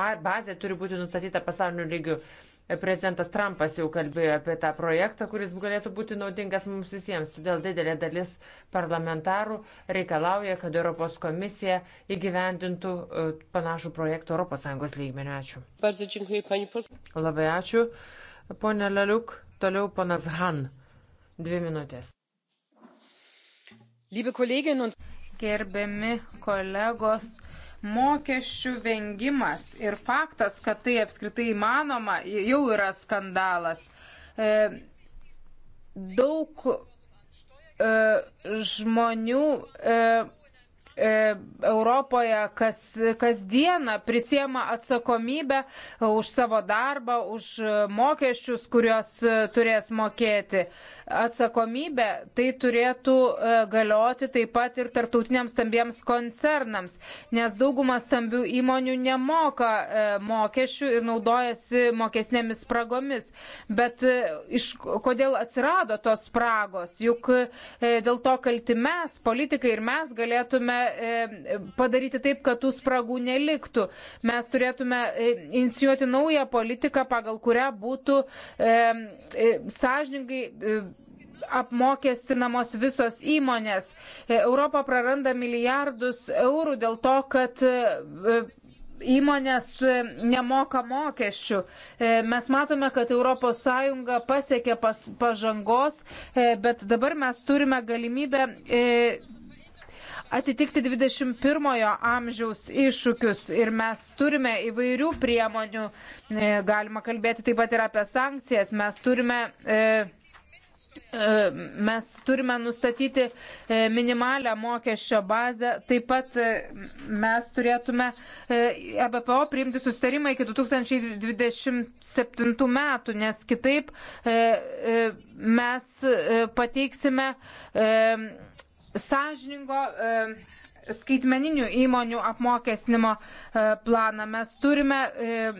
ma, bazė turi būti nustatyta pasauliniu lygiu. Prezidentas Trumpas jau kalbėjo apie tą projektą, kuris galėtų būti naudingas mums visiems. Todėl didelė dalis parlamentarų reikalauja, kad Europos komisija įgyvendintų e, panašų projektą ES lygmeniu. Ačiū. Labai ačiū. Pone Leliuk, toliau ponas Han. Dvi minutės. Gerbiami kolegos, Mokesčių vengimas ir faktas, kad tai apskritai įmanoma, jau yra skandalas. E, daug e, žmonių e, E, Europoje kas, kasdieną prisiema atsakomybę už savo darbą, už e, mokesčius, kuriuos e, turės mokėti. Atsakomybė tai turėtų galioti taip pat ir tarptautiniams stambiems koncernams, nes dauguma stambių įmonių nemoka mokesčių ir naudojasi mokesnėmis spragomis. Bet iš, kodėl atsirado tos spragos? Juk dėl to kalti mes, politikai ir mes galėtume padaryti taip, kad tų spragų neliktų. Mes turėtume e, inicijuoti naują politiką, pagal kurią būtų e, sąžiningai e, apmokestinamos visos įmonės. Europa praranda milijardus eurų dėl to, kad įmonės nemoka mokesčių. Mes matome, kad ES pasiekė pas, pažangos, bet dabar mes turime galimybę atitikti 21-ojo amžiaus iššūkius ir mes turime įvairių priemonių, e, galima kalbėti taip pat ir apie sankcijas, mes turime. E, e, mes turime nustatyti minimalę mokesčio bazę, taip pat mes turėtume EBPO priimti sustarimą iki 2027 metų, nes kitaip mes pateiksime sąžiningo e, skaitmeninių įmonių apmokestinimo e, planą. Mes turime e,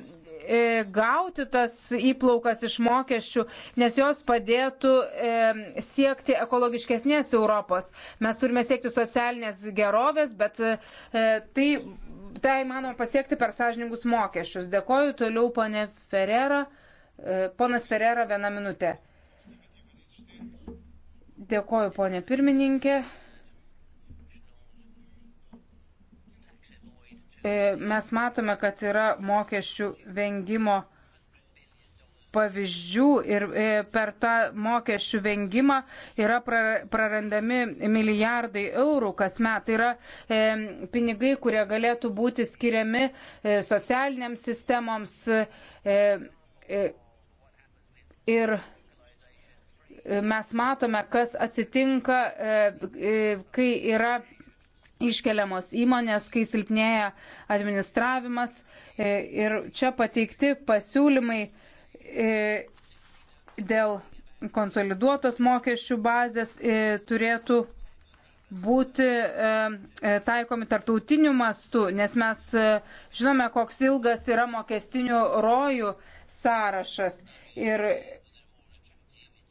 gauti tas įplaukas iš mokesčių, nes jos padėtų siekti ekologiškesnės Europos. Mes turime siekti socialinės gerovės, bet tai, tai manoma pasiekti per sąžiningus mokesčius. Dėkoju toliau, ponė Ferrera. Ponas Ferrera, vieną minutę. Dėkoju, ponė pirmininkė. E, mes matome, kad yra mokesčių vengimo pavyzdžių ir e, per tą mokesčių vengimą yra prarandami milijardai eurų kasmet. Tai yra e, pinigai, kurie galėtų būti skiriami socialiniams sistemoms ir mes matome, kas atsitinka, kai yra iškeliamos įmonės, kai silpnėja administravimas. E, ir čia pateikti pasiūlymai e, dėl konsoliduotos mokesčių bazės e, turėtų būti taikomi tartautiniu mastu, nes mes žinome, koks ilgas yra mokestinių rojų sąrašas. Ir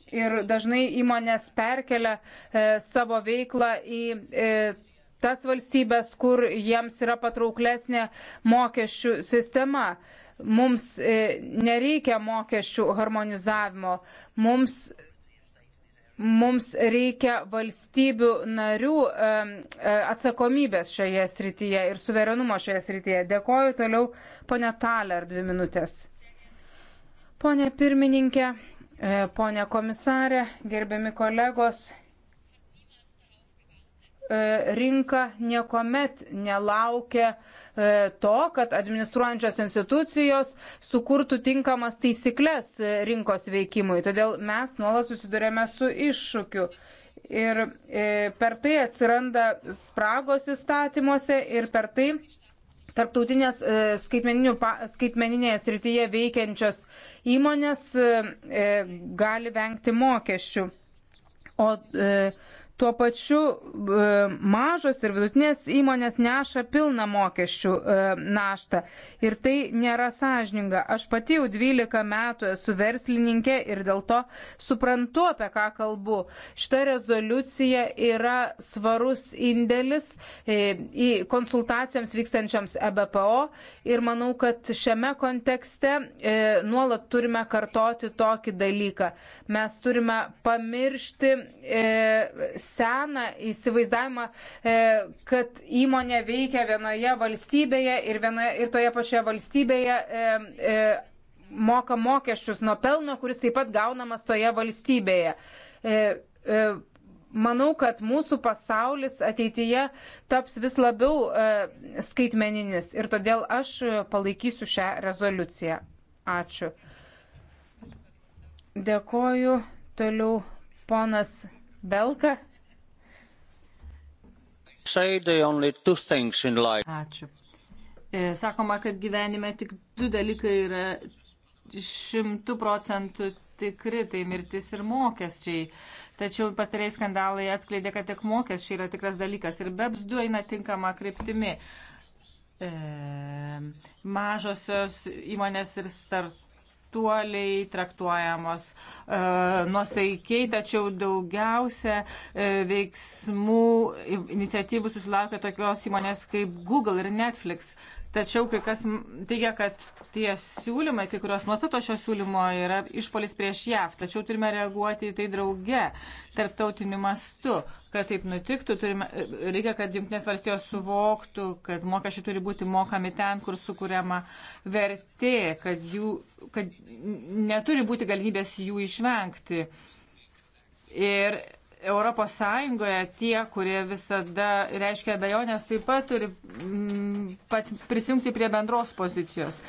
Ir dažnai įmonės perkelia e, savo veiklą į e, tas valstybės, kur jiems yra patrauklesnė mokesčių sistema. Mums e, nereikia mokesčių harmonizavimo, mums, mums reikia valstybių narių e, atsakomybės šioje srityje ir suverenumo šioje srityje. Dėkoju toliau, ponė Taler, dvi minutės. Pone pirmininkė, e, ponė komisarė, gerbiami kolegos, E, rinka niekuomet nelaukia e, to, kad administruojančios institucijos sukurtų tinkamas taisyklės e, rinkos veikimui. Todėl mes nuolat susidurėme su iššūkiu. Ir per tai atsiranda spragos įstatymuose ir per tai tarptautinės skaitmeninėje srityje veikiančios įmonės gali vengti mokesčių. O Tuo pačiu e, mažos ir vidutinės įmonės neša pilną mokesčių e, naštą ir tai nėra sąžininga. Aš pati jau 12 metų esu verslininkė ir dėl to suprantu, apie ką kalbu. Šita rezoliucija yra svarus indėlis e, į konsultacijoms vykstančiams EBPO ir manau, kad šiame kontekste nuolat turime kartoti tokį dalyką. Mes turime pamiršti seną įsivaizdavimą, e, kad įmonė veikia vienoje valstybėje ir, vienoje, ir toje pačioje valstybėje e, e, moka mokesčius nuo pelno, kuris taip pat gaunamas toje valstybėje. Manau, kad mūsų pasaulis ateityje taps vis labiau e, skaitmeninis ir todėl aš palaikysiu šią rezoliuciją. Ačiū. Dėkoju. Toliau ponas Belka. Ačiū. E, sakoma, kad gyvenime tik du dalykai yra šimtų procentų tikri, tai mirtis ir mokesčiai. Tačiau pastarėjai skandalai atskleidė, kad tik mokesčiai yra tikras dalykas ir BEPS 2 eina tinkama kryptimi. E, mažosios įmonės ir startuoliai startuoliai traktuojamos e, nusaikiai, tačiau daugiausia e, veiksmų iniciatyvų susilaukia tokios įmonės kaip Google ir Netflix. Tačiau kai kas teigia, kad tie siūlymai, kai kurios nuostatos šio siūlymo yra išpolis prieš JAV, tačiau turime reaguoti į tai drauge, tarptautiniu mastu kad taip nutiktų, turime, reikia, kad Junktinės valstijos suvoktų, kad mokesčiai turi būti mokami ten, kur sukūriama vertė, kad, jų, kad neturi būti galimybės jų išvengti. Ir Europos Sąjungoje tie, kurie visada reiškia abejonės, taip pat turi m, mm, pat prisijungti prie bendros pozicijos.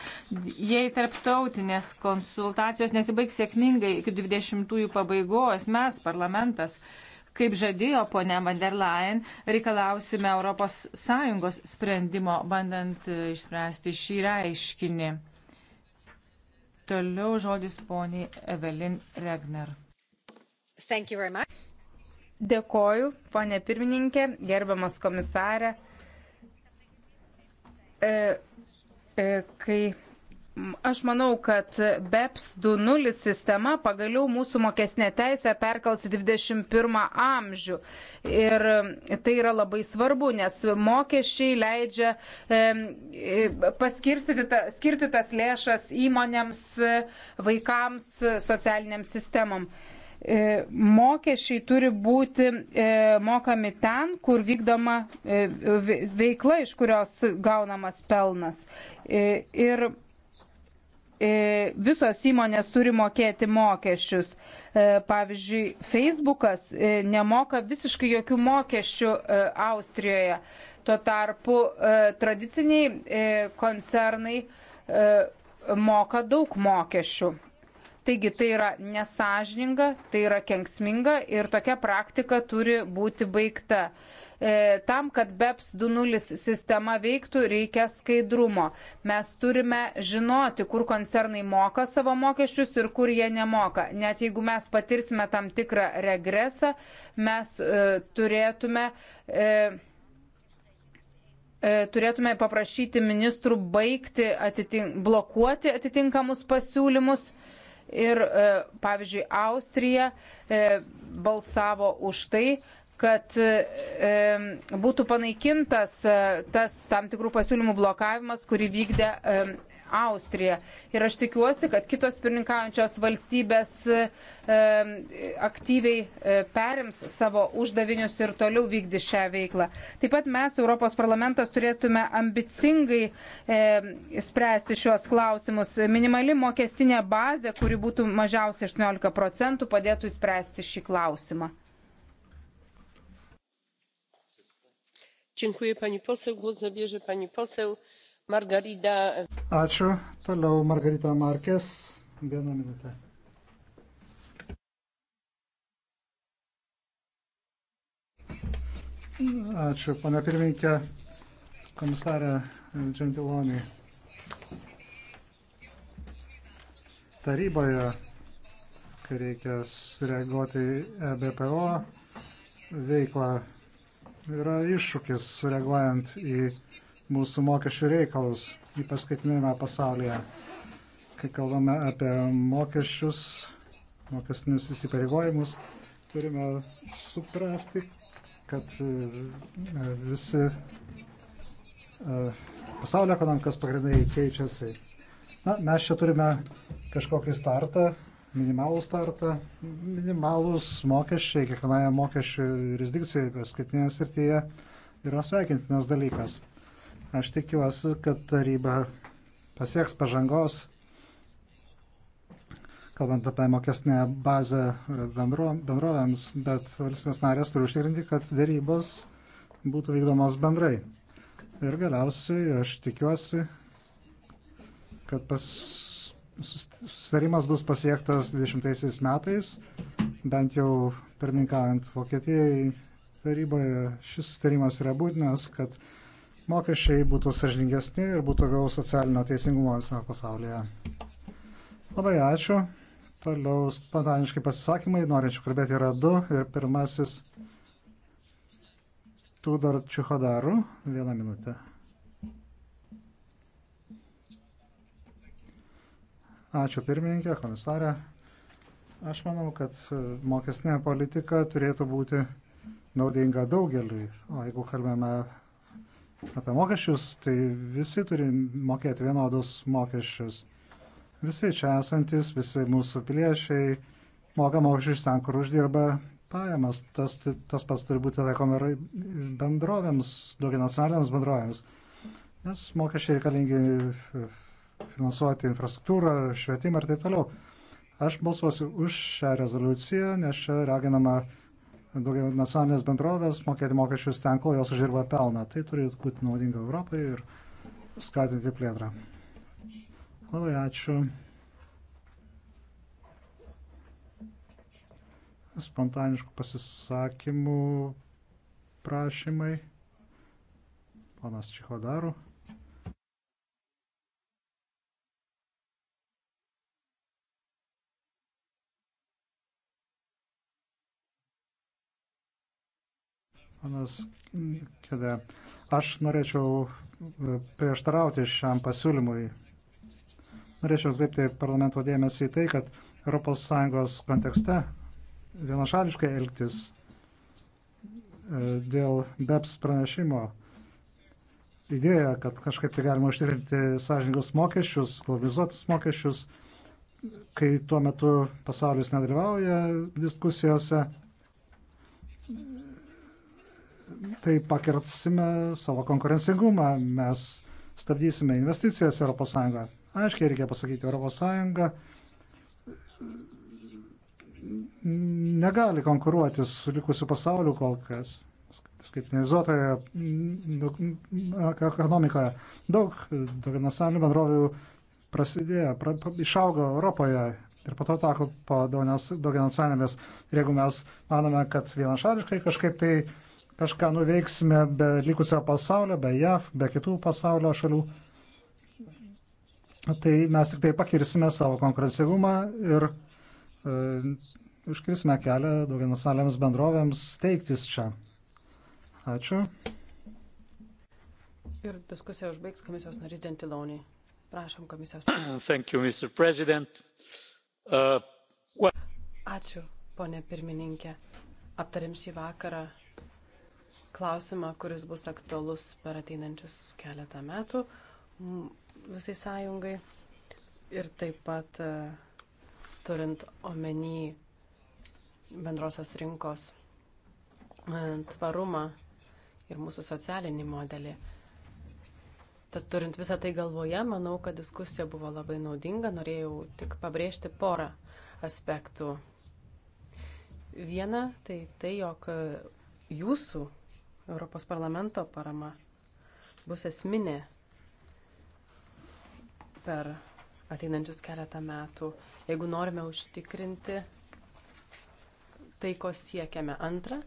Jei tarptautinės konsultacijos nesibaigs sėkmingai iki 20-ųjų pabaigos, mes, parlamentas, uh, Kaip žadėjo ponia van der Leyen, reikalausime ES sprendimo, bandant e, išspręsti šį reiškinį. Toliau žodis poniai Evelin Regner. Dėkoju, ponė pirmininkė, gerbiamas komisarė. E, e, kai Aš manau, kad BEPS 2.0 sistema pagaliau mūsų mokesnė teisė perkels į 21 amžių. Ir e, tai yra labai svarbu, nes mokesčiai leidžia e, e, paskirstyti ta, skirti tas lėšas įmonėms, vaikams, socialiniam sistemam mokesčiai turi būti mokami ten, kur vykdoma veikla, iš kurios gaunamas pelnas. Ir E, visos įmonės turi mokėti mokesčius. E, pavyzdžiui, Facebookas e, nemoka visiškai jokių mokesčių Austrijoje. Tuo tarpu tradiciniai koncernai moka daug mokesčių. Taigi tai yra nesažininga, tai yra kenksminga ir tokia praktika turi būti baigta. E, tam, kad BEPS 2.0 sistema veiktų, reikia skaidrumo. Mes turime žinoti, kur koncernai moka savo mokesčius ir kur jie nemoka. Net jeigu mes patirsime tam tikrą regresą, mes e, turėtume. E, e turėtume paprašyti ministrų baigti atitink, blokuoti atitinkamus pasiūlymus. Ir, e, pavyzdžiui, Austrija balsavo už tai, kad e, būtų panaikintas e, tas tam tikrų pasiūlymų blokavimas, kurį vykdė e, Austrija. Ir aš tikiuosi, kad kitos pirmininkaujančios valstybės e, aktyviai e, perims savo uždavinius ir toliau vykdys šią veiklą. Taip pat mes, Europos parlamentas, turėtume ambicingai e, spręsti šiuos klausimus. Minimali mokestinė bazė, kuri būtų mažiausiai 18 procentų, padėtų įspręsti šį klausimą. E, Ačiū. Toliau Margarita Markės. Vieną minutę. Ačiū, pana pirmininkė, komisarė Džentilonį. Taryboje, kai reikia sureaguoti EBPO veiklą, yra iššūkis sureaguojant į mūsų mokesčių reikalus, ypač skaitminėme pasaulyje. Kai kalbame apie mokesčius, mokestinius įsipareigojimus, turime suprasti, kad e, e, visi e, pasaulio ekonomikos pagrindai keičiasi. Na, mes čia turime kažkokį startą, minimalų startą, minimalus mokesčiai kiekvienoje mokesčių jurisdikcijoje, skaitinėje srityje yra sveikintinas dalykas. Aš tikiuosi, kad taryba pasieks pažangos, kalbant apie mokestinę bazę bendro, bendrovėms, bet valstybės narės turi užtikrinti, kad darybos būtų vykdomos bendrai. Ir galiausiai aš tikiuosi, kad pas Sustarimas bus pasiektas 20 metais, bent jau pirmininkaujant Vokietijai taryboje. Šis sustarimas yra būtinas, kad mokesčiai būtų sažlingesni ir būtų daugiau socialinio teisingumo visame pasaulyje. Labai ačiū. Toliau spontaniškai pasisakymai, norinčių kalbėti yra du. Ir pirmasis Tudor Čuhodaru, vieną minutę. Ačiū pirmininkė, komisarė. Aš manau, kad e, mokestinė politika turėtų būti naudinga daugeliui. O jeigu kalbame apie mokesčius, tai visi turi mokėti vienodus mokesčius. Visi čia esantis, visi mūsų piliečiai moka mokesčius ten, kur uždirba pajamas. Tas, tas pats turi būti taikoma ir bendrovėms, daugianacionaliniams bendrovėms. Nes mokesčiai reikalingi finansuoti infrastruktūrą, švietimą ir taip toliau. Aš balsuosiu už šią rezoliuciją, nes čia raginama daugiau nacionalinės bendrovės mokėti mokesčius ten, kol jos uždirba pelną. Tai turi būti naudinga Europai ir skatinti plėtrą. Labai ačiū. Spontaniškų pasisakymų prašymai. Ponas Čihodaru. Manas, kada aš norėčiau e, prieštarauti šiam pasiūlymui. Norėčiau atkreipti parlamento dėmesį į tai, kad ES kontekste vienašališkai elgtis e, dėl BEPS pranešimo idėja, kad kažkaip tai galima užtikrinti sąžininkus mokesčius, globalizuotus mokesčius, kai tuo metu pasaulis nedalyvauja diskusijose, tai pakersime savo konkurencingumą, mes stabdysime investicijas ES. Aiškiai reikia pasakyti, ES negali konkuruoti su likusiu pasauliu kol kas skaitmenizuotoje nu, ekonomikoje. Daug nacionalinių bendrovių prasidėjo, pra, pra, išaugo Europoje ir po to tako po daugianacionalinės. Ir jeigu mes manome, kad vienašališkai kažkaip tai uh, kažką nuveiksime be likusio pasaulio, be JAV, be kitų pasaulio šalių, tai mes tik tai pakirsime savo konkurencingumą ir e, iškrisime kelią daugianasalėms bendrovėms teiktis čia. Ačiū. Ir diskusiją užbaigs komisijos narys Dentilonį. Prašom komisijos. *coughs* Thank you, Mr. President. Uh, well... Ačiū, ponė pirmininkė. Aptarėm šį vakarą klausimą, kuris bus aktualus per ateinančius keletą metų visai sąjungai. Ir taip pat e, turint omeny bendrosios rinkos e, tvarumą ir mūsų socialinį modelį. Tad turint visą tai galvoje, manau, kad diskusija buvo labai naudinga. Norėjau tik pabrėžti porą aspektų. Viena, tai tai, jog e, jūsų Europos parlamento parama bus esminė per ateinančius keletą metų, jeigu norime užtikrinti tai, ko siekiame. Antra,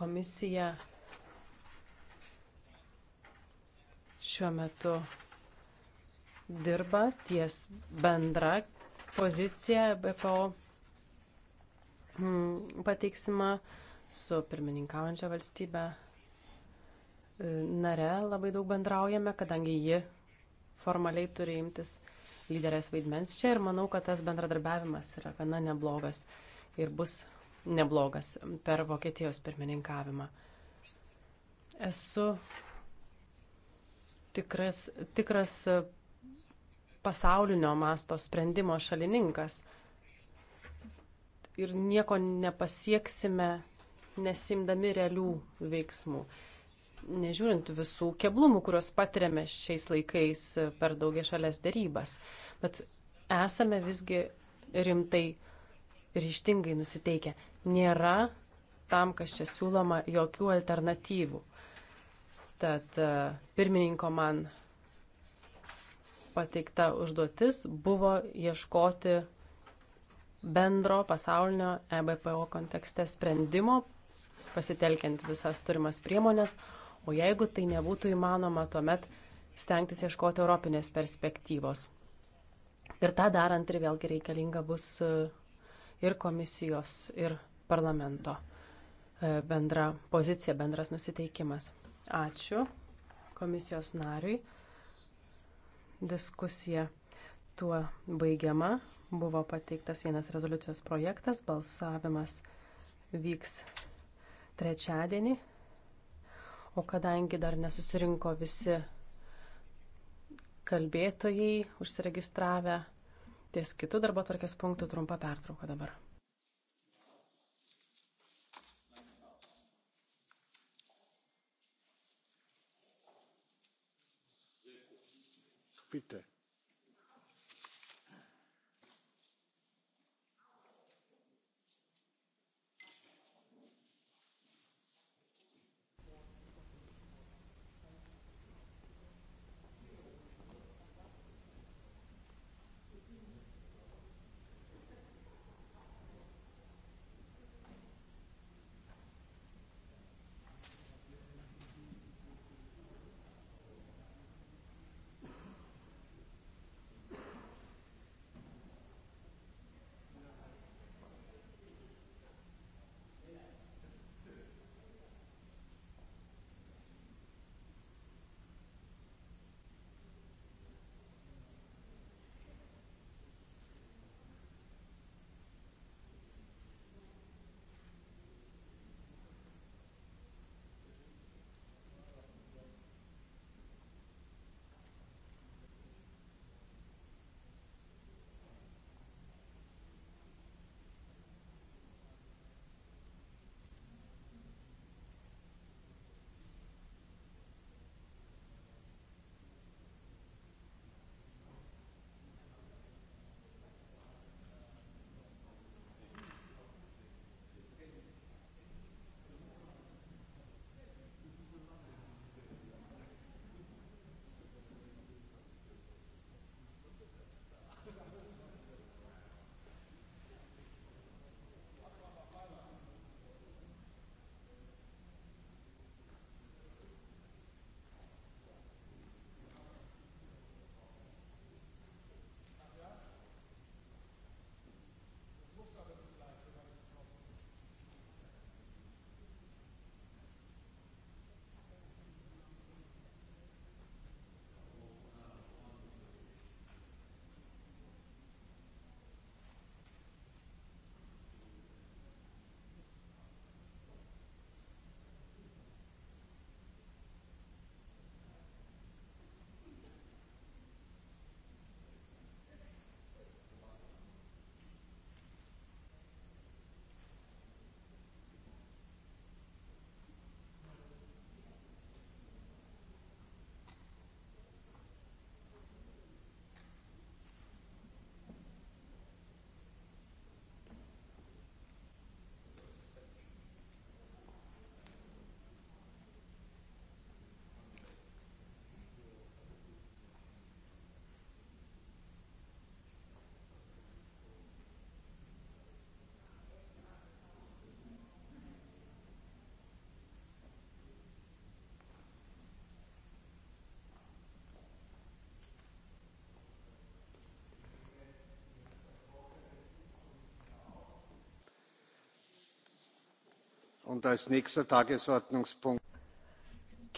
komisija šiuo metu dirba ties bendra pozicija BPO Mm, pateiksime su pirmininkaujančia valstybe e, nare labai daug bendraujame, kadangi ji formaliai turi imtis lyderės vaidmens čia ir manau, kad tas bendradarbiavimas yra gana neblogas ir bus neblogas per Vokietijos pirmininkavimą. Esu tikras, tikras e, pasaulinio masto sprendimo šalininkas – ir nieko nepasieksime nesimdami realių veiksmų. Nežiūrint visų keblumų, kuriuos patiriame šiais laikais per daugia šalės dėrybas, bet esame visgi rimtai ryštingai nusiteikę. Nėra tam, kas čia siūloma, jokių alternatyvų. Tad e, pirmininko man pateikta užduotis buvo ieškoti bendro pasaulinio EBPO kontekste sprendimo, pasitelkiant visas turimas priemonės, o jeigu tai nebūtų įmanoma, tuomet stengtis ieškoti europinės perspektyvos. Ir tą darant ir vėlgi reikalinga bus e, ir komisijos, ir parlamento e, bendra pozicija, bendras nusiteikimas. Ačiū komisijos nariui. Diskusija tuo baigiama. Buvo pateiktas vienas rezoliucijos projektas, balsavimas vyks trečiadienį, o kadangi dar nesusirinko visi kalbėtojai užsiregistravę, ties kitų darbo tvarkės punktų trumpa pertrauka dabar. Bitte.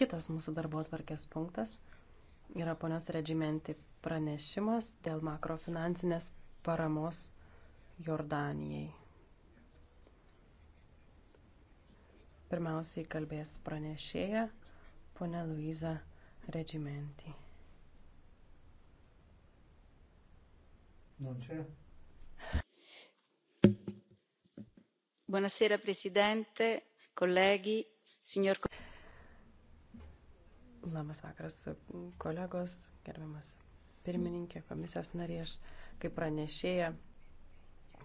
Kitas mūsų darbo atvarkės punktas yra ponios Regimenti pranešimas dėl makrofinansinės paramos Jordanijai. Pirmiausiai kalbės pranešėja ponia Luiza Regimenti. Non nu c'è. signor presidente colleghi signor labas vakaras kolegos gerbiamas pirmininke komisijos nary aš kaip pranešėja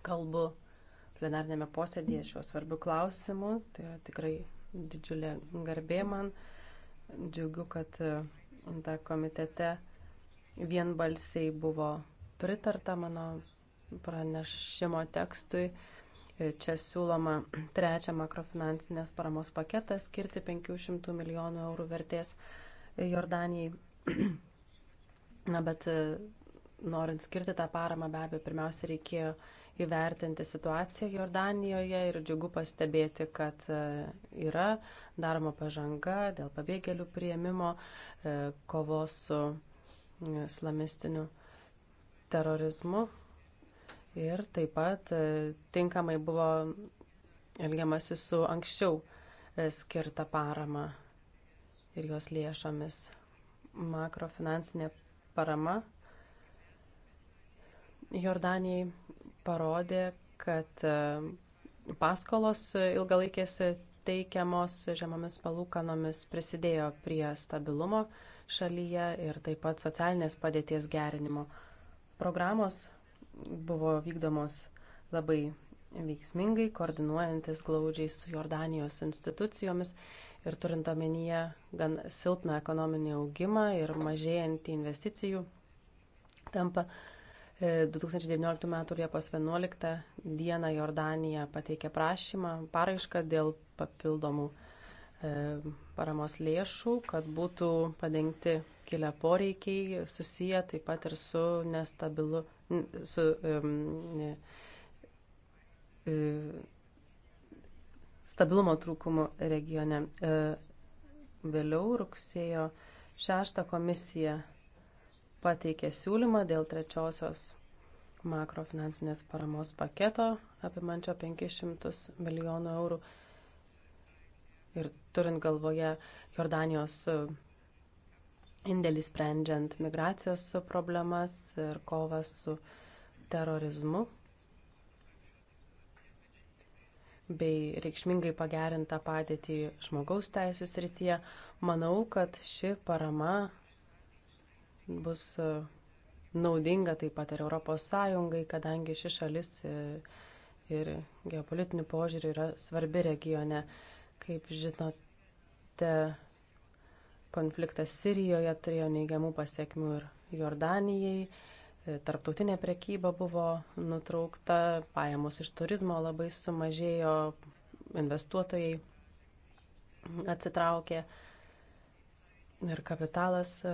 kalbu plenariniame posėdyje šiuo svarbiu klausimu tai yra tikrai didžiulė garbė man džiugu kad e, ta komitete vienbalsiai buvo pritarta mano pranešimo tekstui Čia siūloma trečią makrofinansinės paramos paketą skirti 500 milijonų eurų vertės Jordanijai. *clears throat* Na, bet e, norint skirti tą paramą, be abejo, pirmiausia reikėjo įvertinti situaciją Jordanijoje ir džiugu pastebėti, kad e, yra daroma pažanga dėl pabėgėlių prieimimo, e, kovos su islamistiniu terorizmu Ir taip pat e, tinkamai buvo elgiamasi su anksčiau e, skirta parama ir jos lėšomis. Makrofinansinė parama Jordanijai parodė, kad e, paskolos ilgalaikės teikiamos žemomis palūkanomis prisidėjo prie stabilumo šalyje ir taip pat socialinės padėties gerinimo. Programos buvo vykdomos labai veiksmingai, koordinuojantis glaudžiai su Jordanijos institucijomis ir turint omenyje gan silpną ekonominį augimą ir mažėjantį investicijų, tampa 2019 m. Liepos 11 d. Jordanija pateikė prašymą, paraišką dėl papildomų e, paramos lėšų, kad būtų padengti iškilę poreikiai susiję taip pat ir su nestabilu, su um, ne, e, stabilumo trūkumu regione. E, vėliau rugsėjo 6 komisija pateikė siūlymą dėl trečiosios makrofinansinės paramos paketo apimančio 500 milijonų eurų. Ir turint galvoje Jordanijos indėlį sprendžiant migracijos problemas ir kovą su terorizmu bei reikšmingai pagerintą padėtį žmogaus teisų srityje, manau, kad ši parama bus naudinga taip pat ir ES, kadangi ši šalis e, ir geopolitiniu požiūriu yra svarbi regione. Kaip žinote, Konfliktas Sirijoje turėjo neigiamų pasiekmių ir Jordanijai. E, tarptautinė prekyba buvo nutraukta, pajamos iš turizmo labai sumažėjo, investuotojai atsitraukė ir kapitalas e,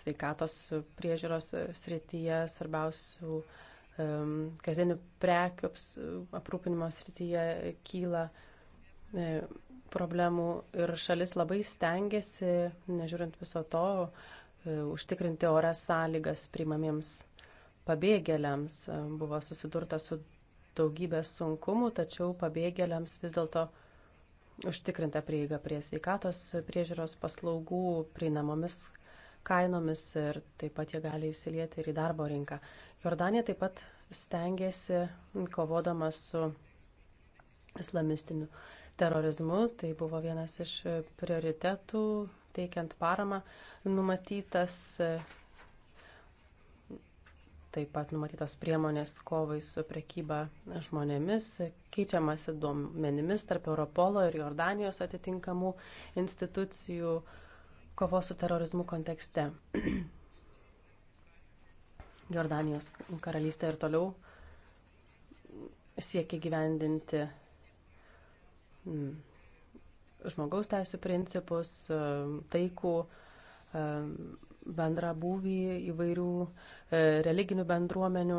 sveikatos priežiūros srityje, svarbiausių e, kasdienių prekių aprūpinimo srityje kyla problemų ir šalis labai stengiasi, nežiūrint viso to, e, užtikrinti orias sąlygas priimamiems pabėgėliams. E, buvo susidurta su daugybė sunkumų, tačiau pabėgėliams vis dėlto užtikrinta prieiga prie sveikatos priežiūros paslaugų prieinamomis kainomis ir taip pat jie gali įsilieti ir į darbo rinką. Jordanija taip pat stengiasi kovodama su islamistiniu terorizmu. Tai buvo vienas iš prioritetų teikiant paramą numatytas. Taip pat numatytos priemonės kovai su prekyba žmonėmis, keičiamasi duomenimis tarp Europolo ir Jordanijos atitinkamų institucijų kovos su terorizmu kontekste. *clears throat* Jordanijos karalystė ir toliau siekia gyvendinti Mm. žmogaus teisų principus, e, taikų e, bendrą būvį įvairių e, religinių bendruomenių,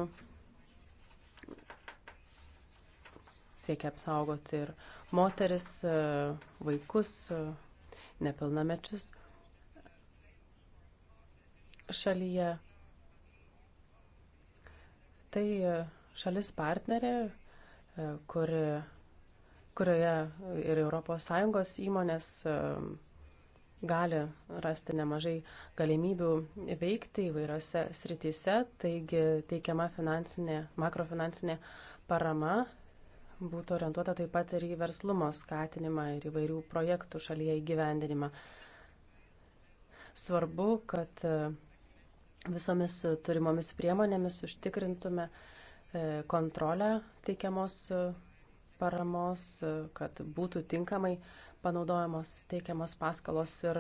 siekia apsaugoti ir moteris, vaikus, nepilnamečius šalyje. Tai šalis partnerė, kuri kurioje ir ES įmonės gali rasti nemažai galimybių veikti įvairiose srityse, taigi teikiama finansinė, makrofinansinė parama būtų orientuota taip pat ir į verslumo skatinimą ir įvairių projektų šalyje įgyvendinimą. Svarbu, kad visomis turimomis priemonėmis užtikrintume e, kontrolę teikiamos paramos, kad būtų tinkamai panaudojamos teikiamos paskalos ir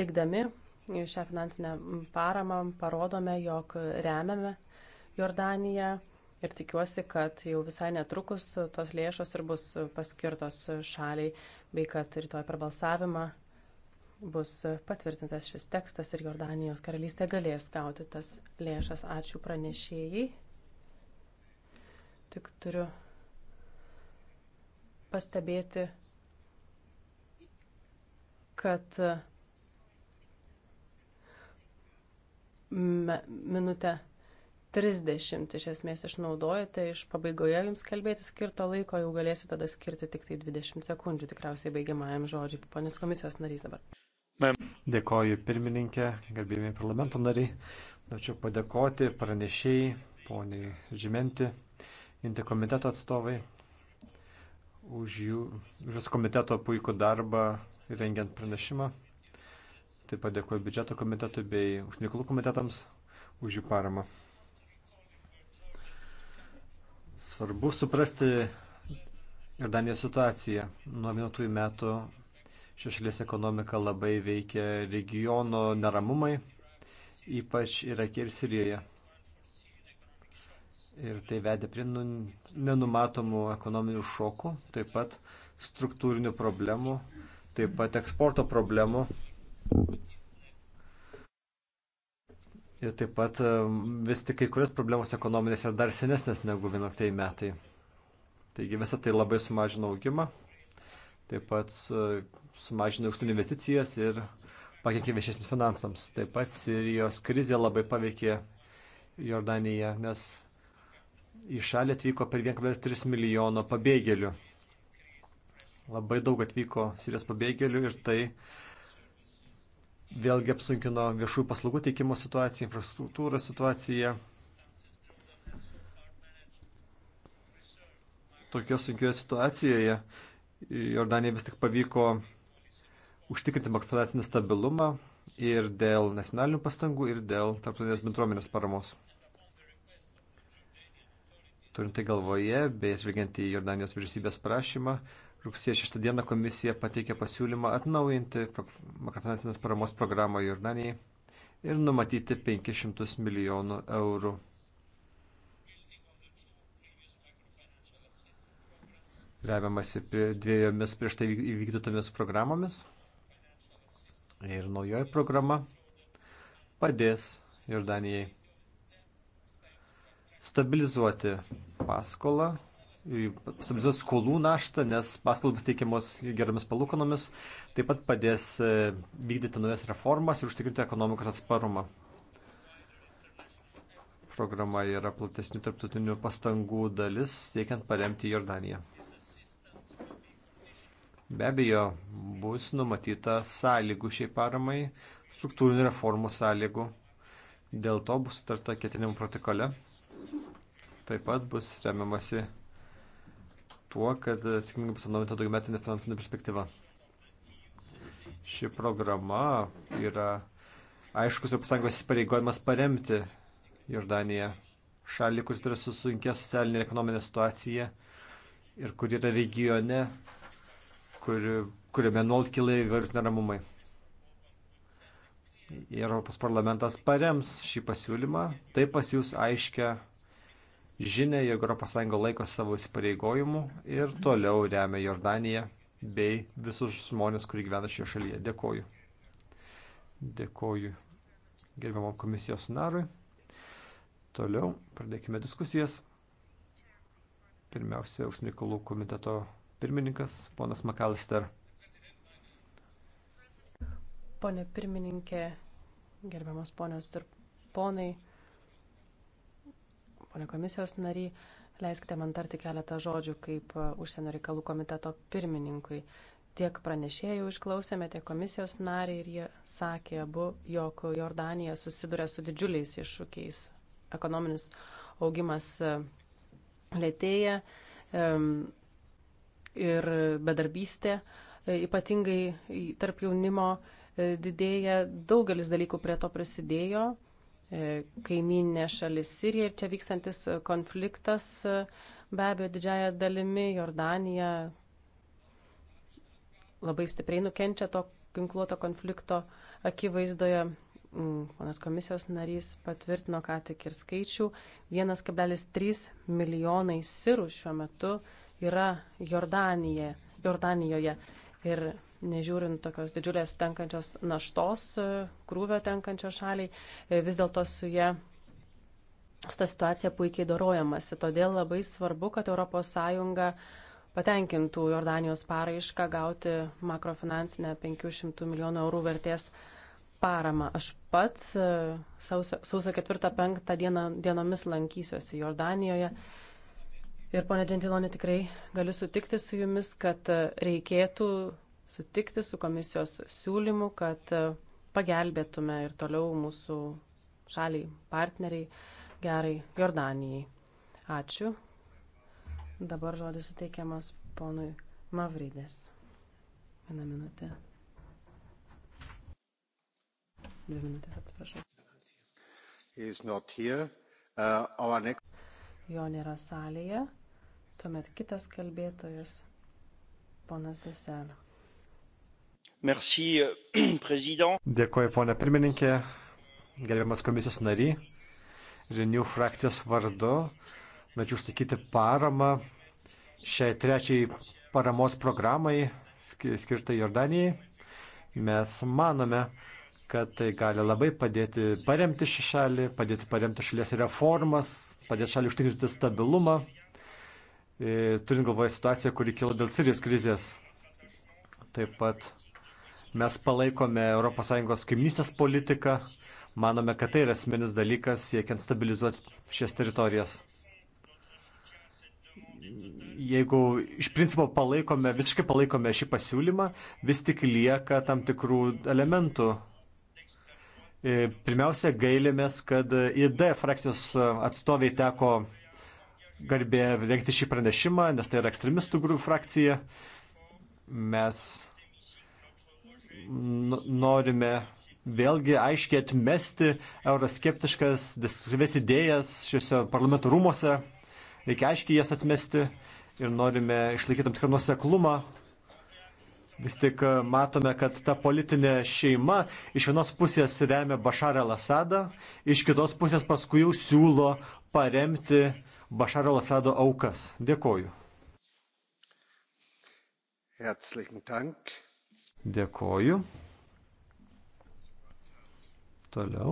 teikdami šią finansinę paramą parodome, jog remiame Jordaniją ir tikiuosi, kad jau visai netrukus tos lėšos ir bus paskirtos šaliai, bei kad rytoj per balsavimą bus patvirtintas šis tekstas ir Jordanijos karalystė galės gauti tas lėšas. Ačiū pranešėjai tik turiu pastebėti, kad minutę 30 iš esmės išnaudojate, iš pabaigoje jums kalbėti skirto laiko jau galėsiu tada skirti tik tai 20 sekundžių, tikriausiai baigiamajam žodžiui, panis komisijos narys dabar. Dėkoju pirmininkė, garbėjami parlamento nariai, norėčiau padėkoti pranešėjai, poniai Žimenti interkomiteto atstovai už jų visų komiteto puikų darbą rengiant pranešimą. Taip pat dėkuoju biudžeto komitetui bei užsienio reikalų komitetams už jų paramą. Svarbu suprasti ir Danijos situaciją. Nuo vienotųjų metų šešėlės ekonomika labai veikia regiono neramumai, ypač Irake ir Sirijoje ir tai vedė prie nu, nenumatomų ekonominių šokų, taip pat struktūrinių problemų, taip pat eksporto problemų. Ir taip pat um, vis tik kai kurios problemos ekonominės yra dar senesnės negu 11 metai. Taigi visą tai labai sumažino augimą, taip pat sumažino užsienio investicijas ir pakenkė viešiesiams finansams. Taip pat Sirijos krizė labai paveikė Jordaniją, nes į šalį atvyko per 1,3 milijono pabėgėlių. Labai daug atvyko Sirijos pabėgėlių ir tai vėlgi apsunkino viešųjų paslaugų teikimo situaciją, infrastruktūros situaciją. Tokio sunkioje situacijoje Jordanija vis tik pavyko užtikrinti makrofinansinį stabilumą ir dėl nacionalinių pastangų, ir dėl tarptautinės bendruomenės paramos. Turint tai galvoje, bei atžvelgiant į Jordanijos vyriausybės prašymą, rugsėjo 6 dieną komisija pateikė pasiūlymą atnaujinti makrofinansinės paramos programą Jordanijai ir numatyti 500 milijonų eurų. Remiamasi prie dviejomis prieš tai įvykdytomis programomis. Ir naujoji programa padės Jordanijai stabilizuoti paskolą, stabilizuoti skolų naštą, nes paskolos bus teikiamos geromis palūkanomis, taip pat padės e, vykdyti naujas reformas ir užtikrinti ekonomikos atsparumą. Programa yra platesnių tarptautinių pastangų dalis, siekiant paremti Jordaniją. Be abejo, bus numatyta sąlygų šiai paramai, struktūrinių reformų sąlygų. Dėl to bus sutarta ketinimų protokole. Taip pat bus remiamasi tuo, kad sėkmingai bus atnaujinta daugiametinė finansinė perspektyva. Ši programa yra aiškus Europos Sąjungos įpareigojimas paremti Jordaniją, šalį, kuris yra susunkia socialinė ir ekonominė situacija ir kur yra regione, kur, kuriame nuolat kyla įvairūs neramumai. Europos parlamentas parems šį pasiūlymą, tai pasiūs aiškia žinę, jog ES laiko savo įsipareigojimų ir toliau remia Jordaniją bei visus žmonės, kurie gyvena šioje šalyje. Dėkoju. Dėkoju gerbiamam komisijos narui. Toliau pradėkime diskusijas. Pirmiausia, užsienio reikalų komiteto pirmininkas, ponas Makalister. Pone pirmininkė, gerbiamas ponios ir ponai. Pone komisijos nariai, leiskite man tarti keletą žodžių kaip e, užsienio reikalų komiteto pirmininkui. Tiek pranešėjų išklausėme, tiek komisijos nariai ir jie sakė abu, jog Jordanija susiduria su didžiuliais iššūkiais. Ekonominis augimas e, lėtėja ir bedarbystė e, ypatingai tarp jaunimo didėja, daugelis dalykų prie to prisidėjo E, kaiminė šalis Sirija ir čia vykstantis konfliktas e, be abejo didžiaja dalimi Jordanija labai stipriai nukenčia to ginkluoto konflikto akivaizdoje. Mm, ponas komisijos narys patvirtino ką tik ir skaičių. 1,3 milijonai sirų šiuo metu yra Jordanije, Jordanijoje. Ir nežiūrint tokios didžiulės tenkančios naštos, e, krūvio tenkančio šaliai, e, vis dėlto su jie, su ta situacija puikiai dorojamasi. Todėl labai svarbu, kad ES patenkintų Jordanijos paraišką gauti makrofinansinę 500 milijonų eurų vertės paramą. Aš pats e, sausio, sausio 4-5 dieną, dienomis lankysiuosi Jordanijoje. Ir, ponė Džentilonė, tikrai galiu sutikti su jumis, kad reikėtų sutikti su komisijos siūlymu, kad e, pagelbėtume ir toliau mūsų šaliai, partneriai, gerai Jordanijai. Ačiū. Dabar žodis suteikiamas ponui Mavrydės. Vieną minutę. Dvi minutės, atsiprašau. Uh, next... Jo nėra salėje. Tuomet kitas kalbėtojas, ponas Deselio. Merci, euh, *clears throat* prezident. Dėkuoju, ponia pirmininkė, gerbiamas komisijos nary, Renew frakcijos vardu. Norėčiau sakyti paramą šiai trečiai paramos programai skirtai Jordanijai. Mes manome, kad tai gali labai padėti paremti šį šalį, padėti paremti šalies reformas, padėti šalį užtikrinti stabilumą, e, turint galvoje situaciją, kuri kilo dėl Sirijos krizės. Taip pat Mes palaikome ES kaimynystės politiką, manome, kad tai yra esminis dalykas siekiant stabilizuoti šias teritorijas. Jeigu iš principo palaikome, visiškai palaikome šį pasiūlymą, vis tik lieka tam tikrų elementų, e, Pirmiausia, gailėmės, kad ID frakcijos atstoviai teko garbė rengti šį pranešimą, nes tai yra ekstremistų grupų frakcija. Mes norime vėlgi aiškiai atmesti euroskeptiškas, destruktyves idėjas šiuose parlamento rūmose. Reikia aiškiai jas atmesti ir norime išlaikyti tam tikrą nuoseklumą. Vis tik e, matome, kad ta politinė šeima iš vienos pusės remia Bašarą Lasadą, iš kitos pusės paskui jau siūlo paremti Bašarą Lasado aukas. Dėkoju. Herzlichen Dank. Dėkoju. Toliau.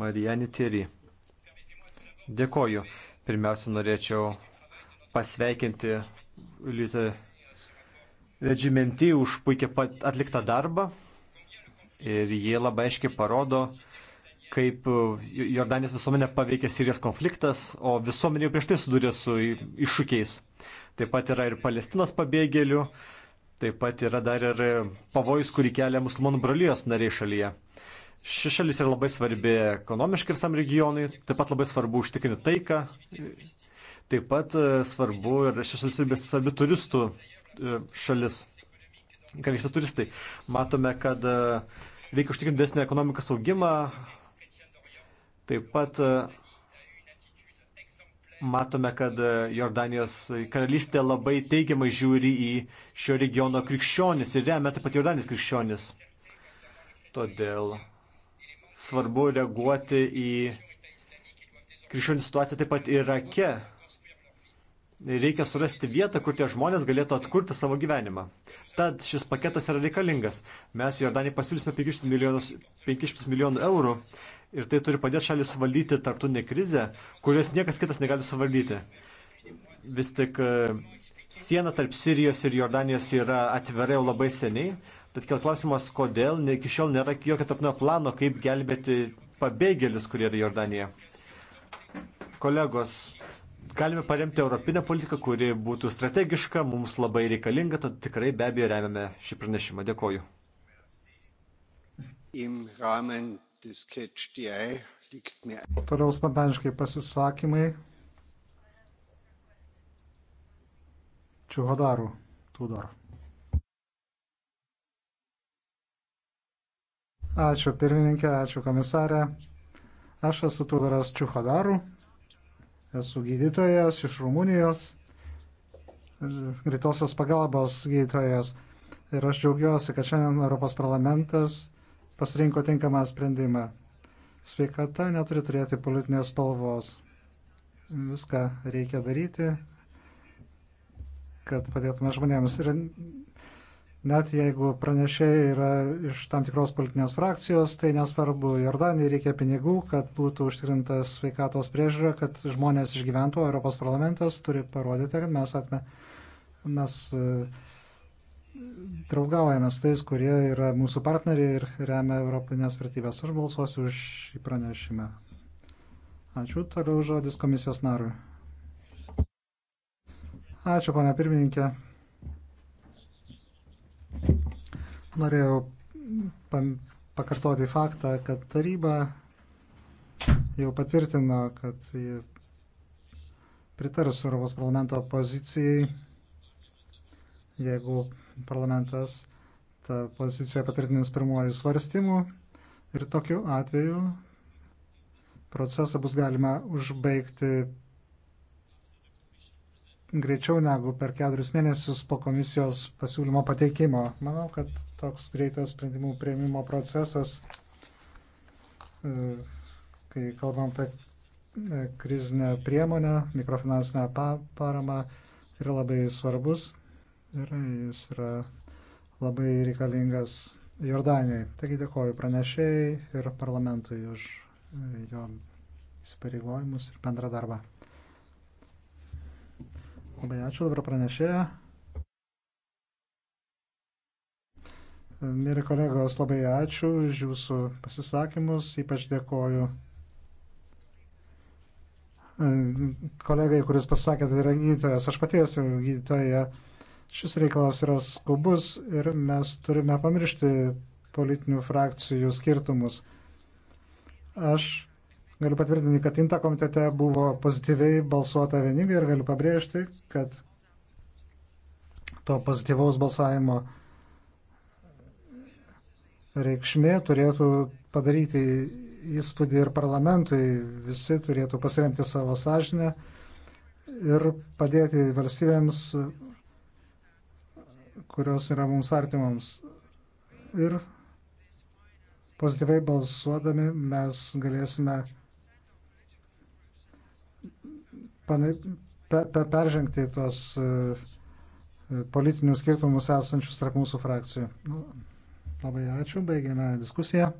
Marijani Tiri. Dėkoju. Pirmiausia, norėčiau pasveikinti Lizę Regimentį už puikiai atliktą darbą. Ir jie labai aiškiai parodo, kaip Jordanijos visuomenė paveikė Sirijos konfliktas, o visuomenė jau prieš tai sudūrė su iššūkiais taip pat yra ir Palestinos pabėgėlių, taip pat yra dar ir pavojus, kurį kelia musulmonų brolyjos nariai šalyje. Ši šalis yra labai svarbi ekonomiškai visam regionui, taip pat labai svarbu užtikrinti taiką, taip pat e, svarbu ir ši šalis labai svarbi turistų e, šalis. Ką vyksta turistai? Matome, kad e, reikia užtikrinti desnį ekonomikos augimą, taip pat Matome, kad e, Jordanijos karalystė labai teigiamai žiūri į šio regiono krikščionis ir remia taip pat Jordanijos krikščionis. Todėl svarbu reaguoti į krikščionių situaciją taip pat Irake. Reikia surasti vietą, kur tie žmonės galėtų atkurti savo gyvenimą. Tad šis paketas yra reikalingas. Mes Jordanijai pasiūlysime 500 milijonų eurų ir tai turi padėti šalis valdyti tarptautinę krizę, kurios niekas kitas negali suvaldyti. Vis tik e, siena tarp Sirijos ir Jordanijos yra atvira jau labai seniai, tad kėl klausimas, kodėl ne, iki šiol nėra jokio tarptautinio plano, kaip gelbėti pabėgėlius, kurie yra Jordanija. Kolegos, galime paremti europinę politiką, kuri būtų strategiška, mums labai reikalinga, tad tikrai be abejo remiame šį pranešimą. Dėkoju. Im rahmen Toliau spontaniškai pasisakymai. Čuhodaru, Tudor. Ačiū pirmininkė, ačiū komisarė. Aš esu Tudoras Čuhodaru, esu gydytojas iš Rumunijos, greitosios pagalbos gydytojas. Ir aš džiaugiuosi, kad šiandien Europos parlamentas pasirinko tinkamą sprendimą. Sveikata neturi turėti politinės spalvos. Viską reikia daryti, kad padėtume žmonėms. Ir net jeigu pranešėjai yra iš tam tikros politinės frakcijos, tai nesvarbu, Jordanijai reikia pinigų, kad būtų užtikrintas sveikatos priežiūra, kad žmonės išgyventų, Europos parlamentas turi parodyti, kad mes atme, mes uh, draugaujame su tais, kurie yra mūsų partneriai ir remia Europinės vertybės. Aš balsuosiu už šį pranešimą. Ačiū. Toliau žodis komisijos narui. Ačiū, ponia pirmininkė. Norėjau pakartoti faktą, kad taryba jau patvirtino, kad pritars Europos parlamento pozicijai jeigu parlamentas tą poziciją patvirtins pirmuoju svarstymu ir tokiu atveju procesą bus galima užbaigti greičiau negu per keturis mėnesius po komisijos pasiūlymo pateikimo. Manau, kad toks greitas sprendimų prieimimo procesas, e, kai kalbam apie e, krizinę priemonę, mikrofinansinę paramą, yra labai svarbus ir jis yra labai reikalingas Jordanijai. Taigi dėkoju pranešėjai ir parlamentui už e, jo įsipareigojimus ir bendrą darbą. Labai ačiū dabar pranešėja. E, mėly kolegos, labai ačiū už jūsų pasisakymus, ypač dėkoju e, kolegai, kuris pasakė, tai yra gydytojas. Aš pati esu gydytoja Šis reikalas yra skubus ir mes turime pamiršti politinių frakcijų skirtumus. Aš galiu patvirtinti, kad INTA komitete buvo pozityviai balsuota vieningai ir galiu pabrėžti, kad to pozityvaus balsavimo reikšmė turėtų padaryti įspūdį ir parlamentui. Visi turėtų pasiremti savo sąžinę ir padėti valstybėms kurios yra mums artimams. Ir pozityviai balsuodami mes galėsime pane, pe, pe, peržengti tuos e, e, politinius skirtumus esančius tarp mūsų frakcijų. Nu, labai ačiū, baigėme diskusiją.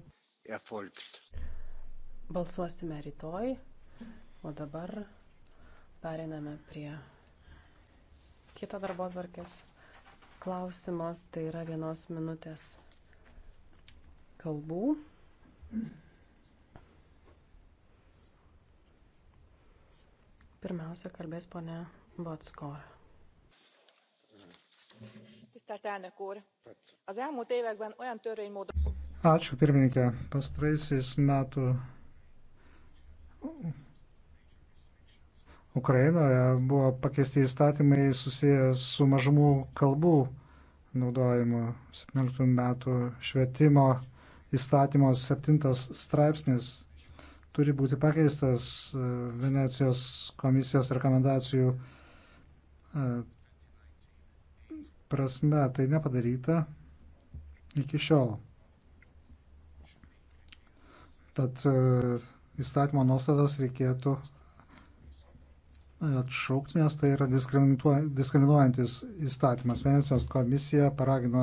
Balsuosime rytoj, o dabar periname prie kito darbo atvarkės klausimo, tai yra vienos minutės kalbų. Pirmiausia, kalbės ponia Botskor. Ačiū pirmininkė. Pastraisiais metų Ukrainoje buvo pakeisti įstatymai susijęs su mažumų kalbų naudojimu 17 metų švietimo įstatymo 7 straipsnis turi būti pakeistas e, Venecijos komisijos rekomendacijų e, prasme. Tai nepadaryta iki šiol. Tad e, įstatymo nuostatas reikėtų atšaukti, nes tai yra diskriminuojantis įstatymas. Venecijos komisija paragino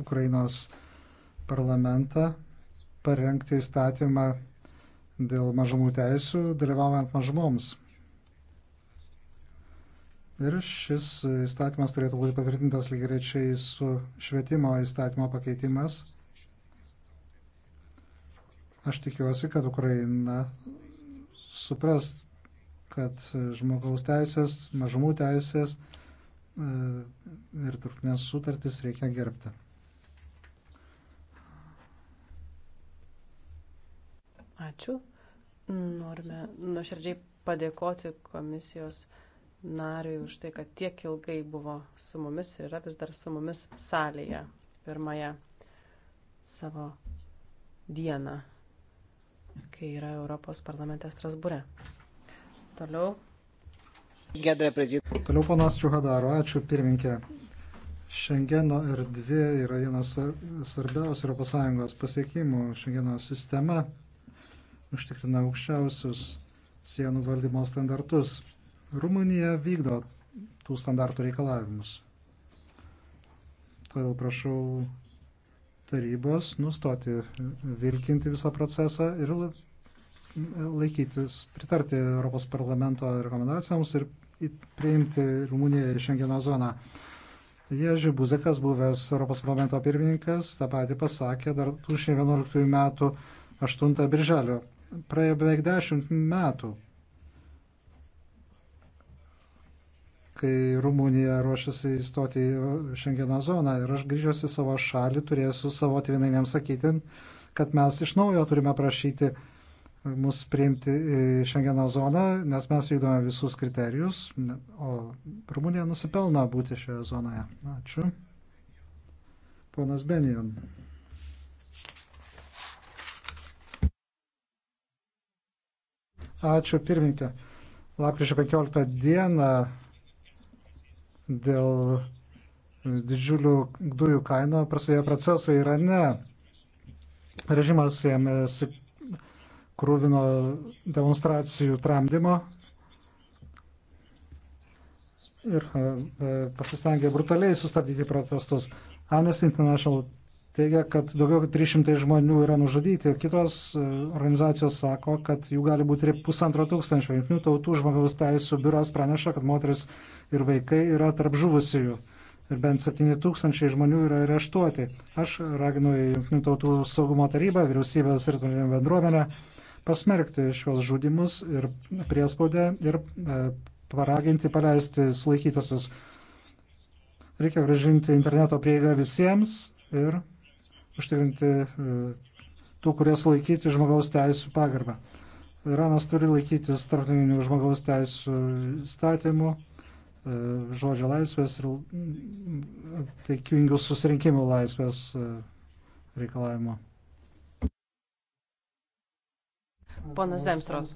Ukrainos parlamentą parengti įstatymą dėl mažumų teisų, dalyvaujant mažumoms. Ir šis įstatymas turėtų būti patvirtintas lygiai rečiai su švietimo įstatymo pakeitimas. Aš tikiuosi, kad Ukraina supras kad žmogaus teisės, mažumų teisės e, ir trukmės sutartis reikia gerbti. Ačiū. Norime nuoširdžiai padėkoti komisijos nariui už tai, kad tiek ilgai buvo su mumis ir yra vis dar su mumis salėje pirmąją savo dieną, kai yra Europos parlamente Strasbūre. Toliau. Toliau ponas Čiuhadaro, ačiū pirmininkė. Šengeno erdvė yra vienas svarbiausių ES pasiekimų. Šengeno sistema užtikrina aukščiausius sienų valdymo standartus. Rumunija vykdo tų standartų reikalavimus. Todėl prašau tarybos nustoti vilkinti visą procesą ir laikytis, pritarti Europos parlamento rekomendacijoms ir priimti Rumuniją į Šengeno zoną. Ježi Buzekas, buvęs Europos parlamento pirmininkas, tą patį pasakė dar 2011 m. 8 birželio. Praėjo beveik 10 metų, kai Rumunija ruošiasi įstoti į Šengeno zoną ir aš grįžęs į savo šalį turėsiu savo tėvinainiams sakyti, kad mes iš naujo turime prašyti mus priimti į Šengeno zoną, nes mes vykdome visus kriterijus, o Rumunija nusipelno būti šioje zonoje. Ačiū. Ponas Benijon. Ačiū pirmininkė. Lapkričio 15 dieną dėl didžiulių dujų kaino prasidėjo procesai Irane. Režimas ėmėsi krūvino demonstracijų tramdymo ir e, pasistengė brutaliai sustabdyti protestus. Amnesty International teigia, kad daugiau kaip 300 žmonių yra nužudyti. Kitos e, organizacijos sako, kad jų gali būti ir pusantro tūkstančio. Jungtinių tautų žmogaus teisų biuras praneša, kad moteris ir vaikai yra tarp žuvusiųjų. Ir bent 7 tūkstančiai žmonių yra areštuoti. Aš raginu Junktinių tautų saugumo tarybą, vyriausybės ir bendruomenę pasmerkti šios žudimus ir priespaudę ir e, paraginti paleisti sulaikytosius. Reikia gražinti interneto prieigą visiems ir užtikrinti e, tų, kurie sulaikyti žmogaus teisų pagarbą. Iranas turi laikytis tarptautinių žmogaus teisų statymų, e, žodžio laisvės ir taikingų susirinkimų laisvės reikalavimo. Ponas Zemstros.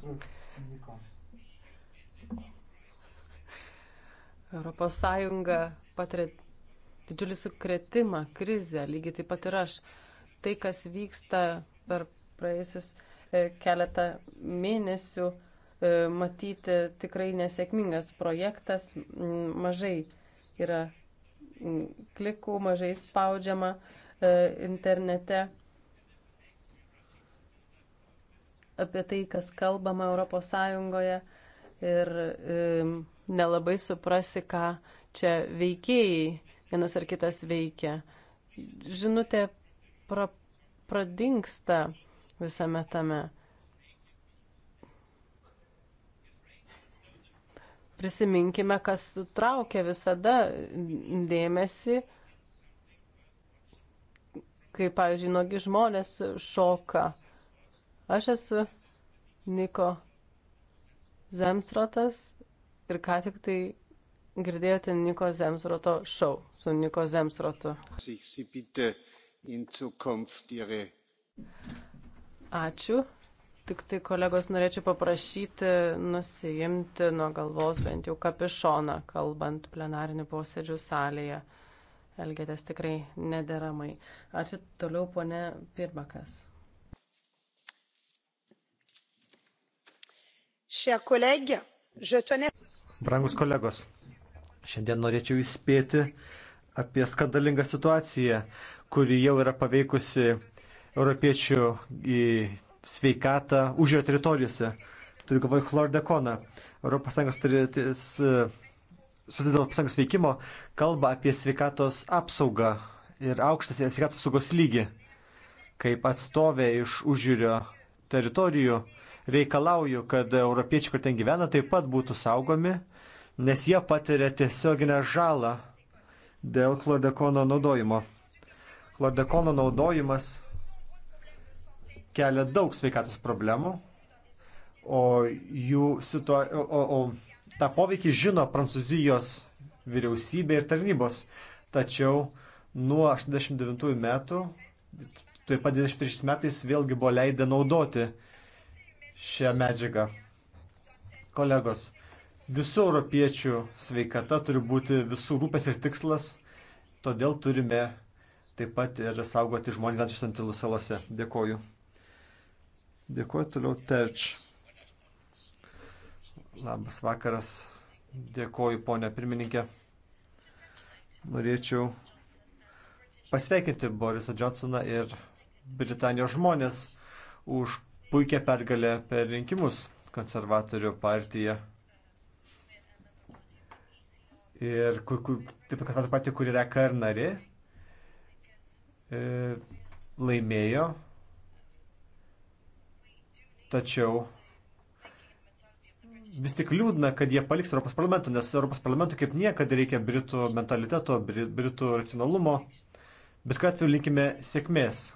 Europos Sąjunga patiria didžiulį sukretimą, krizę, lygiai taip pat ir aš. Tai, kas vyksta per praėjusius e, keletą mėnesių, e, matyti tikrai nesėkmingas projektas, mažai yra klikų, mažai spaudžiama e, internete apie tai, kas kalbama ES ir nelabai suprasi, ką čia veikėjai vienas ar kitas veikia. Žinutė pra, pradingsta visame tame. Prisiminkime, kas sutraukia visada dėmesį, kai, pavyzdžiui, nogi žmonės šoka Aš esu Niko Zemsrotas ir ką tik tai girdėjote Niko Zemsroto šou su Niko Zemsrotu. Ačiū. Tik tai kolegos norėčiau paprašyti nusijimti nuo galvos bent jau kapišoną, kalbant plenarinių posėdžių salėje. Elgėtės tikrai nederamai. Ačiū toliau, ponė Pirmakas. Brangus kolegos, šiandien norėčiau įspėti apie skandalingą situaciją, kuri jau yra paveikusi europiečių sveikatą už jo teritorijose. Turiu galvoje chlordekoną. ES turėtis sudėdėl apsangos veikimo kalba apie sveikatos apsaugą ir aukštas sveikatos apsaugos lygį. Kaip atstovė iš užjūrio teritorijų, reikalauju, kad europiečiai, kur ten gyvena, taip pat būtų saugomi, nes jie patiria tiesioginę žalą dėl klodekono naudojimo. Klodekono naudojimas kelia daug sveikatos problemų, o, situa o, o tą poveikį žino Prancūzijos vyriausybė ir tarnybos. Tačiau nuo 89 metų, taip pat 23 metais vėlgi buvo leidę naudoti šią medžiagą. Kolegos, visų europiečių sveikata turi būti visų rūpės ir tikslas, todėl turime taip pat ir saugoti žmonės gyvenančius Antilų salose. Dėkoju. Dėkoju toliau Terč. Labas vakaras. Dėkoju, ponė pirmininkė. Norėčiau pasveikinti Borisą Johnsoną ir Britanijos žmonės už puikia pergalė per rinkimus konservatorių partija. Ir taip pat ta partija, kur yra KR narė, e, laimėjo. Tačiau vis tik liūdna, kad jie paliks Europos parlamentą, nes Europos parlamentui kaip niekada reikia Britų mentaliteto, Britų racionalumo. Bet ką atveju linkime sėkmės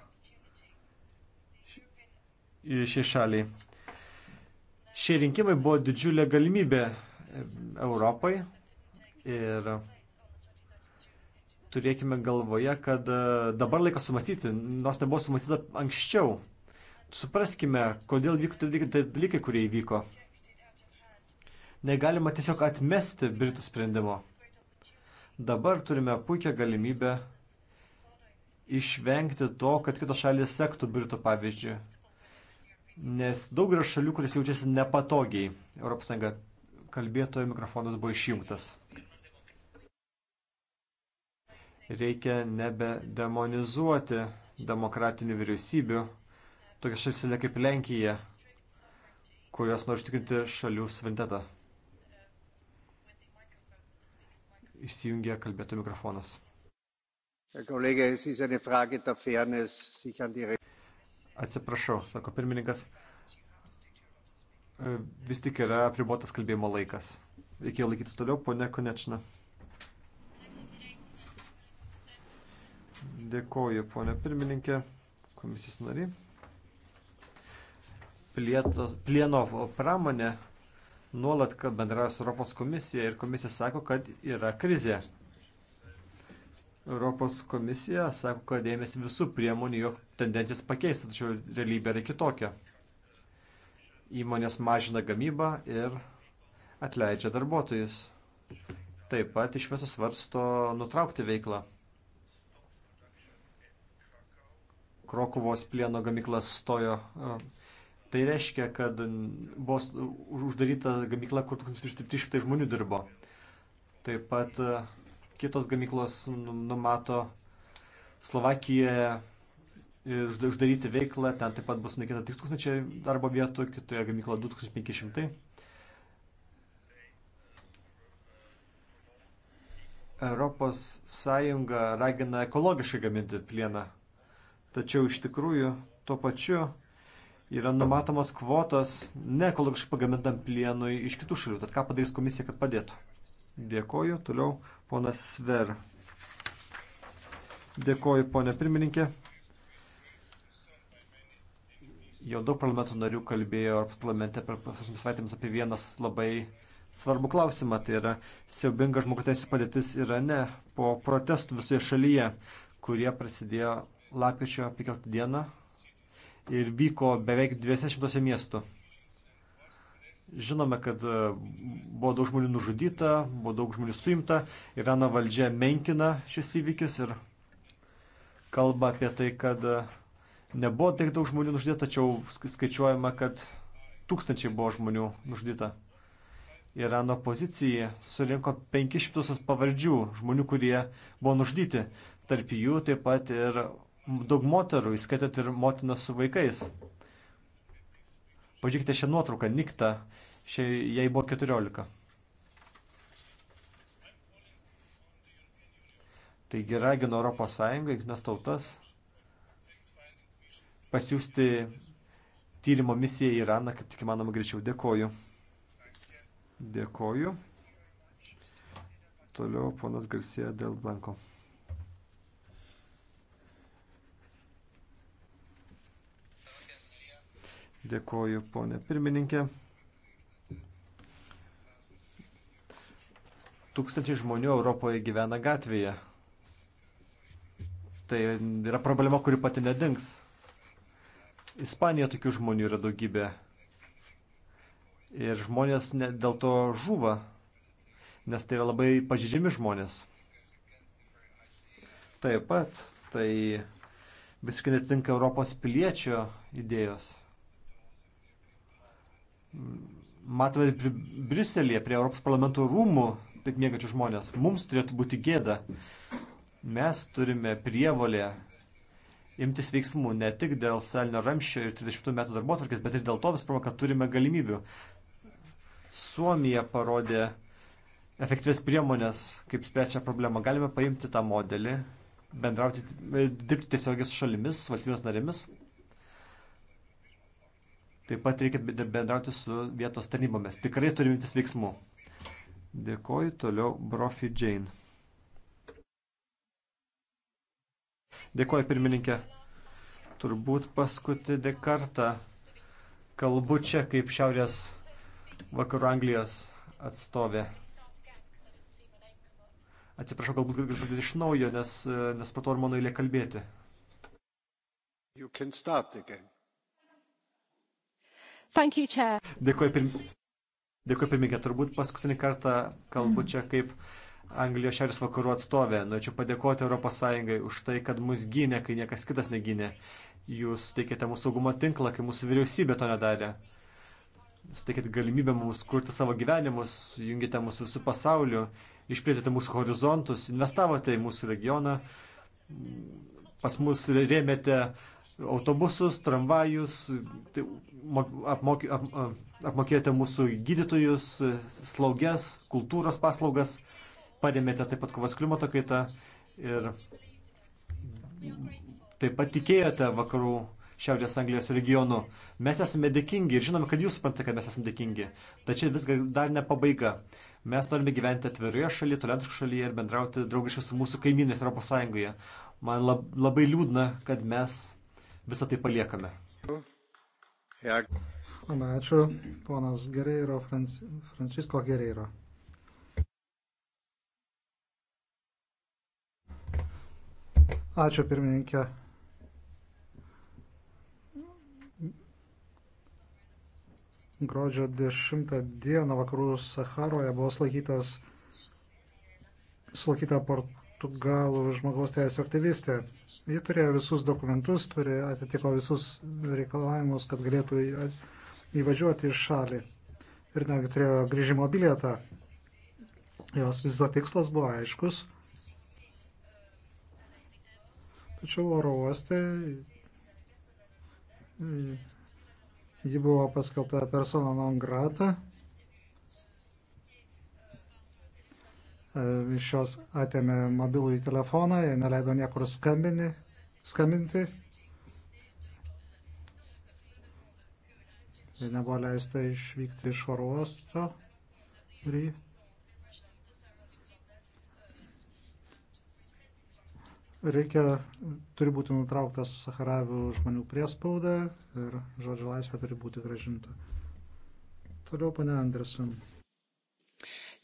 šiai šaliai. Šie rinkimai buvo didžiulė galimybė Europai ir turėkime galvoje, kad e, dabar laikas sumastyti, nors nebuvo sumastyta anksčiau. Supraskime, kodėl vyko tai dalykai, kurie įvyko. Negalima tiesiog atmesti Britų sprendimo. Dabar turime puikią galimybę išvengti to, kad kitos šalis sektų Britų pavyzdžiui nes daug yra šalių, kuris jaučiasi nepatogiai. ES kalbėtojo mikrofonas buvo išjungtas. Reikia nebedemonizuoti demokratinių vyriausybių, tokia šalselė kaip Lenkija, kurios nori užtikrinti šalių suverenitetą. Įsijungia kalbėtų mikrofonas. Herr Kollege, es ist eine Frage der Fairness, sich an die Atsiprašau, sako pirmininkas, e, vis tik yra apribotas kalbėjimo laikas. Reikėjo laikytis toliau, ponia Konečna. Dėkoju, ponia pirmininkė, komisijos nariai. Plieno pramonė nuolat bendrauja su Europos komisija ir komisija sako, kad yra krizė. Europos komisija sako, kad dėmesį visų priemonių, jog tendencijas pakeisti, tačiau realybė yra kitokia. Įmonės mažina gamybą ir atleidžia darbuotojus. Taip pat iš viso svarsto nutraukti veiklą. Krokuvos plieno gamyklas stojo. Tai reiškia, kad buvo uždaryta gamykla, kur 1300 žmonių dirbo. Taip pat Kitos gamyklos nu, numato Slovakijoje e, uždaryti veiklą, ten taip pat bus naikinta 3000 darbo vietų, kitoje gamykloje 2500. Europos Sąjunga ragina ekologiškai gaminti plieną, tačiau iš tikrųjų tuo pačiu yra numatomos kvotos neekologiškai pagamintam plienui iš kitų šalių. Tad ką padarys komisija, kad padėtų? Dėkoju. Toliau ponas Sver. Dėkoju, ponė pirmininkė. Jau daug parlamento narių kalbėjo Europos parlamente per pasaršimis savaitėms apie vienas labai svarbų klausimą. Tai yra siaubinga žmogaus teisų padėtis Irane po protestų visoje šalyje, kurie prasidėjo lapkričio 15 dieną ir vyko beveik 200 miestų. Žinome, kad e, buvo daug žmonių nužudyta, buvo daug žmonių suimta, Irano valdžia menkina šis įvykis ir kalba apie tai, kad e, nebuvo tiek daug žmonių nužudyta, tačiau skaičiuojama, kad tūkstančiai buvo žmonių nužudyta. Irano pozicija surinko 500 pavardžių žmonių, kurie buvo nužudyti. Tarp jų taip pat ir daug moterų, įskaitant ir motinas su vaikais. Pažiūrėkite šią nuotrauką, Nikta, šiai, jai buvo 14. Taigi ragino Europos Sąjungą, jungtinės tautas, pasiūsti tyrimo misiją į Iraną, kaip tik įmanoma greičiau. Dėkoju. Dėkoju. Toliau ponas Garsija dėl Blanko. Dėkoju, ponė pirmininkė. Tūkstančiai žmonių Europoje gyvena gatvėje. Tai yra problema, kuri pati nedings. Ispanijoje tokių žmonių yra daugybė. Ir žmonės ne, dėl to žūva, nes tai yra labai pažydžiami žmonės. Taip pat tai visiškai netinka Europos piliečio idėjos matome ir Briuselėje, prie Europos parlamento rūmų, taip mėgačių žmonės. Mums turėtų būti gėda. Mes turime prievolę imtis veiksmų ne tik dėl salinio ramščio ir 30 metų darbo atvarkės, bet ir dėl to vis pirma, kad turime galimybių. Suomija parodė efektyvės priemonės, kaip spręsti šią problemą. Galime paimti tą modelį, bendrauti, dirbti tiesiogiai su šalimis, valstybės narėmis Taip pat reikia bendrauti su vietos tarnybomis. Tikrai turime imtis veiksmų. Dėkoju toliau Brofi Jane. Dėkoju pirmininkė. Turbūt paskutinį kartą kalbu čia kaip Šiaurės vakarų Anglijos atstovė. Atsiprašau, galbūt žodį iš naujo, nes, nes pato ir mano eilė kalbėti. You can start again. Thank you, Chair. Dėkuoju, pirm... Dėkuoju pirmininkė. Turbūt paskutinį kartą kalbu čia kaip Anglijos šiaurės vakarų atstovė. Norėčiau padėkoti ES už tai, kad mus gynė, kai niekas kitas negynė. Jūs teikėte mūsų saugumo tinklą, kai mūsų vyriausybė to nedarė. Suteikėte galimybę mums kurti savo gyvenimus, jungėte mūsų visų pasauliu, išplėtėte mūsų horizontus, investavote į mūsų regioną, pas mus rėmėte uh, autobusus, tramvajus, tai apmoky, ap, apmokėjote mūsų gydytojus, slauges, kultūros paslaugas, paremėte taip pat kovas klimato kaita ir taip pat tikėjote vakarų Šiaurės Anglijos regionu. Mes esame dėkingi ir žinome, kad jūs suprantate, kad mes esame dėkingi. Tačiau viskas dar ne pabaiga. Mes norime gyventi atviroje šalyje, tolerantiškoje šalyje ir bendrauti draugiškai su mūsų kaimynais ES. Man lab, labai liūdna, kad mes visą tai paliekame. Ačiū, ponas Gereiro, Francisco Gereiro. Ačiū, pirmininkė. Gruodžio 10 dieną vakarų Saharoje buvo sulaikytas, sulaikyta port, Portugalų žmogaus teisų aktyvistė. Ji turėjo visus dokumentus, turėjo, atitiko visus reikalavimus, kad galėtų įvažiuoti į šalį. Ir netgi turėjo grįžimo bilietą. Jos vizo tikslas buvo aiškus. Tačiau oro uoste ji buvo paskelbta persona non grata E, iš jos atėmė mobilųjį telefoną, jai neleido niekur skambini, skambinti. Jai nebuvo leista išvykti iš oro uosto. Ir jį. Reikia, turi būti nutrauktas Saharavių žmonių priespauda ir žodžio laisvė turi būti gražinta. Toliau, pane Anderson.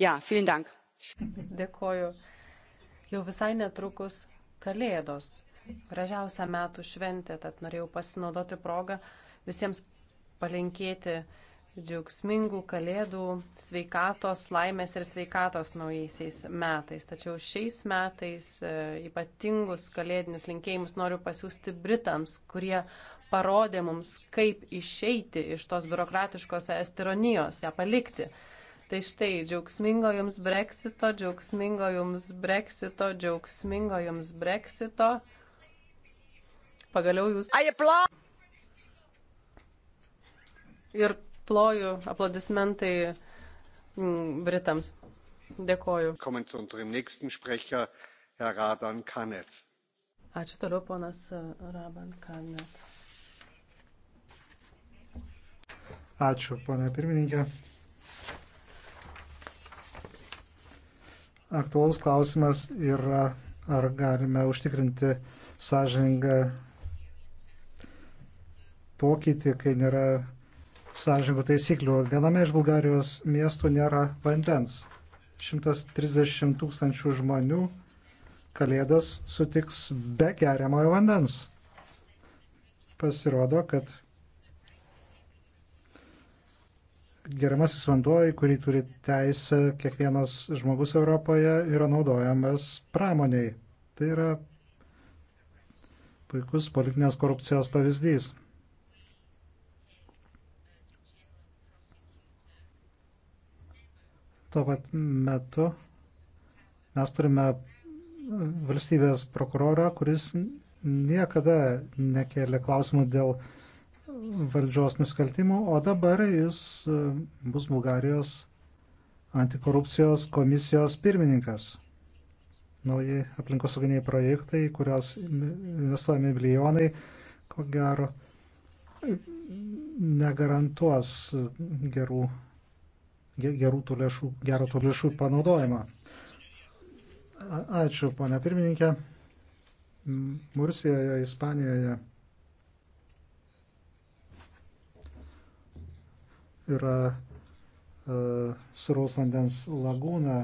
Ja, vielen Dank Dėkoju. Jau visai netrukus Kalėdos. Gražiausia metų šventė, tad norėjau pasinaudoti progą visiems palinkėti džiaugsmingų kalėdų, sveikatos, laimės ir sveikatos naujaisiais metais. Tačiau šiais metais e, ypatingus kalėdinius linkėjimus noriu pasiūsti Britams, kurie parodė mums, kaip išeiti iš tos biurokratiškos estironijos, ją palikti. Tai štai, džiaugsmingo jums breksito, džiaugsmingo jums breksito, džiaugsmingo jums breksito. Pagaliau jūs. Ir ploju aplodismentai mm, Britams. Dėkoju. Ačiū toliau, ponas e, Raban Kalnet. Ačiū, ponė pirmininkė. aktualus klausimas yra, ar galime užtikrinti sąžiningą pokytį, kai nėra sąžingų taisyklių. Viename iš Bulgarijos miestų nėra vandens. 130 tūkstančių žmonių kalėdas sutiks be geriamojo vandens. Pasirodo, kad geriamasis vanduo, į kurį turi teisę kiekvienas žmogus Europoje, yra naudojamas pramoniai. Tai yra puikus politinės korupcijos pavyzdys. Tuo pat metu mes turime valstybės prokurorą, kuris niekada nekėlė klausimų dėl valdžios nusikaltimų, o dabar jis e, bus Bulgarijos antikorupcijos komisijos pirmininkas. Nauji aplinkosauginiai projektai, kurios investuojami milijonai, ko gero, negarantuos gerų, gerų tų lėšų, gerų tų lėšų panaudojimą. Ačiū, ponia pirmininkė. Mursijoje, Ispanijoje yra uh, e, suraus vandens lagūna.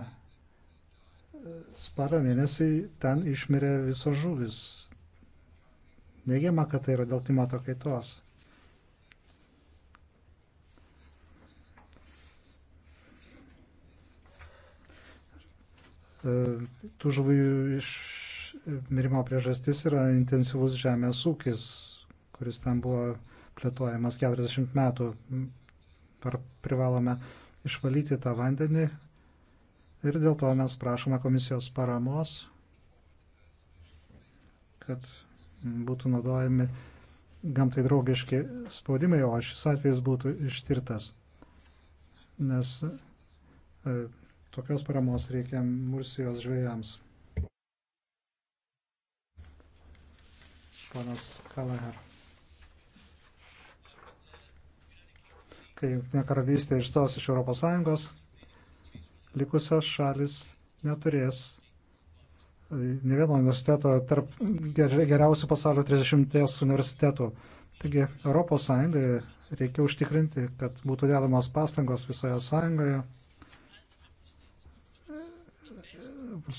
Spalio mėnesį ten išmirė visos žuvis. Neigiama, kad tai yra dėl klimato kaitos. E, tų žuvų išmirimo priežastis yra intensyvus žemės ūkis, kuris ten buvo plėtojamas 40 metų per, privalome išvalyti tą vandenį ir dėl to mes prašome komisijos paramos, kad būtų naudojami gamtai draugiški spaudimai, o šis atvejis būtų ištirtas. Nes e, tokios paramos reikia Mursijos žvėjams. Ponas Kalahar. kai Junktinė karalystė išstos iš ES, likusios šalis neturės e, ne vieno universiteto tarp geriausių pasaulio 30 universitetų. Taigi ES reikia užtikrinti, kad būtų dedamos pastangos visoje sąjungoje,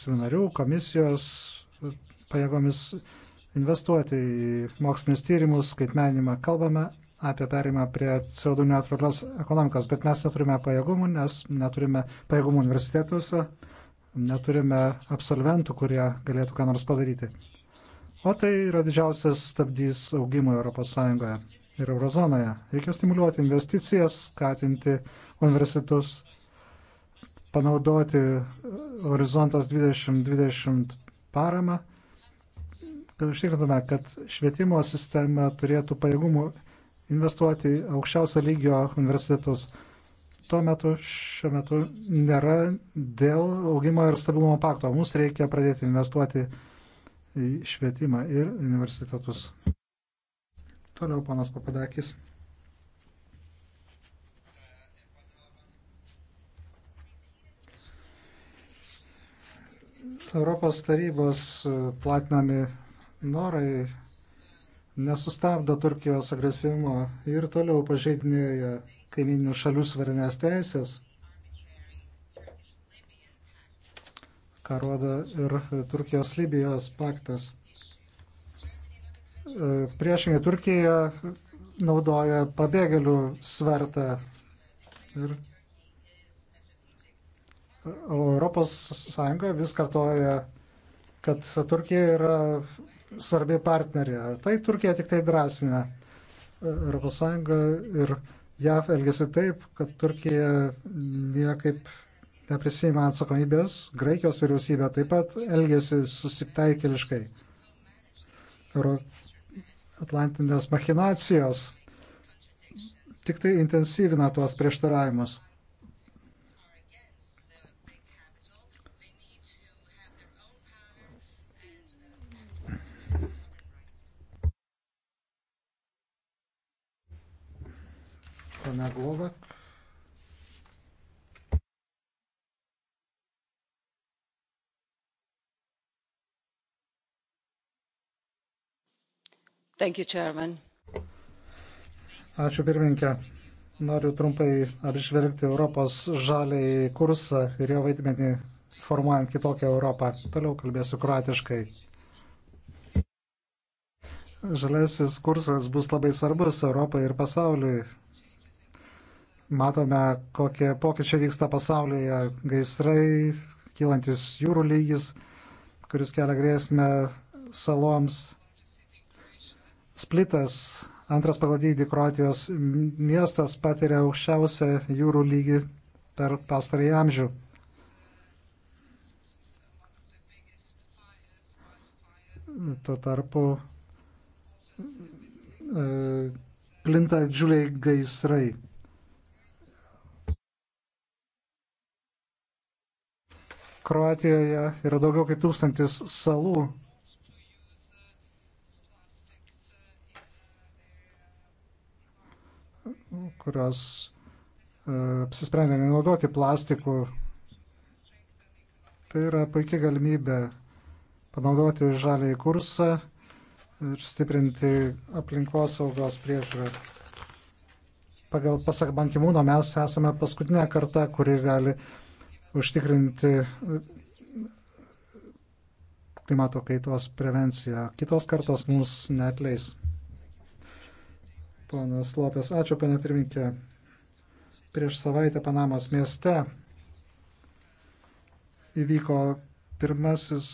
seminarių, komisijos pajėgomis investuoti į mokslinius tyrimus, skaitmenimą. Kalbame apie perimą prie CO2 neutralios ekonomikos, bet mes neturime pajėgumų, nes neturime pajėgumų universitetuose, neturime absolventų, kurie galėtų ką nors padaryti. O tai yra didžiausias stabdys augimui ES ir eurozonoje. Reikia stimuliuoti investicijas, skatinti universitetus, panaudoti horizontas 2020 paramą, kad užtikrintume, kad švietimo sistema turėtų pajėgumų investuoti aukščiausio lygio universitetus. Tuo metu šiuo metu nėra dėl augimo ir stabilumo pakto. Mums reikia pradėti investuoti į švietimą ir universitetus. Toliau panas Papadakis. Europos tarybos platinami norai nesustabdo Turkijos agresyvumo ir toliau pažeidinėja kaiminių šalių suverenės teisės, ką rodo ir Turkijos-Libijos paktas. E, priešingai Turkija naudoja pabėgėlių svertą ir Europos Sąjunga vis kartoja, kad Turkija yra svarbi partnerė. Tai Turkija tik tai drąsina. ES ir JAV elgesi taip, kad Turkija niekaip neprisima atsakomybės, Graikijos vyriausybė taip pat elgesi susitaikeliškai. Atlantinės machinacijos tik tai intensyvina tuos prieštaravimus. Pana Glovak. You, Ačiū pirmininkė. Noriu trumpai apžvelgti Europos žaliai kursą ir jo vaidmenį formuojant kitokią Europą. Toliau kalbėsiu kroatiškai. Žaliasis kursas bus labai svarbus Europai ir pasauliui, Matome, kokie pokyčiai vyksta pasaulyje. Gaisrai, kylantis jūrų lygis, kuris kelia grėsmę saloms. Splitas, antras pagal dydį Kroatijos miestas, patiria aukščiausią jūrų lygį per pastarąjį amžių. Tuo tarpu e, plinta džiuliai gaisrai. Kroatijoje yra daugiau kaip tūkstantis salų. kurios e, apsisprendė nenaudoti plastikų. Tai yra puikia galimybė panaudoti žaliai kursą ir stiprinti aplinkos saugos priežiūrą. Pagal pasak bankimūno mes esame paskutinė karta, kuri gali uh, užtikrinti e, klimato kaitos prevenciją. Kitos kartos mums netleis. Ponas Lopės, ačiū, pana pirminkė. Prieš savaitę Panamos mieste įvyko pirmasis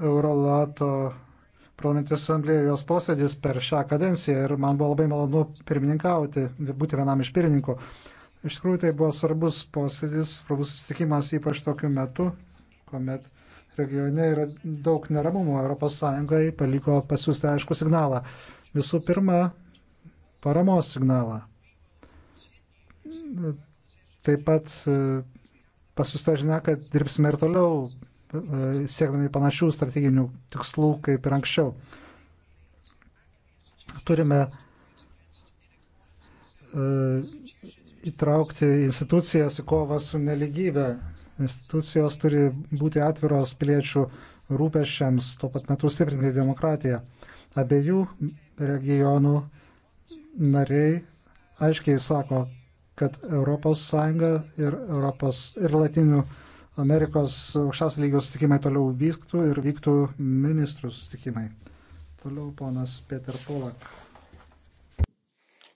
Eurolato parlamentės asamblėjos posėdis per šią kadenciją ir man buvo labai malonu pirmininkauti, būti vienam iš pirmininkų. Iš tikrųjų, tai buvo svarbus posėdis, svarbus susitikimas, ypač tokiu metu, kuomet regione yra daug neramumų. ES paliko pasiūsti aišku signalą. Visų pirma, paramos signalą. Taip pat e, pasiūsta žinia, kad dirbsime ir toliau, e, siekdami panašių strateginių tikslų kaip ir anksčiau. Turime e, įtraukti institucijas į kovą su neligybė. Institucijos turi būti atviros piliečių rūpešiams, tuo pat metu stiprinti demokratiją. Abiejų regionų nariai aiškiai sako, kad ES ir, Europos, ir Latinių Amerikos aukštas lygios sutikimai toliau vyktų ir vyktų ministrų sutikimai. Toliau ponas Peter Polak.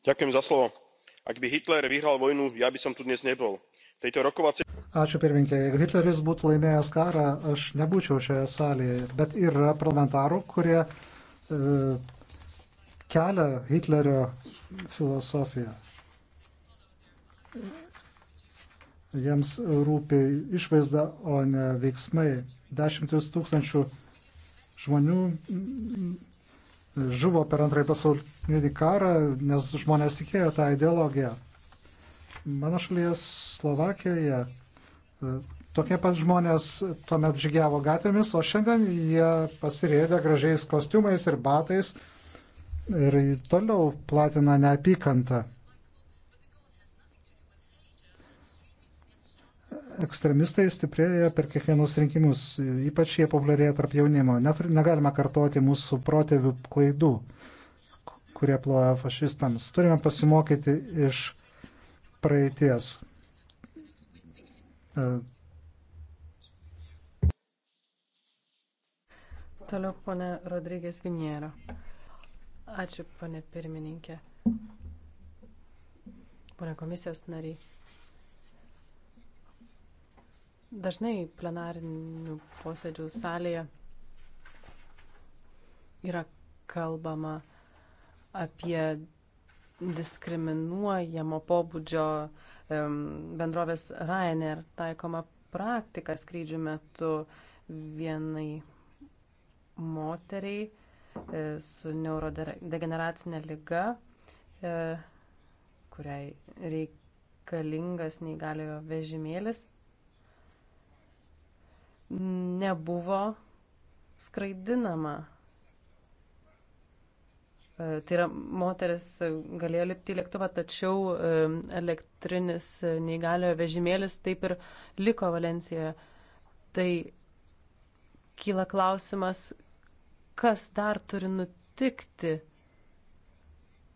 Ďakujem za slovo ak by Hitler vyhral vojnu, ja by som tu dnes nebol. Tejto rokovacej... Ačiū pirmininkė. Jeigu Hitleris būtų laimėjęs karą, aš nebūčiau šioje salėje. Bet yra parlamentarų, kurie e, kelia Hitlerio filosofiją. Jiems rūpi išvaizda, o ne veiksmai. Dešimtis tūkstančių žmonių žuvo per antrąjį pasaulinį karą, nes žmonės tikėjo tą ideologiją. Mano šalyje Slovakijoje e, tokie pat žmonės tuomet žygiavo gatvėmis, o šiandien jie pasirėdė gražiais kostiumais ir batais ir toliau platina neapykantą. ekstremistai stiprėja per kiekvienus rinkimus, ypač jie populiarėja tarp jaunimo. Netur, negalime kartoti mūsų protėvių klaidų, kurie ploja fašistams. Turime pasimokyti iš praeities. E, Toliau ponė Rodrygės Pinėra. Ačiū, ponė pirmininkė. Pone komisijos nariai. Dažnai plenarinių posėdžių salėje yra kalbama apie diskriminuojamo pobūdžio bendrovės Ryanair taikoma praktika skrydžių metu vienai moteriai e, su neurodegeneracinė lyga, e, kuriai reikalingas neįgaliojo vežimėlis, nebuvo skraidinama. E, tai yra, moteris galėjo lipti į lėktuvą, tačiau e, elektrinis neįgaliojo vežimėlis taip ir liko Valencijoje. Tai kyla klausimas, kas dar turi nutikti,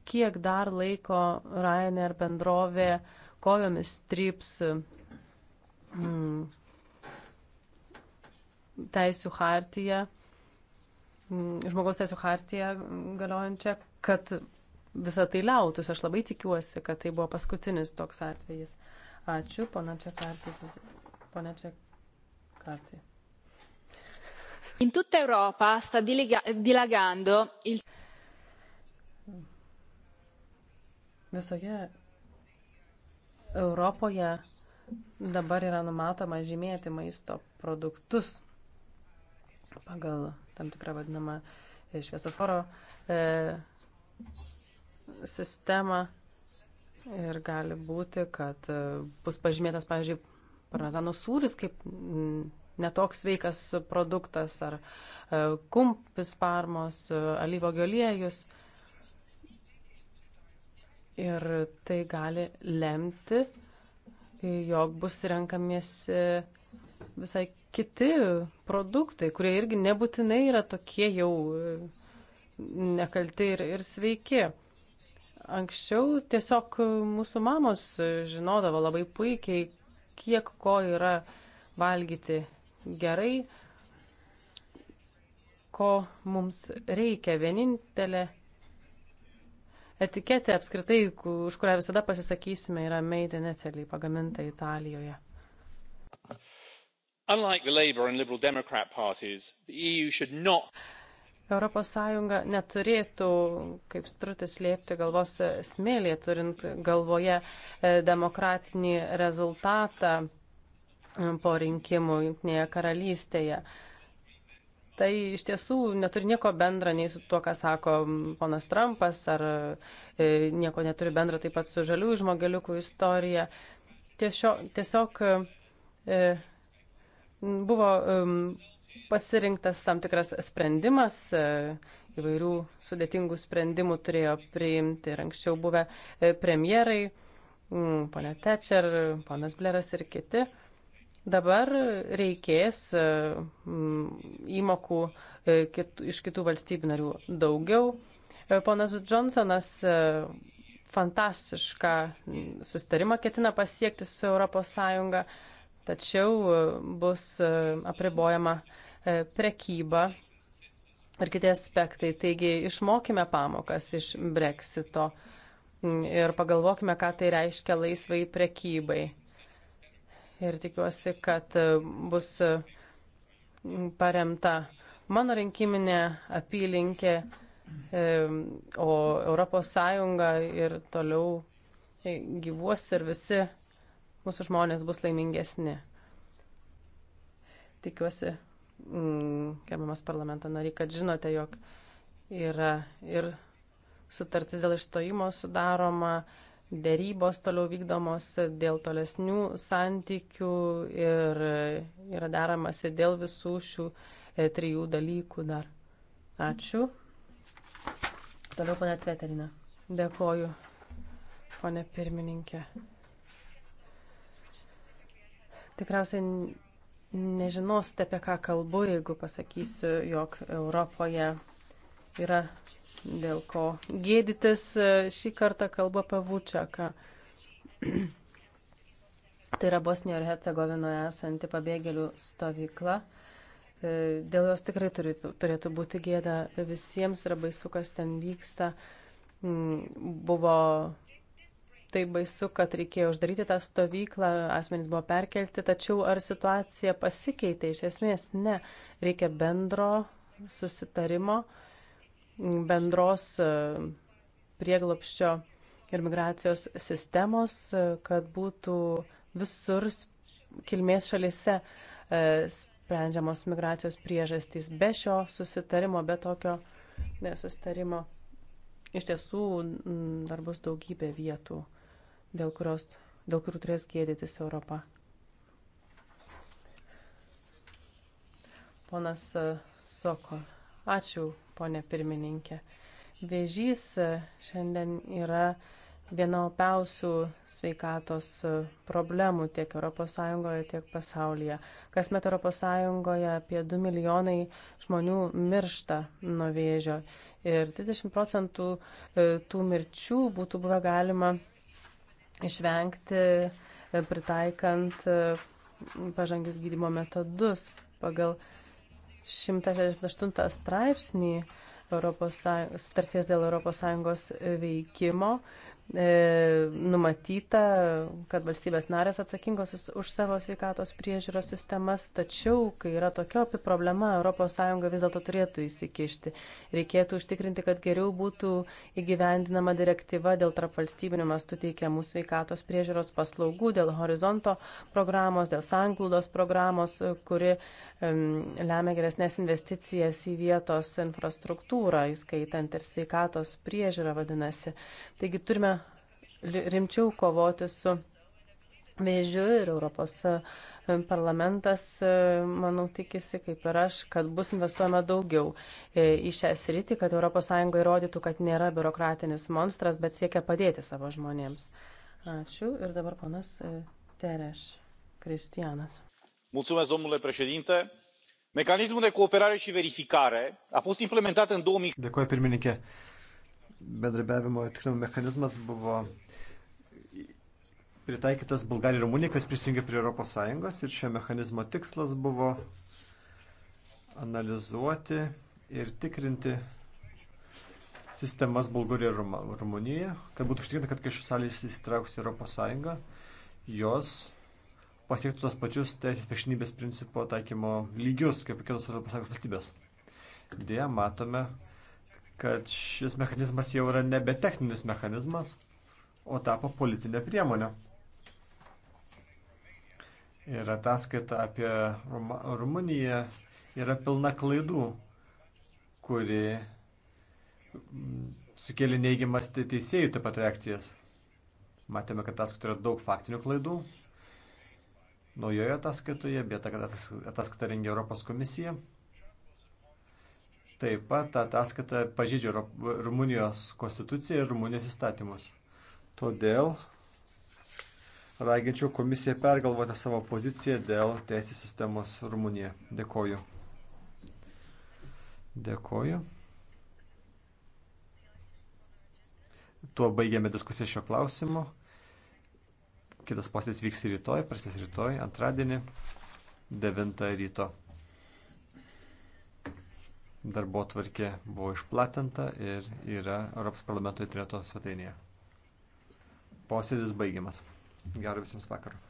kiek dar laiko Ryanair bendrovė kojomis tryps mm, teisų hartiją, mm, žmogaus teisų hartiją galiojančią, kad visą tai liautus. Aš labai tikiuosi, kad tai buvo paskutinis toks atvejis. Ačiū, pana Čekartis. Pana Čekartis. In tutta Europa sta dilagando il. Visoje Europoje dabar yra numatoma žymėti maisto produktus pagal tam tikrą vadinamą e, šviesoforo e, sistemą. Ir gali būti, kad e, bus pažymėtas, pavyzdžiui, parmezano sūris kaip netoks sveikas produktas ar e, kumpis parmos, alyvogio aliejus. Ir tai gali lemti, jog bus renkamiesi visai kiti produktai, kurie irgi nebūtinai yra tokie jau e, nekalti ir, ir sveiki. Anksčiau tiesiog mūsų mamos žinodavo labai puikiai, kiek ko yra valgyti gerai, ko mums reikia. Vienintelė etiketė apskritai, už kurią visada pasisakysime, yra Made in Italy, pagaminta Italijoje unlike the labour and liberal democrat parties the eu should not Europos Sąjunga neturėtų kaip strutis lėpti galvos smėlėje, turint galvoje e, demokratinį rezultatą e, po rinkimų Junktinėje karalystėje. Tai iš tiesų neturi nieko bendra nei su tuo, ką sako ponas Trumpas, ar e, nieko neturi bendra taip pat su žaliųjų žmogeliukų istorija. Tiesio, tiesiog e, Buvo pasirinktas tam tikras sprendimas, e, įvairių sudėtingų sprendimų turėjo priimti ir anksčiau buvę e, premjerai, ponė Tečer, ponas Bleras ir kiti. Dabar reikės e, įmokų iš kitų valstybių narių daugiau. Ponas Johnsonas fantastišką sustarimą ketina pasiekti su ES tačiau e, bus e, apribojama e, prekyba ir kiti aspektai. Taigi išmokime pamokas iš breksito ir pagalvokime, ką tai reiškia laisvai prekybai. Ir tikiuosi, kad bus paremta mano rinkiminė apylinkė, o ES ir toliau gyvuos ir visi mūsų žmonės bus laimingesni. Tikiuosi, mm, gerbiamas parlamento nariai, kad žinote, jog yra ir sutartis dėl išstojimo sudaroma, dėrybos toliau vykdomos dėl tolesnių santykių ir yra deramasi dėl visų šių e, trijų dalykų dar. Ačiū. Toliau pana Cveterina. Dėkoju, ponė pirmininkė. Tikriausiai nežinosite, apie ką kalbu, jeigu pasakysiu, jog Europoje yra dėl ko gėdytis. Šį kartą kalbu apie Vučiaką. tai yra Bosnijoje ir Hercegovinoje esanti pabėgėlių stovykla. Dėl jos tikrai turėtų, turėtų būti gėda visiems ir baisu, kas ten vyksta. Mm, buvo taip baisu, kad reikėjo uždaryti tą stovyklą, asmenys buvo perkelti, tačiau ar situacija pasikeitė? Iš esmės ne. Reikia bendro susitarimo, bendros e, prieglopščio ir migracijos sistemos, e, kad būtų visur kilmės šalise e, sprendžiamos migracijos priežastys. Be šio susitarimo, be tokio nesusitarimo iš tiesų dar bus daugybė vietų dėl, kurios, dėl kurių turės gėdytis Europą. Ponas e, Soko, ačiū, ponė pirmininkė. Vėžys e, šiandien yra viena opiausių sveikatos e, problemų tiek ES, tiek pasaulyje. Kasmet ES apie 2 milijonai žmonių miršta nuo vėžio ir 30 procentų tų mirčių būtų buvę galima išvengti e, pritaikant e, pažangius gydimo metodus. Pagal 168 straipsnį Europos, sutarties dėl ES veikimo E, numatyta, kad valstybės narės atsakingos už savo sveikatos priežiūros sistemas, tačiau, kai yra tokia opi problema, ES vis dėlto turėtų įsikišti. Reikėtų užtikrinti, kad geriau būtų įgyvendinama direktyva dėl tarpvalstybinių mastų teikiamų sveikatos priežiūros paslaugų, dėl horizonto programos, dėl sanglūdos programos, kuri lemia geresnės investicijas į vietos infrastruktūrą, įskaitant ir sveikatos priežiūrą vadinasi. Taigi turime rimčiau kovoti su vėžiu ir Europos parlamentas, manau, tikisi, kaip ir aš, kad bus investuojama daugiau e, į šią sritį, kad ES įrodytų, kad nėra biurokratinis monstras, bet siekia padėti savo žmonėms. Ačiū. Ir dabar ponas e, Tereš Kristijanas domnule președinte mecanismul de cooperare și verificare a fost implementat în două mii. dėkoju pirmininke bendradarbiavimo tikrinimo mechanizmas buvo pritaikytas bulgarijai ir rumunijai kas prisijungė prie europos sąjungos ir šio mechanizmo tikslas buvo analizuoti ir tikrinti sistemas Bulgarijoje ir Rumunijoje, kad būtų užtikrinta, kad kai šios šalys įsitrauks į Europos Sąjungą, jos pasiektų tos pačius teisės viršinybės principo taikymo lygius, kaip kitos Europos Sąjungos valstybės. Dėja, matome, kad šis mechanizmas jau yra nebe techninis mechanizmas, o tapo politinė priemonė. Ir ataskaita apie Rumuniją yra pilna klaidų, kuri mm, sukėlė neigiamas teisėjų taip pat reakcijas. Matėme, kad ataskaita yra daug faktinių klaidų, naujoje ataskaitoje, bet ataskaita rengia Europos komisija. Taip pat ataskaita pažydžia Rumunijos konstituciją ir Rumunijos įstatymus. Todėl raginčiau komisiją pergalvoti savo poziciją dėl teisės sistemos Rumunija. Dėkoju. Dėkoju. Tuo baigėme diskusiją šio klausimu. Kitas posėdis vyks rytoj, prasidės rytoj, antradienį, 9 ryto. Darbo tvarkė buvo išplatinta ir yra Europos parlamento interneto svetainėje. Posėdis baigiamas. Gero visiems vakaro.